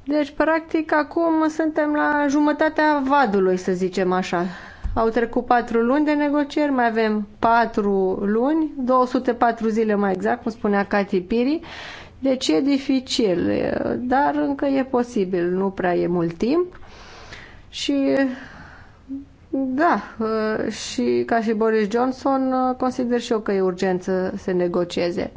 Speaker 3: Deci, practic, acum suntem la jumătatea vadului, să zicem așa. Au trecut patru luni de negocieri, mai avem patru luni, 204 zile mai exact, cum spunea Cati Piri. Deci e dificil, dar încă e posibil, nu prea e mult timp. Și da, uh, și ca și Boris Johnson, uh, consider și eu că e urgent să se negocieze.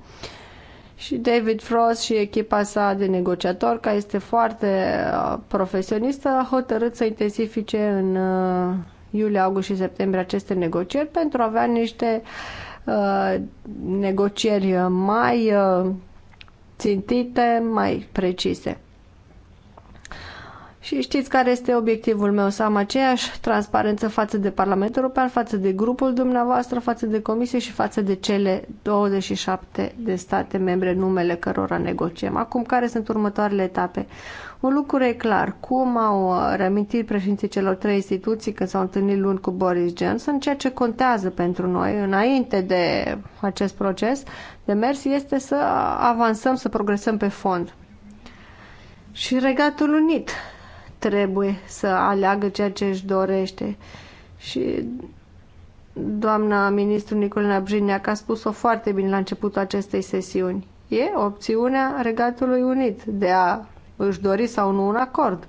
Speaker 3: Și David Frost și echipa sa de negociator, care este foarte uh, profesionistă, a hotărât să intensifice în iulie, august și septembrie aceste negocieri pentru a avea niște negocieri mai țintite, mai precise. Și știți care este obiectivul meu, să am aceeași transparență față de Parlamentul European, față de grupul dumneavoastră, față de Comisie și față de cele 27 de state membre, numele cărora negociem. Acum, care sunt următoarele etape? Un lucru e clar, cum au uh, reamintit președinții celor trei instituții când s-au întâlnit luni cu Boris Johnson, ceea ce contează pentru noi înainte de acest proces de mers este să avansăm, să progresăm pe fond. Și Regatul Unit trebuie să aleagă ceea ce își dorește. Și doamna ministru Nicolina Brjiniac a spus-o foarte bine la începutul acestei sesiuni. E opțiunea Regatului Unit de a își dori sau nu un acord,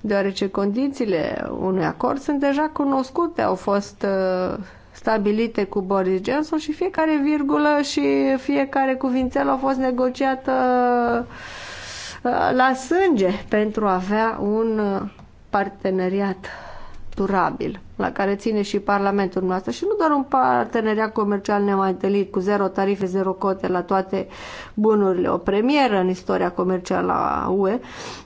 Speaker 3: deoarece condițiile unui acord sunt deja cunoscute, au fost uh, stabilite cu Boris Johnson și fiecare virgulă și fiecare cuvințel a fost negociată uh, la sânge pentru a avea un uh, parteneriat durabil, la care ține și Parlamentul noastră și nu doar un parteneriat comercial nemantălit cu zero tarife, zero cote la toate bunurile, o premieră în istoria comercială a UE,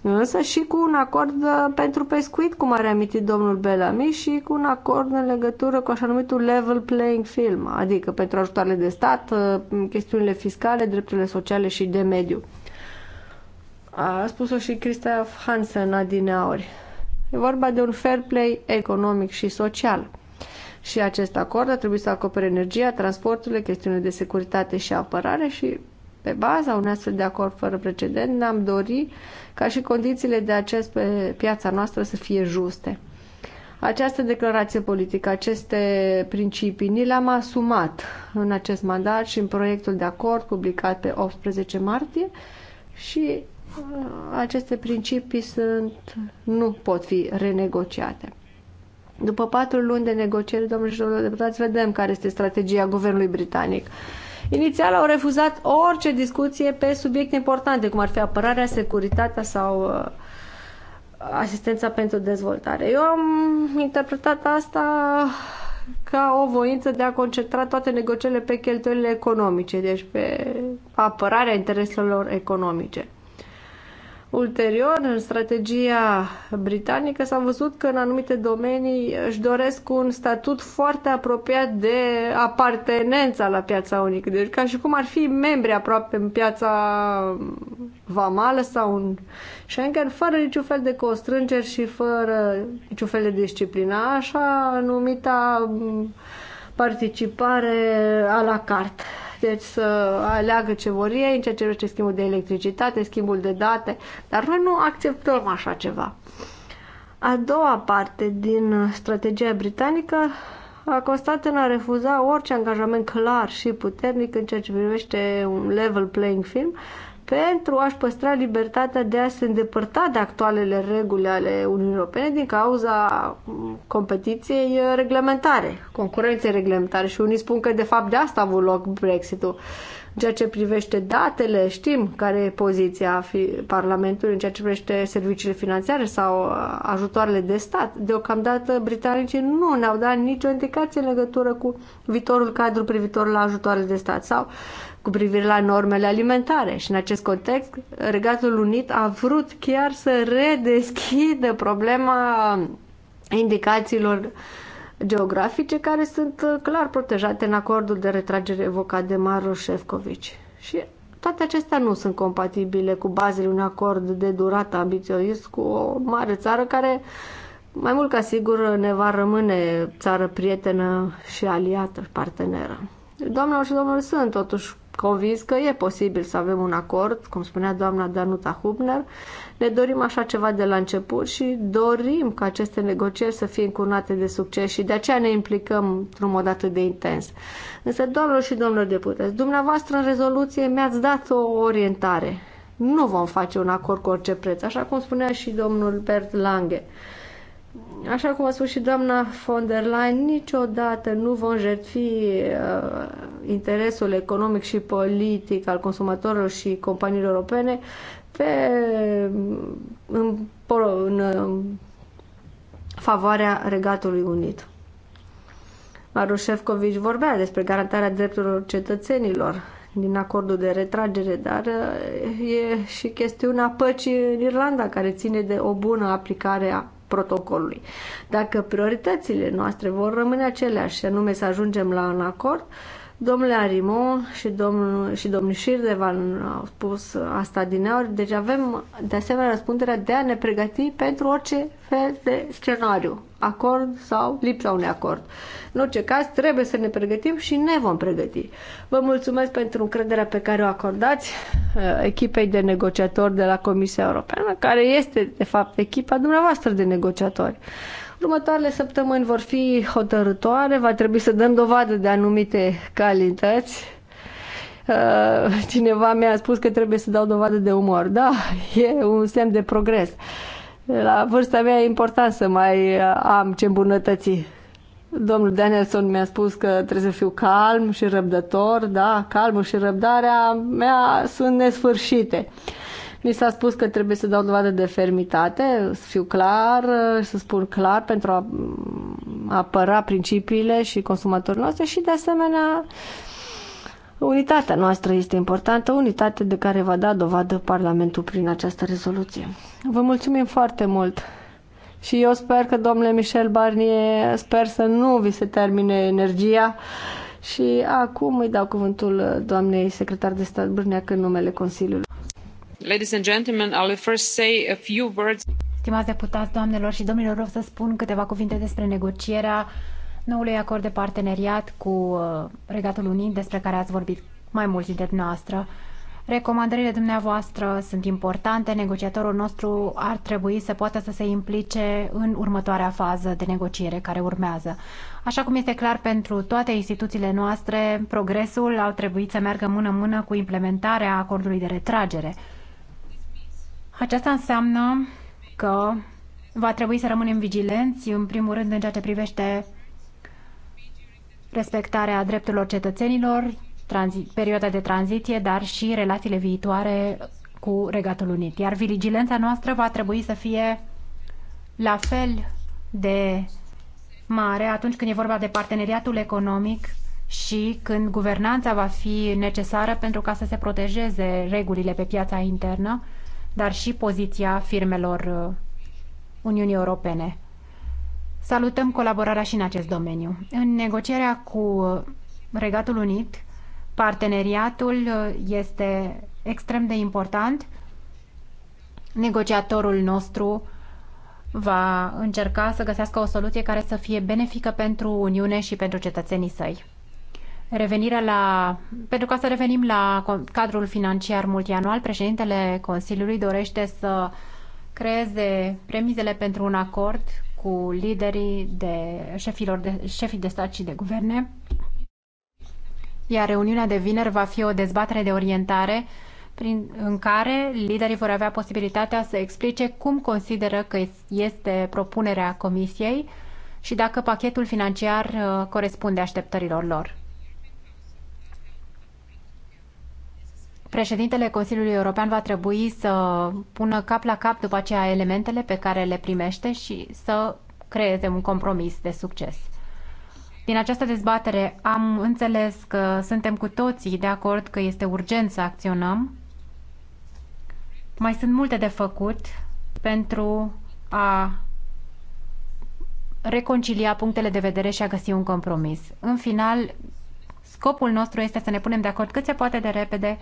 Speaker 3: însă și cu un acord uh, pentru pescuit, cum a reamintit domnul Bellamy, și cu un acord în legătură cu așa numitul level playing film, adică pentru ajutoarele de stat, uh, chestiunile fiscale, drepturile sociale și de mediu. A spus-o și Christoph Hansen adineauri. E vorba de un fair play economic și social. Și acest acord a trebuit să acopere energia, transporturile, chestiunile de securitate și apărare și pe baza unui astfel de acord fără precedent ne-am dorit ca și condițiile de acest pe piața noastră să fie juste. Această declarație politică, aceste principii, ni le-am asumat în acest mandat și în proiectul de acord publicat pe 18 martie și aceste principii sunt, nu pot fi renegociate. După patru luni de negocieri, domnule și domnule deputați, vedem care este strategia guvernului britanic. Inițial au refuzat orice discuție pe subiecte importante, cum ar fi apărarea, securitatea sau uh, asistența pentru dezvoltare. Eu am interpretat asta ca o voință de a concentra toate negocierile pe cheltuielile economice, deci pe apărarea intereselor economice. Ulterior, în strategia britanică s-a văzut că în anumite domenii își doresc un statut foarte apropiat de apartenența la piața unică, deci ca și cum ar fi membri aproape în piața vamală sau în Schengen, fără niciun fel de constrângeri și fără niciun fel de disciplina, așa numita participare a la carte deci să aleagă ce vor ei în ceea ce privește schimbul de electricitate, schimbul de date, dar noi nu acceptăm așa ceva. A doua parte din strategia britanică a constat în a refuza orice angajament clar și puternic în ceea ce privește un level playing film pentru a-și păstra libertatea de a se îndepărta de actualele reguli ale Uniunii Europene din cauza mm, competiției uh, reglementare, concurenței reglementare și unii spun că de fapt de asta a avut loc Brexit-ul. În ceea ce privește datele, știm care e poziția Parlamentului în ceea ce privește serviciile financiare sau uh, ajutoarele de stat. Deocamdată britanicii nu ne-au dat nicio indicație în legătură cu viitorul cadru privitor la ajutoarele de stat sau uh, cu privire la normele alimentare. Și în acest context, Regatul Unit a vrut chiar să redeschidă problema indicațiilor geografice care sunt uh, clar protejate în acordul de retragere evocat de Maros Șefcovici. Și toate acestea nu sunt compatibile cu bazele unui acord de durată ambițios cu o mare țară care mai mult ca sigur ne va rămâne țară prietenă și aliată și parteneră. Doamnelor și domnilor, sunt totuși convins că e posibil să avem un acord, cum spunea doamna Danuta Hubner. Ne dorim așa ceva de la început și dorim ca aceste negocieri să fie încurnate de succes și de aceea ne implicăm într-un mod atât de intens. Însă, doamnelor și domnilor deputați, dumneavoastră în rezoluție mi-ați dat o orientare. Nu vom face un acord cu orice preț, așa cum spunea și domnul Bert Lange. Uh, Așa cum a spus și doamna von der Leyen, niciodată nu vom jertfi uh, interesul economic și politic al consumatorilor și companiilor europene pe, în, în, în uh, favoarea Regatului Unit. Maru Șefcovici vorbea despre garantarea drepturilor cetățenilor din acordul de retragere, dar uh, e și chestiunea păcii în Irlanda, care ține de o bună aplicare a protocolului. Dacă prioritățile noastre vor rămâne aceleași, anume să ajungem la un acord, uh, Domnule Arimon și, domnul, și domnul Șirdevan au spus asta din aur, deci avem de asemenea răspunderea de a ne pregăti pentru orice fel de scenariu, acord sau lipsa unui acord. În orice caz, trebuie să ne pregătim și ne vom pregăti. Vă mulțumesc pentru încrederea pe care o acordați uh, echipei de negociatori de la Comisia Europeană, care este, de fapt, echipa dumneavoastră de negociatori. Următoarele săptămâni vor fi hotărătoare, va trebui să dăm dovadă de anumite calități. Uh, cineva mi-a spus că trebuie să dau dovadă de umor. Da, e un semn de progres. La vârsta mea e important să mai uh, am ce îmbunătăți. Domnul Danielson mi-a spus că trebuie să fiu calm și răbdător, da, calmul și răbdarea mea sunt nesfârșite. Uh, mi s-a spus că trebuie să dau dovadă de fermitate, să fiu clar, să spun clar pentru a apăra principiile și consumatorii noastre și de asemenea unitatea noastră este importantă, unitate de care va da dovadă Parlamentul prin această rezoluție. Vă mulțumim foarte mult! Și eu sper că, domnule Michel Barnier, sper să nu vi se termine energia. Și acum îi dau cuvântul doamnei secretar de stat Brânea în numele Consiliului.
Speaker 4: Stimați deputați, doamnelor și domnilor, vreau să spun câteva cuvinte despre negocierea noului acord de parteneriat cu uh, Regatul Unit, despre care ați vorbit mai mulți dintre dumneavoastră. Recomandările dumneavoastră sunt importante. Negociatorul nostru ar trebui să poată să se implice în următoarea fază de negociere care urmează. Așa cum este clar pentru toate instituțiile noastre, progresul au trebuit să meargă mână-mână cu implementarea acordului de retragere. Aceasta înseamnă că va trebui să rămânem vigilenți, în primul rând, în ceea ce privește respectarea drepturilor cetățenilor, perioada de tranziție, dar și relațiile viitoare cu Regatul Unit. Iar vigilența noastră va trebui să fie la fel de mare atunci când e vorba de parteneriatul economic și când guvernanța va fi necesară pentru ca să se protejeze regulile pe piața internă dar și poziția firmelor uh, Uniunii Europene. Salutăm colaborarea și în acest domeniu. În negocierea cu uh, Regatul Unit, parteneriatul uh, este extrem de important. Negociatorul nostru va încerca să găsească o soluție care să fie benefică pentru Uniune și pentru cetățenii săi revenirea la... Pentru ca să revenim la cadrul financiar multianual, președintele Consiliului dorește să creeze premizele pentru un acord cu liderii de șefilor de, șefii de stat și de guverne. Iar reuniunea de vineri va fi o dezbatere de orientare prin, în care liderii vor avea posibilitatea să explice cum consideră că este propunerea Comisiei și dacă pachetul financiar uh, corespunde așteptărilor lor. președintele Consiliului European va trebui să pună cap la cap după aceea elementele pe care le primește și să creeze un compromis de succes. Din această dezbatere am înțeles că suntem cu toții de acord că este urgent să acționăm. Mai sunt multe de făcut pentru a reconcilia punctele de vedere și a găsi un compromis. În final, scopul nostru este să ne punem de acord cât se poate de repede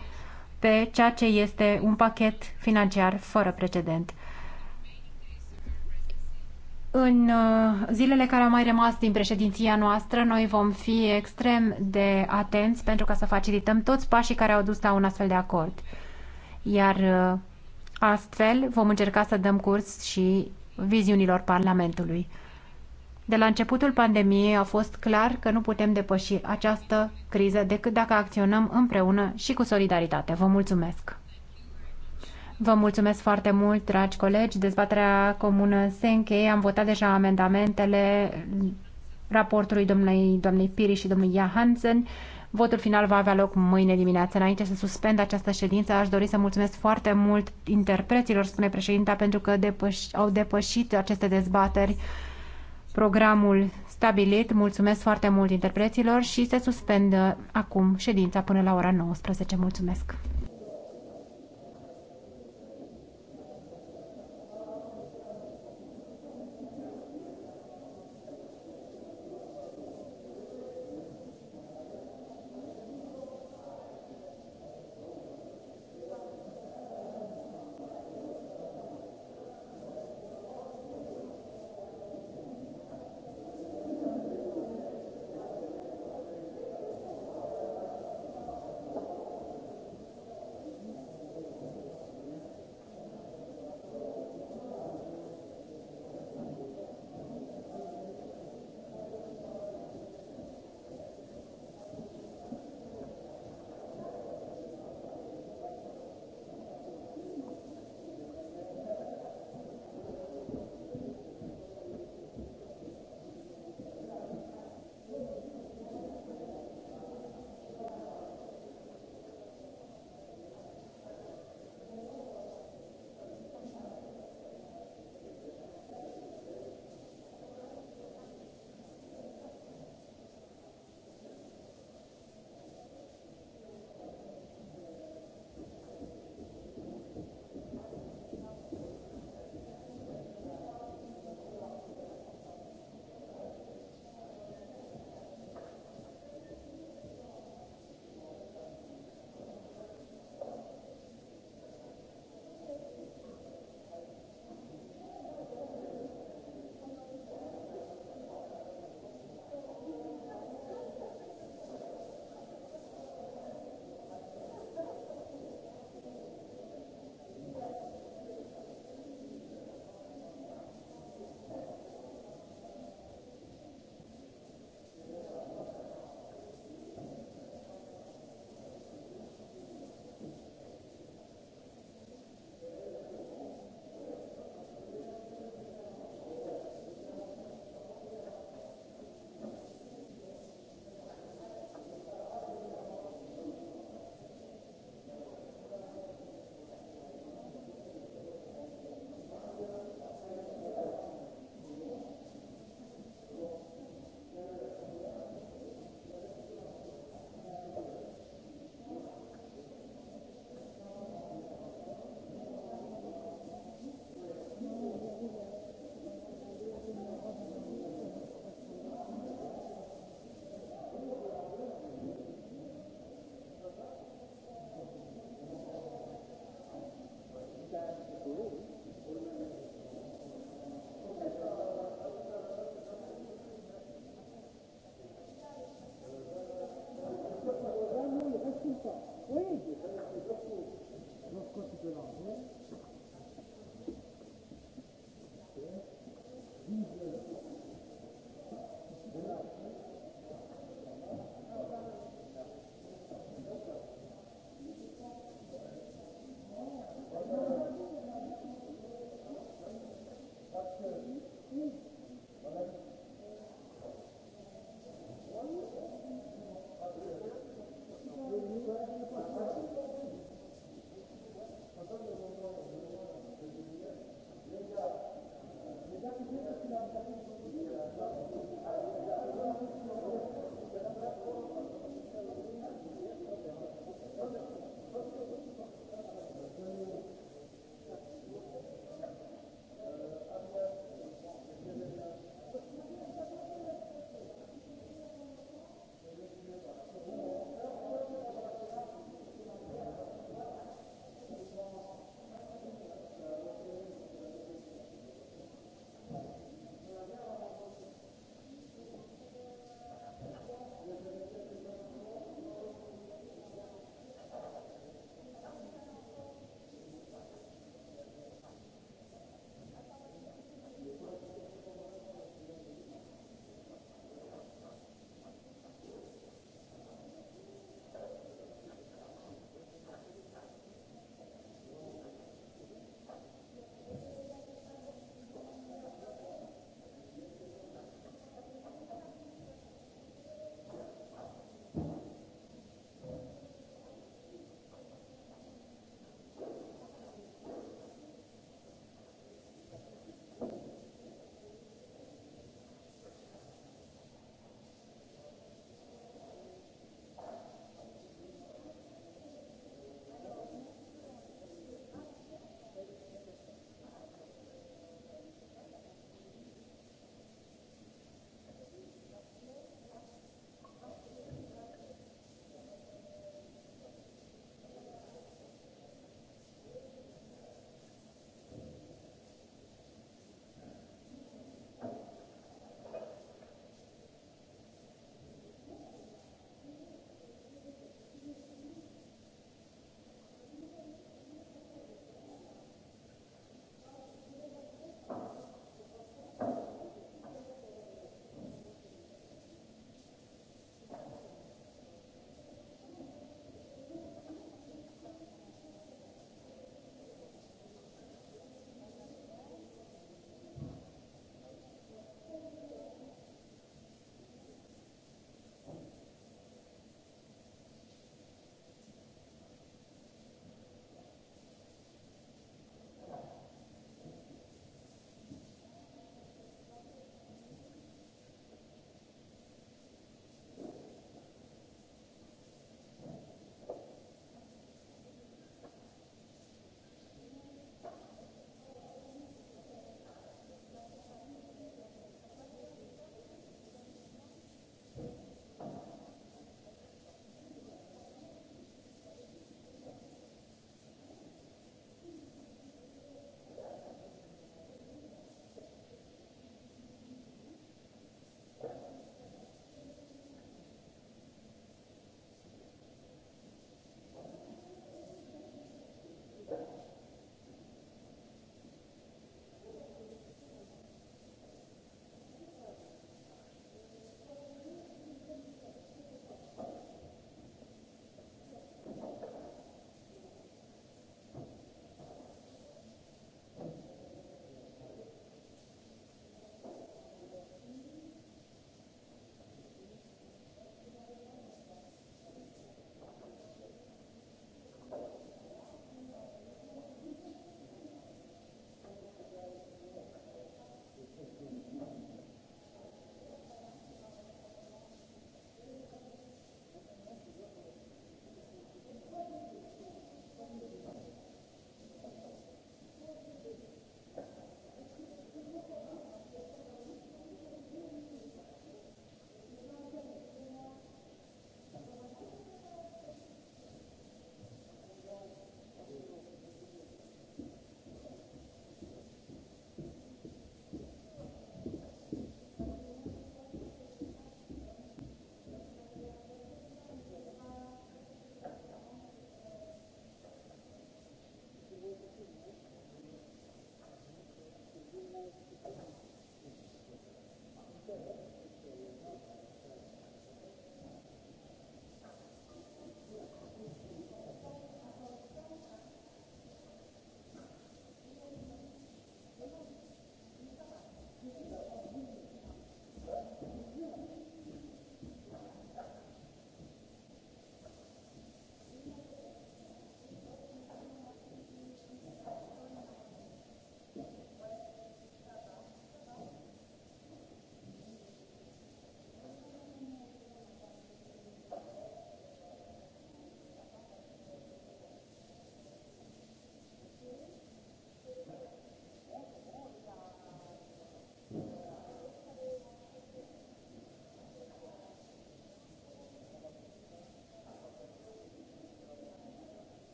Speaker 4: pe ceea ce este un pachet financiar fără precedent. În uh, zilele care au mai rămas din președinția noastră, noi vom fi extrem de atenți pentru ca să facilităm toți pașii care au dus la un astfel de acord. Iar uh, astfel vom încerca să dăm curs și viziunilor Parlamentului. De la începutul pandemiei a fost clar că nu putem depăși această criză decât dacă acționăm împreună și cu solidaritate. Vă mulțumesc! Vă mulțumesc foarte mult, dragi colegi. Dezbaterea comună se încheie. Am votat deja amendamentele raportului domnului, domnului Piri și domnului Johansen. Votul final va avea loc mâine dimineață. Înainte să suspend această ședință, aș dori să mulțumesc foarte mult interpreților, spune președinta, pentru că depăș- au depășit aceste dezbateri programul stabilit. Mulțumesc foarte mult interpreților și se suspendă acum ședința până la ora 19. Mulțumesc!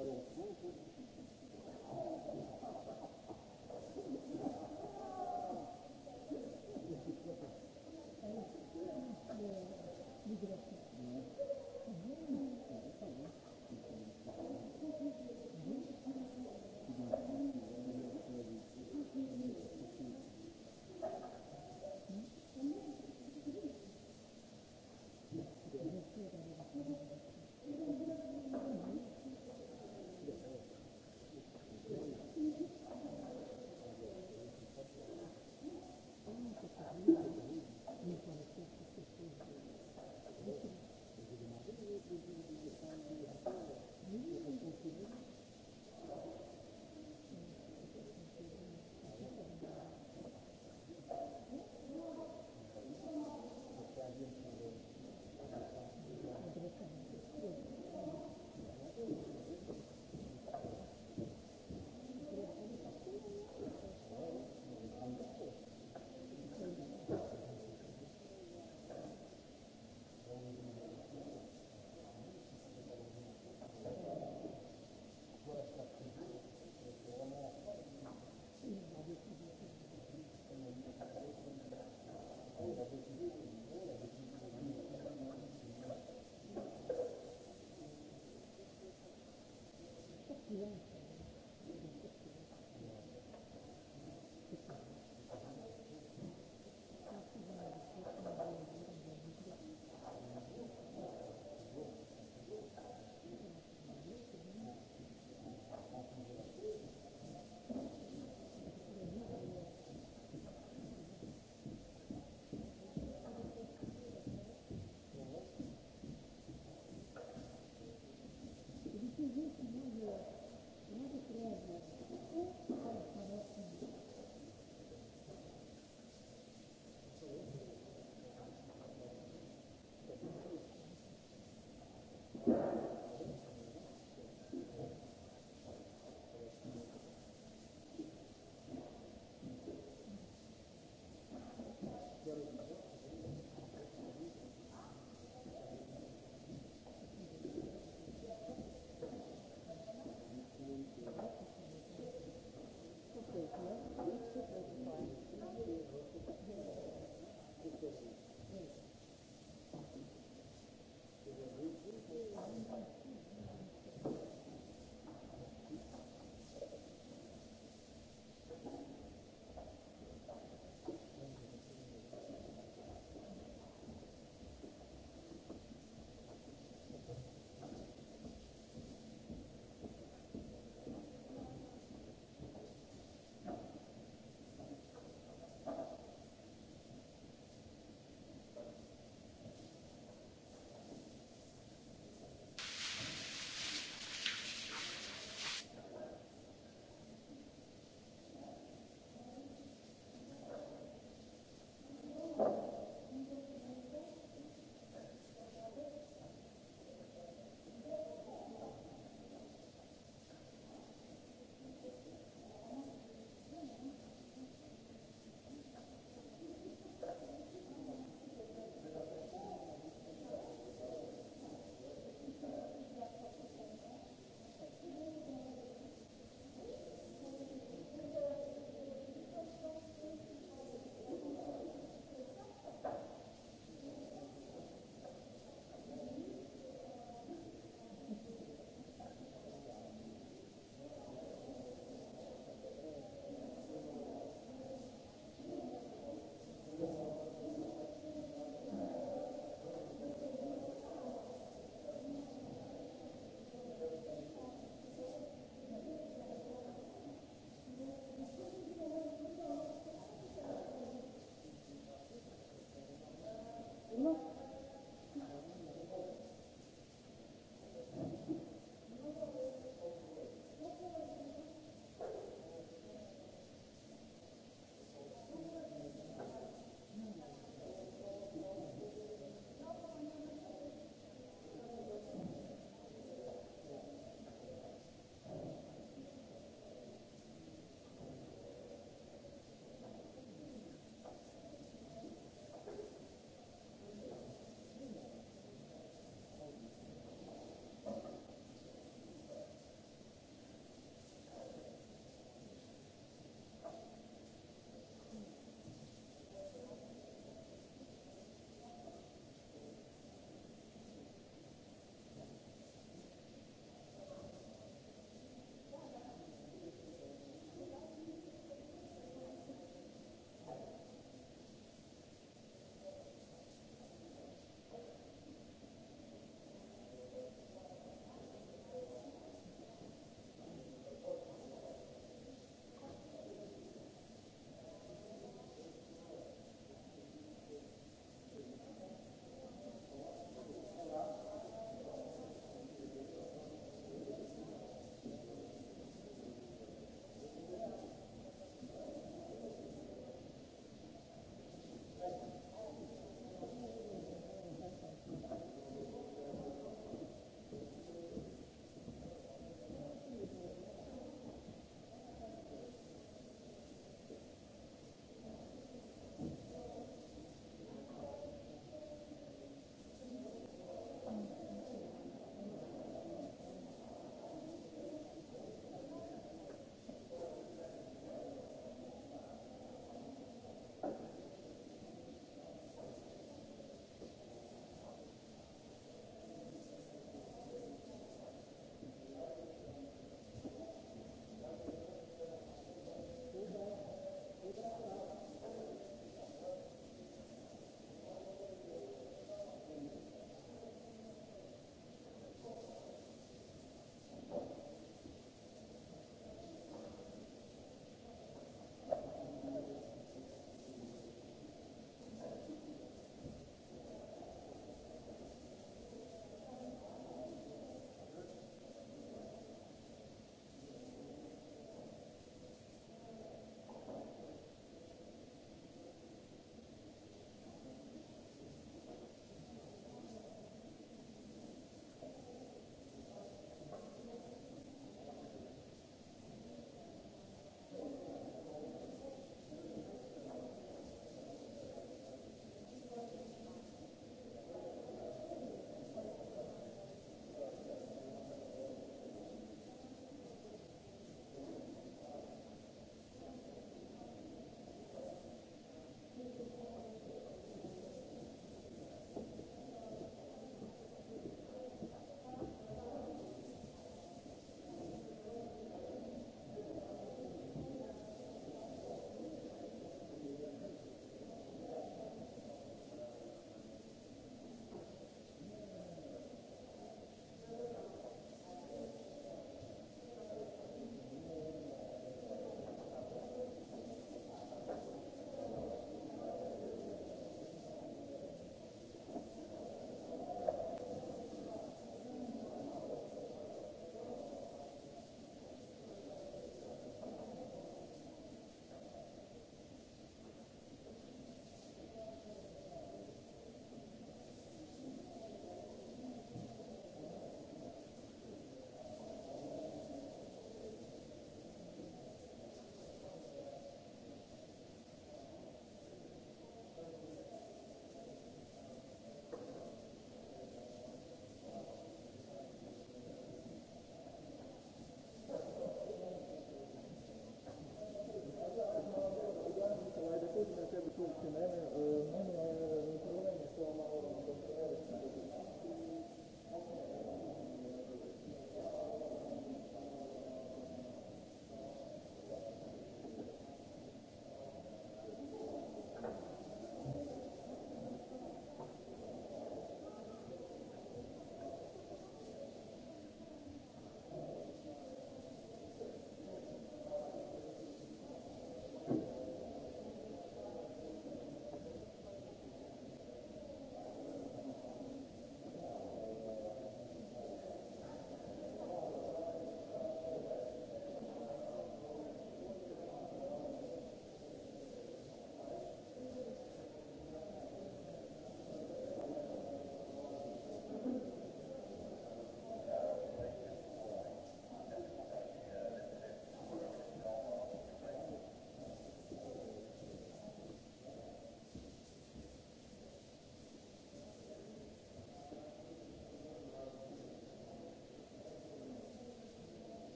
Speaker 9: care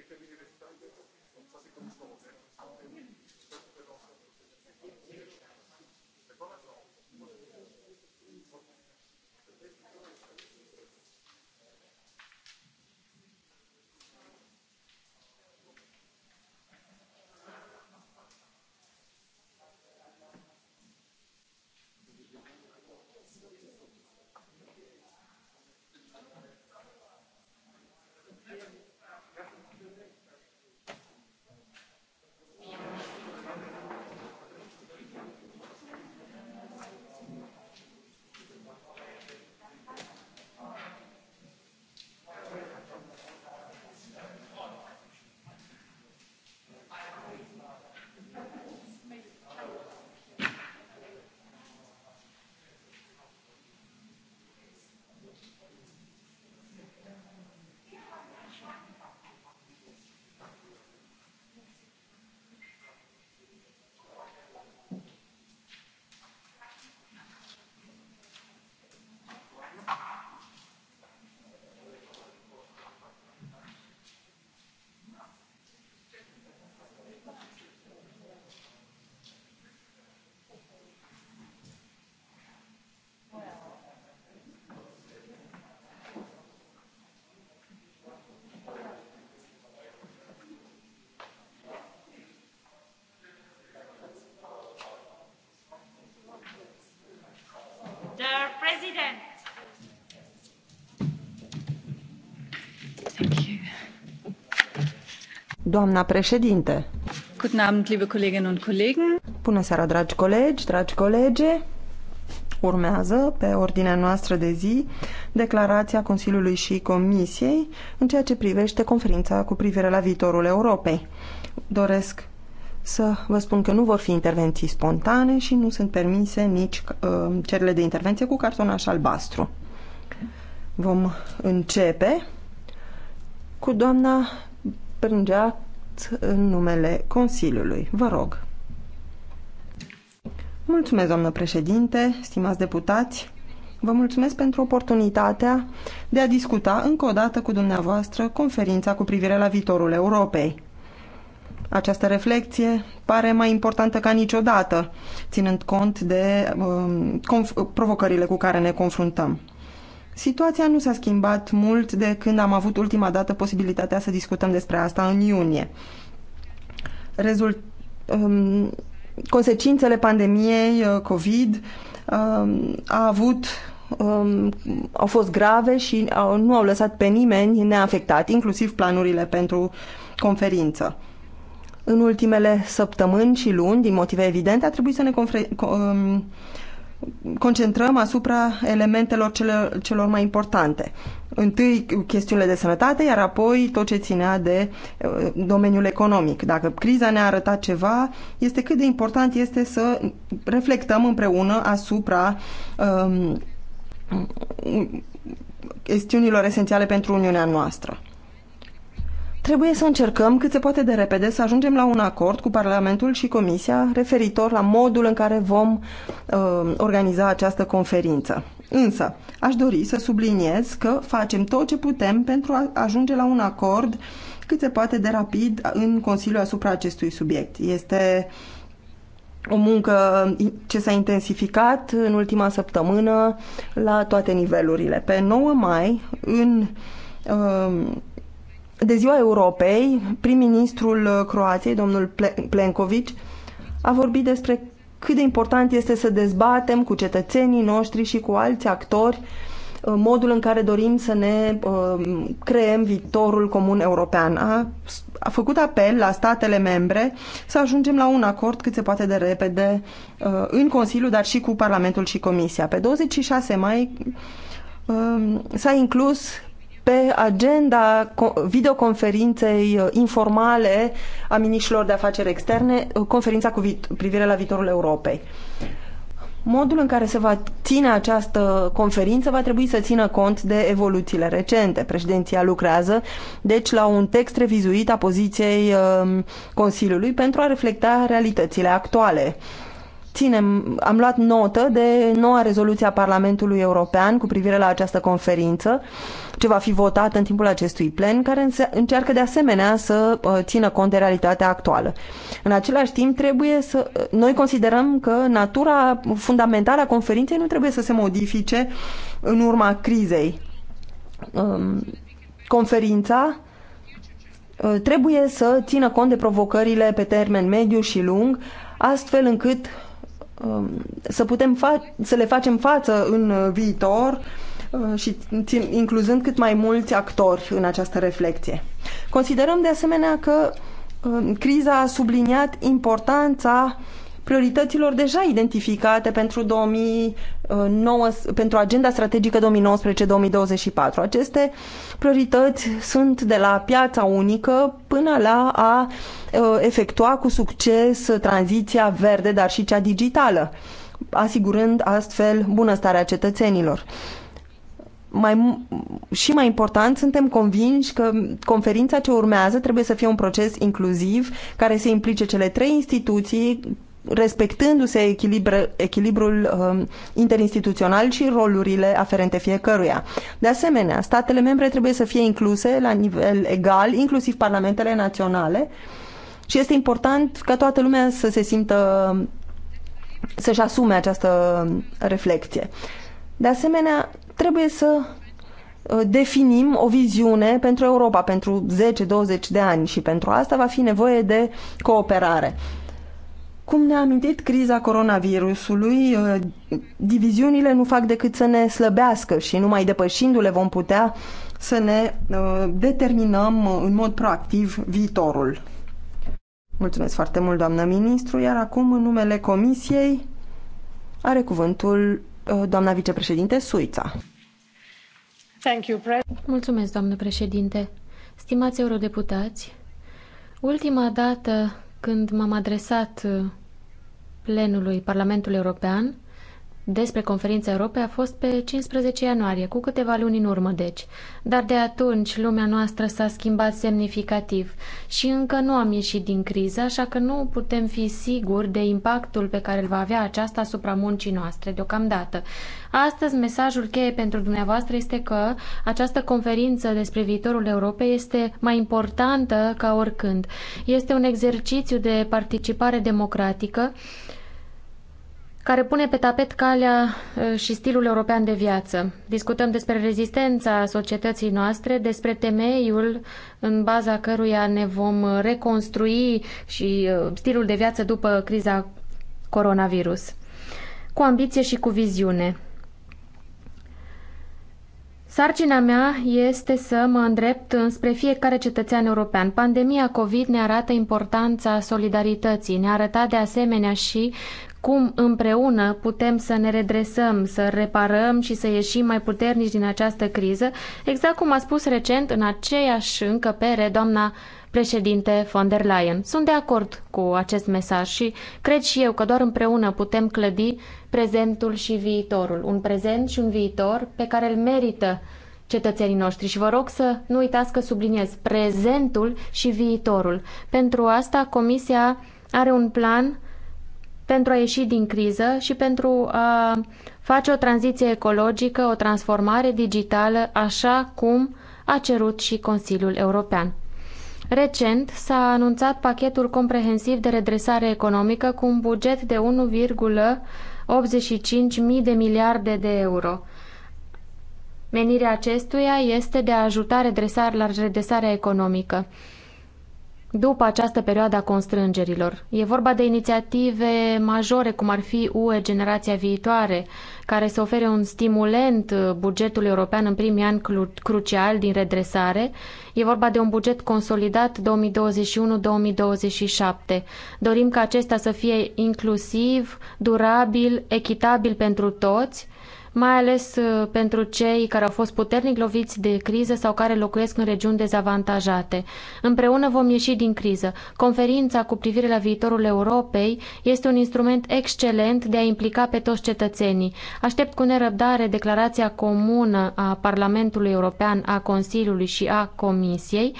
Speaker 8: que este viene de Italia, no sabe cómo conocer. Doamna președinte.
Speaker 5: Guten Abend, liebe Kolleginnen und Kollegen.
Speaker 8: Bună seara, dragi colegi, dragi colege. Urmează, pe ordinea noastră de zi, declarația Consiliului și Comisiei în ceea ce privește conferința cu privire la viitorul Europei. Doresc să vă spun că nu vor fi intervenții spontane și nu sunt permise nici uh, cerile de intervenție cu cartonaș albastru. Vom începe cu doamna Pângeați în numele Consiliului. Vă rog. Mulțumesc, doamnă președinte, stimați deputați. Vă mulțumesc pentru oportunitatea de a discuta încă o dată cu dumneavoastră conferința cu privire la viitorul Europei. Această reflecție pare mai importantă ca niciodată, ținând cont de um, provocările cu care ne confruntăm. Situația nu s-a schimbat mult de când am avut ultima dată posibilitatea să discutăm despre asta în iunie. Rezult, um, consecințele pandemiei uh, COVID um, a avut um, au fost grave și au, nu au lăsat pe nimeni neafectat, inclusiv planurile pentru conferință. În ultimele săptămâni și luni, din motive evidente, a trebuit să ne confruntăm concentrăm asupra elementelor celor, celor mai importante. Întâi chestiunile de sănătate, iar apoi tot ce ținea de uh, domeniul economic. Dacă criza ne-a arătat ceva, este cât de important este să reflectăm împreună asupra um, chestiunilor esențiale pentru Uniunea noastră. Trebuie să încercăm cât se poate de repede să ajungem la un acord cu Parlamentul și Comisia referitor la modul în care vom uh, organiza această conferință. Însă, aș dori să subliniez că facem tot ce putem pentru a ajunge la un acord cât se poate de rapid în Consiliul asupra acestui subiect. Este o muncă ce s-a intensificat în ultima săptămână la toate nivelurile. Pe 9 mai, în uh, de ziua Europei, prim-ministrul uh, Croației, domnul Plenković, a vorbit despre cât de important este să dezbatem cu cetățenii noștri și cu alți actori uh, modul în care dorim să ne uh, creăm viitorul comun european. A, a făcut apel la statele membre să ajungem la un acord cât se poate de repede uh, în Consiliu, dar și cu Parlamentul și Comisia. Pe 26 mai uh, s-a inclus pe agenda videoconferinței uh, informale a miniștilor de afaceri externe, uh, conferința cu privire la viitorul Europei. Modul în care se va ține această conferință va trebui să țină cont de evoluțiile recente. Președinția lucrează, deci, la un text revizuit a poziției um, Consiliului pentru a reflecta realitățile actuale ținem, am luat notă de noua rezoluție a Parlamentului European cu privire la această conferință, ce va fi votată în timpul acestui plen, care încearcă de asemenea să uh, țină cont de realitatea actuală. În același timp, trebuie să uh, noi considerăm că natura fundamentală a conferinței nu trebuie să se modifice în urma crizei. Um, conferința uh, trebuie să țină cont de provocările pe termen mediu și lung, astfel încât Um, să putem să le facem față în uh, viitor uh, și țin, incluzând cât mai mulți actori în această reflexie. Considerăm de asemenea că uh, criza a subliniat importanța priorităților deja identificate pentru 2009, pentru agenda strategică 2019-2024. Aceste priorități sunt de la piața unică până la a efectua cu succes tranziția verde, dar și cea digitală, asigurând astfel bunăstarea cetățenilor mai, și mai important, suntem convinși că conferința ce urmează trebuie să fie un proces inclusiv care să implice cele trei instituții respectându-se echilibrul um, interinstituțional și rolurile aferente fiecăruia. De asemenea, statele membre trebuie să fie incluse la nivel egal, inclusiv parlamentele naționale, și este important ca toată lumea să se simtă să-și asume această reflecție. De asemenea, trebuie să uh, definim o viziune pentru Europa pentru 10-20 de ani și pentru asta va fi nevoie de cooperare. Cum ne-a amintit criza coronavirusului, uh, diviziunile nu fac decât să ne slăbească și numai depășindu-le vom putea să ne uh, determinăm uh, în mod proactiv viitorul. Mulțumesc foarte mult, doamnă ministru, iar acum, în numele Comisiei, are cuvântul doamna vicepreședinte Suița.
Speaker 7: Thank you, Mulțumesc, doamnă președinte. Stimați eurodeputați, ultima dată când m-am adresat plenului Parlamentului European despre conferința Europei a fost pe 15 ianuarie, cu câteva luni în urmă, deci. Dar de atunci lumea noastră s-a schimbat semnificativ și încă nu am ieșit din criză, așa că nu putem fi siguri de impactul pe care îl va avea aceasta asupra muncii noastre deocamdată. Astăzi, mesajul cheie pentru dumneavoastră este că această conferință despre viitorul Europei este mai importantă ca oricând. Este un exercițiu de participare democratică care pune pe tapet calea ă, și stilul european de viață. Discutăm despre rezistența societății noastre, despre temeiul în baza căruia ne vom reconstrui și ă, stilul de viață după criza coronavirus. Cu ambiție și cu viziune. Sarcina mea este să mă îndrept înspre fiecare cetățean european. Pandemia COVID ne arată importanța solidarității, ne arăta de asemenea și cum împreună putem să ne redresăm, să reparăm și să ieșim mai puternici din această criză, exact cum a spus recent în aceeași încăpere doamna președinte von der Leyen. Sunt de acord cu acest mesaj și cred și eu că doar împreună putem clădi prezentul și viitorul. Un prezent și un viitor pe care îl merită cetățenii noștri și vă rog să nu uitați că subliniez prezentul și viitorul. Pentru asta Comisia are un plan pentru a ieși din criză și pentru a face o tranziție ecologică, o transformare digitală, așa cum a cerut și Consiliul European. Recent s-a anunțat pachetul comprehensiv de redresare economică cu un buget de 1,85 mii de miliarde de euro. Menirea acestuia este de a ajuta redresare la redresarea economică după această perioadă a constrângerilor. E vorba de inițiative majore, cum ar fi UE Generația Viitoare, care să ofere un stimulent bugetului european în primii ani crucial din redresare. E vorba de un buget consolidat 2021-2027. Dorim ca acesta să fie inclusiv, durabil, echitabil pentru toți mai ales uh, pentru cei care au fost puternic loviți de criză sau care locuiesc în regiuni dezavantajate. Împreună vom ieși din criză. Conferința cu privire la viitorul Europei este un instrument excelent de a implica pe toți cetățenii. Aștept cu nerăbdare declarația comună a Parlamentului European, a Consiliului și a Comisiei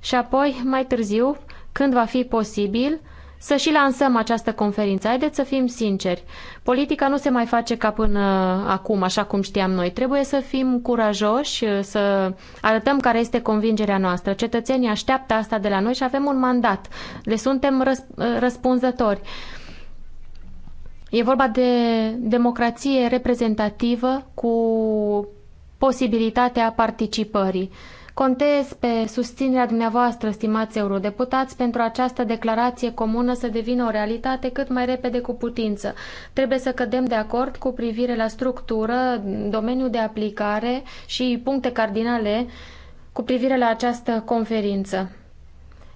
Speaker 7: și apoi, mai târziu, când va fi posibil, să și lansăm această conferință. Haideți să fim sinceri. Politica nu se mai face ca până acum, așa cum știam noi. Trebuie să fim curajoși, să arătăm care este convingerea noastră. Cetățenii așteaptă asta de la noi și avem un mandat. Le suntem răsp- răspunzători. E vorba de democrație reprezentativă cu posibilitatea participării. Uh, Contez pe susținerea dumneavoastră, stimați eurodeputați, pentru această declarație comună să devină o realitate cât mai repede cu putință. Trebuie să cădem de acord cu privire la structură, domeniul de aplicare și puncte cardinale cu privire la această conferință.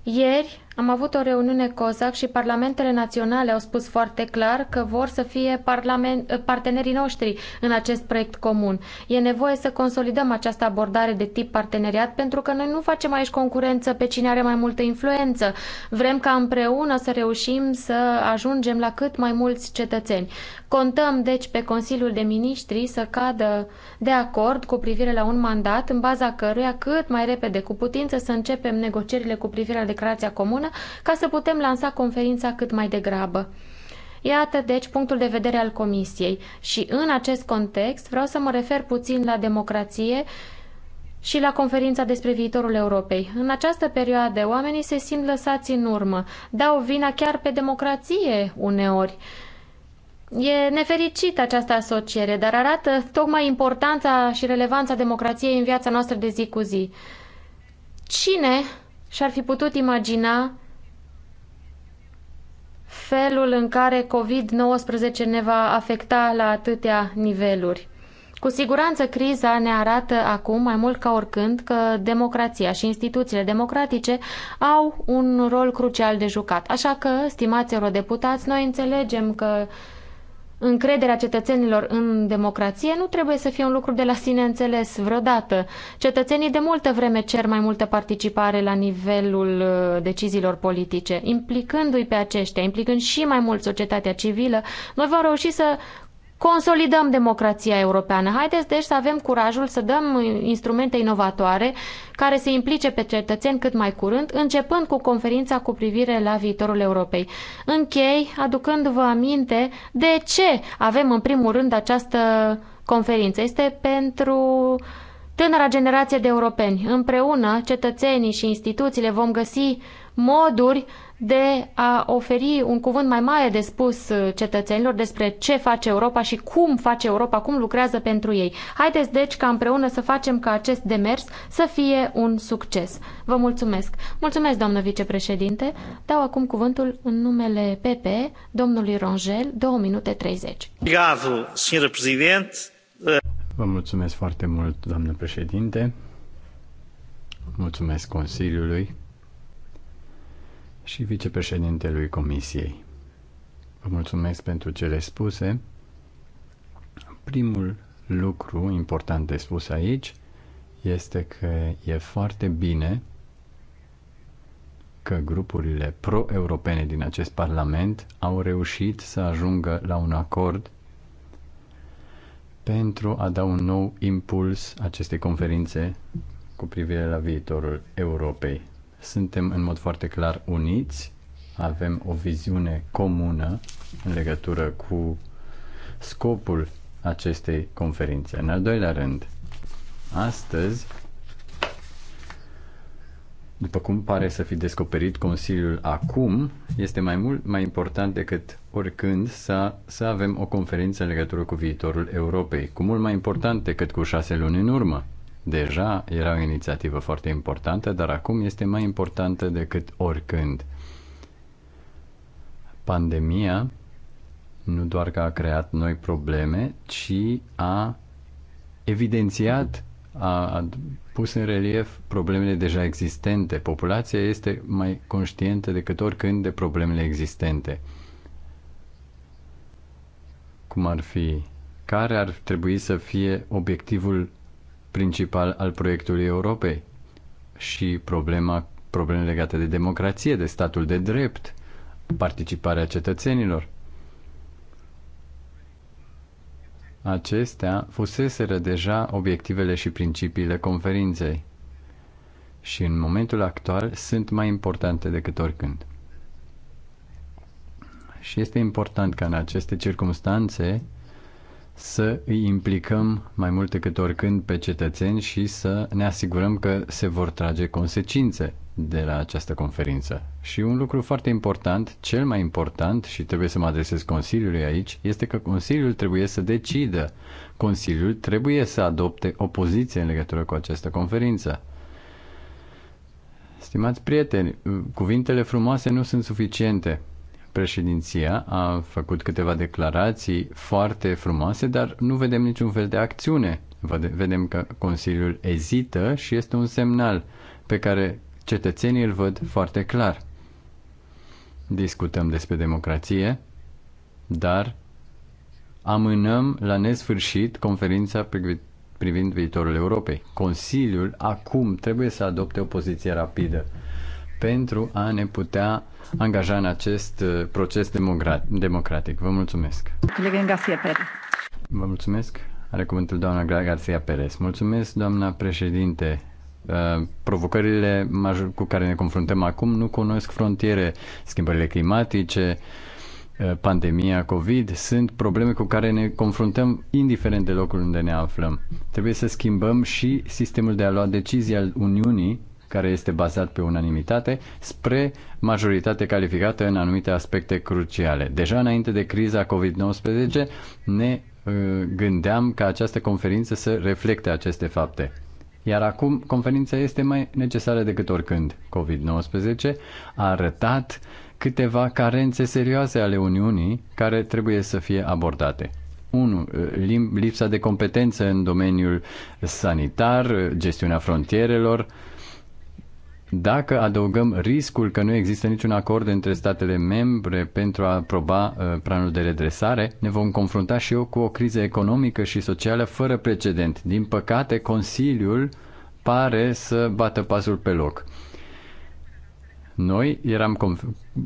Speaker 7: Ieri, am avut o reuniune COSAC și parlamentele naționale au spus foarte clar că vor să fie partenerii noștri în acest proiect comun. E nevoie să consolidăm această abordare de tip parteneriat pentru că noi nu facem aici concurență pe cine are mai multă influență. Vrem ca împreună să reușim să ajungem la cât mai mulți cetățeni. Contăm deci pe Consiliul de Ministri să cadă de acord cu privire la un mandat în baza căruia cât mai repede cu putință să începem negocierile cu privire la declarația comună Europeană ca să putem lansa conferința cât mai degrabă. Iată, deci, punctul de vedere al Comisiei și în acest context vreau să mă refer puțin la democrație și la conferința despre viitorul Europei. În această perioadă, oamenii se simt lăsați în urmă, dau vina chiar pe democrație uneori. E nefericită această asociere, dar arată tocmai importanța și relevanța democrației în viața noastră de zi cu zi. Cine și-ar fi putut imagina felul în care COVID-19 ne va afecta la atâtea niveluri. Cu siguranță criza ne arată acum mai mult ca oricând că democrația și instituțiile democratice au un rol crucial de jucat. Așa că, stimați eurodeputați, noi înțelegem că încrederea cetățenilor în democrație nu trebuie să fie un lucru de la sine înțeles vreodată. Cetățenii de multă vreme cer mai multă participare la nivelul uh, deciziilor politice. Implicându-i pe aceștia, implicând și mai mult societatea civilă, noi vom reuși să consolidăm democrația europeană. Haideți deci să avem curajul să dăm instrumente inovatoare care să implice pe cetățeni cât mai curând, începând cu conferința cu privire la viitorul Europei. Închei aducându-vă aminte de ce avem în primul rând această conferință. Este pentru tânăra generație de europeni. Împreună, cetățenii și instituțiile vom găsi moduri de a oferi un cuvânt mai mare de spus uh, cetățenilor despre ce face Europa și cum face Europa, cum lucrează pentru ei. Haideți deci ca împreună să facem ca acest demers să fie un succes. Vă mulțumesc. Mulțumesc, doamnă vicepreședinte. Dau acum cuvântul în numele PP, domnului Rongel, 2 minute 30.
Speaker 10: Vă mulțumesc foarte mult, doamnă președinte. Mulțumesc Consiliului și vicepreședintelui Comisiei. Vă mulțumesc pentru cele spuse. Primul lucru important de spus aici este că e foarte bine că grupurile pro-europene din acest Parlament au reușit să ajungă la un acord pentru a da un nou impuls acestei conferințe cu privire la viitorul Europei. Suntem în mod foarte clar uniți, avem o viziune comună în legătură cu scopul acestei conferințe. În al doilea rând, astăzi, după cum pare să fi descoperit Consiliul acum, este mai mult mai important decât oricând să, să avem o conferință în legătură cu viitorul Europei, cu mult mai important decât cu șase luni în urmă. Deja era o inițiativă foarte importantă, dar acum este mai importantă decât oricând. Pandemia nu doar că a creat noi probleme, ci a evidențiat, a, a pus în relief problemele deja existente. Populația este mai conștientă decât oricând de problemele existente. Cum ar fi? Care ar trebui să fie obiectivul principal al proiectului Europei și problema, probleme legate de democrație, de statul de drept, participarea cetățenilor. Acestea fuseseră deja obiectivele și principiile conferinței și în momentul actual sunt mai importante decât oricând. Și este important ca în aceste circunstanțe să îi implicăm mai mult decât oricând pe cetățeni și să ne asigurăm că se vor trage consecințe de la această conferință. Și un lucru foarte important, cel mai important, și trebuie să mă adresez Consiliului aici, este că Consiliul trebuie să decidă. Consiliul trebuie să adopte o poziție în legătură cu această conferință. Stimați prieteni, cuvintele frumoase nu sunt suficiente președinția a făcut câteva declarații foarte frumoase, dar nu vedem niciun fel de acțiune. Vedem că Consiliul ezită și este un semnal pe care cetățenii îl văd foarte clar. Discutăm despre democrație, dar amânăm la nesfârșit conferința privind viitorul Europei. Consiliul acum trebuie să adopte o poziție rapidă pentru a ne putea angaja în acest uh, proces democratic. Vă mulțumesc. Garcia Perez. Vă mulțumesc. Are cuvântul doamna Garcia Perez. Mulțumesc, doamna președinte. Uh, provocările cu care ne confruntăm acum nu cunosc frontiere. Schimbările climatice, uh, pandemia COVID sunt probleme cu care ne confruntăm indiferent de locul unde ne aflăm. Trebuie să schimbăm și sistemul de a lua decizii al Uniunii care este bazat pe unanimitate, spre majoritate calificată în anumite aspecte cruciale. Deja înainte de criza COVID-19 ne uh, gândeam ca această conferință să reflecte aceste fapte. Iar acum conferința este mai necesară decât oricând. COVID-19 a arătat câteva carențe serioase ale Uniunii care trebuie să fie abordate. 1. Uh, lipsa de competență în domeniul sanitar, uh, gestiunea frontierelor, dacă adăugăm riscul că nu există niciun acord între statele membre pentru a aproba uh, planul de redresare, ne vom confrunta și eu cu o criză economică și socială fără precedent. Din păcate, Consiliul pare să bată pasul pe loc. Noi eram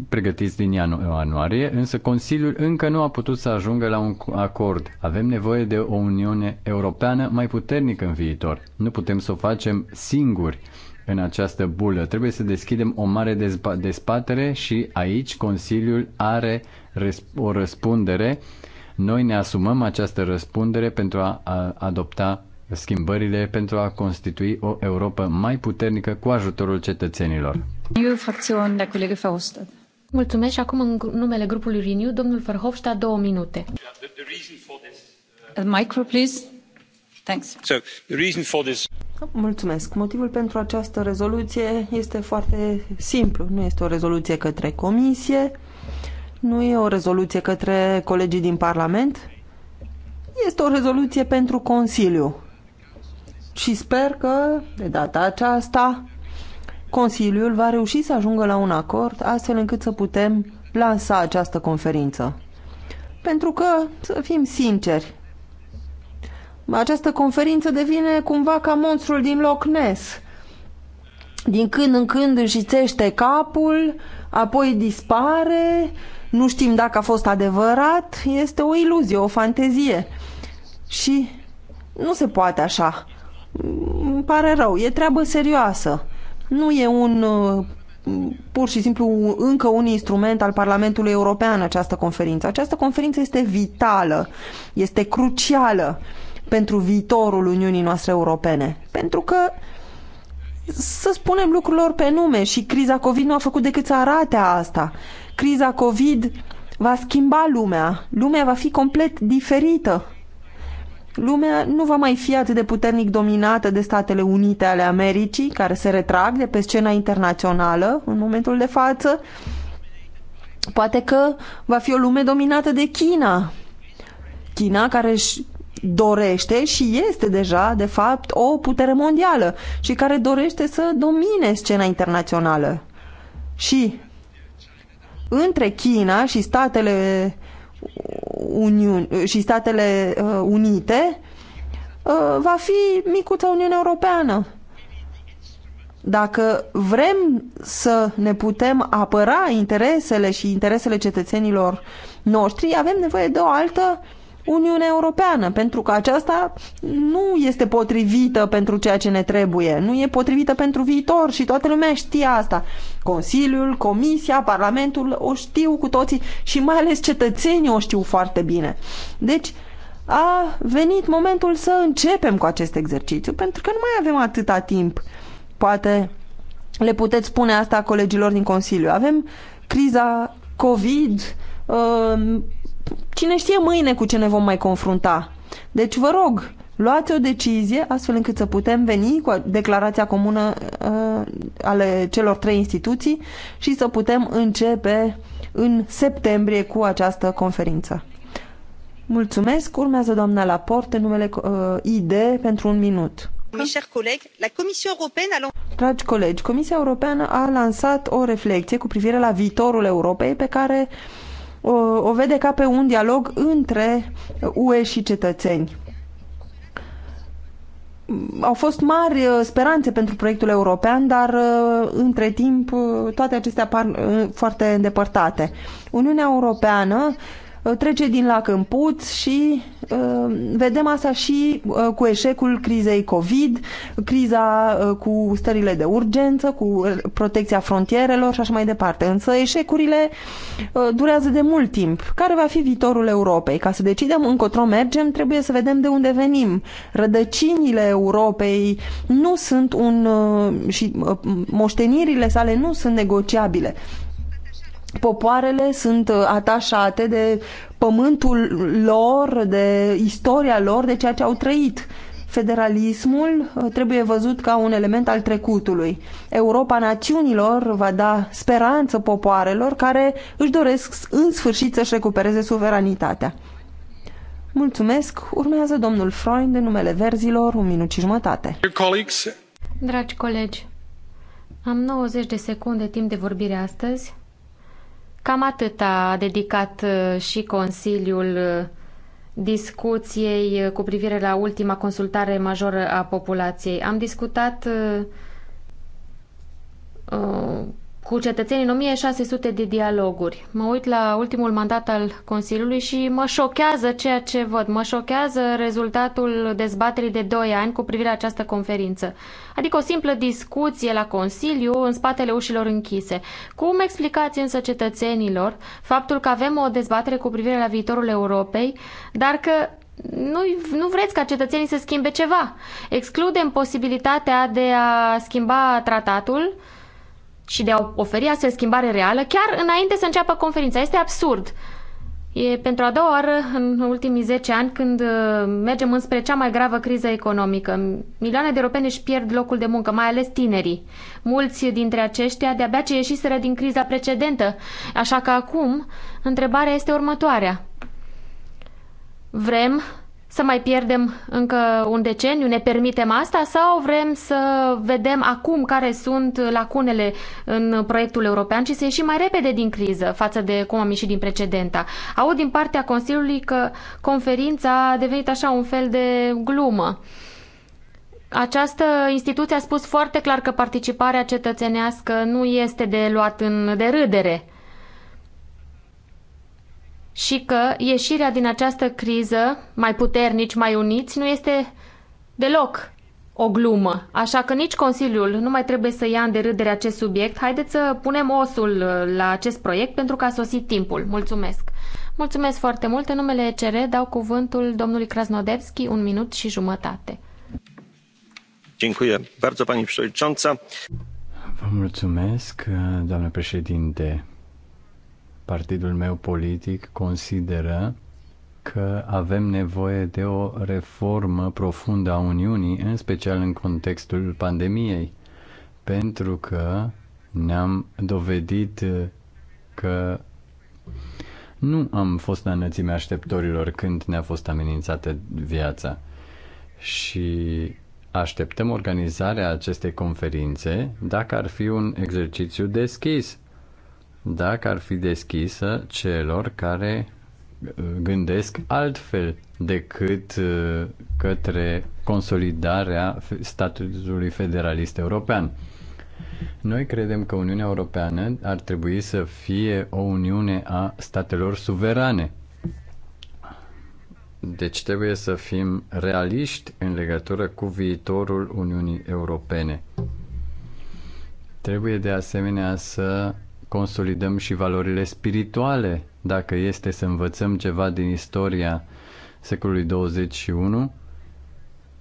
Speaker 10: pregătiți din ianuarie, însă Consiliul încă nu a putut să ajungă la un acord. Avem nevoie de o Uniune Europeană mai puternică în viitor. Nu putem să o facem singuri în această bulă. Trebuie să deschidem o mare dezba- dezbatere și aici Consiliul are o răspundere. Noi ne asumăm această răspundere pentru a adopta schimbările pentru a constitui o Europa mai puternică cu ajutorul cetățenilor.
Speaker 7: Mulțumesc și acum în numele grupului Renew, domnul Verhofstadt, două
Speaker 8: minute. A uh, micro, please. Motivul pentru această rezoluție este foarte simplu. Nu este o rezoluție către comisie, nu e o rezoluție către colegii din Parlament, este o rezoluție pentru Consiliu. Și sper că, de data aceasta, Consiliul va reuși să ajungă la un acord astfel încât să putem lansa această conferință. Pentru că, să fim sinceri, această conferință devine cumva ca monstrul din Loch Ness. Din când în când înșițește capul, apoi dispare, nu știm dacă a fost adevărat, este o iluzie, o fantezie. Și nu se poate așa. Mm, îmi pare rău, e treabă serioasă. Nu e un uh, pur și simplu încă un instrument al Parlamentului European această conferință. Această conferință este vitală, este crucială pentru viitorul Uniunii noastre europene. Pentru că să spunem lucrurilor pe nume și criza COVID nu a făcut decât să arate asta. Criza COVID va schimba lumea. Lumea va fi complet diferită. Lumea nu va mai fi atât de puternic dominată de Statele Unite ale Americii, care se retrag de pe scena internațională în momentul de față. Poate că va fi o lume dominată de China. China care își dorește și este deja, de fapt, o putere mondială și care dorește să domine scena internațională. Și între China și Statele, Uniun, și Statele uh, Unite uh, va fi micuța Uniune Europeană. Dacă vrem să ne putem apăra interesele și interesele cetățenilor noștri, avem nevoie de o altă uh, Uniunea Europeană, pentru că aceasta nu este potrivită pentru ceea ce ne trebuie, nu e potrivită pentru viitor și toată lumea știe asta. Consiliul, Comisia, Parlamentul o știu cu toții și mai ales cetățenii o știu foarte bine. Deci a venit momentul să începem cu acest exercițiu, pentru că nu mai avem atâta timp. Poate le puteți spune asta colegilor din Consiliu. Avem criza COVID, uh, cine știe mâine cu ce ne vom mai confrunta. Deci vă rog, luați o decizie astfel încât să putem veni cu declarația comună uh, ale celor trei instituții și să putem începe în septembrie cu această conferință. Mulțumesc. Urmează doamna Laporte numele uh, ID pentru un minut. Dragi colegi, Comisia Europeană a lansat o reflecție cu privire la viitorul Europei pe care uh, o, o vede ca pe un dialog între UE și cetățeni. Mm, au fost mari uh, speranțe pentru proiectul european, dar uh, între timp uh, toate acestea par foarte îndepărtate. Uniunea Europeană Uh, trece din lac în put și uh, vedem asta și uh, cu eșecul crizei COVID, criza uh, cu stările de urgență, cu uh, protecția frontierelor și așa mai departe. Însă eșecurile uh, durează de mult timp. Care va fi viitorul Europei? Ca să decidem încotro mergem, trebuie să vedem de unde venim. Rădăcinile Europei nu sunt un... și moștenirile sale nu sunt negociabile popoarele sunt uh, atașate de pământul lor, de istoria lor, de ceea ce au trăit. Federalismul uh, trebuie văzut ca un element al trecutului. Europa națiunilor va da speranță popoarelor care își doresc în sfârșit să-și recupereze suveranitatea. Mulțumesc. Urmează domnul Freund în numele verzilor, un minut și jumătate.
Speaker 7: Dragi colegi, am 90 de secunde timp de vorbire astăzi Cam atât a dedicat uh, și Consiliul uh, discuției uh, cu privire la ultima consultare majoră a populației. Am discutat cu cetățenii în 1600 de dialoguri. Mă uit la ultimul mandat al Consiliului și mă șochează ceea ce văd. Mă șochează rezultatul dezbaterii de 2 ani cu privire la această conferință. Adică o simplă discuție la Consiliu în spatele ușilor închise. Cum explicați însă cetățenilor faptul că avem o dezbatere cu privire la viitorul Europei, dar că nu, nu vreți ca cetățenii să schimbe ceva? Excludem posibilitatea de a schimba tratatul și de a oferi astfel schimbare reală chiar înainte să înceapă conferința. Este absurd. E pentru a doua oară în ultimii 10 ani când uh, mergem înspre cea mai gravă criză economică. Milioane de europeni își pierd locul de muncă, mai ales tinerii. Mulți dintre aceștia de-abia ce ieșiseră din criza precedentă. Așa că acum, întrebarea este următoarea. Vrem să mai pierdem încă un deceniu? Ne permitem asta sau vrem să vedem acum care sunt lacunele în proiectul european și să ieșim mai repede din criză față de cum am ieșit din precedenta? Aud din partea Consiliului că conferința a devenit așa un fel de glumă. Această instituție a spus foarte clar că participarea cetățenească nu este de luat în de râdere și că ieșirea din această criză, mai puternici, mai uniți, nu este deloc o glumă. Așa că nici Consiliul nu mai trebuie să ia în derâdere acest subiect. Haideți să punem osul uh, la acest proiect pentru că a sosit timpul. Mulțumesc! Mulțumesc foarte mult. În numele ECR dau cuvântul domnului Krasnodebski, un minut și jumătate.
Speaker 1: Dziękuję bardzo, pani przewodnicząca.
Speaker 10: Vă mulțumesc, doamnă președinte partidul meu politic consideră că avem nevoie de o reformă profundă a Uniunii, în special în contextul pandemiei, pentru că ne-am dovedit că nu am fost la înălțimea așteptorilor când ne-a fost amenințată viața. Și așteptăm organizarea acestei conferințe dacă ar fi un exercițiu deschis dacă ar fi deschisă celor care uh, gândesc altfel decât uh, către consolidarea statutului federalist european. Noi credem că Uniunea Europeană ar trebui să fie o uniune a statelor suverane. Deci trebuie să fim realiști în legătură cu viitorul Uniunii Europene. Trebuie de asemenea să consolidăm și valorile spirituale, dacă este să învățăm ceva din istoria secolului 21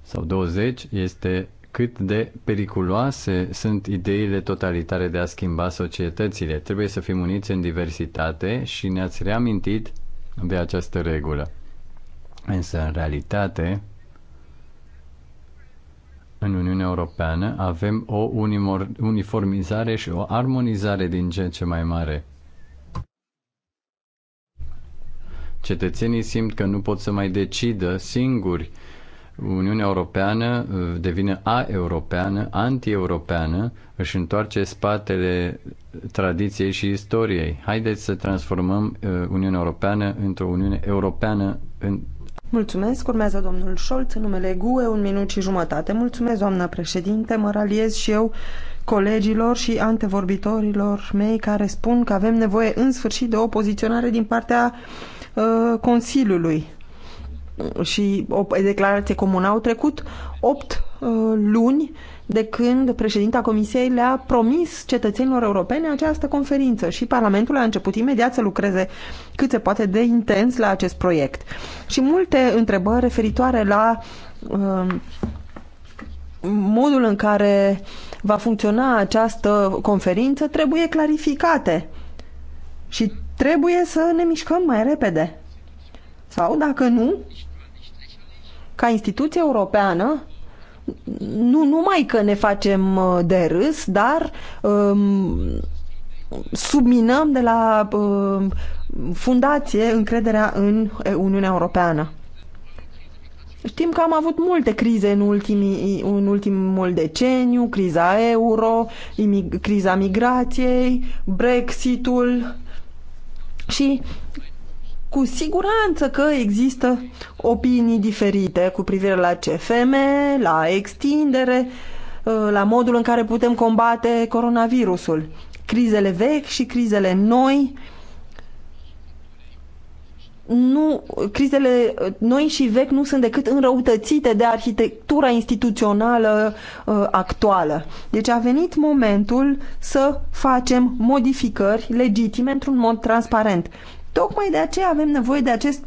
Speaker 10: sau 20, este cât de periculoase sunt ideile totalitare de a schimba societățile. Trebuie să fim uniți în diversitate și ne-ați reamintit de această regulă. Însă, în realitate, în Uniunea Europeană avem o uniformizare și o armonizare din ce în ce mai mare. Cetățenii simt că nu pot să mai decidă singuri. Uniunea Europeană uh, devine a-europeană, anti-europeană, își întoarce spatele tradiției și istoriei. Haideți să transformăm uh, Uniunea Europeană într-o Uniune Europeană în
Speaker 8: Mulțumesc. Urmează domnul Scholz în numele GUE, un minut și jumătate. Mulțumesc, doamna președinte. Mă raliez și eu colegilor și antevorbitorilor mei care spun că avem nevoie în sfârșit de o poziționare din partea uh, Consiliului și o declarație comună. Au trecut opt uh, luni uh, de când președinta Comisiei le-a promis cetățenilor europene această conferință și Parlamentul a început imediat să lucreze cât se poate de intens la acest proiect. Și multe întrebări referitoare la um, modul în care va funcționa această conferință trebuie clarificate și trebuie să ne mișcăm mai repede. Sau, dacă nu, ca instituție europeană, nu numai că ne facem uh, de râs, dar um, subminăm de la um, fundație încrederea în Uniunea Europeană. Știm că am avut multe crize în, ultimii, în ultimul deceniu, criza euro, imig, criza migrației, Brexitul și cu siguranță că există opinii diferite cu privire la CFM, la extindere, uh, la modul în care putem combate coronavirusul. Crizele vechi și crizele noi nu, crizele uh, noi și vechi nu sunt decât înrăutățite de arhitectura instituțională uh, actuală. Deci a venit momentul să facem modificări legitime într-un mod transparent. Tocmai de aceea avem nevoie de acest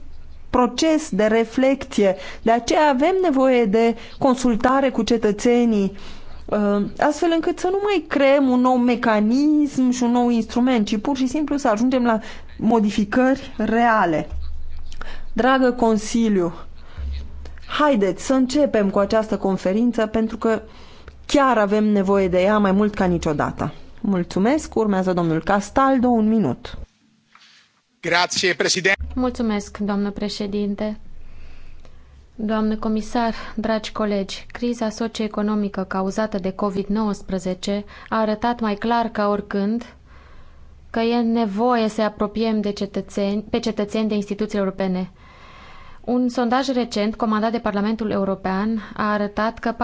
Speaker 8: proces de reflecție, de aceea avem nevoie de consultare cu cetățenii, uh, astfel încât să nu mai creăm un nou mecanism și un nou instrument, ci pur și simplu să ajungem la modificări reale. Dragă Consiliu, haideți să începem cu această conferință pentru că chiar avem nevoie de ea mai mult ca niciodată. Mulțumesc, urmează domnul Castaldo, un minut
Speaker 1: președinte.
Speaker 7: Mulțumesc, doamnă președinte. Doamnă comisar, dragi colegi, criza socioeconomică cauzată de COVID-19 a arătat mai clar ca oricând că e nevoie să apropiem de cetățeni, pe cetățeni de instituțiile europene. Un sondaj recent comandat de Parlamentul European a arătat că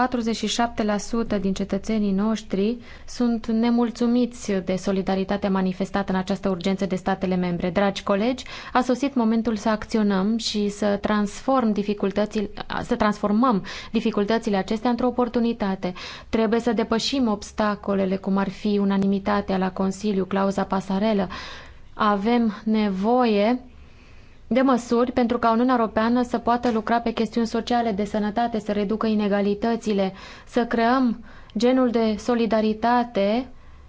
Speaker 7: 47% din cetățenii noștri sunt nemulțumiți de solidaritatea manifestată în această urgență de statele membre. Dragi colegi, a sosit momentul să acționăm și să, transform dificultățile, să transformăm dificultățile acestea într-o oportunitate. Trebuie să depășim obstacolele, cum ar fi unanimitatea la Consiliu, clauza pasarelă. Avem nevoie de măsuri pentru ca Uniunea Europeană să poată lucra pe chestiuni sociale de sănătate, să reducă inegalitățile, să creăm genul de solidaritate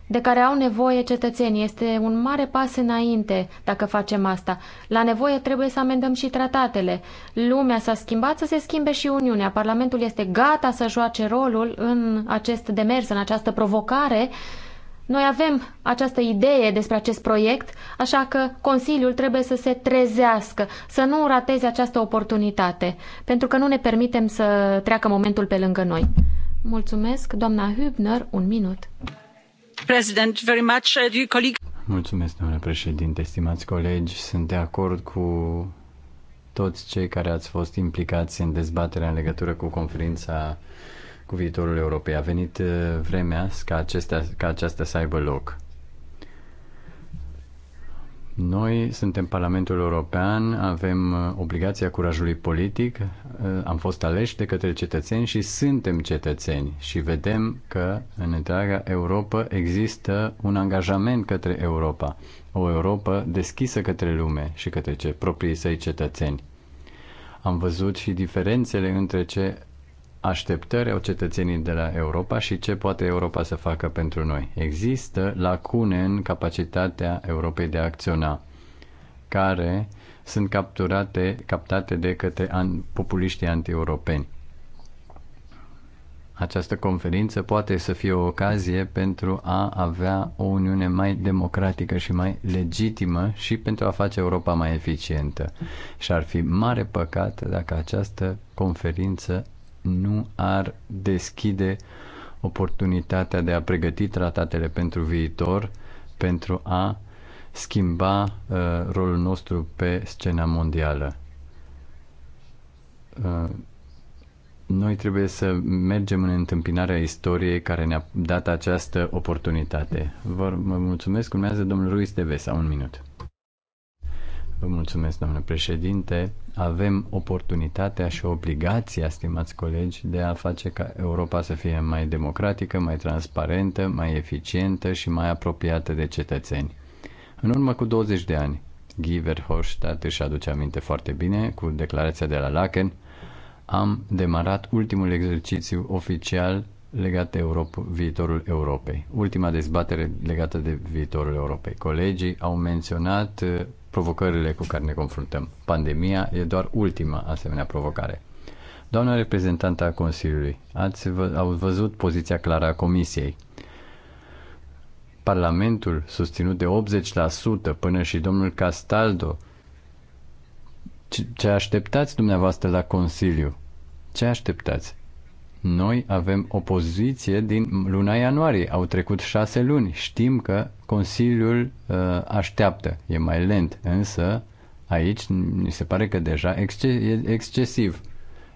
Speaker 7: de care au nevoie cetățenii. Este un mare pas înainte dacă facem asta. La nevoie trebuie să amendăm și tratatele. Lumea s-a schimbat să se schimbe și Uniunea. Parlamentul este gata să joace rolul în acest demers, în această provocare noi avem această idee despre acest proiect, așa că Consiliul trebuie să se trezească, să nu rateze această oportunitate, pentru că nu ne permitem să treacă momentul pe lângă noi. Mulțumesc, doamna Hübner, un minut.
Speaker 8: President, very much, uh, colleague.
Speaker 10: Mulțumesc, domnule președinte, stimați colegi, sunt de acord cu toți cei care ați fost implicați în dezbaterea în legătură cu conferința cu viitorul Europei. A venit uh, vremea ca, acestea, ca aceasta să aibă loc. Noi suntem Parlamentul European, avem uh, obligația curajului politic, uh, am fost aleși de către cetățeni și suntem cetățeni și vedem că în întreaga Europa există un angajament către Europa, o Europa deschisă către lume și către ce proprii săi cetățeni. Am văzut și diferențele între ce așteptări au cetățenii de la Europa și ce poate Europa să facă pentru noi. Există lacune în capacitatea Europei de a acționa, care sunt capturate, captate de către an, populiștii anti-europeni. Această conferință poate să fie o ocazie pentru a avea o Uniune mai democratică și mai legitimă și pentru a face Europa mai eficientă. Și ar fi mare păcat dacă această conferință nu ar deschide oportunitatea de a pregăti tratatele pentru viitor, pentru a schimba uh, rolul nostru pe scena mondială. Uh, noi trebuie să mergem în întâmpinarea istoriei care ne-a dat această oportunitate. Vă mulțumesc. Urmează domnul Ruiz de Vesa, un minut. Vă mulțumesc, domnule președinte. Avem oportunitatea și obligația, stimați colegi, de a face ca Europa să fie mai democratică, mai transparentă, mai eficientă și mai apropiată de cetățeni. În urmă cu 20 de ani, Guy Verhofstadt își aduce aminte foarte bine cu declarația de la Laken, am demarat ultimul exercițiu oficial legat de Europa, viitorul Europei. Ultima dezbatere legată de viitorul Europei. Colegii au menționat provocările cu care ne confruntăm. Pandemia e doar ultima asemenea provocare. Doamna reprezentantă a Consiliului, ați vă, au văzut poziția clară a Comisiei. Parlamentul, susținut de 80% până și domnul Castaldo, ce, ce așteptați dumneavoastră la Consiliu? Ce așteptați? Noi avem opoziție din luna ianuarie. Au trecut șase luni. Știm că Consiliul uh, așteaptă. E mai lent, însă aici mi se pare că deja exce- e excesiv.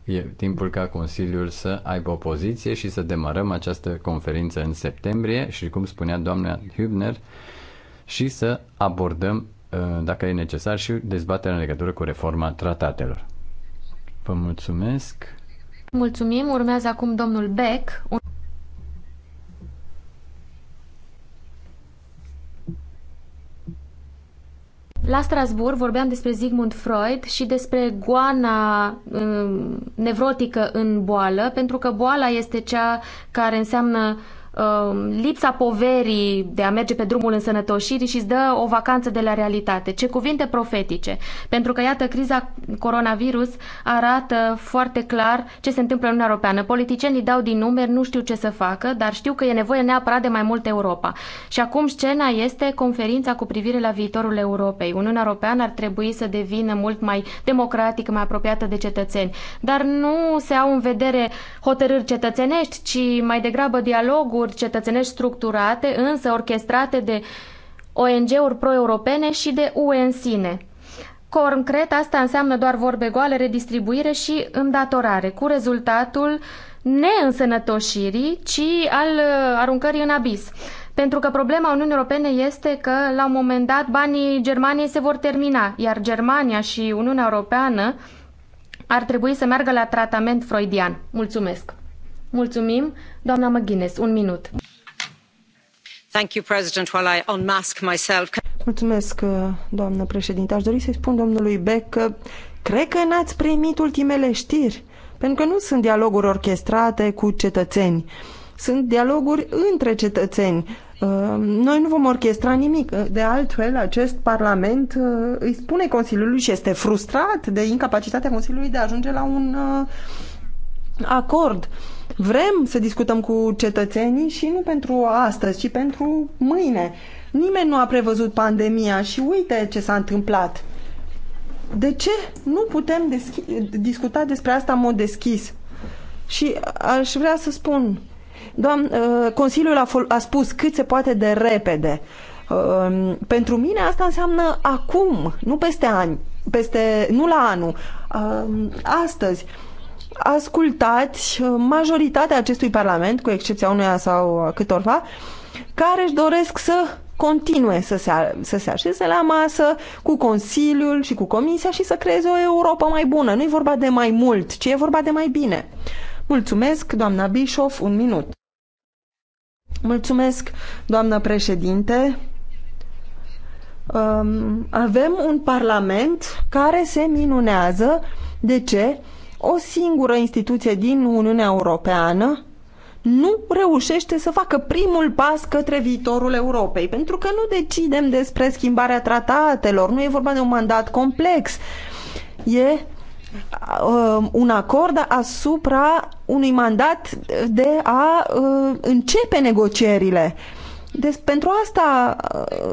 Speaker 10: E timpul ca Consiliul să aibă opoziție și să demarăm această conferință în septembrie și, cum spunea doamna Hübner, și să abordăm, uh, dacă e necesar, și dezbaterea în legătură cu reforma tratatelor. Vă mulțumesc.
Speaker 7: Mulțumim. Urmează acum domnul Beck. La Strasbourg vorbeam despre Sigmund Freud și despre goana um, nevrotică în boală, pentru că boala este cea care înseamnă Um, lipsa poverii de a merge pe drumul însănătoșirii și îți dă o vacanță de la realitate. Ce cuvinte profetice! Pentru că, iată, criza coronavirus arată foarte clar ce se întâmplă în Uniunea Europeană. Politicienii dau din numeri, nu știu ce să facă, dar știu că e nevoie neapărat de mai multă Europa. Și acum scena este conferința cu privire la viitorul Europei. Uniunea Europeană ar trebui să devină mult mai democratică, mai apropiată de cetățeni. Dar nu se au în vedere hotărâri cetățenești, ci mai degrabă dialoguri grupuri cetățenești structurate, însă orchestrate de ONG-uri pro-europene și de UE în sine. Concret, asta înseamnă doar vorbe goale, redistribuire și îndatorare, cu rezultatul neînsănătoșirii, ci al uh, aruncării în abis. Pentru că problema Uniunii Europene este că, la un moment dat, banii Germaniei se vor termina, iar Germania și Uniunea Europeană ar trebui să meargă la tratament freudian. Mulțumesc! Mulțumim.
Speaker 8: Doamna McGuinness, un minut.
Speaker 3: Thank you, President. While I unmask myself...
Speaker 8: Mulțumesc, uh, doamnă președinte. Aș dori să-i spun domnului Beck că cred că n-ați primit ultimele știri, pentru că nu sunt dialoguri orchestrate cu cetățeni. Sunt dialoguri între cetățeni. Uh, noi nu vom orchestra nimic. De altfel, acest Parlament uh, îi spune Consiliului și este frustrat de incapacitatea Consiliului de a ajunge la un acord. Vrem să discutăm cu cetățenii și nu pentru astăzi, ci pentru mâine. Nimeni nu a prevăzut pandemia și uite ce s-a întâmplat. De ce nu putem discuta despre asta în mod deschis? Și aș vrea să spun, doamn, uh, Consiliul a, a spus cât se poate de repede. Uh, pentru mine asta înseamnă acum, nu peste ani, peste, nu la anul, uh, astăzi ascultați majoritatea acestui parlament, cu excepția unuia sau câtorva, care își doresc să continue să se, să se așeze la masă cu Consiliul și cu Comisia și să creeze o Europa mai bună. Nu e vorba de mai mult, ci e vorba de mai bine. Mulțumesc, doamna Bischoff, un minut. Mulțumesc, doamnă președinte. Um, avem un parlament care se minunează de ce o singură instituție din Uniunea Europeană nu reușește să facă primul pas către viitorul Europei, pentru că nu decidem despre schimbarea tratatelor, nu e vorba de un mandat complex, e uh, un acord asupra unui mandat de a uh, începe negocierile. Deci, pentru asta,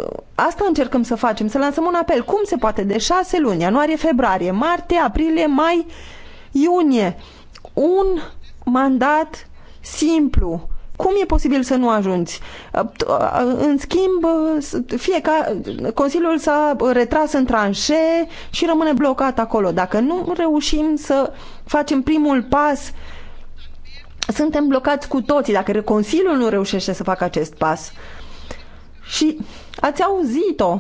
Speaker 8: uh, asta încercăm să facem, să lansăm un apel. Cum se poate de șase luni, ianuarie, februarie, martie, aprilie, mai, iunie. Un mandat simplu. Cum e posibil să nu ajungi? În schimb, fiecare, Consiliul s-a retras în tranșe și rămâne blocat acolo. Dacă nu reușim să facem primul pas, suntem blocați cu toții. Dacă Consiliul nu reușește să facă acest pas. Și ați auzit-o.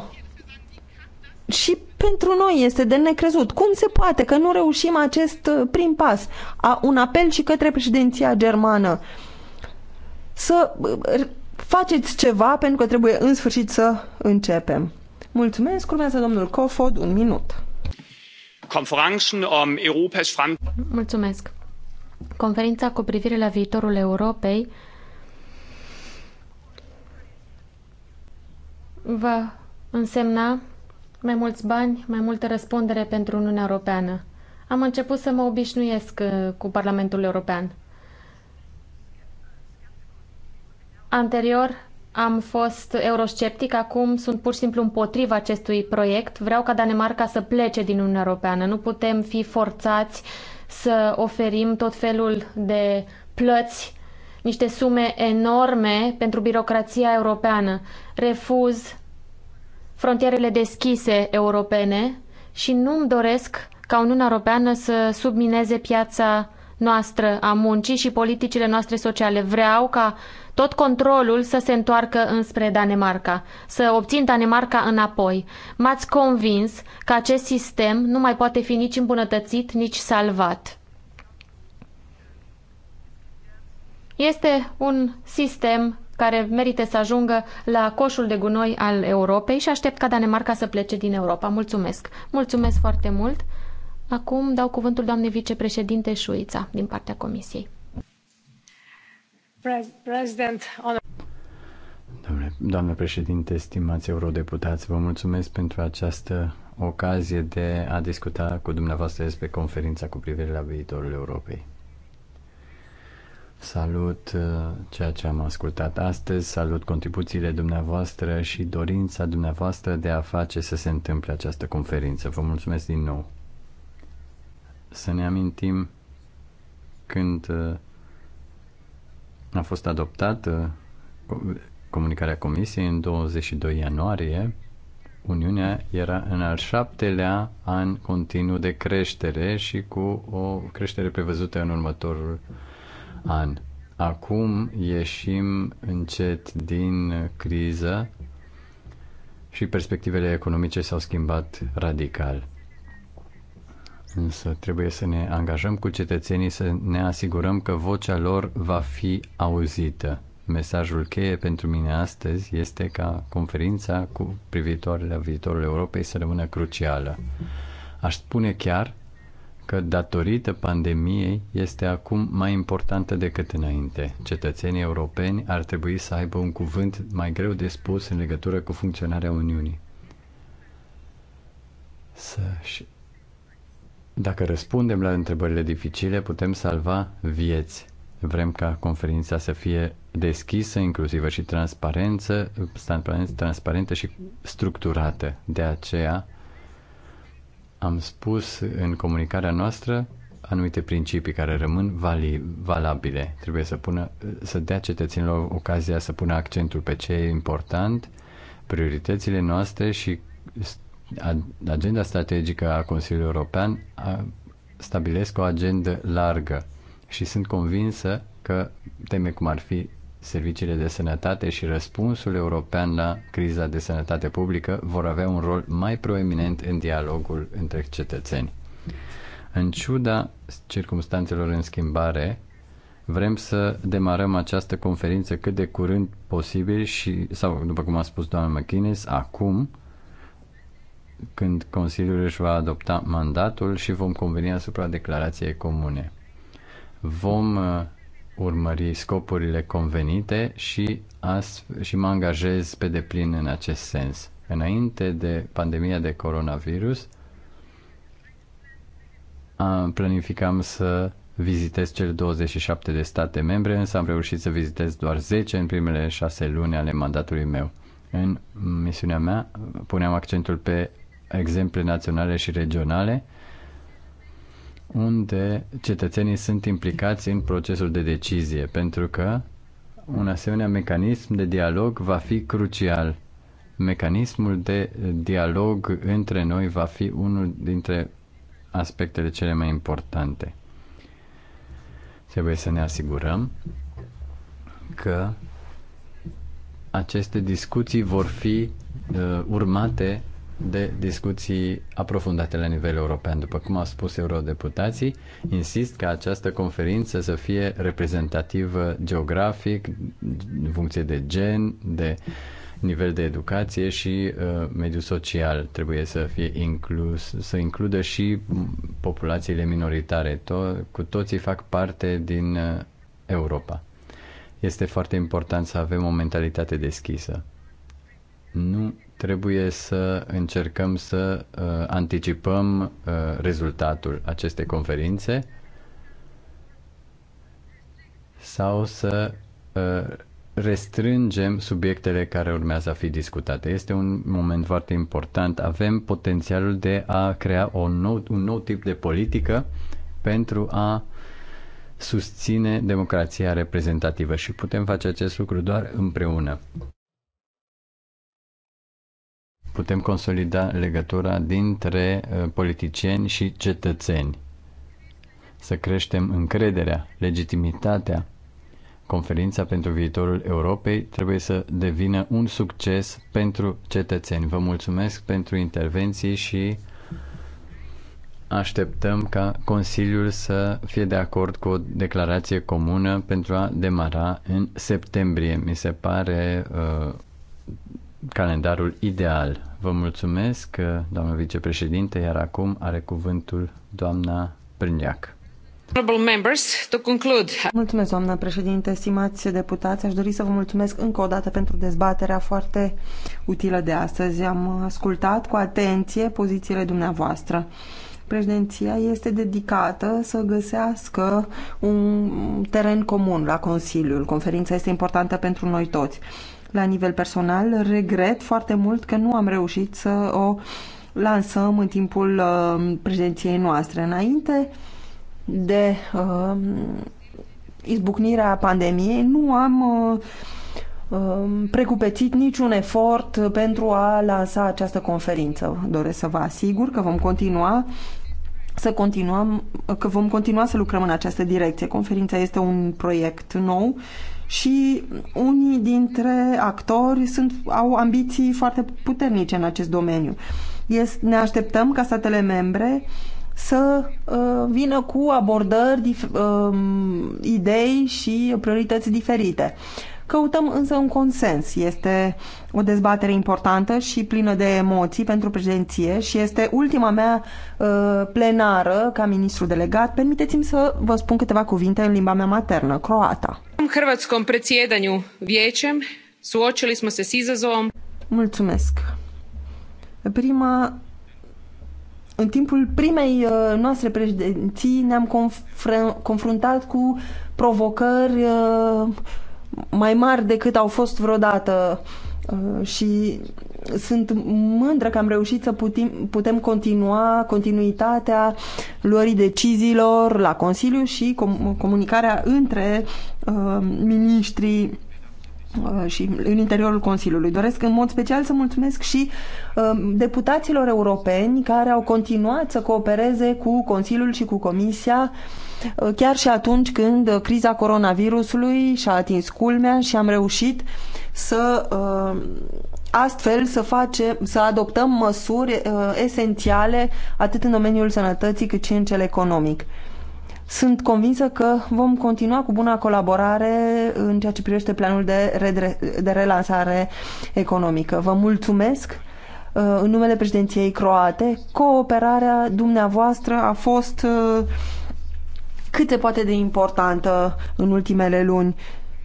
Speaker 8: Și pentru noi este de necrezut. Cum se poate că nu reușim acest uh, prim pas? A, un apel și către președinția germană să uh, faceți ceva pentru că trebuie în sfârșit să începem. Mulțumesc, urmează domnul Kofod un minut.
Speaker 7: Mulțumesc. Conferința cu privire la viitorul Europei va însemna mai mulți bani, mai multă răspundere pentru Uniunea Europeană. Am început să mă obișnuiesc uh, cu Parlamentul European. Anterior am fost eurosceptic, acum sunt pur și simplu împotriva acestui proiect. Vreau ca Danemarca să plece din Uniunea Europeană. Nu putem fi forțați să oferim tot felul de plăți, niște sume enorme pentru birocrația europeană. Refuz frontierele deschise europene și nu-mi doresc ca Uniunea Europeană să submineze piața noastră a muncii și politicile noastre sociale. Vreau ca tot controlul să se întoarcă înspre Danemarca, să obțin Danemarca înapoi. M-ați convins că acest sistem nu mai poate fi nici îmbunătățit, nici salvat. Este un sistem care merită să ajungă la coșul de gunoi al Europei și aștept ca Danemarca să plece din Europa. Mulțumesc! Mulțumesc foarte mult! Acum dau cuvântul doamnei vicepreședinte Șuița din partea Comisiei.
Speaker 10: Domnule Doamne, președinte, stimați eurodeputați, vă mulțumesc pentru această ocazie de a discuta cu dumneavoastră despre conferința cu privire la viitorul Europei. Salut uh, ceea ce am ascultat astăzi, salut contribuțiile dumneavoastră și dorința dumneavoastră de a face să se întâmple această conferință. Vă mulțumesc din nou. Să ne amintim când uh, a fost adoptată uh, comunicarea Comisiei în 22 ianuarie, Uniunea era în al șaptelea an continuu de creștere și cu o creștere prevăzută în următorul an. Acum ieșim încet din criză și perspectivele economice s-au schimbat radical. Însă trebuie să ne angajăm cu cetățenii să ne asigurăm că vocea lor va fi auzită. Mesajul cheie pentru mine astăzi este ca conferința cu privitoare la viitorul Europei să rămână crucială. Aș spune chiar că datorită pandemiei este acum mai importantă decât înainte. Cetățenii europeni ar trebui să aibă un cuvânt mai greu de spus în legătură cu funcționarea Uniunii. Să și... Dacă răspundem la întrebările dificile, putem salva vieți. Vrem ca conferința să fie deschisă, inclusivă și transparență, transparentă și structurată. De aceea, am spus în comunicarea noastră anumite principii care rămân vali, valabile. Trebuie să, pună, să dea cetățenilor ocazia să pună accentul pe ce e important, prioritățile noastre și agenda strategică a Consiliului European stabilesc o agendă largă și sunt convinsă că teme cum ar fi serviciile de sănătate și răspunsul european la criza de sănătate publică vor avea un rol mai proeminent în dialogul între cetățeni. În ciuda circumstanțelor în schimbare, vrem să demarăm această conferință cât de curând posibil și, sau după cum a spus doamna McInnes, acum, când Consiliul își va adopta mandatul și vom conveni asupra declarației comune. Vom uh, urmări scopurile convenite și, și mă angajez pe deplin în acest sens. Înainte de pandemia de coronavirus, am, planificam să vizitez cele 27 de state membre, însă am reușit să vizitez doar 10 în primele 6 luni ale mandatului meu. În misiunea mea puneam accentul pe exemple naționale și regionale unde cetățenii sunt implicați în procesul de decizie, pentru că un asemenea mecanism de dialog va fi crucial. Mecanismul de dialog între noi va fi unul dintre aspectele cele mai importante. Trebuie să ne asigurăm că aceste discuții vor fi uh, urmate de discuții aprofundate la nivel european. După cum au spus eurodeputații, insist ca această conferință să fie reprezentativă geografic, în funcție de gen, de nivel de educație și uh, mediul social. Trebuie să fie inclus, să includă și populațiile minoritare. To- cu toții fac parte din uh, Europa. Este foarte important să avem o mentalitate deschisă nu trebuie să încercăm să uh, anticipăm uh, rezultatul acestei conferințe sau să uh, restrângem subiectele care urmează a fi discutate. Este un moment foarte important. Avem potențialul de a crea o nou, un nou tip de politică pentru a susține democrația reprezentativă și putem face acest lucru doar împreună putem consolida legătura dintre uh, politicieni și cetățeni. Să creștem încrederea, legitimitatea. Conferința pentru viitorul Europei trebuie să devină un succes pentru cetățeni. Vă mulțumesc pentru intervenții și așteptăm ca Consiliul să fie de acord cu o declarație comună pentru a demara în septembrie. Mi se pare uh, calendarul ideal. Vă mulțumesc, uh, doamnă vicepreședinte, iar acum are cuvântul doamna Brâniac.
Speaker 8: Mulțumesc, doamnă președinte, stimați deputați. Aș dori să vă mulțumesc încă o dată pentru dezbaterea foarte utilă de astăzi. Am ascultat cu atenție pozițiile dumneavoastră. Președinția este dedicată să găsească un teren comun la Consiliul. Conferința este importantă pentru noi toți la nivel personal. Regret foarte mult că nu am reușit să o lansăm în timpul uh, președinției noastre. Înainte de uh, izbucnirea pandemiei, nu am uh, um, precupețit niciun efort pentru a lansa această conferință. Doresc să vă asigur că vom continua să continuăm, că vom continua să lucrăm în această direcție. Conferința este un proiect nou și unii dintre actori sunt, au ambiții foarte puternice în acest domeniu. Este, ne așteptăm ca statele membre să uh, vină cu abordări, dif, uh, idei și priorități diferite. Uh, Căutăm însă un consens. Este o dezbatere importantă și plină de emoții pentru președinție și este ultima mea uh, plenară ca ministru delegat. Permiteți-mi să vă spun câteva cuvinte în limba mea maternă, croata.
Speaker 5: În hrvatskom predsjedanju viecem, suočili smo se s izazovom.
Speaker 8: Mulțumesc. Prima în timpul primei uh, noastre președinții ne-am confr confruntat cu provocări uh, mai mari decât au fost vreodată uh, și sunt mândră că am reușit să putem, putem continua continuitatea luării deciziilor la Consiliu și com comunicarea între uh, miniștrii uh, și în interiorul Consiliului. Doresc în mod special să mulțumesc și uh, deputaților europeni care au continuat să coopereze cu Consiliul și cu Comisia uh, Uh, chiar și atunci când uh, criza coronavirusului și-a atins culmea și am reușit să uh, astfel să, face, să adoptăm măsuri esențiale atât în domeniul sănătății cât și în cel economic. Sunt convinsă că vom continua cu buna colaborare în ceea ce privește planul de, de relansare economică. Vă mulțumesc în numele președinției croate. Cooperarea dumneavoastră a fost cât se poate de importantă în ultimele luni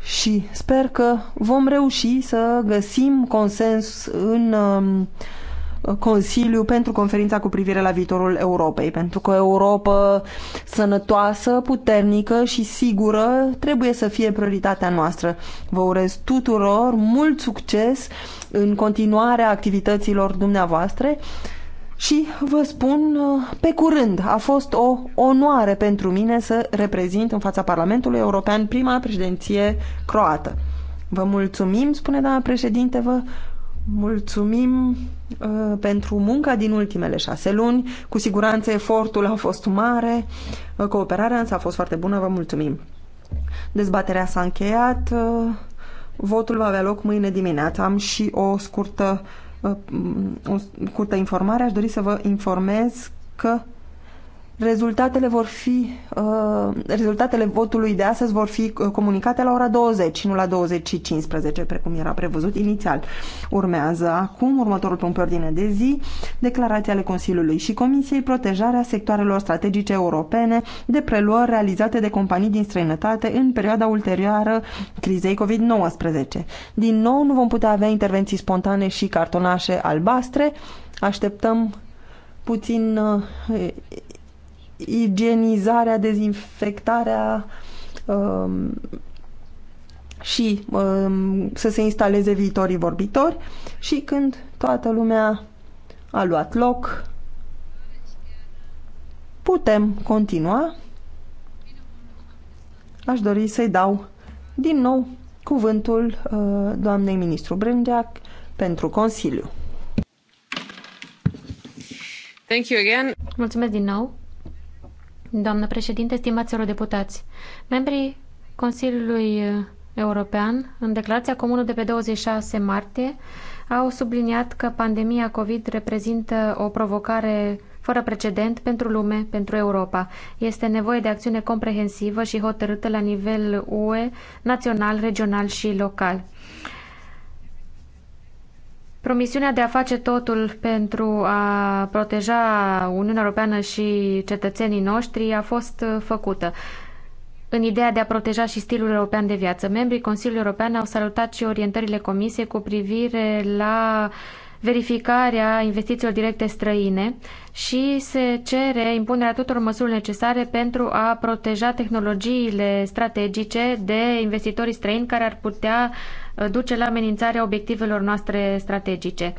Speaker 8: și sper că vom reuși să găsim consens în um, Consiliu pentru conferința cu privire la viitorul Europei, pentru că Europa sănătoasă, puternică și sigură trebuie să fie prioritatea noastră. Vă urez tuturor mult succes în continuarea activităților dumneavoastră și vă spun uh, pe curând, a fost o onoare pentru mine să reprezint în fața Parlamentului European prima președinție croată. Vă mulțumim, spune doamna președinte, vă mulțumim uh, pentru munca din ultimele șase luni. Cu siguranță efortul a fost mare, uh, cooperarea însă a fost foarte bună, vă mulțumim. Dezbaterea s-a încheiat, uh, votul va avea loc mâine dimineață. Am și o scurtă uh, Uh, mm, scurtă informare, aș dori să vă informez că Rezultatele vor fi, uh, rezultatele votului de astăzi vor fi uh, comunicate la ora 20 și nu la 20 și 15, precum era prevăzut inițial. Urmează acum următorul punct pe ordine de zi, declarația ale Consiliului și Comisiei, protejarea sectoarelor strategice europene de preluări realizate de companii din străinătate în perioada ulterioară crizei COVID-19. Din nou nu vom putea avea intervenții spontane și cartonașe albastre. Așteptăm puțin uh, igienizarea, dezinfectarea um, și um, să se instaleze viitorii vorbitori și când toată lumea a luat loc, putem continua. Aș dori să-i dau din nou cuvântul uh, doamnei ministru Brângeac pentru Consiliu.
Speaker 7: Thank you again. Mulțumesc din nou. Doamnă președinte, stimați eurodeputați, membrii Consiliului European, în declarația comună de pe 26 martie, au subliniat că pandemia COVID reprezintă o provocare fără precedent pentru lume, pentru Europa. Este nevoie de acțiune comprehensivă și hotărâtă la nivel UE, național, regional și local. Promisiunea de a face totul pentru a proteja Uniunea Europeană și cetățenii noștri a fost uh, făcută în ideea de a proteja și stilul european de viață. Membrii Consiliului European au salutat și orientările Comisiei cu privire la verificarea investițiilor directe străine și se cere impunerea tuturor măsurilor necesare pentru a proteja tehnologiile strategice de investitorii străini care ar putea duce la amenințarea obiectivelor noastre strategice.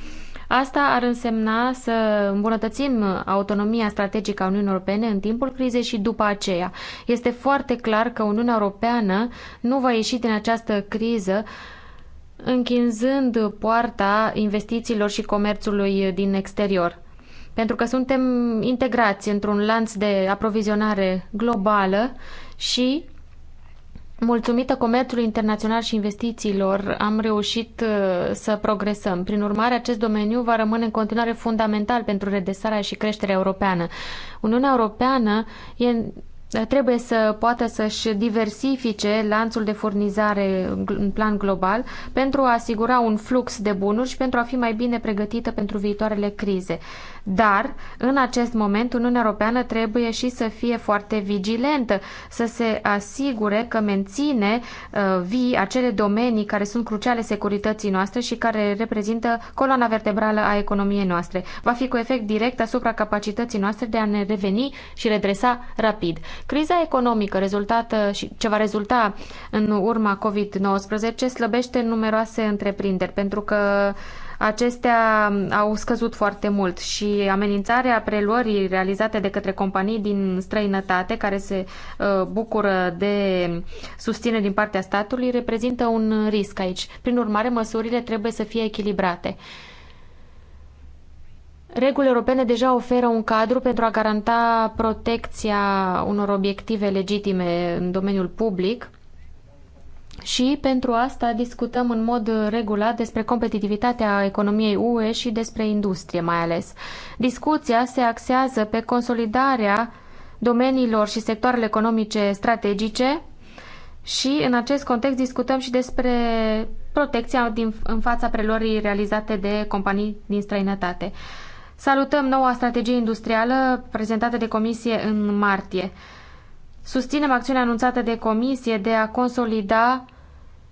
Speaker 7: Asta ar însemna să îmbunătățim autonomia strategică a Uniunii Europene în timpul crizei și după aceea. Este foarte clar că Uniunea Europeană nu va ieși din această criză închinzând poarta investițiilor și comerțului din exterior. Pentru că suntem integrați într-un lanț de aprovizionare globală și Mulțumită comerțului internațional și investițiilor, am reușit uh, să progresăm. Prin urmare, acest domeniu va rămâne în continuare fundamental pentru redesarea și creșterea europeană. Uniunea Europeană e uh, trebuie să poată să-și diversifice lanțul de furnizare în plan global pentru a asigura un flux de bunuri și pentru a fi mai bine pregătită pentru viitoarele crize. Dar, în acest moment, Uniunea Europeană trebuie și să fie foarte vigilentă, să se asigure că menține uh, vii acele domenii care sunt cruciale securității noastre și care reprezintă coloana vertebrală a economiei noastre. Va fi cu efect direct asupra capacității noastre de a ne reveni și redresa rapid. Criza economică rezultată și ce va rezulta în urma COVID-19 slăbește numeroase întreprinderi pentru că acestea au scăzut foarte mult și amenințarea preluării realizate de către companii din străinătate care se uh, bucură de susținere din partea statului reprezintă un risc aici. Prin urmare, măsurile trebuie să fie echilibrate. Regulile europene deja oferă un cadru pentru a garanta protecția unor obiective legitime în domeniul public, și pentru asta discutăm în mod regulat despre competitivitatea economiei UE și despre industrie mai ales. Discuția se axează pe consolidarea domeniilor și sectoarele economice strategice și în acest context discutăm și despre protecția din, în fața preluării realizate de companii din străinătate. Salutăm noua strategie industrială prezentată de Comisie în martie. Susținem acțiunea anunțată de Comisie de a consolida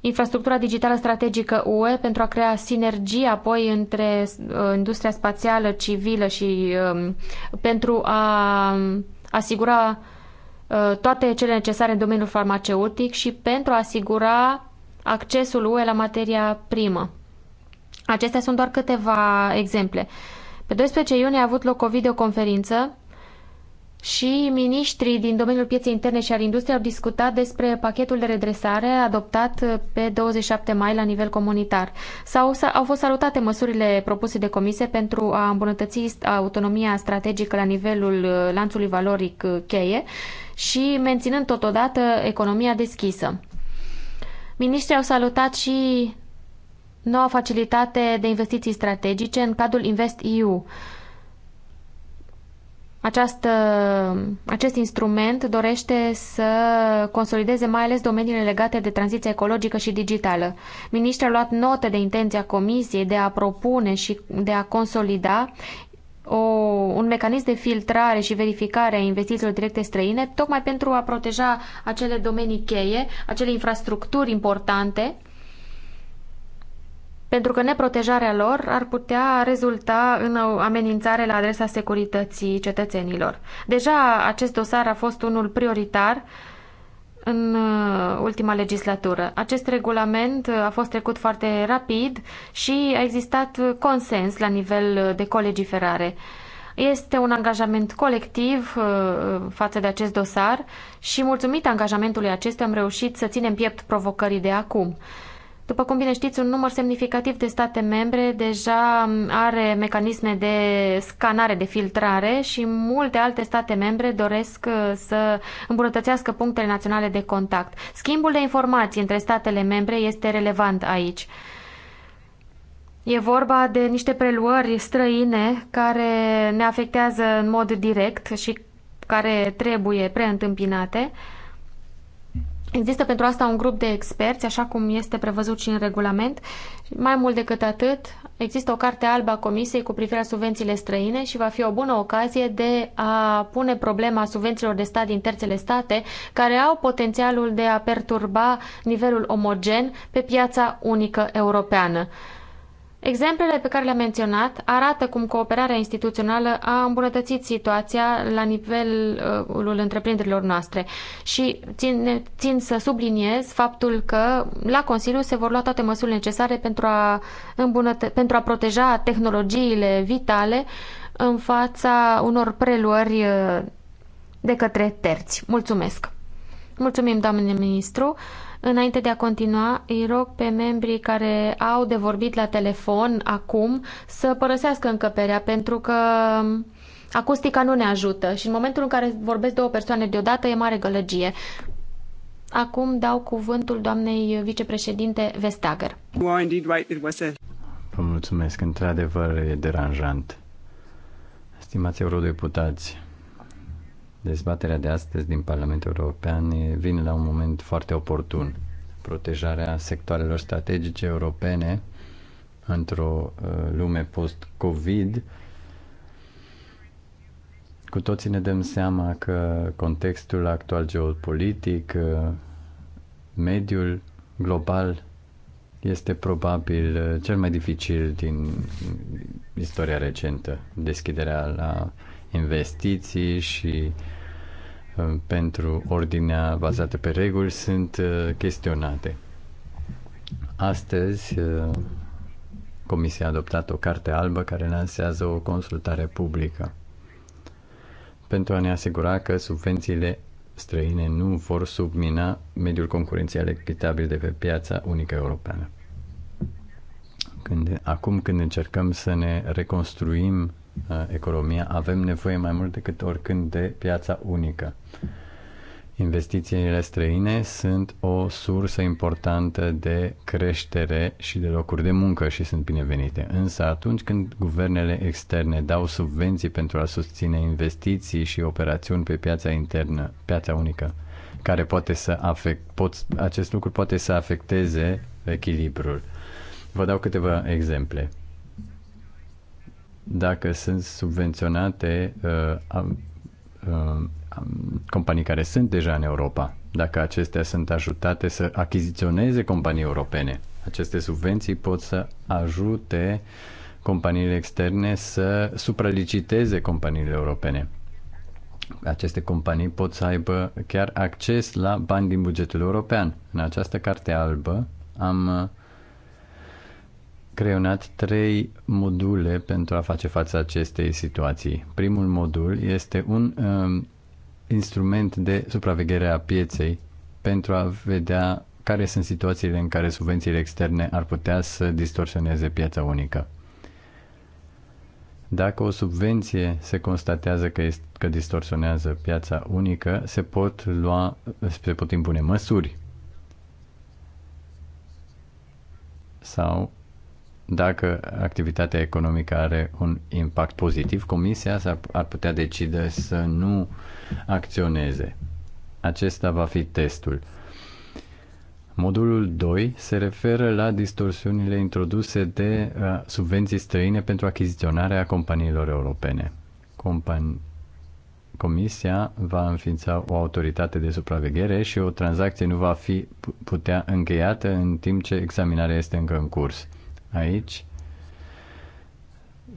Speaker 7: infrastructura digitală strategică UE pentru a crea sinergii apoi între uh, industria spațială, civilă și um, pentru a um, asigura uh, toate cele necesare în domeniul farmaceutic și pentru a asigura accesul UE la materia primă. Acestea sunt doar câteva exemple. Pe 12 iunie a avut loc o videoconferință și miniștrii din domeniul pieței interne și al industriei au discutat despre pachetul de redresare adoptat pe 27 mai la nivel comunitar. S-au, au fost salutate măsurile propuse de comisie pentru a îmbunătăți autonomia strategică la nivelul uh, lanțului valoric uh, cheie și menținând totodată economia deschisă. Ministrii au salutat și noua facilitate de investiții strategice în cadrul InvestEU. EU această, acest instrument dorește să consolideze mai ales domeniile legate de tranziția ecologică și digitală. Ministrul a luat notă de intenția Comisiei de a propune și de a consolida o, un mecanism de filtrare și verificare a investițiilor directe străine, tocmai pentru a proteja acele domenii cheie, acele infrastructuri importante pentru că neprotejarea lor ar putea rezulta în o amenințare la adresa securității cetățenilor. Deja acest dosar a fost unul prioritar în uh, ultima legislatură. Acest regulament uh, a fost trecut foarte rapid și a existat consens la nivel uh, de colegiferare. Este un angajament colectiv față de acest dosar și mulțumit angajamentului acestuia am reușit să ținem piept provocării de acum. După cum bine știți, un număr semnificativ de state membre deja are mecanisme de scanare, de filtrare și multe alte state membre doresc uh, să îmbunătățească punctele naționale de contact. Schimbul de informații între statele membre este relevant aici. E vorba de niște preluări străine care ne afectează în mod direct și care trebuie preîntâmpinate. Există pentru asta un grup de experți, așa cum este prevăzut și în regulament. Mai mult decât atât, există o carte albă a Comisiei cu privire la subvențiile străine și va fi o bună ocazie de a pune problema subvențiilor de stat din terțele state, care au potențialul de a perturba nivelul omogen pe piața unică europeană. Exemplele pe care le-am menționat arată cum cooperarea instituțională a îmbunătățit situația la nivelul întreprinderilor noastre și țin, țin să subliniez faptul că la Consiliu se vor lua toate măsurile necesare pentru a, îmbunătă- pentru a proteja tehnologiile vitale în fața unor preluări de către terți. Mulțumesc! Mulțumim, doamne ministru! Înainte de a continua, îi rog pe membrii care au de vorbit la telefon acum să părăsească încăperea, pentru că um, acustica nu ne ajută și în momentul în care vorbesc două persoane deodată e mare gălăgie. Acum dau cuvântul doamnei vicepreședinte Vestager.
Speaker 10: Vă mulțumesc, într-adevăr e deranjant. Stimați eurodeputați, Dezbaterea de astăzi din Parlamentul European vine la un moment foarte oportun. Protejarea sectoarelor strategice europene într-o uh, lume post-COVID. Cu toții ne dăm seama că contextul actual geopolitic, uh, mediul global este probabil uh, cel mai dificil din istoria recentă. Deschiderea la investiții și uh, Uh, pentru ordinea bazată pe reguli sunt uh, chestionate. Astăzi, uh, Comisia a adoptat o carte albă care lansează o consultare publică pentru a ne asigura că subvențiile străine nu vor submina mediul concurențial echitabil de pe piața unică europeană. Când, acum când încercăm să ne reconstruim Uh, economia, avem nevoie mai mult decât oricând de piața unică. Investițiile străine sunt o sursă importantă de creștere și de locuri de muncă și sunt binevenite. Însă atunci când guvernele externe dau subvenții pentru a susține investiții și operațiuni pe piața internă, piața unică, care poate să afect, pot, acest lucru poate să afecteze echilibrul. Vă dau câteva exemple dacă sunt subvenționate uh, uh, companii care sunt deja în Europa, dacă acestea sunt ajutate să achiziționeze companii europene. Aceste subvenții pot să ajute companiile externe să supraliciteze companiile europene. Aceste companii pot să aibă chiar acces la bani din bugetul european. În această carte albă am uh, creionat trei module pentru a face față acestei situații. Primul modul este un um, instrument de supraveghere a pieței pentru a vedea care sunt situațiile în care subvențiile externe ar putea să distorsioneze piața unică. Dacă o subvenție se constatează că, este, că distorsionează piața unică, se pot lua, se pot impune măsuri sau dacă activitatea economică are un impact pozitiv, comisia ar putea decide să nu acționeze. Acesta va fi testul. Modulul 2 se referă la distorsiunile introduse de uh, subvenții străine pentru achiziționarea companiilor europene. Compani- Comisia va înființa o autoritate de supraveghere și o tranzacție nu va fi putea încheiată în timp ce examinarea este încă în curs. Aici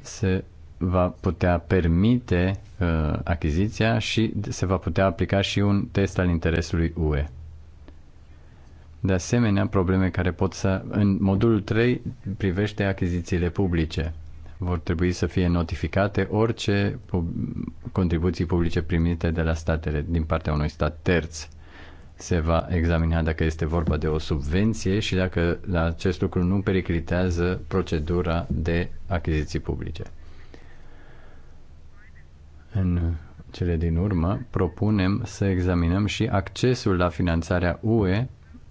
Speaker 10: se va putea permite uh, achiziția și se va putea aplica și un test al interesului UE. De asemenea, probleme care pot să... În modulul 3 privește achizițiile publice. Vor trebui să fie notificate orice contribuții publice primite de la statele, din partea unui stat terț se va examina dacă este vorba de o subvenție și dacă acest lucru nu periclitează procedura de achiziții publice. În cele din urmă, propunem să examinăm și accesul la finanțarea UE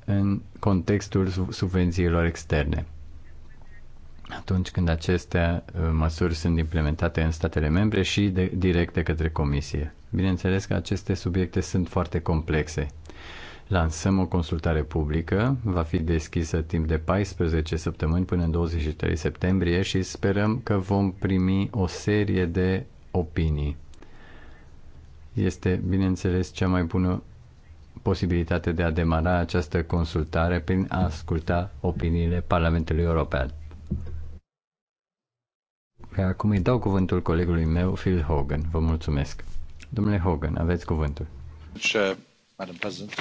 Speaker 10: în contextul subvențiilor externe. Atunci când aceste uh, măsuri sunt implementate în statele membre și de, direct de către Comisie. Bineînțeles că aceste subiecte sunt foarte complexe Lansăm o consultare publică, va fi deschisă timp de 14 săptămâni până în 23 septembrie și sperăm că vom primi o serie de opinii. Este, bineînțeles, cea mai bună posibilitate de a demara această consultare prin a asculta opiniile Parlamentului European. Acum îi dau cuvântul colegului meu, Phil Hogan. Vă mulțumesc. Domnule Hogan, aveți cuvântul.
Speaker 1: Madam President.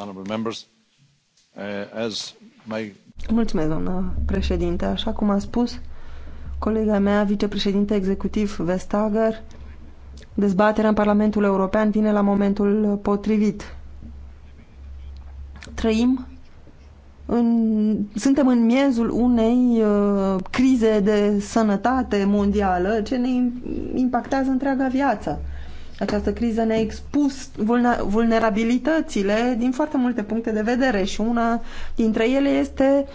Speaker 1: Uh,
Speaker 8: Mulțumesc, doamnă președinte. Așa cum a spus colega mea, vicepreședinte executiv Vestager, dezbaterea în Parlamentul European vine la momentul potrivit. Trăim în, suntem în miezul unei uh, crize de sănătate mondială ce ne impactează întreaga viață. Uh, această criză ne-a expus vulnerabilitățile din foarte multe puncte de vedere și una dintre ele este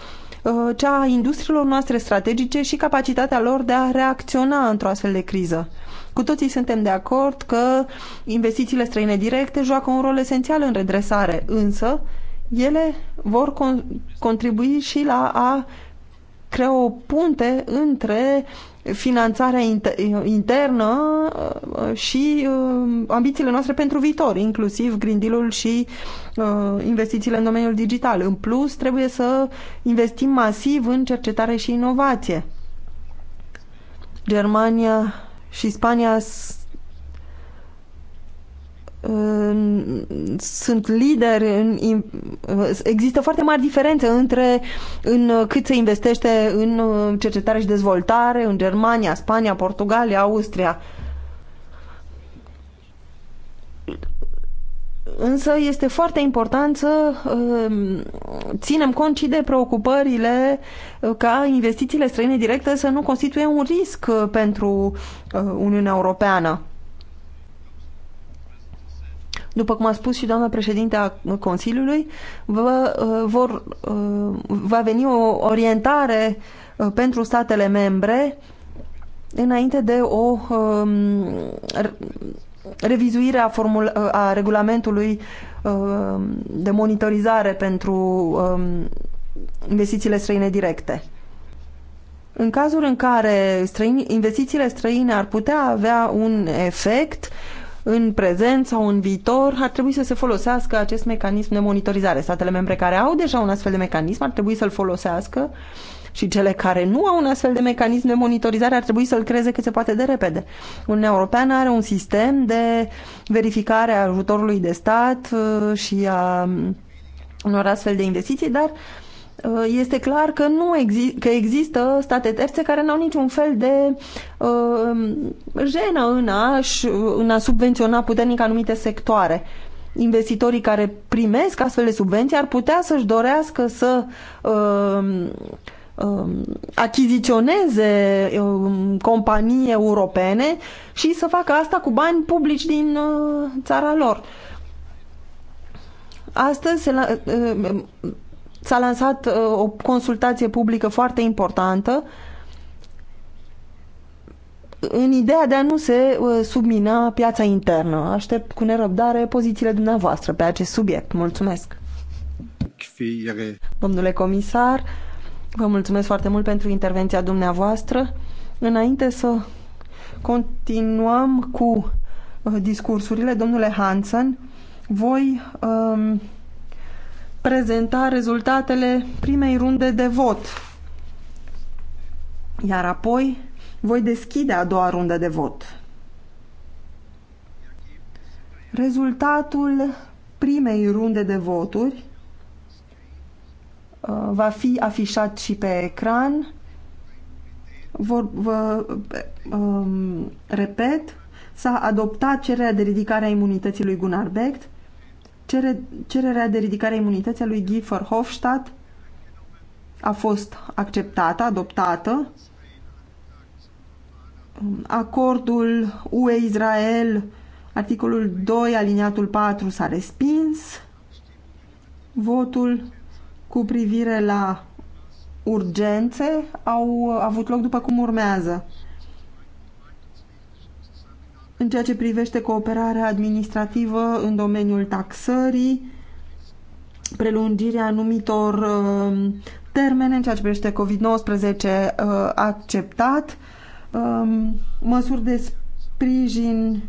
Speaker 8: uh, cea a industriilor noastre strategice și capacitatea lor de a reacționa într-o astfel de criză. Cu toții suntem de acord că investițiile străine directe joacă un rol esențial în redresare, însă ele vor con contribui și la a crea o punte între finanțarea internă uh, și uh, ambițiile noastre pentru viitor, inclusiv grindilul și uh, investițiile în domeniul digital. În plus, trebuie să investim masiv în cercetare și inovație. Germania și Spania sunt lideri, în, există foarte mari diferențe între în cât se investește în uh, cercetare și dezvoltare în Germania, Spania, Portugalia, Austria. Însă este foarte important să uh, ținem cont și de preocupările uh, ca investițiile străine directe să nu constituie un risc pentru Uniunea Europeană după cum a spus și doamna președinte a Consiliului, vă, uh, vor, uh, va veni o orientare uh, pentru statele membre înainte de o um, revizuire a, formul, a regulamentului um, de monitorizare pentru um, investițiile străine directe. În cazul în care străini, investițiile străine ar putea avea un efect, în prezent sau în viitor ar trebui să se folosească acest mecanism de monitorizare. Statele membre care au deja un astfel de mecanism ar trebui să-l folosească și cele care nu au un astfel de mecanism de monitorizare ar trebui să-l creeze cât se poate de repede. Uniunea Europeană are un sistem de verificare a ajutorului de stat uh, și a unor astfel de investiții, dar Uh, este clar că, nu exi- că există state terțe care n-au niciun fel de uh, jenă în a, uh, în a subvenționa puternic anumite sectoare. Investitorii care primesc astfel de subvenții ar putea să-și dorească să uh, uh, achiziționeze uh, companii europene și să facă asta cu bani publici din uh, țara lor. Astăzi se la, uh, S-a lansat uh, o consultație publică foarte importantă în ideea de a nu se uh, submina piața internă. Aștept cu nerăbdare pozițiile dumneavoastră pe acest subiect. Mulțumesc! Domnule comisar, vă mulțumesc foarte mult pentru intervenția dumneavoastră. Înainte să continuăm cu uh, discursurile, domnule Hansen, voi Uh, prezenta rezultatele primei runde de vot. Iar apoi voi deschide a doua rundă de vot. Rezultatul primei runde de voturi uh, va fi afișat și pe ecran. Vor, vă um, repet, s-a adoptat cererea de ridicare a imunității lui Gunnar Becht Cere, cererea de ridicare a imunității a lui Guy Verhofstadt a fost acceptată, adoptată. Acordul UE-Israel, articolul 2, aliniatul 4, s-a respins. Votul cu privire la urgențe au avut loc după cum urmează în ceea ce privește cooperarea administrativă în domeniul taxării, prelungirea anumitor um, termene în ceea ce privește COVID-19 uh, acceptat, um, măsuri de sprijin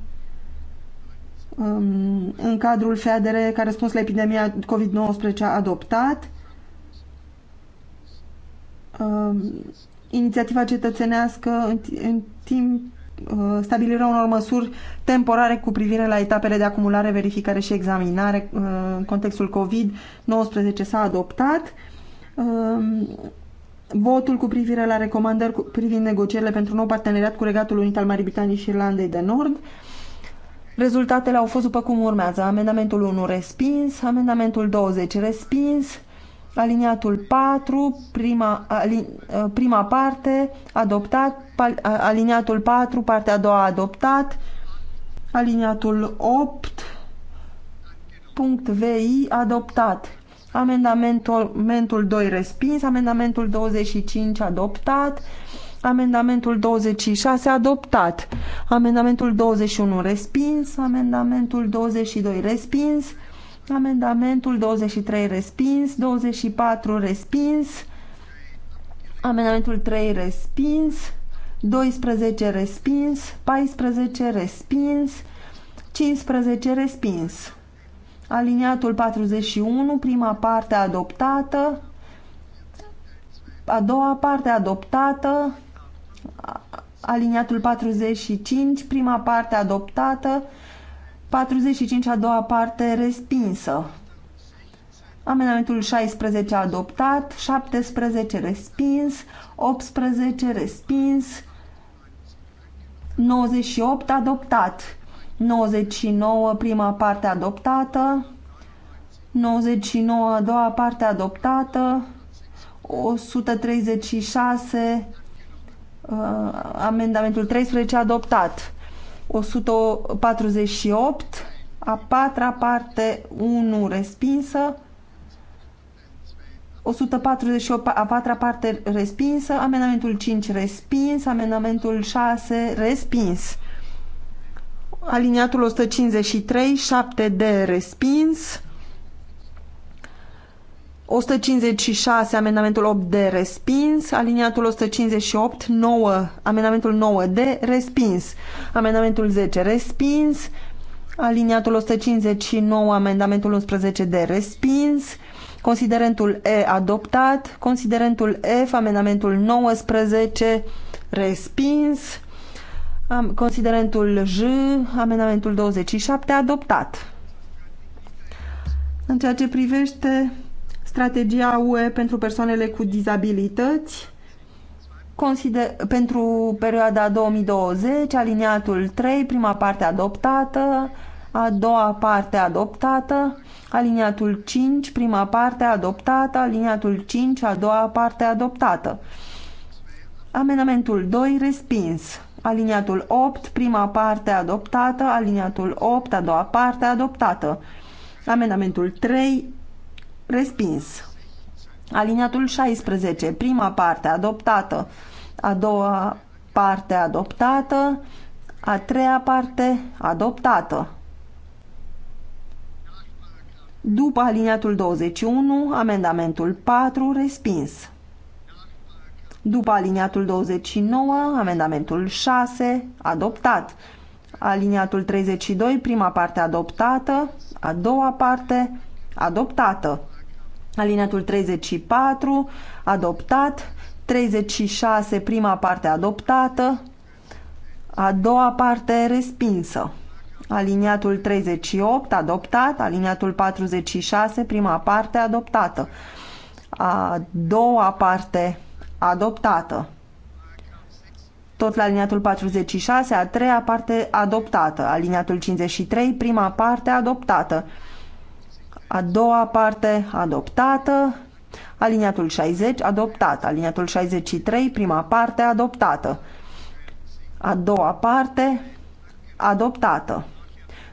Speaker 8: um, în cadrul FEADR care răspuns la epidemia COVID-19 adoptat, inițiativa cetățenească în timp Uh, stabilirea unor măsuri temporare cu privire la etapele de acumulare, verificare și examinare uh, în contextul COVID-19 s-a adoptat. Um, votul cu privire la recomandări privind negocierile pentru nou parteneriat cu Regatul Unit al Marii Britanii și Irlandei de Nord. Rezultatele au fost după cum urmează. Amendamentul 1 respins, amendamentul 20 respins, Aliniatul 4, prima, alin, ă, prima parte, adoptat. Pal, aliniatul 4, partea a doua, adoptat. Aliniatul 8, punct VI, adoptat. Amendamentul 2 respins, amendamentul 25 adoptat, amendamentul 26 adoptat, amendamentul 21 respins, amendamentul 22 respins, Amendamentul 23 respins, 24 respins, amendamentul 3 respins, 12 respins, 14 respins, 15 respins. Aliniatul 41, prima parte adoptată, a doua parte adoptată, aliniatul 45, prima parte adoptată, 45 a doua parte respinsă. Amendamentul 16 adoptat, 17 respins, 18 respins, 98 adoptat, 99 prima parte adoptată, 99 a doua parte adoptată, 136 uh, amendamentul 13 adoptat. 148, a patra parte 1 respinsă, 148, a patra parte respinsă, amendamentul 5 respins, amendamentul 6 respins. Aliniatul 153, 7 de respins, 156, amendamentul 8 de respins, aliniatul 158, 9, amendamentul 9 de respins, amendamentul 10 respins, aliniatul 159, amendamentul 11 de respins, considerentul E adoptat, considerentul F, amendamentul 19 respins, considerentul J, amendamentul 27 adoptat. În ceea ce privește strategia UE pentru persoanele cu dizabilități, consider, pentru perioada 2020, aliniatul 3, prima parte adoptată, a doua parte adoptată, aliniatul 5, prima parte adoptată, aliniatul 5, a doua parte adoptată. Amenamentul 2, respins. Aliniatul 8, prima parte adoptată, aliniatul 8, a doua parte adoptată. Amendamentul 3, Respins. Aliniatul 16, prima parte adoptată, a doua parte adoptată, a treia parte adoptată. După aliniatul 21, amendamentul 4 respins. După aliniatul 29, amendamentul 6 adoptat. Aliniatul 32, prima parte adoptată, a doua parte adoptată. Alineatul 34, adoptat. 36, prima parte adoptată. A doua parte respinsă. Aliniatul 38, adoptat. Aliniatul 46, prima parte adoptată. A doua parte adoptată. Tot la aliniatul 46, a treia parte adoptată. Aliniatul 53, prima parte adoptată. A doua parte adoptată. Aliniatul 60 adoptat. Aliniatul 63, prima parte adoptată. A doua parte adoptată.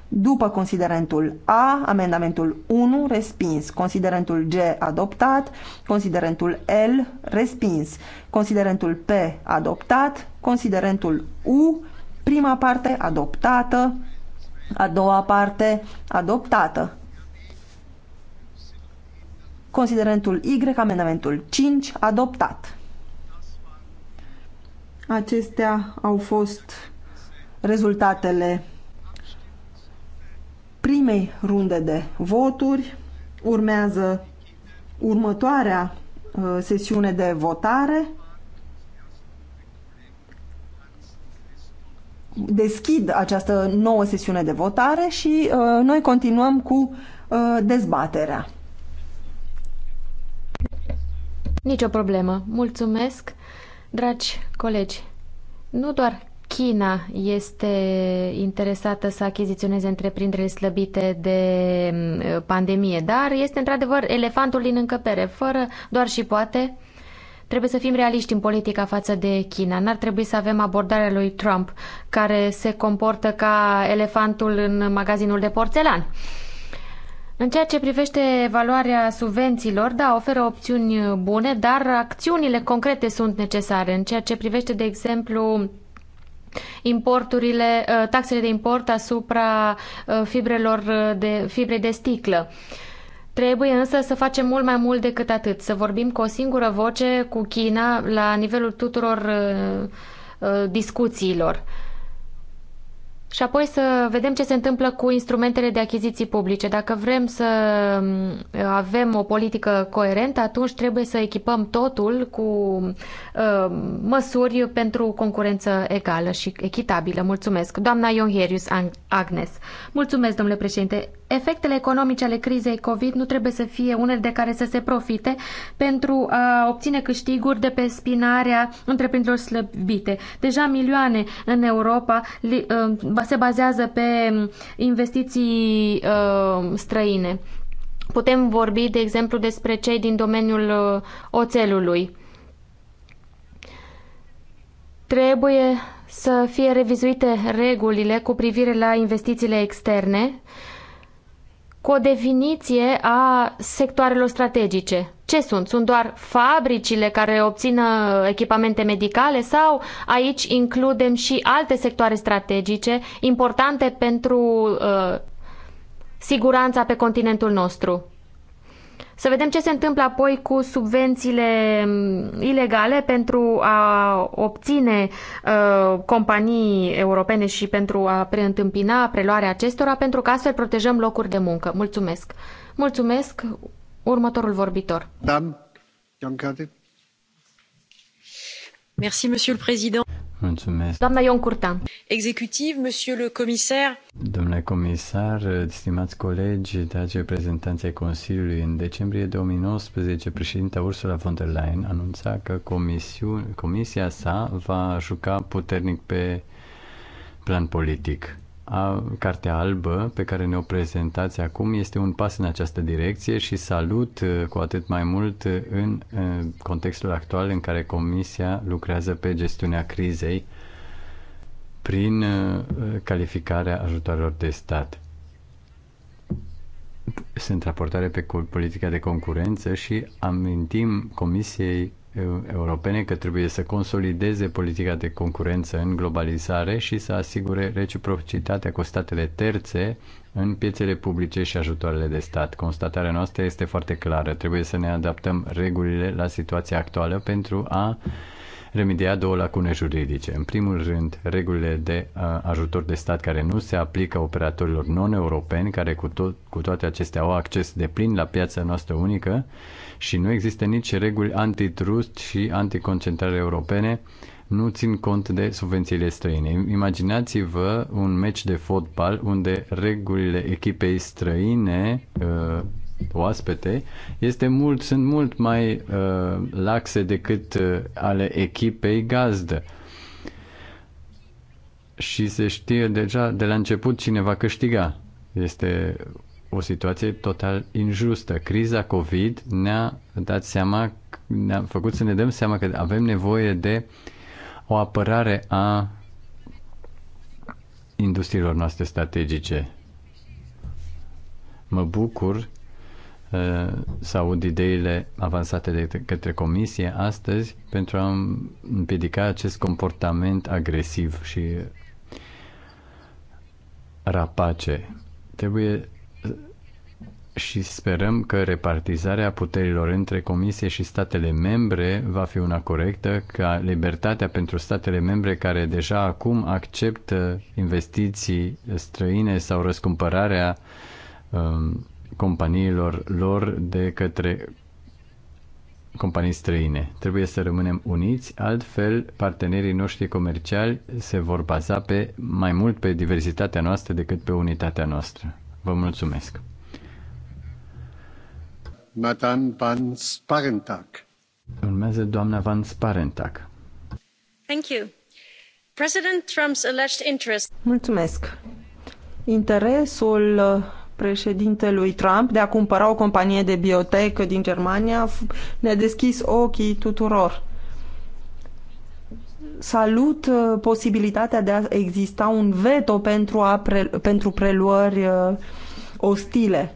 Speaker 8: După considerentul A, amendamentul 1 respins, considerentul G adoptat, considerentul L respins, considerentul P adoptat, considerentul U, prima parte adoptată, a doua parte adoptată. Considerentul Y, amendamentul 5, adoptat. Acestea au fost rezultatele primei runde de voturi. Urmează următoarea uh, sesiune de votare. Deschid această nouă sesiune de votare și uh, noi continuăm cu uh, dezbaterea. Nicio problemă.
Speaker 7: Mulțumesc, dragi colegi. Nu doar China este interesată să achiziționeze întreprinderile slăbite de mm, pandemie, dar este într-adevăr elefantul din încăpere, fără doar și poate. Trebuie să fim realiști în politica față de China. N-ar trebui să avem abordarea lui Trump, care se comportă ca elefantul în magazinul de porțelan. În ceea ce privește evaluarea subvențiilor, da, oferă opțiuni bune, dar acțiunile concrete sunt necesare. În ceea ce privește, de exemplu, importurile, ă, taxele de import asupra ă, fibrelor de, fibre de sticlă. Trebuie însă să facem mult mai mult decât atât, să vorbim cu o singură voce cu China la nivelul tuturor ă, discuțiilor și apoi să vedem ce se întâmplă cu instrumentele de achiziții publice. Dacă vrem să mm, avem o politică coerentă, atunci trebuie să echipăm totul cu uh, măsuri pentru concurență egală și echitabilă. Mulțumesc. Doamna Iongherius Agnes. Mulțumesc, domnule președinte. Efectele economice ale crizei COVID nu trebuie să fie unele de care să se profite pentru a obține câștiguri de pe spinarea întreprinderilor slăbite. Deja milioane în Europa mm, se bazează pe mm, investiții uh, străine. Putem vorbi, de exemplu, despre cei din domeniul uh, oțelului. Trebuie să fie revizuite regulile cu privire la investițiile externe cu o definiție a sectoarelor strategice. Ce sunt? Sunt doar fabricile care obțină echipamente medicale sau aici includem și alte sectoare strategice importante pentru uh, siguranța pe continentul nostru? Să vedem ce se întâmplă apoi cu subvențiile mm, ilegale pentru a obține uh, companii europene și pentru a preîntâmpina preluarea acestora, pentru că astfel protejăm locuri de muncă. Mulțumesc! Mulțumesc! Următorul vorbitor. Dan, Merci, Monsieur le Président. Mulțumesc. Doamna Ion Curtan.
Speaker 4: Executiv, monsieur le comisar.
Speaker 10: Domnule comisar, stimați colegi, dragi reprezentanți ai Consiliului, în decembrie 2019, președinta Ursula von der Leyen anunța că comisia sa va juca puternic pe plan politic. A, cartea albă pe care ne-o prezentați acum este un pas în această direcție și salut uh, cu atât mai mult uh, în, în uh, contextul actual în care Comisia lucrează pe gestiunea crizei prin calificarea ajutoarelor de stat. Sunt raportare pe politica de concurență și amintim Comisiei europene că trebuie să consolideze politica de concurență în globalizare și să asigure reciprocitatea cu statele terțe în piețele publice și ajutoarele de stat. Constatarea noastră este foarte clară. Trebuie să ne adaptăm regulile la situația actuală pentru a remedia două lacune juridice. În primul rând, regulile de uh, ajutor de stat care nu se aplică operatorilor non-europeni, care cu, tot, cu toate acestea au acces de plin la piața noastră unică, și nu există nici reguli antitrust și anticoncentrare europene, nu țin cont de subvențiile străine. Imaginați-vă un meci de fotbal unde regulile echipei străine uh, oaspete este mult, sunt mult mai uh, laxe decât uh, ale echipei gazdă. Și se știe deja de la început cine va câștiga. Este o situație total injustă. Criza COVID ne-a dat seama, ne-a făcut să ne dăm seama că avem nevoie de o apărare a industriilor noastre strategice. Mă bucur uh, să aud ideile avansate de către comisie astăzi pentru a împiedica acest comportament agresiv și rapace. Trebuie și sperăm că repartizarea puterilor între Comisie și statele membre va fi una corectă, ca libertatea pentru statele membre care deja acum acceptă investiții străine sau răscumpărarea um, companiilor lor de către companii străine. Trebuie să rămânem uniți, altfel partenerii noștri comerciali se vor baza pe mai mult pe diversitatea noastră decât pe unitatea noastră. Vă mulțumesc!
Speaker 1: Madame Van Sparentak.
Speaker 10: Urmează doamna Van Sparentak.
Speaker 3: Thank you. President Trump's alleged interest.
Speaker 8: Mulțumesc. Interesul uh, președintelui Trump de a cumpăra o companie de biotech din Germania ne-a deschis ochii tuturor. Salut uh, posibilitatea de a exista un veto pentru, a pre, pentru preluări uh, ostile.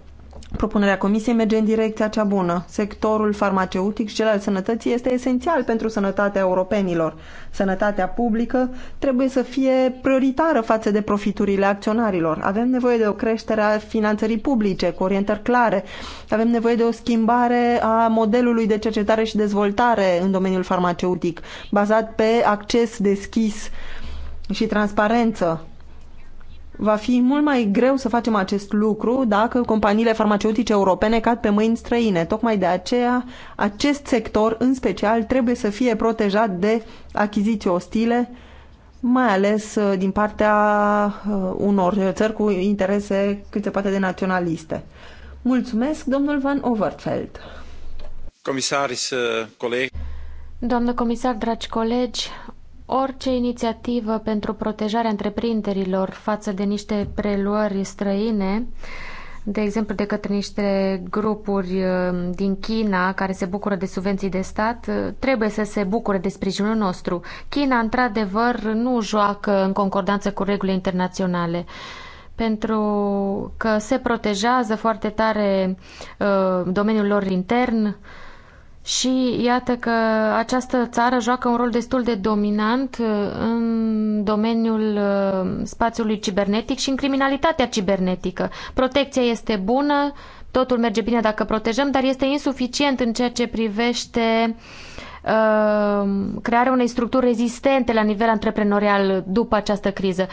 Speaker 8: Propunerea Comisiei merge în direcția cea bună. Sectorul farmaceutic și cel al sănătății este esențial pentru sănătatea europenilor. Sănătatea publică trebuie să fie prioritară față de profiturile acționarilor. Avem nevoie de o creștere a finanțării publice cu orientări clare. Avem nevoie de o schimbare a modelului de cercetare și dezvoltare în domeniul farmaceutic, bazat pe acces deschis și transparență va fi mult mai greu să facem acest lucru dacă companiile farmaceutice europene cad pe mâini străine. Tocmai de aceea, acest sector, în special, trebuie să fie protejat de achiziții ostile, mai ales uh, din partea uh, unor țări cu interese cât se poate de naționaliste. Mulțumesc, domnul Van Overfeld.
Speaker 2: Comisaris, uh, colegi.
Speaker 7: Doamnă comisar, dragi colegi, Orice inițiativă pentru protejarea întreprinderilor față de niște preluări străine, de exemplu de către niște grupuri uh, din China care se bucură de subvenții de stat, uh, trebuie să se bucure de sprijinul nostru. China, într-adevăr, nu joacă în concordanță cu regulile internaționale pentru că se protejează foarte tare uh, domeniul lor intern, și iată că această țară joacă un rol destul de dominant uh, în domeniul uh, spațiului cibernetic și în criminalitatea cibernetică. Protecția este bună, totul merge bine dacă protejăm, dar este insuficient în ceea ce privește uh, crearea unei structuri rezistente la nivel antreprenorial după această criză.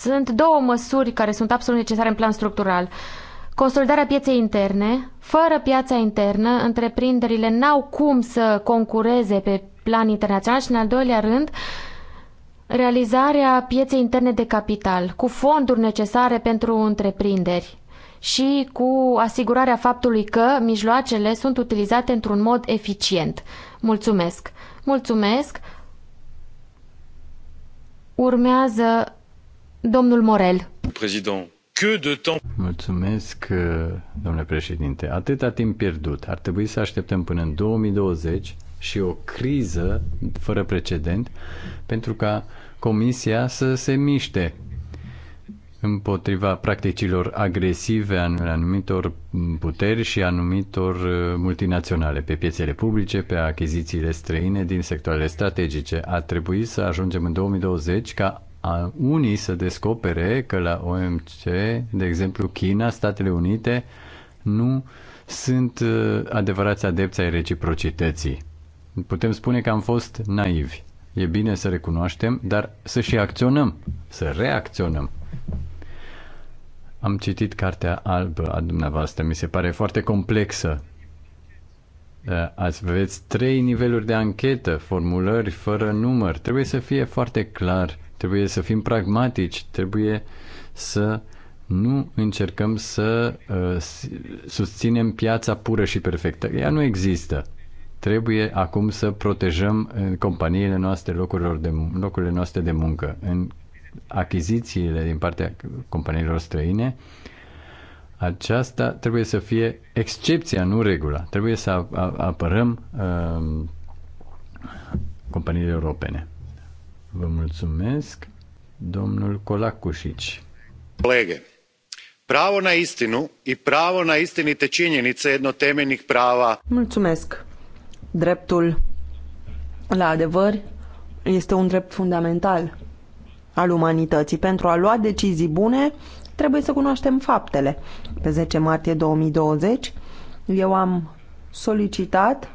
Speaker 7: Sunt două măsuri care sunt absolut necesare în plan structural. Consolidarea pieței interne. Fără piața internă, întreprinderile n-au cum să concureze pe plan internațional și, în al doilea rând, realizarea pieței interne de capital, cu fonduri necesare pentru întreprinderi și cu asigurarea faptului că mijloacele sunt utilizate într-un mod eficient. Mulțumesc! Mulțumesc! Urmează domnul Morel.
Speaker 10: Președinte. Que de temps... Mulțumesc, uh, domnule președinte. Atâta timp pierdut. Ar trebui să așteptăm până în 2020 și o criză fără precedent pentru ca Comisia să se miște împotriva practicilor agresive a anumitor puteri și anumitor uh, multinaționale pe piețele publice, pe achizițiile străine din sectoarele strategice. A trebuit să ajungem în 2020 ca a unii să descopere că la OMC, de exemplu China, Statele Unite, nu sunt uh, adevărați adepți ai reciprocității. Putem spune că am fost naivi. E bine să recunoaștem, dar să și acționăm, să reacționăm. Am citit cartea albă a dumneavoastră, mi se pare foarte complexă Eh, aveți trei niveluri de anchetă, formulări fără număr. Trebuie să fie foarte clar, trebuie să fim pragmatici, trebuie să nu încercăm să uh, susținem piața pură și perfectă. Ea nu există. Trebuie acum să protejăm eh, companiile noastre, locurilor de, locurile noastre de muncă. În achizițiile din partea companiilor străine, uh, aceasta trebuie să fie excepția, nu regula. Trebuie să apărăm uh, companiile europene. Vă mulțumesc, domnul Colacușici.
Speaker 1: Colege, pravo na istinu i pravo na istinite činjenice jedno temeljnih prava.
Speaker 8: Mulțumesc. Dreptul la adevăr este un drept fundamental al umanității. Pentru a lua decizii bune, trebuie să cunoaștem faptele. 17 10 martie 2020, eu am solicitat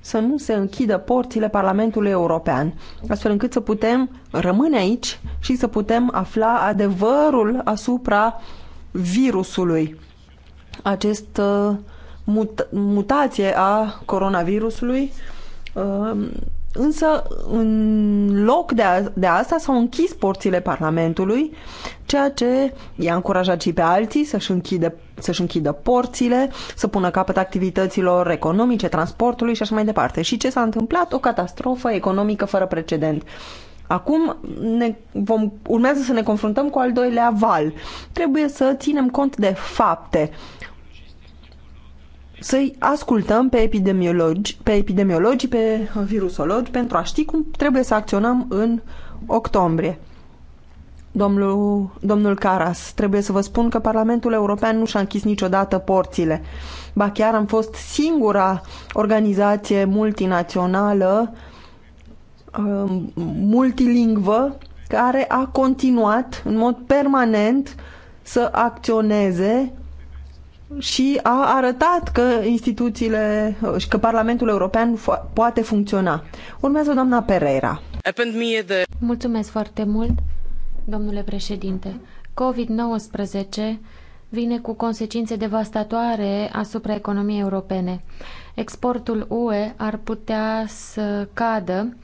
Speaker 8: să nu se închidă porțile Parlamentului European, astfel încât să putem rămâne aici și să putem afla adevărul asupra virusului. Acest uh, mut mutație a coronavirusului uh, Însă, în loc de, a, de asta, s-au închis porțile Parlamentului, ceea ce i-a încurajat și pe alții să-și, închidă, să-și închidă porțile, să pună capăt activităților economice, transportului și așa mai departe. Și ce s-a întâmplat? O catastrofă economică fără precedent. Acum ne vom, urmează să ne confruntăm cu al doilea val. Trebuie să ținem cont de fapte să-i ascultăm pe epidemiologi, pe epidemiologi, pe virusologi, pentru a ști cum trebuie să acționăm în octombrie. Domnul, domnul Caras, trebuie să vă spun că Parlamentul European nu și-a închis niciodată porțile. Ba chiar am fost singura organizație multinațională, um, multilingvă, care a continuat în mod permanent să acționeze și a arătat că instituțiile și că Parlamentul European poate funcționa. Urmează doamna Pereira.
Speaker 7: Mulțumesc foarte mult, domnule președinte. COVID-19 vine cu consecințe devastatoare asupra economiei europene. Exportul UE ar putea să cadă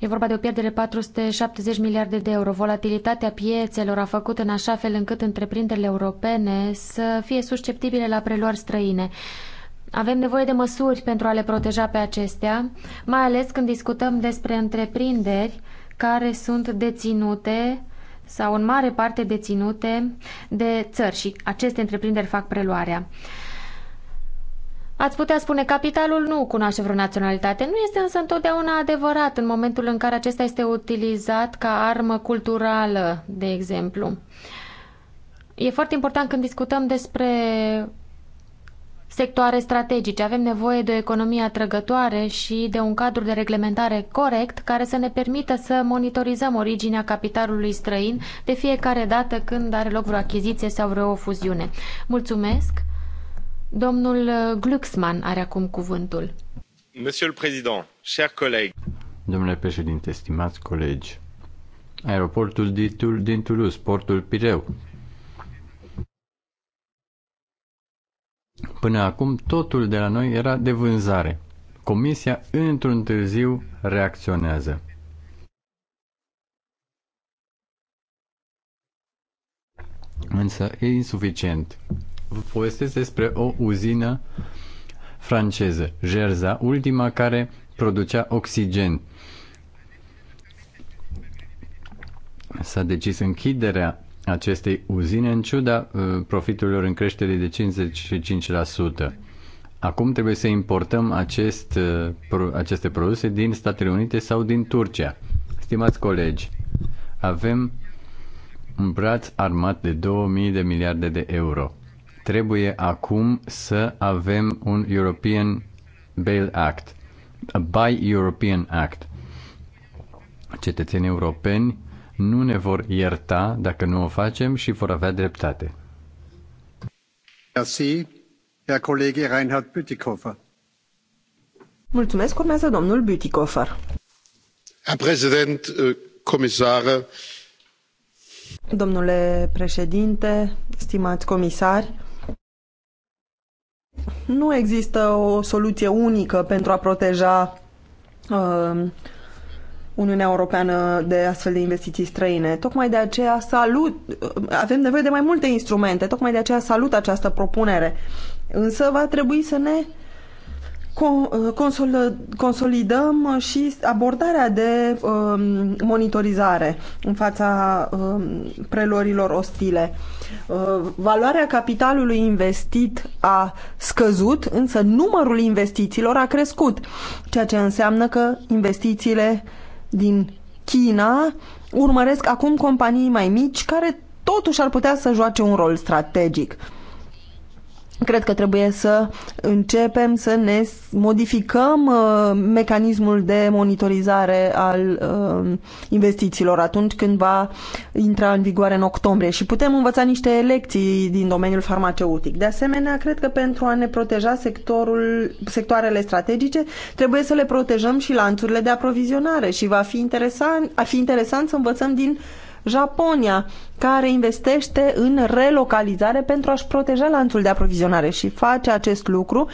Speaker 7: E vorba de o pierdere 470 miliarde de euro. Volatilitatea piețelor a făcut în așa fel încât întreprinderile europene să fie susceptibile la preluări străine. Avem nevoie de măsuri pentru a le proteja pe acestea, mai ales când discutăm despre întreprinderi care sunt deținute sau în mare parte deținute de țări și aceste întreprinderi fac preluarea. Ați putea spune, capitalul nu cunoaște vreo naționalitate. Nu este însă întotdeauna adevărat în momentul în care acesta este utilizat ca armă culturală, de exemplu. E foarte important când discutăm despre sectoare strategice. Avem nevoie de o economie atrăgătoare și de un cadru de reglementare corect care să ne permită să monitorizăm originea capitalului străin de fiecare dată când are loc vreo achiziție sau vreo fuziune. Mulțumesc! Domnul uh, Glucksmann are acum cuvântul.
Speaker 1: Monsieur le Président, chers collègues.
Speaker 10: Domnule președinte, stimați colegi, aeroportul din Toulouse, portul Pireu, Până acum totul de la noi era de vânzare. Comisia într-un târziu reacționează. Însă e insuficient povestesc despre o uzină franceză, Gerza, ultima care producea oxigen. S-a decis închiderea acestei uzine în ciuda uh, profiturilor în creștere de 55%. Acum trebuie să importăm acest, uh, aceste produse din Statele Unite sau din Turcia. Stimați colegi, avem un braț armat de 2000 de miliarde de euro. Trebuie acum să avem un European Bail Act, a Buy European Act. Cetățenii europeni nu ne vor ierta dacă nu o facem și vor avea dreptate.
Speaker 1: Merci, Herr Kollege Reinhard Bütikofer. Mulțumesc,
Speaker 8: urmează domnul Bütikofer.
Speaker 1: Herr Präsident, äh, Kommissare.
Speaker 8: Domnule președinte, stimați comisari, nu există o soluție unică pentru a proteja uh, Uniunea Europeană de astfel de investiții străine. Tocmai de aceea salut, uh, avem nevoie de mai multe instrumente, tocmai de aceea salut această propunere. Însă va trebui să ne Uh, consolidăm și abordarea de um, monitorizare în fața um, prelorilor ostile. Uh, valoarea capitalului investit a scăzut, însă numărul investițiilor a crescut, ceea ce înseamnă că investițiile din China urmăresc acum companii mai mici care totuși ar putea să joace un rol strategic. Cred că trebuie să începem să ne modificăm uh, mecanismul de monitorizare al uh, investițiilor atunci când va intra în vigoare în octombrie și putem învăța niște lecții din domeniul farmaceutic. De asemenea, cred că pentru a ne proteja sectorul, sectoarele strategice, trebuie să le protejăm și lanțurile de aprovizionare și va fi interesant, ar fi interesant să învățăm din Japonia, care investește în relocalizare pentru a-și proteja lanțul de aprovizionare și face acest lucru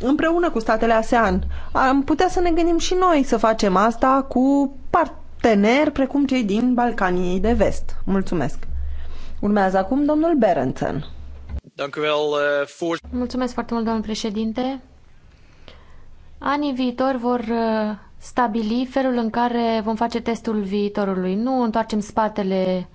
Speaker 8: împreună cu statele ASEAN. Am putea să ne gândim și noi să facem asta cu parteneri precum cei din Balcanii de Vest. Mulțumesc! Urmează acum domnul Berenton.
Speaker 6: Eh,
Speaker 7: Mulțumesc foarte mult, domnul președinte. Anii viitori vor eh, stabili felul în care vom face testul viitorului. Nu întoarcem spatele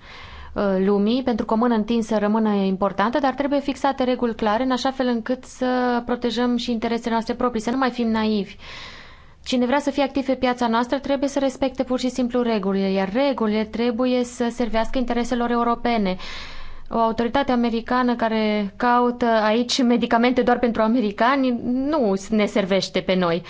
Speaker 7: uh, lumii, pentru că o mână întinsă rămâne importantă, dar trebuie fixate reguli clare în așa fel încât să protejăm și interesele noastre proprii, să nu mai fim naivi. Cine vrea să fie activ pe piața noastră trebuie să respecte pur și simplu regulile, iar regulile trebuie să servească intereselor europene. O autoritate americană care caută aici medicamente doar pentru americani nu ne servește pe noi.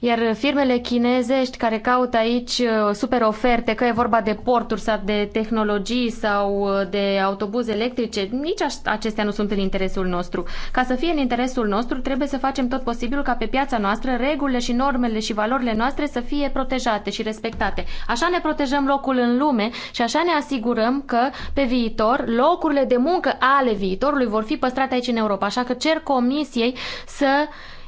Speaker 7: Iar firmele chinezești care caută aici uh, super oferte, că e vorba de porturi sau de tehnologii sau uh, de autobuze electrice, nici acestea nu sunt în interesul nostru. Ca să fie în interesul nostru, trebuie să facem tot posibilul ca pe piața noastră regulile și normele și valorile noastre să fie protejate și respectate. Așa ne protejăm locul în lume și așa ne asigurăm că pe viitor locurile de muncă ale viitorului vor fi păstrate aici în Europa. Așa că cer comisiei să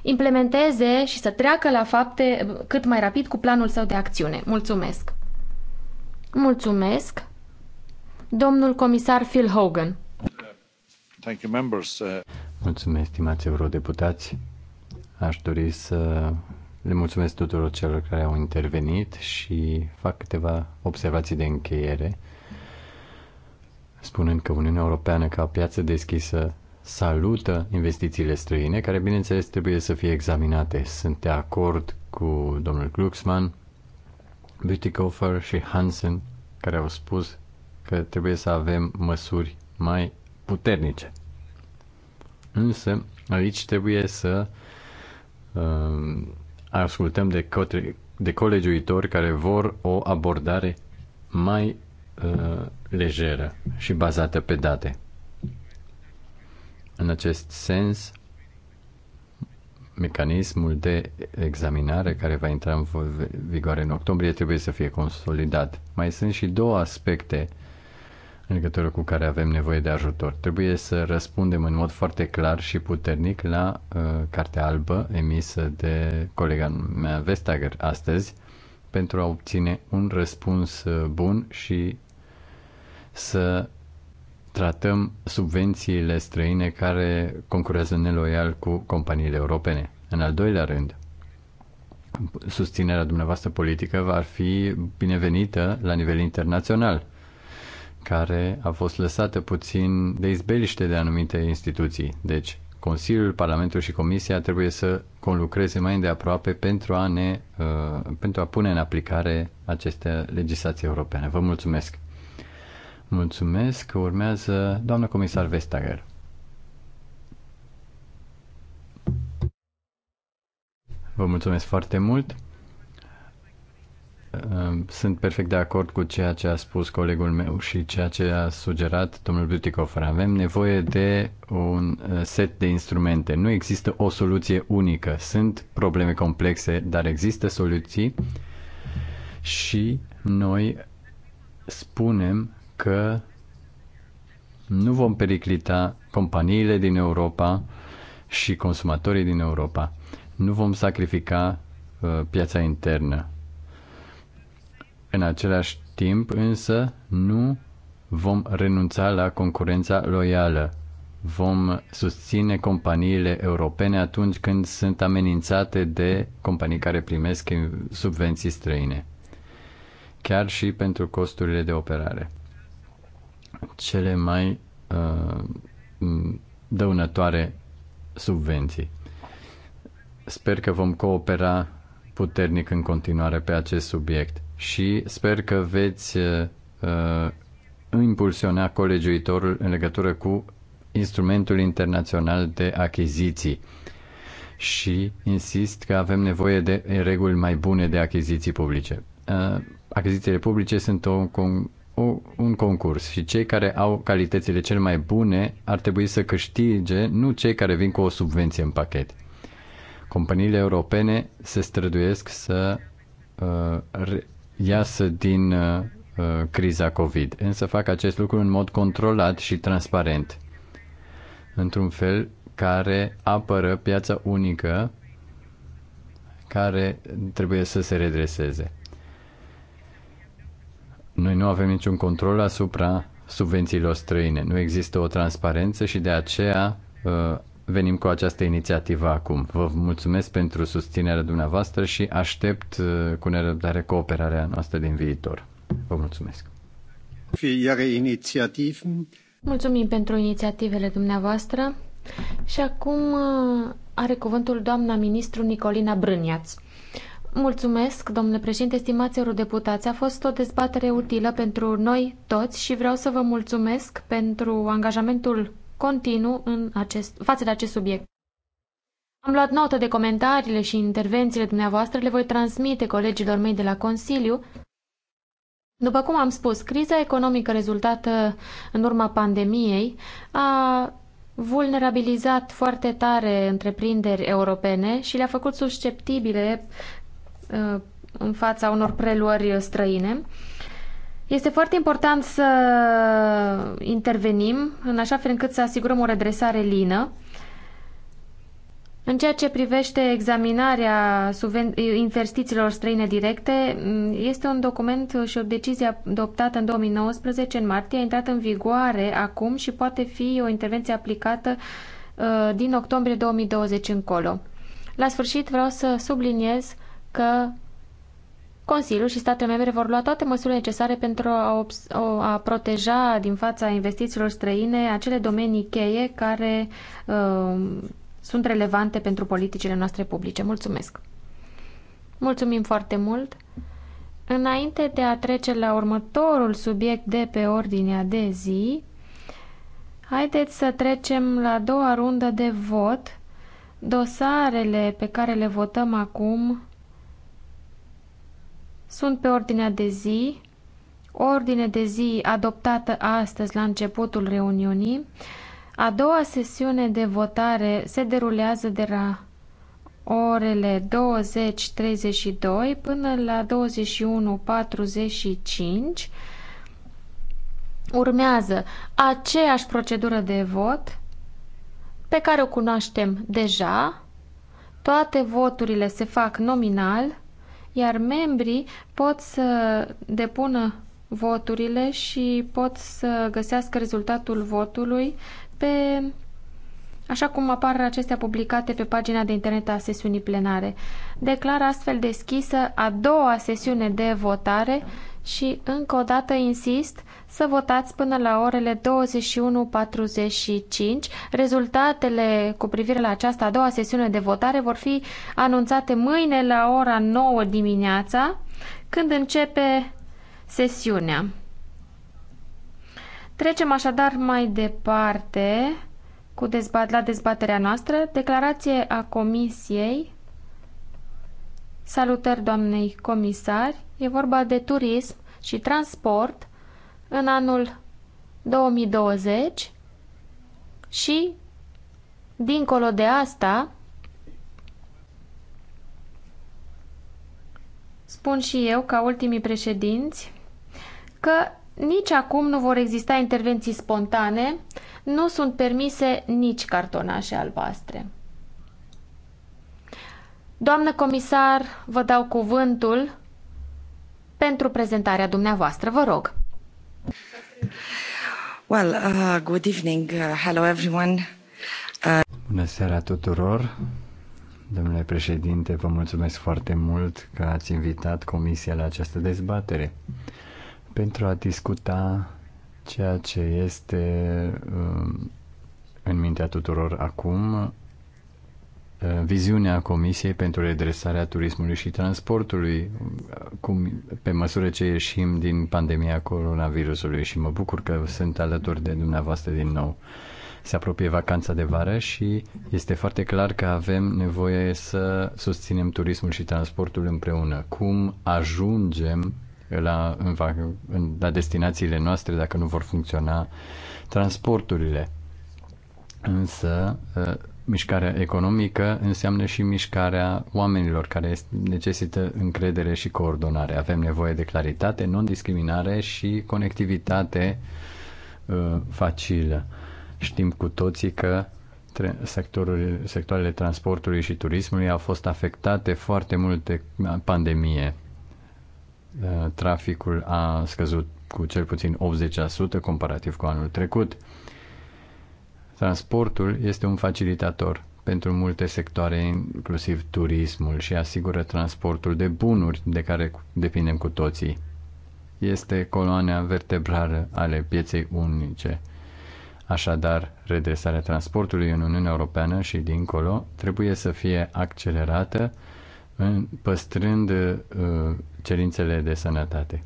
Speaker 7: implementeze și să treacă la fapte cât mai rapid cu planul său de acțiune. Mulțumesc! Mulțumesc! Domnul comisar Phil Hogan.
Speaker 10: Thank you, members. Uh, mulțumesc, stimați eurodeputați. Aș dori să le mulțumesc tuturor celor care au intervenit și fac câteva observații de încheiere, spunând că Uniunea Europeană ca piață deschisă salută investițiile străine, care bineînțeles trebuie să fie examinate. Sunt de acord cu domnul Glucksmann, Bütikofer și Hansen, care au spus că trebuie să avem măsuri mai puternice. Însă, aici trebuie să uh, ascultăm de, către, de colegiuitori care vor o abordare mai uh, lejeră și bazată pe date. În acest sens, mecanismul de examinare care va intra în vigoare în octombrie trebuie să fie consolidat. Mai sunt și două aspecte în legătură cu care avem nevoie de ajutor. Trebuie să răspundem în mod foarte clar și puternic la uh, cartea albă emisă de colega mea Vestager astăzi pentru a obține un răspuns uh, bun și să tratăm subvențiile străine care concurează neloial cu companiile europene. În al doilea rând, susținerea dumneavoastră politică va fi binevenită la nivel internațional, care a fost lăsată puțin de izbeliște de anumite instituții. Deci, Consiliul, Parlamentul și Comisia trebuie să conlucreze mai îndeaproape pentru a, ne, uh, pentru a pune în aplicare aceste legislații europene. Vă mulțumesc! Mulțumesc. Urmează doamna comisar Vestager. Vă mulțumesc foarte mult. Sunt perfect de acord cu ceea ce a spus colegul meu și ceea ce a sugerat domnul Butikofer. Avem nevoie de un uh, set de instrumente. Nu există o soluție unică. Sunt probleme complexe, dar există soluții și noi spunem că nu vom periclita companiile din Europa și consumatorii din Europa. Nu vom sacrifica uh, piața internă. În același timp, însă, nu vom renunța la concurența loială. Vom susține companiile europene atunci când sunt amenințate de companii care primesc subvenții străine, chiar și pentru costurile de operare cele mai uh, dăunătoare subvenții. Sper că vom coopera puternic în continuare pe acest subiect și sper că veți uh, uh, impulsiona colegiuitorul în legătură cu instrumentul internațional de achiziții și insist că avem nevoie de reguli mai bune de achiziții publice. Uh, achizițiile publice sunt o, un concurs și cei care au calitățile cele mai bune ar trebui să câștige, nu cei care vin cu o subvenție în pachet. Companiile europene se străduiesc să uh, iasă din uh, uh, criza COVID, însă fac acest lucru în mod controlat și transparent, într-un fel care apără piața unică care trebuie să se redreseze. Noi nu avem niciun control asupra subvențiilor străine. Nu există o transparență și de aceea uh, venim cu această inițiativă acum. Vă mulțumesc pentru susținerea dumneavoastră și aștept uh, cu nerăbdare cooperarea noastră din viitor. Vă mulțumesc.
Speaker 7: Mulțumim pentru inițiativele dumneavoastră. Și acum uh, are cuvântul doamna ministru Nicolina Brâniaț. Mulțumesc, domnule președinte, stimați eurodeputați. A fost o dezbatere utilă pentru noi toți și vreau să vă mulțumesc pentru angajamentul continuu în acest, față de acest subiect. Am luat notă de comentariile și intervențiile dumneavoastră, le voi transmite colegilor mei de la Consiliu. După cum am spus, criza economică rezultată în urma pandemiei a vulnerabilizat foarte tare întreprinderi europene și le-a făcut susceptibile Uh, în fața unor preluări străine. Este foarte important să intervenim în așa fel încât să asigurăm o redresare lină. În ceea ce privește examinarea investițiilor străine directe, mm, este un document și o decizie adoptată în 2019, în martie, a intrat în vigoare acum și poate fi o intervenție aplicată uh, din octombrie 2020 încolo. La sfârșit vreau să subliniez uh, că Consiliul și statele membre vor lua toate măsurile necesare pentru a, a proteja din fața investițiilor străine acele domenii cheie care uh, sunt relevante pentru politicile noastre publice. Mulțumesc! Mulțumim foarte mult! Înainte de a trece la următorul subiect de pe ordinea de zi, haideți să trecem la a doua rundă de vot. Dosarele pe care le votăm acum sunt pe ordinea de zi, ordine de zi adoptată astăzi la începutul reuniunii. A doua sesiune de votare se derulează de la orele 20.32 până la 21.45. Urmează aceeași procedură de vot pe care o cunoaștem deja. Toate voturile se fac nominal iar membrii pot să depună voturile și pot să găsească rezultatul votului pe așa cum apar acestea publicate pe pagina de internet a sesiunii plenare. Declar astfel deschisă a doua sesiune de votare și încă o dată insist să votați până la orele 21.45. Rezultatele cu privire la această a doua sesiune de votare vor fi anunțate mâine la ora 9 dimineața, când începe sesiunea. Trecem așadar mai departe cu dezbat la dezbaterea noastră. Declarație a Comisiei. Salutări doamnei comisari. E vorba de turism și transport în anul 2020 și, dincolo de asta, spun și eu, ca ultimii președinți, că nici acum nu vor exista intervenții spontane, nu sunt permise nici cartonașe albastre. Doamnă comisar, vă dau cuvântul pentru prezentarea dumneavoastră, vă rog.
Speaker 3: Well, uh, good evening. Uh, hello everyone.
Speaker 10: Uh... Bună seara tuturor. Domnule președinte, vă mulțumesc foarte mult că ați invitat comisia la această dezbatere pentru a discuta ceea ce este um, în mintea tuturor acum Uh, viziunea Comisiei pentru redresarea turismului și transportului uh, cum, pe măsură ce ieșim din pandemia coronavirusului și mă bucur că sunt alături de dumneavoastră din nou. Se apropie vacanța de vară și este foarte clar că avem nevoie să susținem turismul și transportul împreună. Cum ajungem la, în, în, la destinațiile noastre dacă nu vor funcționa transporturile? Însă uh, Mișcarea economică înseamnă și mișcarea oamenilor care necesită încredere și coordonare. Avem nevoie de claritate, non-discriminare și conectivitate uh, facilă. Știm cu toții că sectoarele transportului și turismului au fost afectate foarte mult de pandemie. Uh, traficul a scăzut cu cel puțin 80% comparativ cu anul trecut Transportul este un facilitator pentru multe sectoare, inclusiv turismul, și asigură transportul de bunuri de care depindem cu toții. Este coloana vertebrală ale pieței unice. Așadar, redresarea transportului în Uniunea Europeană și dincolo trebuie să fie accelerată în, păstrând uh, cerințele de sănătate.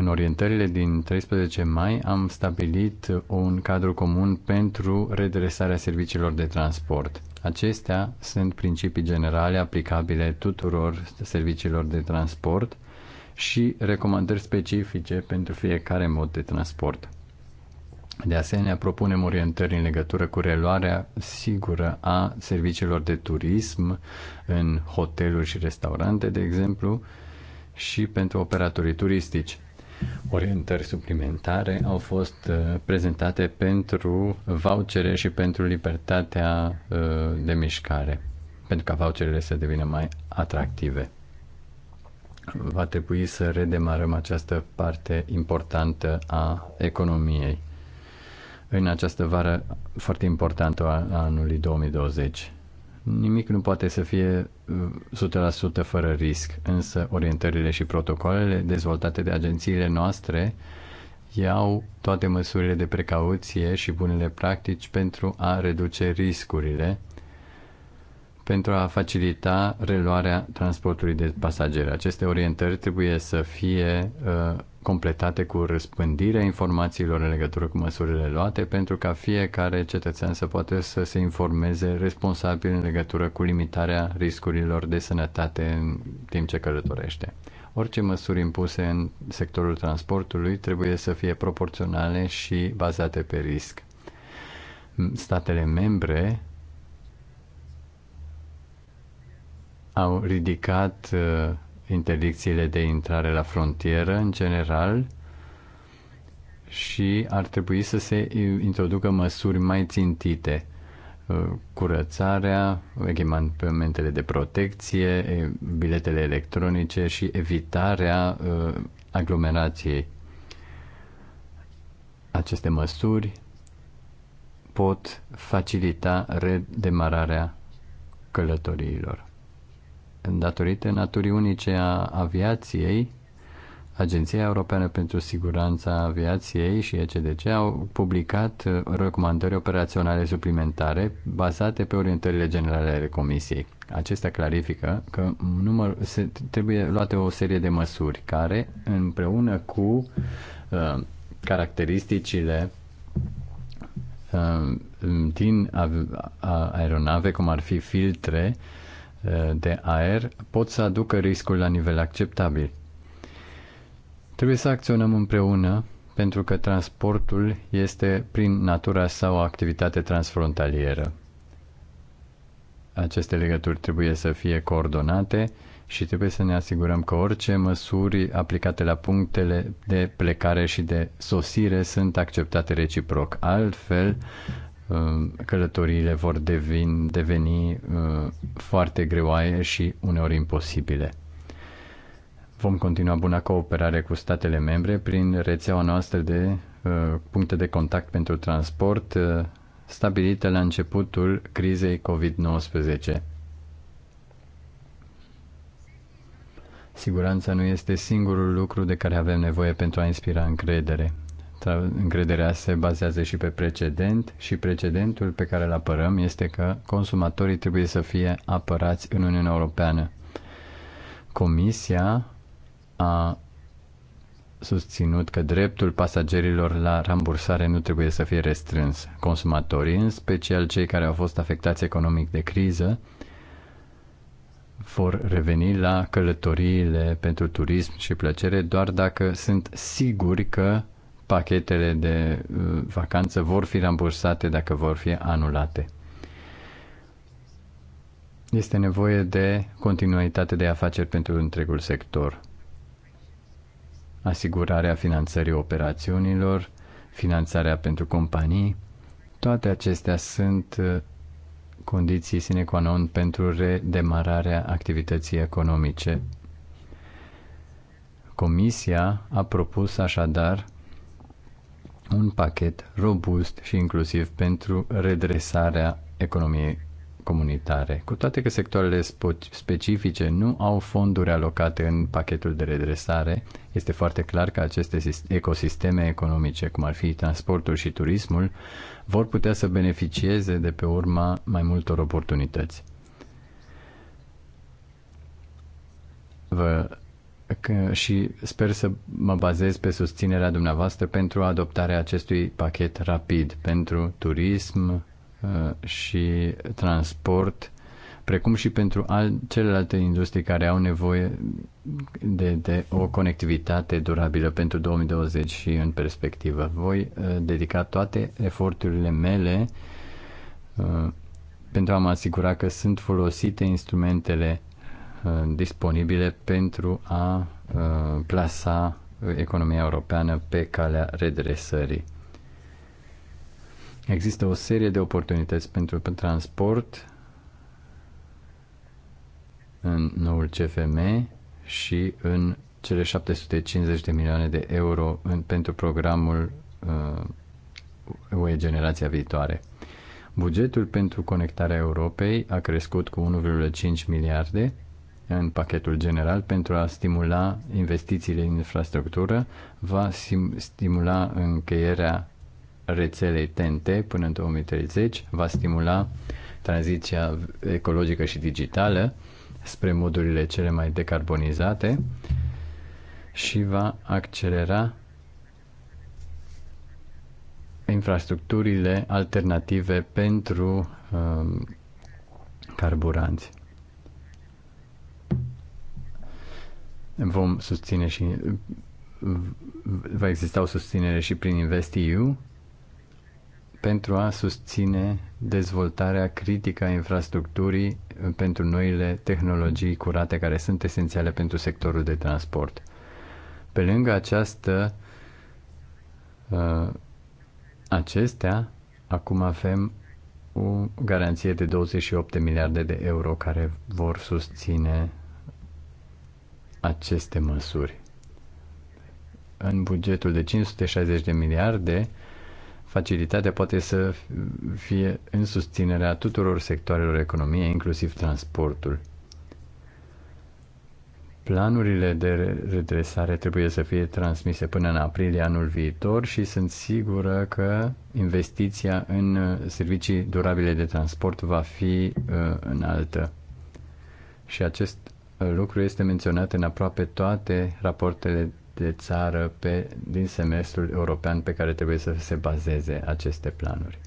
Speaker 10: În orientările din 13 mai am stabilit un cadru comun pentru redresarea serviciilor de transport. Acestea sunt principii generale aplicabile tuturor serviciilor de transport și recomandări specifice pentru fiecare mod de transport. De asemenea, propunem orientări în legătură cu reluarea sigură a serviciilor de turism în hoteluri și restaurante, de exemplu, și pentru operatorii turistici orientări suplimentare au fost uh, prezentate pentru vouchere și pentru libertatea uh, de mișcare, pentru ca voucherele să devină mai atractive. Va trebui să redemarăm această parte importantă a economiei în această vară foarte importantă a anului 2020. Nimic nu poate să fie 100% uh, fără risc, însă orientările și protocoalele dezvoltate de agențiile noastre iau toate măsurile de precauție și bunele practici pentru a reduce riscurile, pentru a facilita reluarea transportului de pasageri. Aceste orientări trebuie să fie uh, completate cu răspândirea informațiilor în legătură cu măsurile luate pentru ca fiecare cetățean să poată să se informeze responsabil în legătură cu limitarea riscurilor de sănătate în timp ce călătorește. Orice măsuri impuse în sectorul transportului trebuie să fie proporționale și bazate pe risc. Statele membre au ridicat uh, interdicțiile de intrare la frontieră în general și ar trebui să se introducă măsuri mai țintite curățarea, echipamentele de protecție, biletele electronice și evitarea aglomerației. Aceste măsuri pot facilita redemararea călătoriilor datorită naturii unice a aviației, Agenția Europeană pentru Siguranța Aviației și ECDC au publicat uh, recomandări operaționale suplimentare bazate pe orientările generale ale Comisiei. Acestea clarifică că număr, se, trebuie luate o serie de măsuri care, împreună cu uh, caracteristicile uh, din aeronave, cum ar fi filtre, uh, de aer pot să aducă riscul la nivel acceptabil. Trebuie să acționăm împreună pentru că transportul este prin natura sa o activitate transfrontalieră. Aceste legături trebuie să fie coordonate și trebuie să ne asigurăm că orice măsuri aplicate la punctele de plecare și de sosire sunt acceptate reciproc. Altfel, Uh, călătoriile vor devin, deveni uh, foarte greoaie și uneori imposibile. Vom continua buna cooperare cu statele membre prin rețeaua noastră de uh, puncte de contact pentru transport stabilită la începutul crizei COVID-19. Siguranța nu este singurul lucru de care avem nevoie pentru a inspira încredere încrederea se bazează și pe precedent și precedentul pe care îl apărăm este că consumatorii trebuie să fie apărați în Uniunea Europeană. Comisia a susținut că dreptul pasagerilor la rambursare nu trebuie să fie restrâns. Consumatorii, în special cei care au fost afectați economic de criză, vor reveni la călătoriile pentru turism și plăcere doar dacă sunt siguri că pachetele de uh, vacanță vor fi rambursate dacă vor fi anulate. Este nevoie de continuitate de afaceri pentru întregul sector. Asigurarea finanțării operațiunilor, finanțarea pentru companii, toate acestea sunt uh, condiții sine qua non pentru redemararea activității economice. Comisia a propus așadar un pachet robust și inclusiv pentru redresarea economiei comunitare. Cu toate că sectoarele specifice nu au fonduri alocate în pachetul de redresare, este foarte clar că aceste ecosisteme economice, cum ar fi transportul și turismul, vor putea să beneficieze de pe urma mai multor oportunități. Vă și sper să mă bazez pe susținerea dumneavoastră pentru adoptarea acestui pachet rapid pentru turism uh, și transport, precum și pentru al, celelalte industrii care au nevoie de, de o conectivitate durabilă pentru 2020 și în perspectivă. Voi uh, dedica toate eforturile mele uh, pentru a mă asigura că sunt folosite instrumentele Uh, disponibile pentru a uh, plasa economia europeană pe calea redresării. Există o serie de oportunități pentru transport în noul CFM și în cele 750 de milioane de euro în, pentru programul uh, UE Generația Viitoare. Bugetul pentru conectarea Europei a crescut cu 1,5 miliarde în pachetul general pentru a stimula investițiile în infrastructură, va stimula încheierea rețelei TNT până în 2030, va stimula tranziția ecologică și digitală spre modurile cele mai decarbonizate și va accelera infrastructurile alternative pentru um, carburanți. Vom susține și va exista o susținere și prin InvestEU pentru a susține dezvoltarea critică a infrastructurii pentru noile tehnologii curate care sunt esențiale pentru sectorul de transport. Pe lângă această uh, acestea, acum avem o garanție de 28 de miliarde de euro care vor susține aceste măsuri. În bugetul de 560 de miliarde, facilitatea poate să fie în susținerea tuturor sectoarelor economiei, inclusiv transportul. Planurile de redresare trebuie să fie transmise până în aprilie anul viitor și sunt sigură că investiția în uh, servicii durabile de transport va fi uh, înaltă. Și acest lucru este menționat în aproape toate rapoartele de țară pe, din semestrul european pe care trebuie să se bazeze aceste planuri.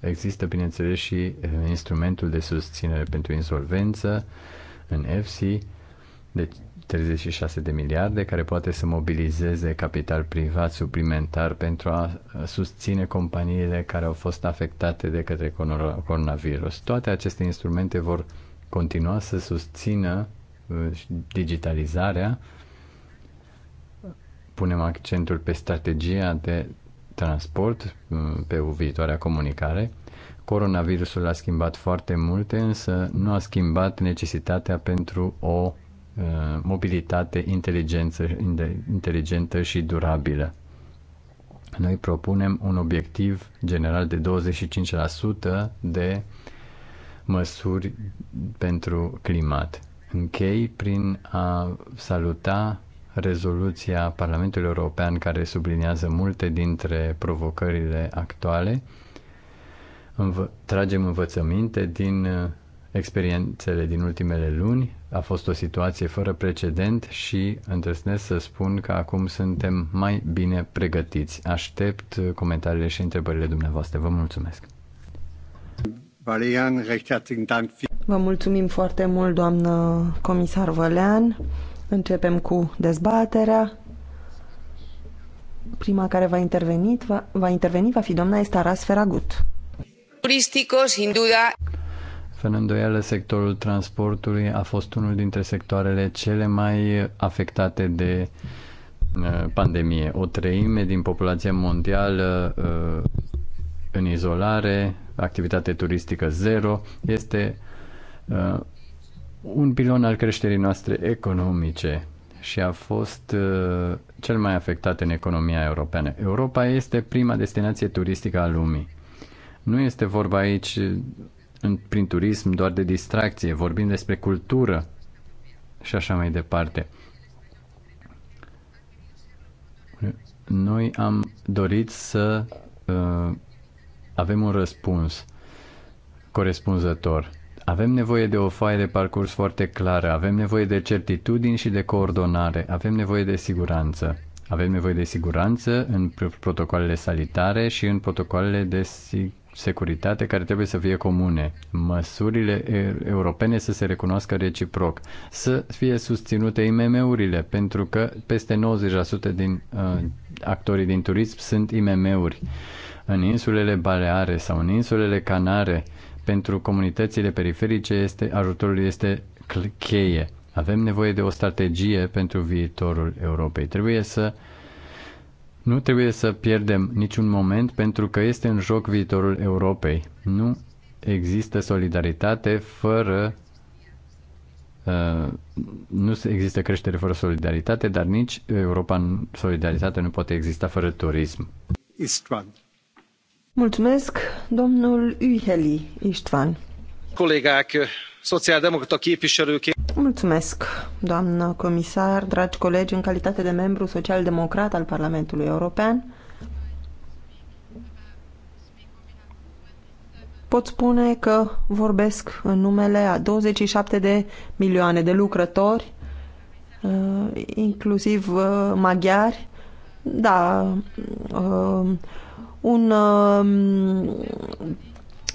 Speaker 10: Există, bineînțeles, și uh, instrumentul de susținere pentru insolvență în EFSI de 36 de miliarde care poate să mobilizeze capital privat suplimentar pentru a uh, susține companiile care au fost afectate de către coronavirus. Toate aceste instrumente vor continua să susțină Uh, digitalizarea, punem accentul pe strategia de transport, uh, pe viitoarea comunicare. Coronavirusul a schimbat foarte multe, însă nu a schimbat necesitatea pentru o uh, mobilitate inteligentă și durabilă. Noi propunem un obiectiv general de 25% de măsuri pentru climat. Închei prin a saluta rezoluția Parlamentului European care subliniază multe dintre provocările actuale. Înv- tragem învățăminte din uh, experiențele din ultimele luni. A fost o situație fără precedent și îndrăznesc să spun că acum suntem mai bine pregătiți. Aștept uh, comentariile și întrebările dumneavoastră. Vă mulțumesc! Valerian,
Speaker 1: recht herzlichen Dank.
Speaker 8: Vă mulțumim foarte mult, doamnă comisar Vălean. Începem cu dezbaterea. Prima care va interveni va, va, interveni, va fi doamna Estaras Feragut.
Speaker 5: Turistico, sin duda.
Speaker 10: Fără îndoială, sectorul transportului a fost unul dintre sectoarele cele mai afectate de uh, pandemie. O treime din populația mondială uh, în izolare, activitate turistică zero, este Uh, un pilon al creșterii noastre economice și a fost uh, cel mai afectat în economia europeană. Europa este prima destinație turistică a lumii. Nu este vorba aici uh, în, prin turism doar de distracție, vorbim despre cultură și așa mai departe. Noi am dorit să uh, avem un răspuns corespunzător. Avem nevoie de o foaie de parcurs foarte clară, avem nevoie de certitudini și de coordonare, avem nevoie de siguranță. Avem nevoie de siguranță în protocoalele sanitare și în protocoalele de securitate care trebuie să fie comune. Măsurile europene să se recunoască reciproc, să fie susținute IMM-urile, pentru că peste 90% din uh, actorii din turism sunt IMM-uri. În insulele Baleare sau în insulele Canare, uh, pentru comunitățile periferice este, ajutorul este cheie. Avem nevoie de o strategie pentru viitorul Europei. Trebuie să nu trebuie să pierdem niciun moment pentru că este în joc viitorul Europei. Nu există solidaritate fără Uh, nu există creștere fără solidaritate, dar nici Europa solidaritate nu poate exista fără turism.
Speaker 6: Istvan.
Speaker 8: Mulțumesc, domnul Üheli Istvan.
Speaker 6: Colegák, szociáldemokrata képviselőként.
Speaker 8: Mulțumesc, doamnă comisar, dragi colegi, în calitate de membru social-democrat al Parlamentului European. Pot spune că vorbesc în numele a 27 de milioane de lucrători, uh, inclusiv uh, maghiari, da, uh, un um,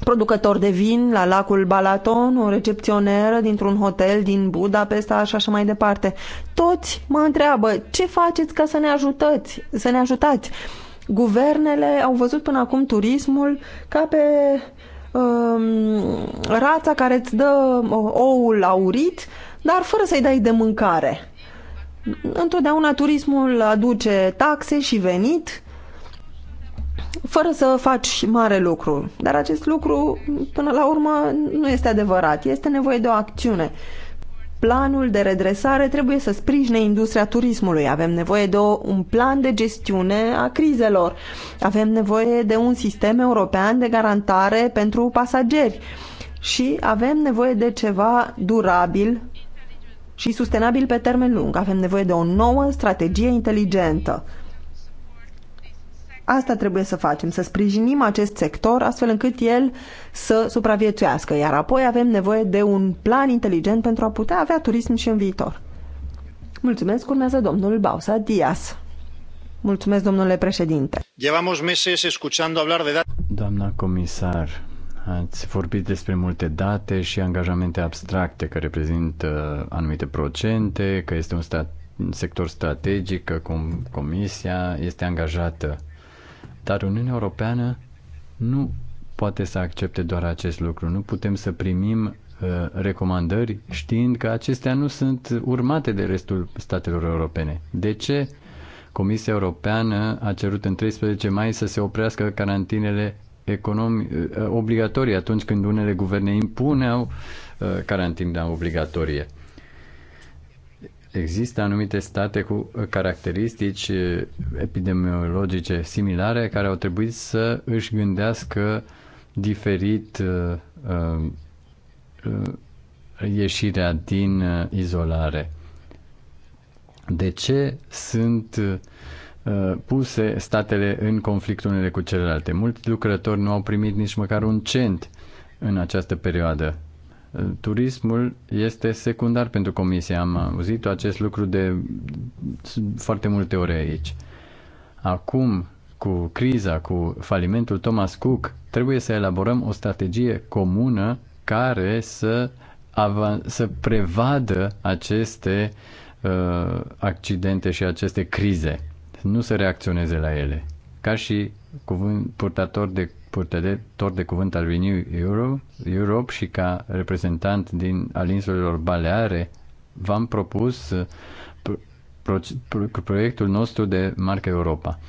Speaker 8: producător de vin la lacul Balaton, o recepționeră dintr-un hotel din Budapesta și așa mai departe. Toți mă întreabă ce faceți ca să ne ajutați, să ne ajutați. Guvernele au văzut până acum turismul ca pe um, rața care îți dă oul aurit, dar fără să-i dai de mâncare. Întotdeauna turismul aduce taxe și venit, fără să faci mare lucru. Dar acest lucru, până la urmă, nu este adevărat. Este nevoie de o acțiune. Planul de redresare trebuie să sprijine industria turismului. Avem nevoie de un plan de gestiune a crizelor. Avem nevoie de un sistem european de garantare pentru pasageri. Și avem nevoie de ceva durabil și sustenabil pe termen lung. Avem nevoie de o nouă strategie inteligentă. Asta trebuie să facem, să sprijinim acest sector astfel încât el să supraviețuiască, iar apoi avem nevoie de un plan inteligent pentru a putea avea turism și în viitor. Mulțumesc, urmează domnul Bausa Dias. Mulțumesc, domnule președinte.
Speaker 1: Llevamos meses escuchando hablar de
Speaker 10: Doamna comisar, ați vorbit despre multe date și angajamente abstracte care reprezintă anumite procente, că este un stat, un sector strategic, că com, comisia este angajată dar Uniunea Europeană nu poate să accepte doar acest lucru. Nu putem să primim uh, recomandări știind că acestea nu sunt urmate de restul statelor europene. De ce Comisia Europeană a cerut în 13 mai să se oprească carantinele economi- uh, obligatorii atunci când unele guverne impuneau uh, carantina obligatorie? Există anumite state cu caracteristici eh, epidemiologice similare care au trebuit să își gândească diferit uh, uh, ieșirea din izolare. De ce sunt uh, puse statele în conflict unele cu celelalte. Mulți lucrători nu au primit nici măcar un cent în această perioadă turismul este secundar pentru comisie. Am auzit acest lucru de foarte multe ori aici. Acum, cu criza, cu falimentul Thomas Cook, trebuie să elaborăm o strategie comună care să, să prevadă aceste uh, accidente și aceste crize, nu să reacționeze la ele. Ca și cuvânt purtator de purtător de cuvânt al Renew Europe, Europe și ca reprezentant din al insulelor Baleare, v-am propus uh, pro, pro, proiectul nostru de marcă Europa,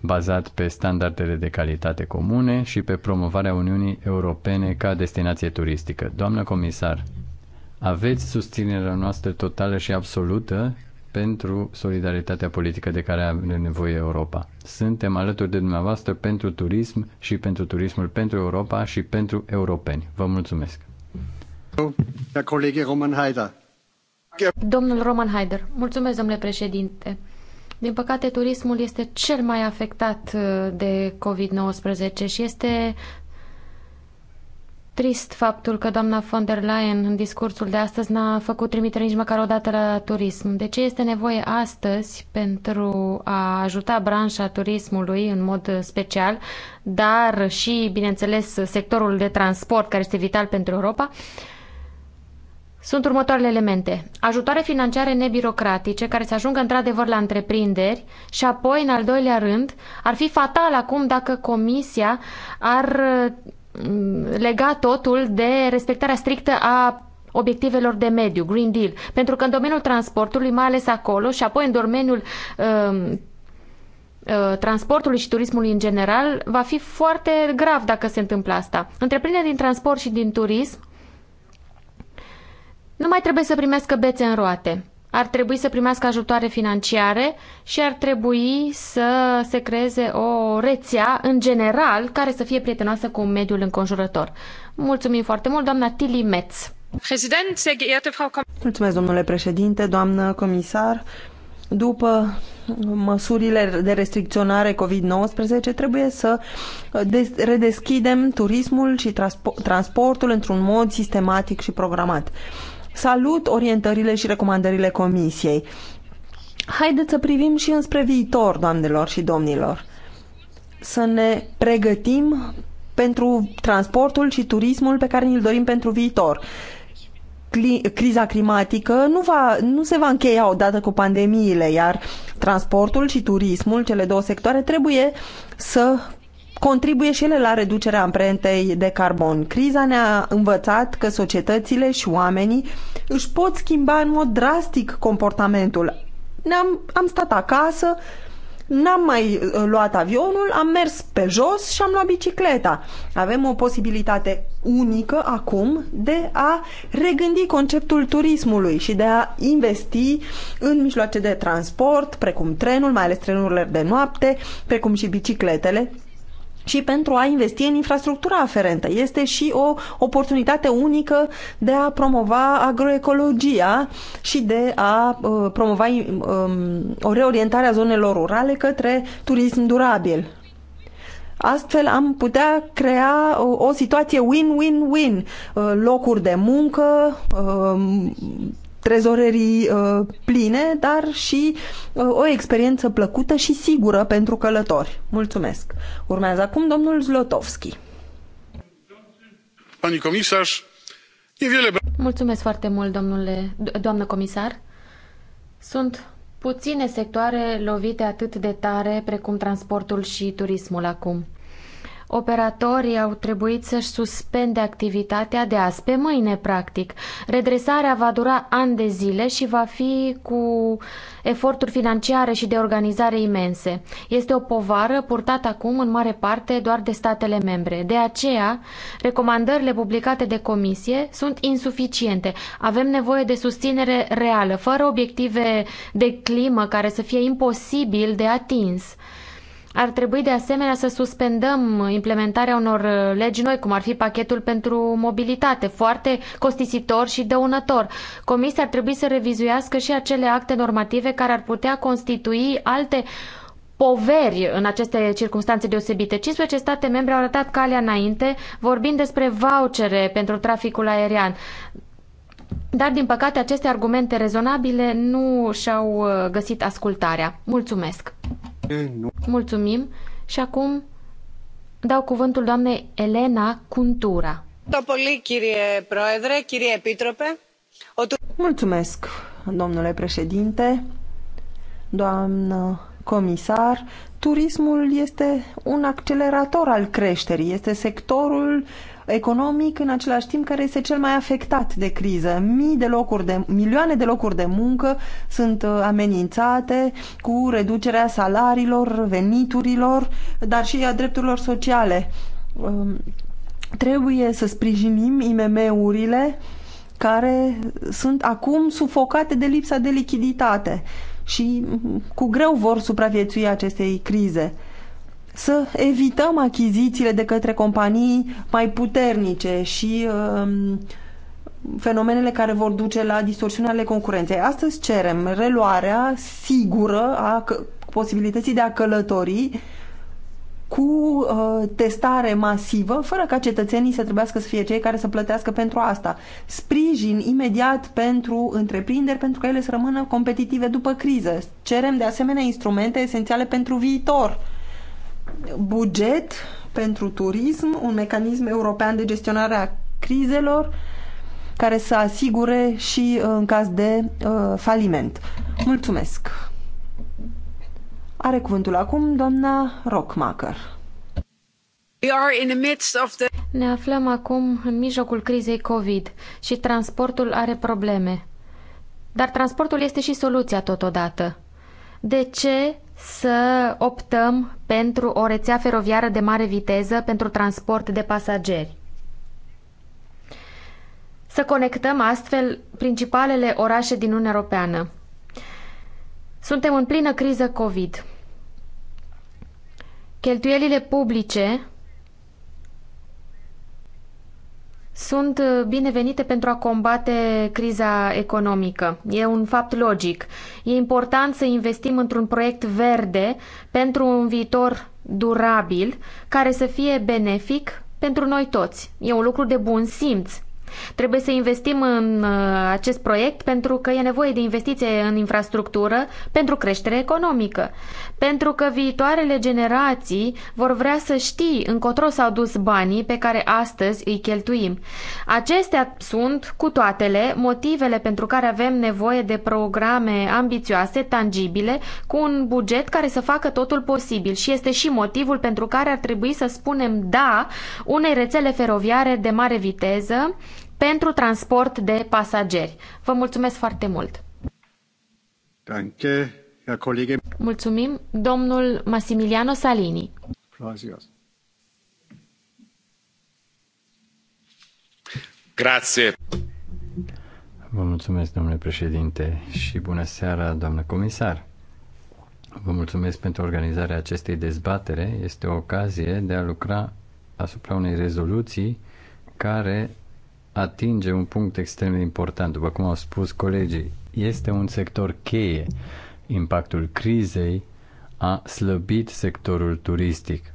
Speaker 10: bazat pe standardele de calitate comune și pe promovarea Uniunii Europene ca destinație turistică. Doamnă comisar, aveți susținerea noastră totală și absolută pentru solidaritatea politică de care are nevoie Europa. Suntem alături de dumneavoastră pentru turism și pentru turismul pentru Europa și pentru europeni. Vă mulțumesc!
Speaker 7: Domnul Roman Haider, mulțumesc, domnule președinte. Din păcate, turismul este cel mai afectat uh, de COVID-19 și este trist faptul că doamna von der Leyen în discursul de astăzi n-a făcut trimitere nici măcar o dată la turism. De ce este nevoie astăzi pentru a ajuta branșa turismului în mod special, dar și, bineînțeles, sectorul de transport care este vital pentru Europa? Sunt următoarele elemente. Ajutoare financiare nebirocratice care să ajungă într-adevăr la întreprinderi și apoi, în al doilea rând, ar fi fatal acum dacă Comisia ar lega totul de respectarea strictă a obiectivelor de mediu, Green Deal, pentru că în domeniul transportului, mai ales acolo, și apoi în domeniul um, uh, transportului și turismului în general, va fi foarte grav dacă se întâmplă asta. Întreprinderea din transport și din turism nu mai trebuie să primească bețe în roate ar trebui să primească ajutoare financiare și ar trebui să se creeze o rețea în general care să fie prietenoasă cu mediul înconjurător. Mulțumim foarte mult, doamna Tilly Metz.
Speaker 8: Mulțumesc, domnule președinte, doamnă comisar. După măsurile de restricționare COVID-19, trebuie să redeschidem turismul și transportul într-un mod sistematic și programat Salut orientările și recomandările Comisiei. Haideți să privim și înspre viitor, doamnelor și domnilor. Să ne pregătim pentru transportul și turismul pe care ni-l dorim pentru viitor. Criza climatică nu, va, nu se va încheia odată cu pandemiile, iar transportul și turismul, cele două sectoare, trebuie să contribuie și ele la reducerea amprentei de carbon. Criza ne-a învățat că societățile și oamenii își pot schimba în mod drastic comportamentul. Ne-am am stat acasă, n-am mai uh, luat avionul, am mers pe jos și am luat bicicleta. Avem o posibilitate unică acum de a regândi conceptul turismului și de a investi în mijloace de transport, precum trenul, mai ales trenurile de noapte, precum și bicicletele, și pentru a investi în infrastructura aferentă. Este și o oportunitate unică de a promova agroecologia și de a uh, promova um, o reorientare a zonelor rurale către turism durabil. Astfel am putea crea o, o situație win-win-win, uh, locuri de muncă, uh, trezorerii uh, pline, dar și uh, o experiență plăcută și sigură pentru călători. Mulțumesc. Urmează acum domnul Zlotovski.
Speaker 1: Pani comisar,
Speaker 8: niewiele...
Speaker 7: Mulțumesc foarte mult, domnule, doamnă comisar. Sunt puține sectoare lovite atât de tare precum transportul și turismul acum operatorii au trebuit să-și suspende activitatea de azi pe mâine, practic. Redresarea va dura ani de zile și va fi cu eforturi financiare și de organizare imense. Este o povară purtată acum în mare parte doar de statele membre. De aceea, recomandările publicate de comisie sunt insuficiente. Avem nevoie de susținere reală, fără obiective de climă care să fie imposibil de atins. Ar trebui de asemenea să suspendăm implementarea unor uh, legi noi, cum ar fi pachetul pentru mobilitate, foarte costisitor și dăunător. Comisia ar trebui să revizuiască și acele acte normative care ar putea constitui alte poveri în aceste circunstanțe deosebite. 15 state membre au arătat calea înainte, vorbind despre vouchere pentru traficul aerian. Dar, din păcate, aceste argumente rezonabile nu și-au uh, găsit ascultarea. Mulțumesc! Mulțumim și acum dau cuvântul doamnei Elena Cuntura.
Speaker 8: Mulțumesc, domnule președinte, doamnă comisar. Turismul este un accelerator al creșterii, este sectorul uh, economic în același timp care este cel mai afectat de criză. Mii de locuri de, milioane de locuri de muncă sunt uh, amenințate cu reducerea salariilor, veniturilor, dar și a drepturilor sociale. Um, trebuie să sprijinim IMM-urile care sunt acum sufocate de lipsa de lichiditate și mm, cu greu vor supraviețui acestei crize să evităm achizițiile de către companii mai puternice și um, fenomenele care vor duce la distorsiunea concurenței. Astăzi cerem reluarea sigură a posibilității de a călători cu uh, testare masivă, fără ca cetățenii să trebuiască să fie cei care să plătească pentru asta. Sprijin imediat pentru întreprinderi, pentru că ele să rămână competitive după criză. Cerem de asemenea instrumente esențiale pentru viitor buget pentru turism, un mecanism european de gestionare a crizelor care să asigure și uh, în caz de uh, faliment. Mulțumesc! Are cuvântul acum doamna Rockmacher.
Speaker 7: Ne aflăm acum în mijlocul crizei COVID și transportul are probleme. Dar transportul este și soluția totodată. De ce să optăm pentru o rețea feroviară de mare viteză pentru transport de pasageri. Să conectăm astfel principalele orașe din Uniunea Europeană. Suntem în plină criză COVID. Cheltuielile publice sunt uh, binevenite pentru a combate criza economică. E un fapt logic. E important să investim într-un proiect verde pentru un viitor durabil care să fie benefic pentru noi toți. E un lucru de bun simț. Trebuie să investim în uh, acest proiect pentru că e nevoie de investiție în infrastructură pentru creștere economică pentru că viitoarele generații vor vrea să știi încotro s-au dus banii pe care astăzi îi cheltuim. Acestea sunt, cu toatele, motivele pentru care avem nevoie de programe ambițioase, tangibile, cu un buget care să facă totul posibil și este și motivul pentru care ar trebui să spunem da unei rețele feroviare de mare viteză pentru transport de pasageri. Vă mulțumesc foarte mult!
Speaker 1: Danke.
Speaker 7: Mulțumim. Domnul Massimiliano Salini.
Speaker 1: Grazie.
Speaker 10: Vă mulțumesc, domnule președinte, și bună seara, doamnă comisar. Vă mulțumesc pentru organizarea acestei dezbatere. Este o ocazie de a lucra asupra unei rezoluții care atinge un punct extrem de important. După cum au spus colegii, este un sector cheie Impactul crizei a slăbit sectorul turistic.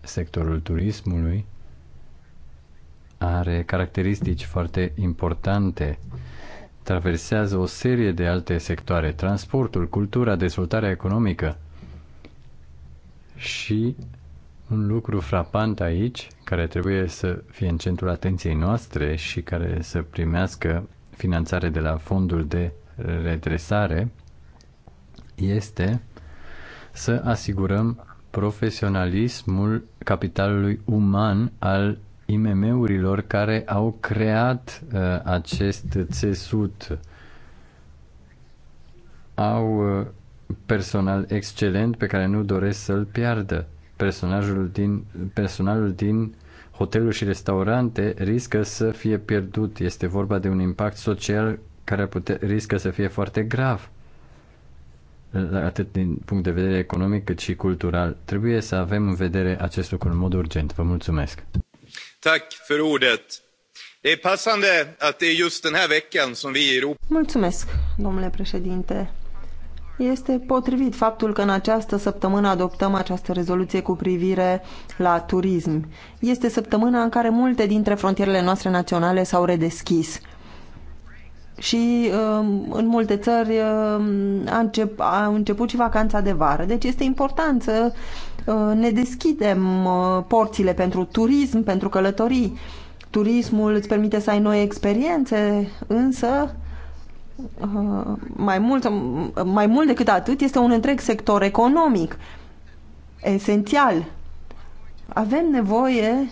Speaker 10: Sectorul turismului are caracteristici foarte importante. Traversează o serie de alte sectoare, transportul, cultura, dezvoltarea economică. Și un lucru frapant aici, care trebuie să fie în centrul atenției noastre și care să primească finanțare de la fondul de redresare, este să asigurăm profesionalismul capitalului uman al IMM-urilor care au creat uh, acest țesut. Au uh, personal excelent pe care nu doresc să-l piardă. Personajul din, personalul din hoteluri și restaurante riscă să fie pierdut. Este vorba de un impact social care putea, riscă să fie foarte grav atât din punct de vedere economic cât și cultural. Trebuie să avem în vedere acest lucru în mod urgent. Vă mulțumesc.
Speaker 1: för ordet. Det är passande att det är just den här veckan som vi i Europa...
Speaker 8: Mulțumesc, domnule președinte. Este potrivit faptul că în această săptămână adoptăm această rezoluție cu privire la turism. Este săptămâna în care multe dintre frontierele noastre naționale s-au redeschis și um, în multe țări um, a, încep, a început și vacanța de vară. Deci este important să uh, ne deschidem uh, porțile pentru turism, pentru călătorii. Turismul îți permite să ai noi experiențe, însă uh, mai mult, mai mult decât atât este un întreg sector economic esențial. Avem nevoie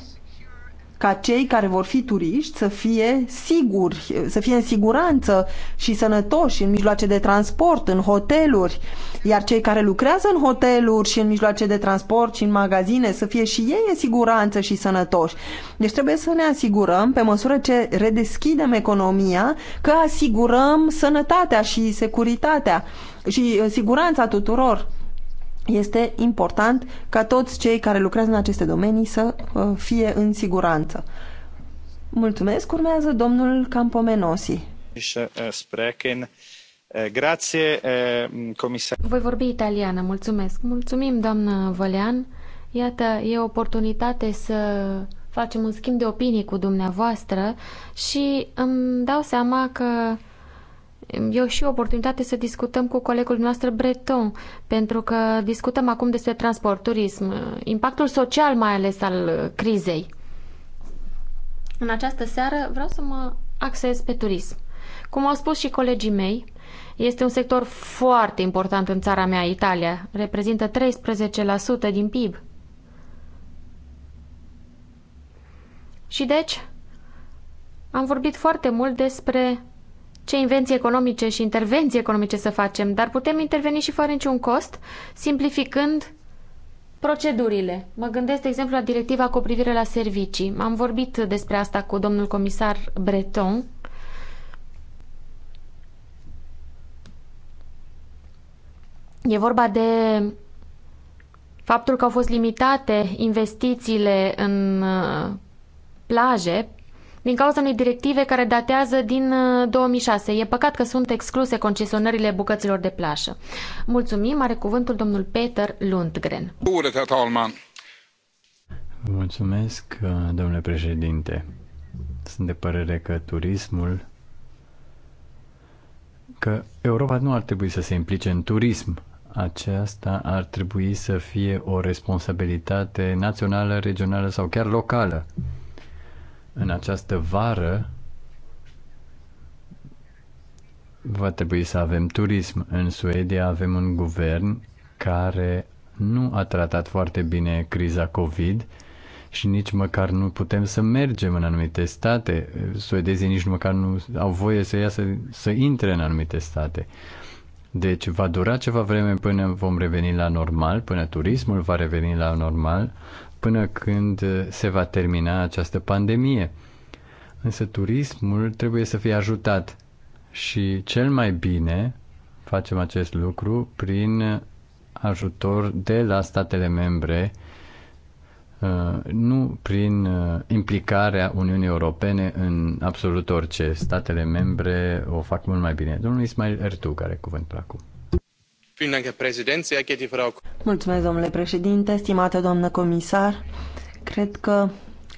Speaker 8: ca cei care vor fi turiști să fie siguri, să fie în siguranță și sănătoși în mijloace de transport, în hoteluri, iar cei care lucrează în hoteluri și în mijloace de transport și în magazine să fie și ei în siguranță și sănătoși. Deci trebuie să ne asigurăm, pe măsură ce redeschidem economia, că asigurăm sănătatea și securitatea și siguranța tuturor este important ca toți cei care lucrează în aceste domenii să uh, fie în siguranță. Mulțumesc. Urmează domnul Campomenosi. Uh,
Speaker 1: uh, Grazie, comisar.
Speaker 7: Voi vorbi italiană, mulțumesc. Mulțumim, doamnă Vălean. Iată, e oportunitate să facem un schimb de opinii cu dumneavoastră și îmi dau seama că e și o oportunitate să discutăm cu colegul nostru Breton, pentru că discutăm acum despre transport, turism, impactul social mai ales al crizei. În această seară vreau să mă axez pe turism. Cum au spus și colegii mei, este un sector foarte important în țara mea, Italia. Reprezintă 13% din PIB. Și deci, am vorbit foarte mult despre ce invenții economice și intervenții economice să facem, dar putem interveni și fără niciun cost, simplificând procedurile. Mă gândesc, de exemplu, la directiva cu privire la servicii. Am vorbit despre asta cu domnul comisar Breton. E vorba de faptul că au fost limitate investițiile în uh, plaje din cauza unei directive care datează din 2006. Uh, e păcat că sunt excluse concesionările bucăților de plașă. Mulțumim, are cuvântul domnul Peter Lundgren.
Speaker 6: Vă
Speaker 10: mulțumesc, uh, domnule președinte. Sunt de părere că turismul că Europa nu ar trebui să se implice în turism. Aceasta ar trebui să fie o responsabilitate națională, regională sau chiar locală în această vară va trebui să avem turism. În Suedia avem un guvern care nu a tratat foarte bine criza COVID și nici măcar nu putem să mergem în anumite state. Suedezii nici măcar nu au voie să iasă, să intre în anumite state. Deci va dura ceva vreme până vom reveni la normal, până turismul va reveni la normal, până când uh, se va termina această pandemie. Însă turismul trebuie să fie ajutat și cel mai bine facem acest lucru prin ajutor de la statele membre, uh, nu prin uh, implicarea Uniunii Europene în absolut orice. Statele membre o fac mult mai bine. Domnul Ismail Ertu, care cuvântul acum.
Speaker 8: Mulțumesc, domnule președinte, stimată doamnă comisar. Cred că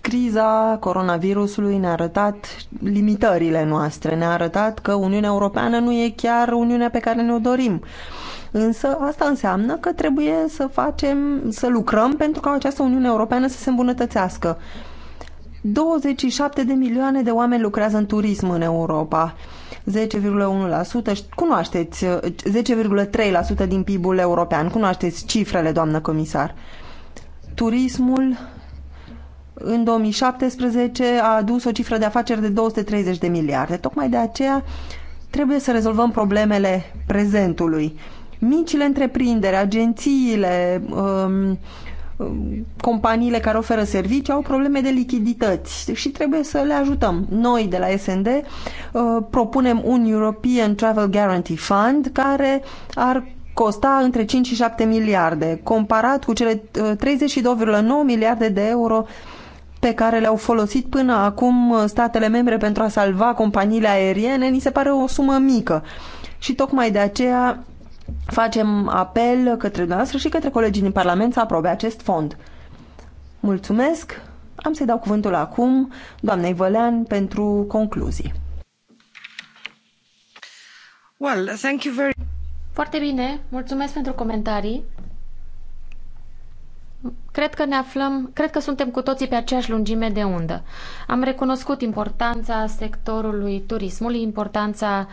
Speaker 8: criza coronavirusului ne-a arătat limitările noastre, ne-a arătat că Uniunea Europeană nu e chiar Uniunea pe care ne-o dorim. Însă asta înseamnă că trebuie să facem, să lucrăm pentru ca această Uniune Europeană să se îmbunătățească. 27 de milioane de oameni lucrează în turism în Europa 10,1%. Cunoașteți 10,3% din PIB-ul european. Cunoașteți cifrele, doamnă comisar. Turismul în 2017 a adus o cifră de afaceri de 230 de miliarde. Tocmai de aceea trebuie să rezolvăm problemele prezentului. Micile întreprinderi, agențiile, um, Um, companiile care oferă servicii au probleme de lichidități și trebuie să le ajutăm. Noi de la SND uh, propunem un European Travel Guarantee Fund care ar costa între 5 și 7 miliarde, comparat cu cele 32,9 uh, miliarde de euro pe care le-au folosit până acum uh, statele membre pentru a salva companiile aeriene, ni se pare o sumă mică. Și tocmai de aceea facem apel către dumneavoastră și către colegii din Parlament să aprobe acest fond. Mulțumesc! Am să-i dau cuvântul acum doamnei Vălean pentru concluzii.
Speaker 3: Well, thank you very... Foarte
Speaker 7: bine, mulțumesc pentru comentarii. Cred că ne aflăm, cred că suntem cu toții pe aceeași lungime de undă. Am recunoscut importanța sectorului turismului, importanța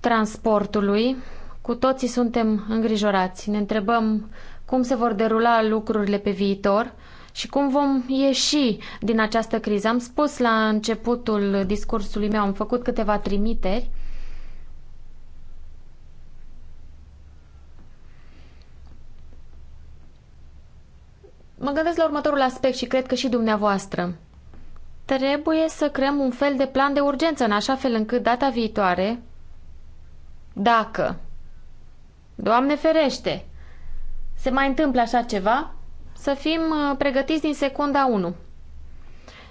Speaker 7: transportului, cu toții suntem îngrijorați, ne întrebăm cum se vor derula lucrurile pe viitor și cum vom ieși din această criză. Am spus la începutul discursului meu, am făcut câteva trimiteri. Mă gândesc la următorul aspect și cred că și dumneavoastră. Trebuie să creăm un fel de plan de urgență în așa fel încât data viitoare, dacă Doamne ferește! Se mai întâmplă așa ceva? Să fim uh, pregătiți din secunda 1.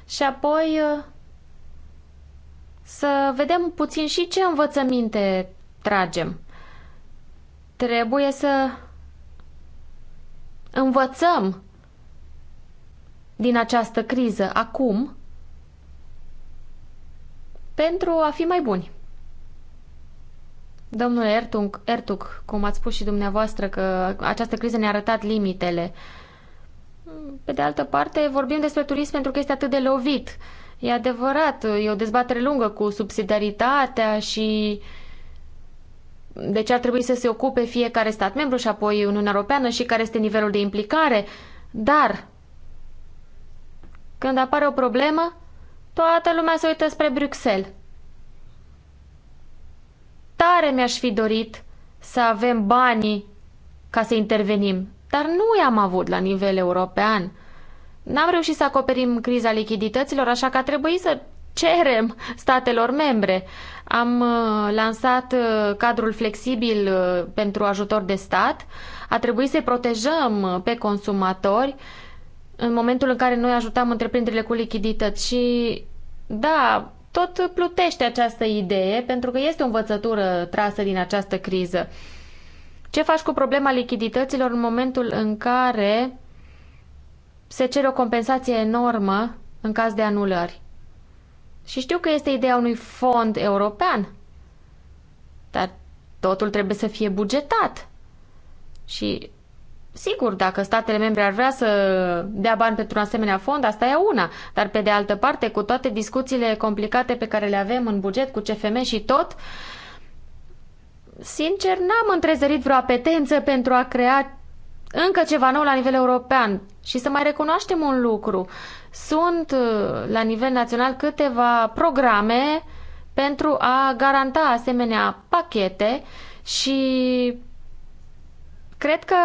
Speaker 7: Și apoi uh, să vedem puțin și ce învățăminte tragem. Trebuie să învățăm din această criză acum pentru a fi mai buni. Domnule Ertung, Ertug, cum ați spus și dumneavoastră că această criză ne-a arătat limitele. Pe de altă parte, vorbim despre turism pentru că este atât de lovit. E adevărat, e o dezbatere lungă cu subsidiaritatea și de deci, ce ar trebui să se ocupe fiecare stat membru și apoi Uniunea Europeană și care este nivelul de implicare. Dar, când apare o problemă, toată lumea se uită spre Bruxelles. Tare mi-aș fi dorit să avem banii ca să intervenim, dar nu i-am avut la nivel european. N-am reușit să acoperim criza lichidităților, așa că a trebuit să cerem statelor membre. Am uh, lansat uh, cadrul flexibil uh, pentru ajutor de stat. A trebuit să protejăm pe consumatori în momentul în care noi ajutam întreprinderile cu lichidități și da, tot plutește această idee, pentru că este o învățătură trasă din această criză. Ce faci cu problema lichidităților în momentul în care se cere o compensație enormă în caz de anulări? Și știu că este ideea unui fond european, dar totul trebuie să fie bugetat. Și Sigur, dacă statele membre ar vrea să dea bani pentru un asemenea fond, asta e una. Dar, pe de altă parte, cu toate discuțiile complicate pe care le avem în buget, cu CFM și tot, sincer, n-am întrezărit vreo apetență pentru a crea încă ceva nou la nivel european. Și să mai recunoaștem un lucru. Sunt, uh, la nivel național, câteva programe pentru a garanta asemenea pachete și cred că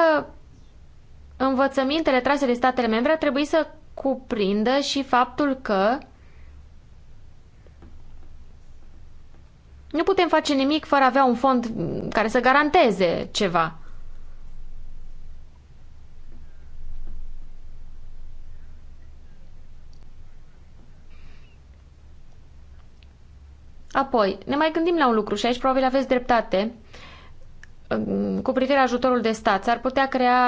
Speaker 7: învățămintele trase de statele membre ar trebui să cuprindă și faptul că nu putem face nimic fără a avea un fond care să garanteze ceva. Apoi, ne mai gândim la un lucru și aici probabil aveți dreptate cu privire la ajutorul de stat, s-ar putea crea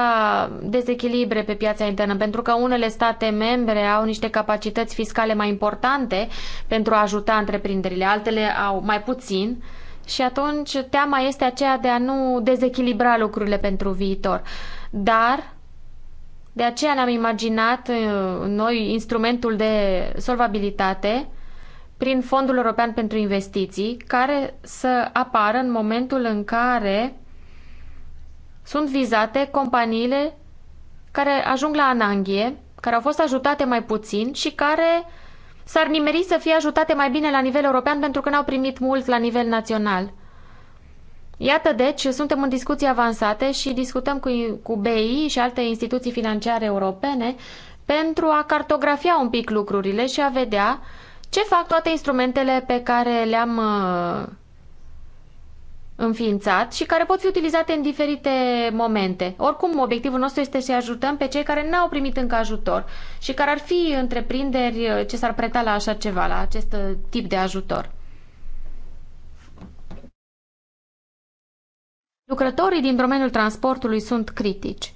Speaker 7: dezechilibre pe piața internă, pentru că unele state membre au niște capacități fiscale mai importante pentru a ajuta întreprinderile, altele au mai puțin. Și atunci teama este aceea de a nu dezechilibra lucrurile pentru viitor. Dar de aceea ne-am imaginat uh, noi instrumentul de solvabilitate prin Fondul European pentru Investiții, care să apară în momentul în care sunt vizate companiile care ajung la ananghie, care au fost ajutate mai puțin și care s-ar nimeri să fie ajutate mai bine la nivel european pentru că n-au primit mult la nivel național. Iată deci, suntem în discuții avansate și discutăm cu, cu BI și alte instituții financiare europene pentru a cartografia un pic lucrurile și a vedea ce fac toate instrumentele pe care le-am uh, înființat și care pot fi utilizate în diferite momente. Oricum, obiectivul nostru este să ajutăm pe cei care n-au primit încă ajutor și care ar fi întreprinderi uh, ce s-ar preta la așa ceva, la acest uh, tip de ajutor. Lucrătorii din domeniul transportului sunt critici.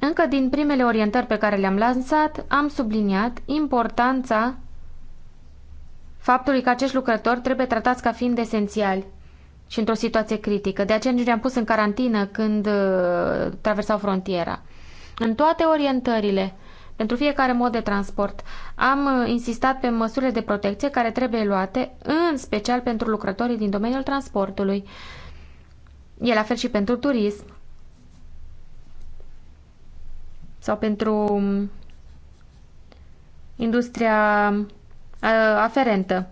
Speaker 7: Încă din primele orientări pe care le-am lansat, am subliniat importanța faptului că acești lucrători trebuie tratați ca fiind esențiali și într-o situație critică. De aceea nici ne-am pus în carantină când uh, traversau frontiera. În toate orientările, pentru fiecare mod de transport, am uh, insistat pe măsurile de protecție care trebuie luate, în special pentru lucrătorii din domeniul transportului. E la fel și pentru turism sau pentru um, industria uh, aferentă.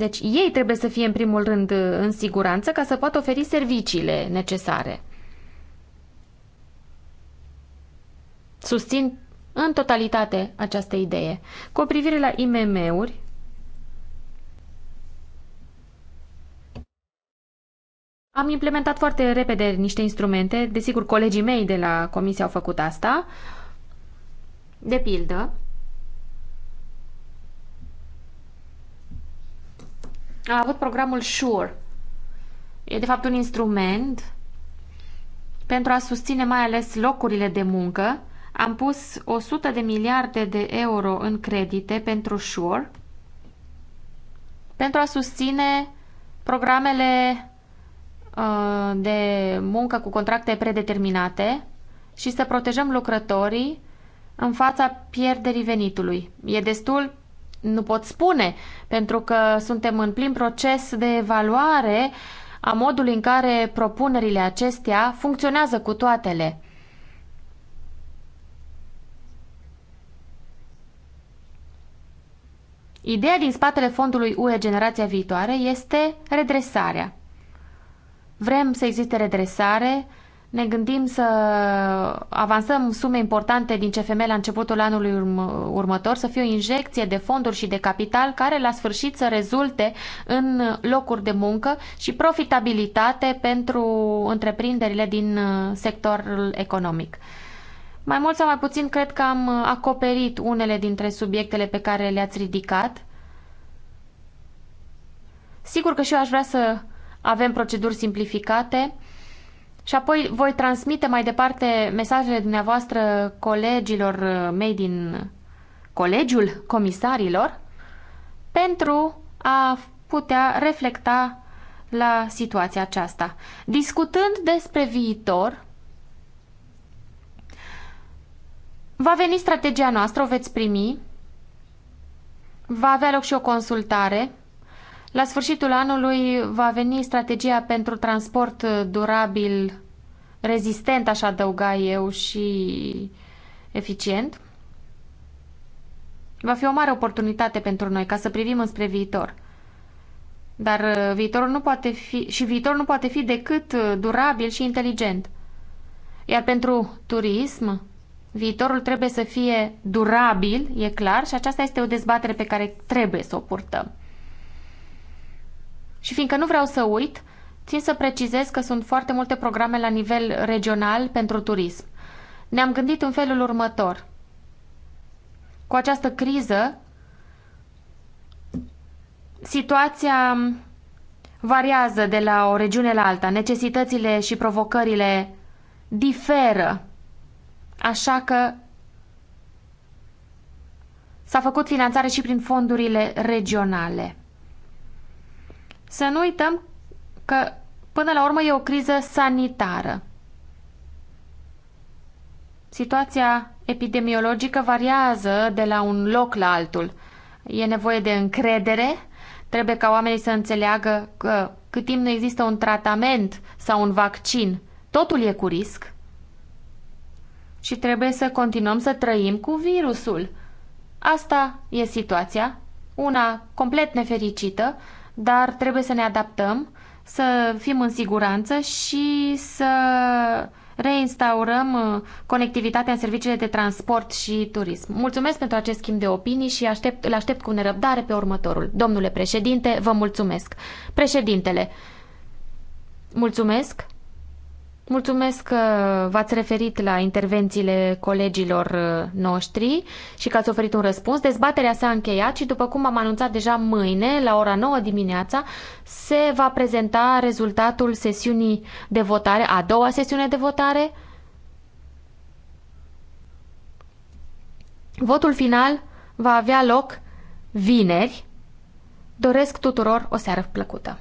Speaker 7: Deci ei trebuie să fie în primul rând în siguranță ca să poată oferi serviciile necesare. Susțin în totalitate această idee. Cu privire la IMM-uri, Am implementat foarte repede niște instrumente, desigur colegii mei de la comisie au făcut asta. De pildă, a avut programul SURE. E de fapt un instrument pentru a susține mai ales locurile de muncă. Am pus 100 de miliarde de euro în credite pentru SURE pentru a susține programele ă, de muncă cu contracte predeterminate și să protejăm lucrătorii în fața pierderii venitului. E destul nu pot spune, pentru că suntem în plin proces de evaluare a modului în care propunerile acestea funcționează cu toatele. Ideea din spatele fondului UE Generația Viitoare este redresarea. Vrem să existe redresare, ne gândim să avansăm sume importante din CFM la începutul anului urm- următor, să fie o injecție de fonduri și de capital care la sfârșit să rezulte în locuri de muncă și profitabilitate pentru întreprinderile din uh, sectorul economic. Mai mult sau mai puțin, cred că am uh, acoperit unele dintre subiectele pe care le-ați ridicat. Sigur că și eu aș vrea să avem proceduri simplificate, și apoi voi transmite mai departe mesajele dumneavoastră colegilor uh, mei din colegiul comisarilor pentru a putea reflecta la situația aceasta. Discutând despre viitor, va veni strategia noastră, o veți primi, va avea loc și o consultare la sfârșitul anului va veni strategia pentru transport durabil, rezistent, aș adăuga eu, și eficient. Va fi o mare oportunitate pentru noi ca să privim înspre viitor. Dar uh, viitorul nu poate fi, și viitorul nu poate fi decât uh, durabil și inteligent. Iar pentru turism, viitorul trebuie să fie durabil, e clar, și aceasta este o dezbatere pe care trebuie să o purtăm. Și fiindcă nu vreau să uit, țin să precizez că sunt foarte multe programe la nivel regional pentru turism. Ne-am gândit în felul următor. Cu această criză, situația variază de la o regiune la alta. Necesitățile și provocările diferă. Așa că s-a făcut finanțare și prin fondurile regionale. Să nu uităm că până la urmă e o criză sanitară. Situația epidemiologică variază de la un loc la altul. E nevoie de încredere, trebuie ca oamenii să înțeleagă că cât timp nu există un tratament sau un vaccin, totul e cu risc. Și trebuie să continuăm să trăim cu virusul. Asta e situația, una complet nefericită, dar trebuie să ne adaptăm, să fim în siguranță și să reinstaurăm uh, conectivitatea în serviciile de transport și turism. Mulțumesc pentru acest schimb de opinii și aștept, îl aștept cu nerăbdare pe următorul. Domnule președinte, vă mulțumesc. Președintele, mulțumesc. Mulțumesc că v-ați referit la intervențiile colegilor uh, noștri și că ați oferit un răspuns. Dezbaterea s-a încheiat și, după cum am anunțat deja mâine, la ora 9 dimineața, se va prezenta rezultatul sesiunii de votare, a doua sesiune de votare. Votul final va avea loc vineri. Doresc tuturor o seară plăcută!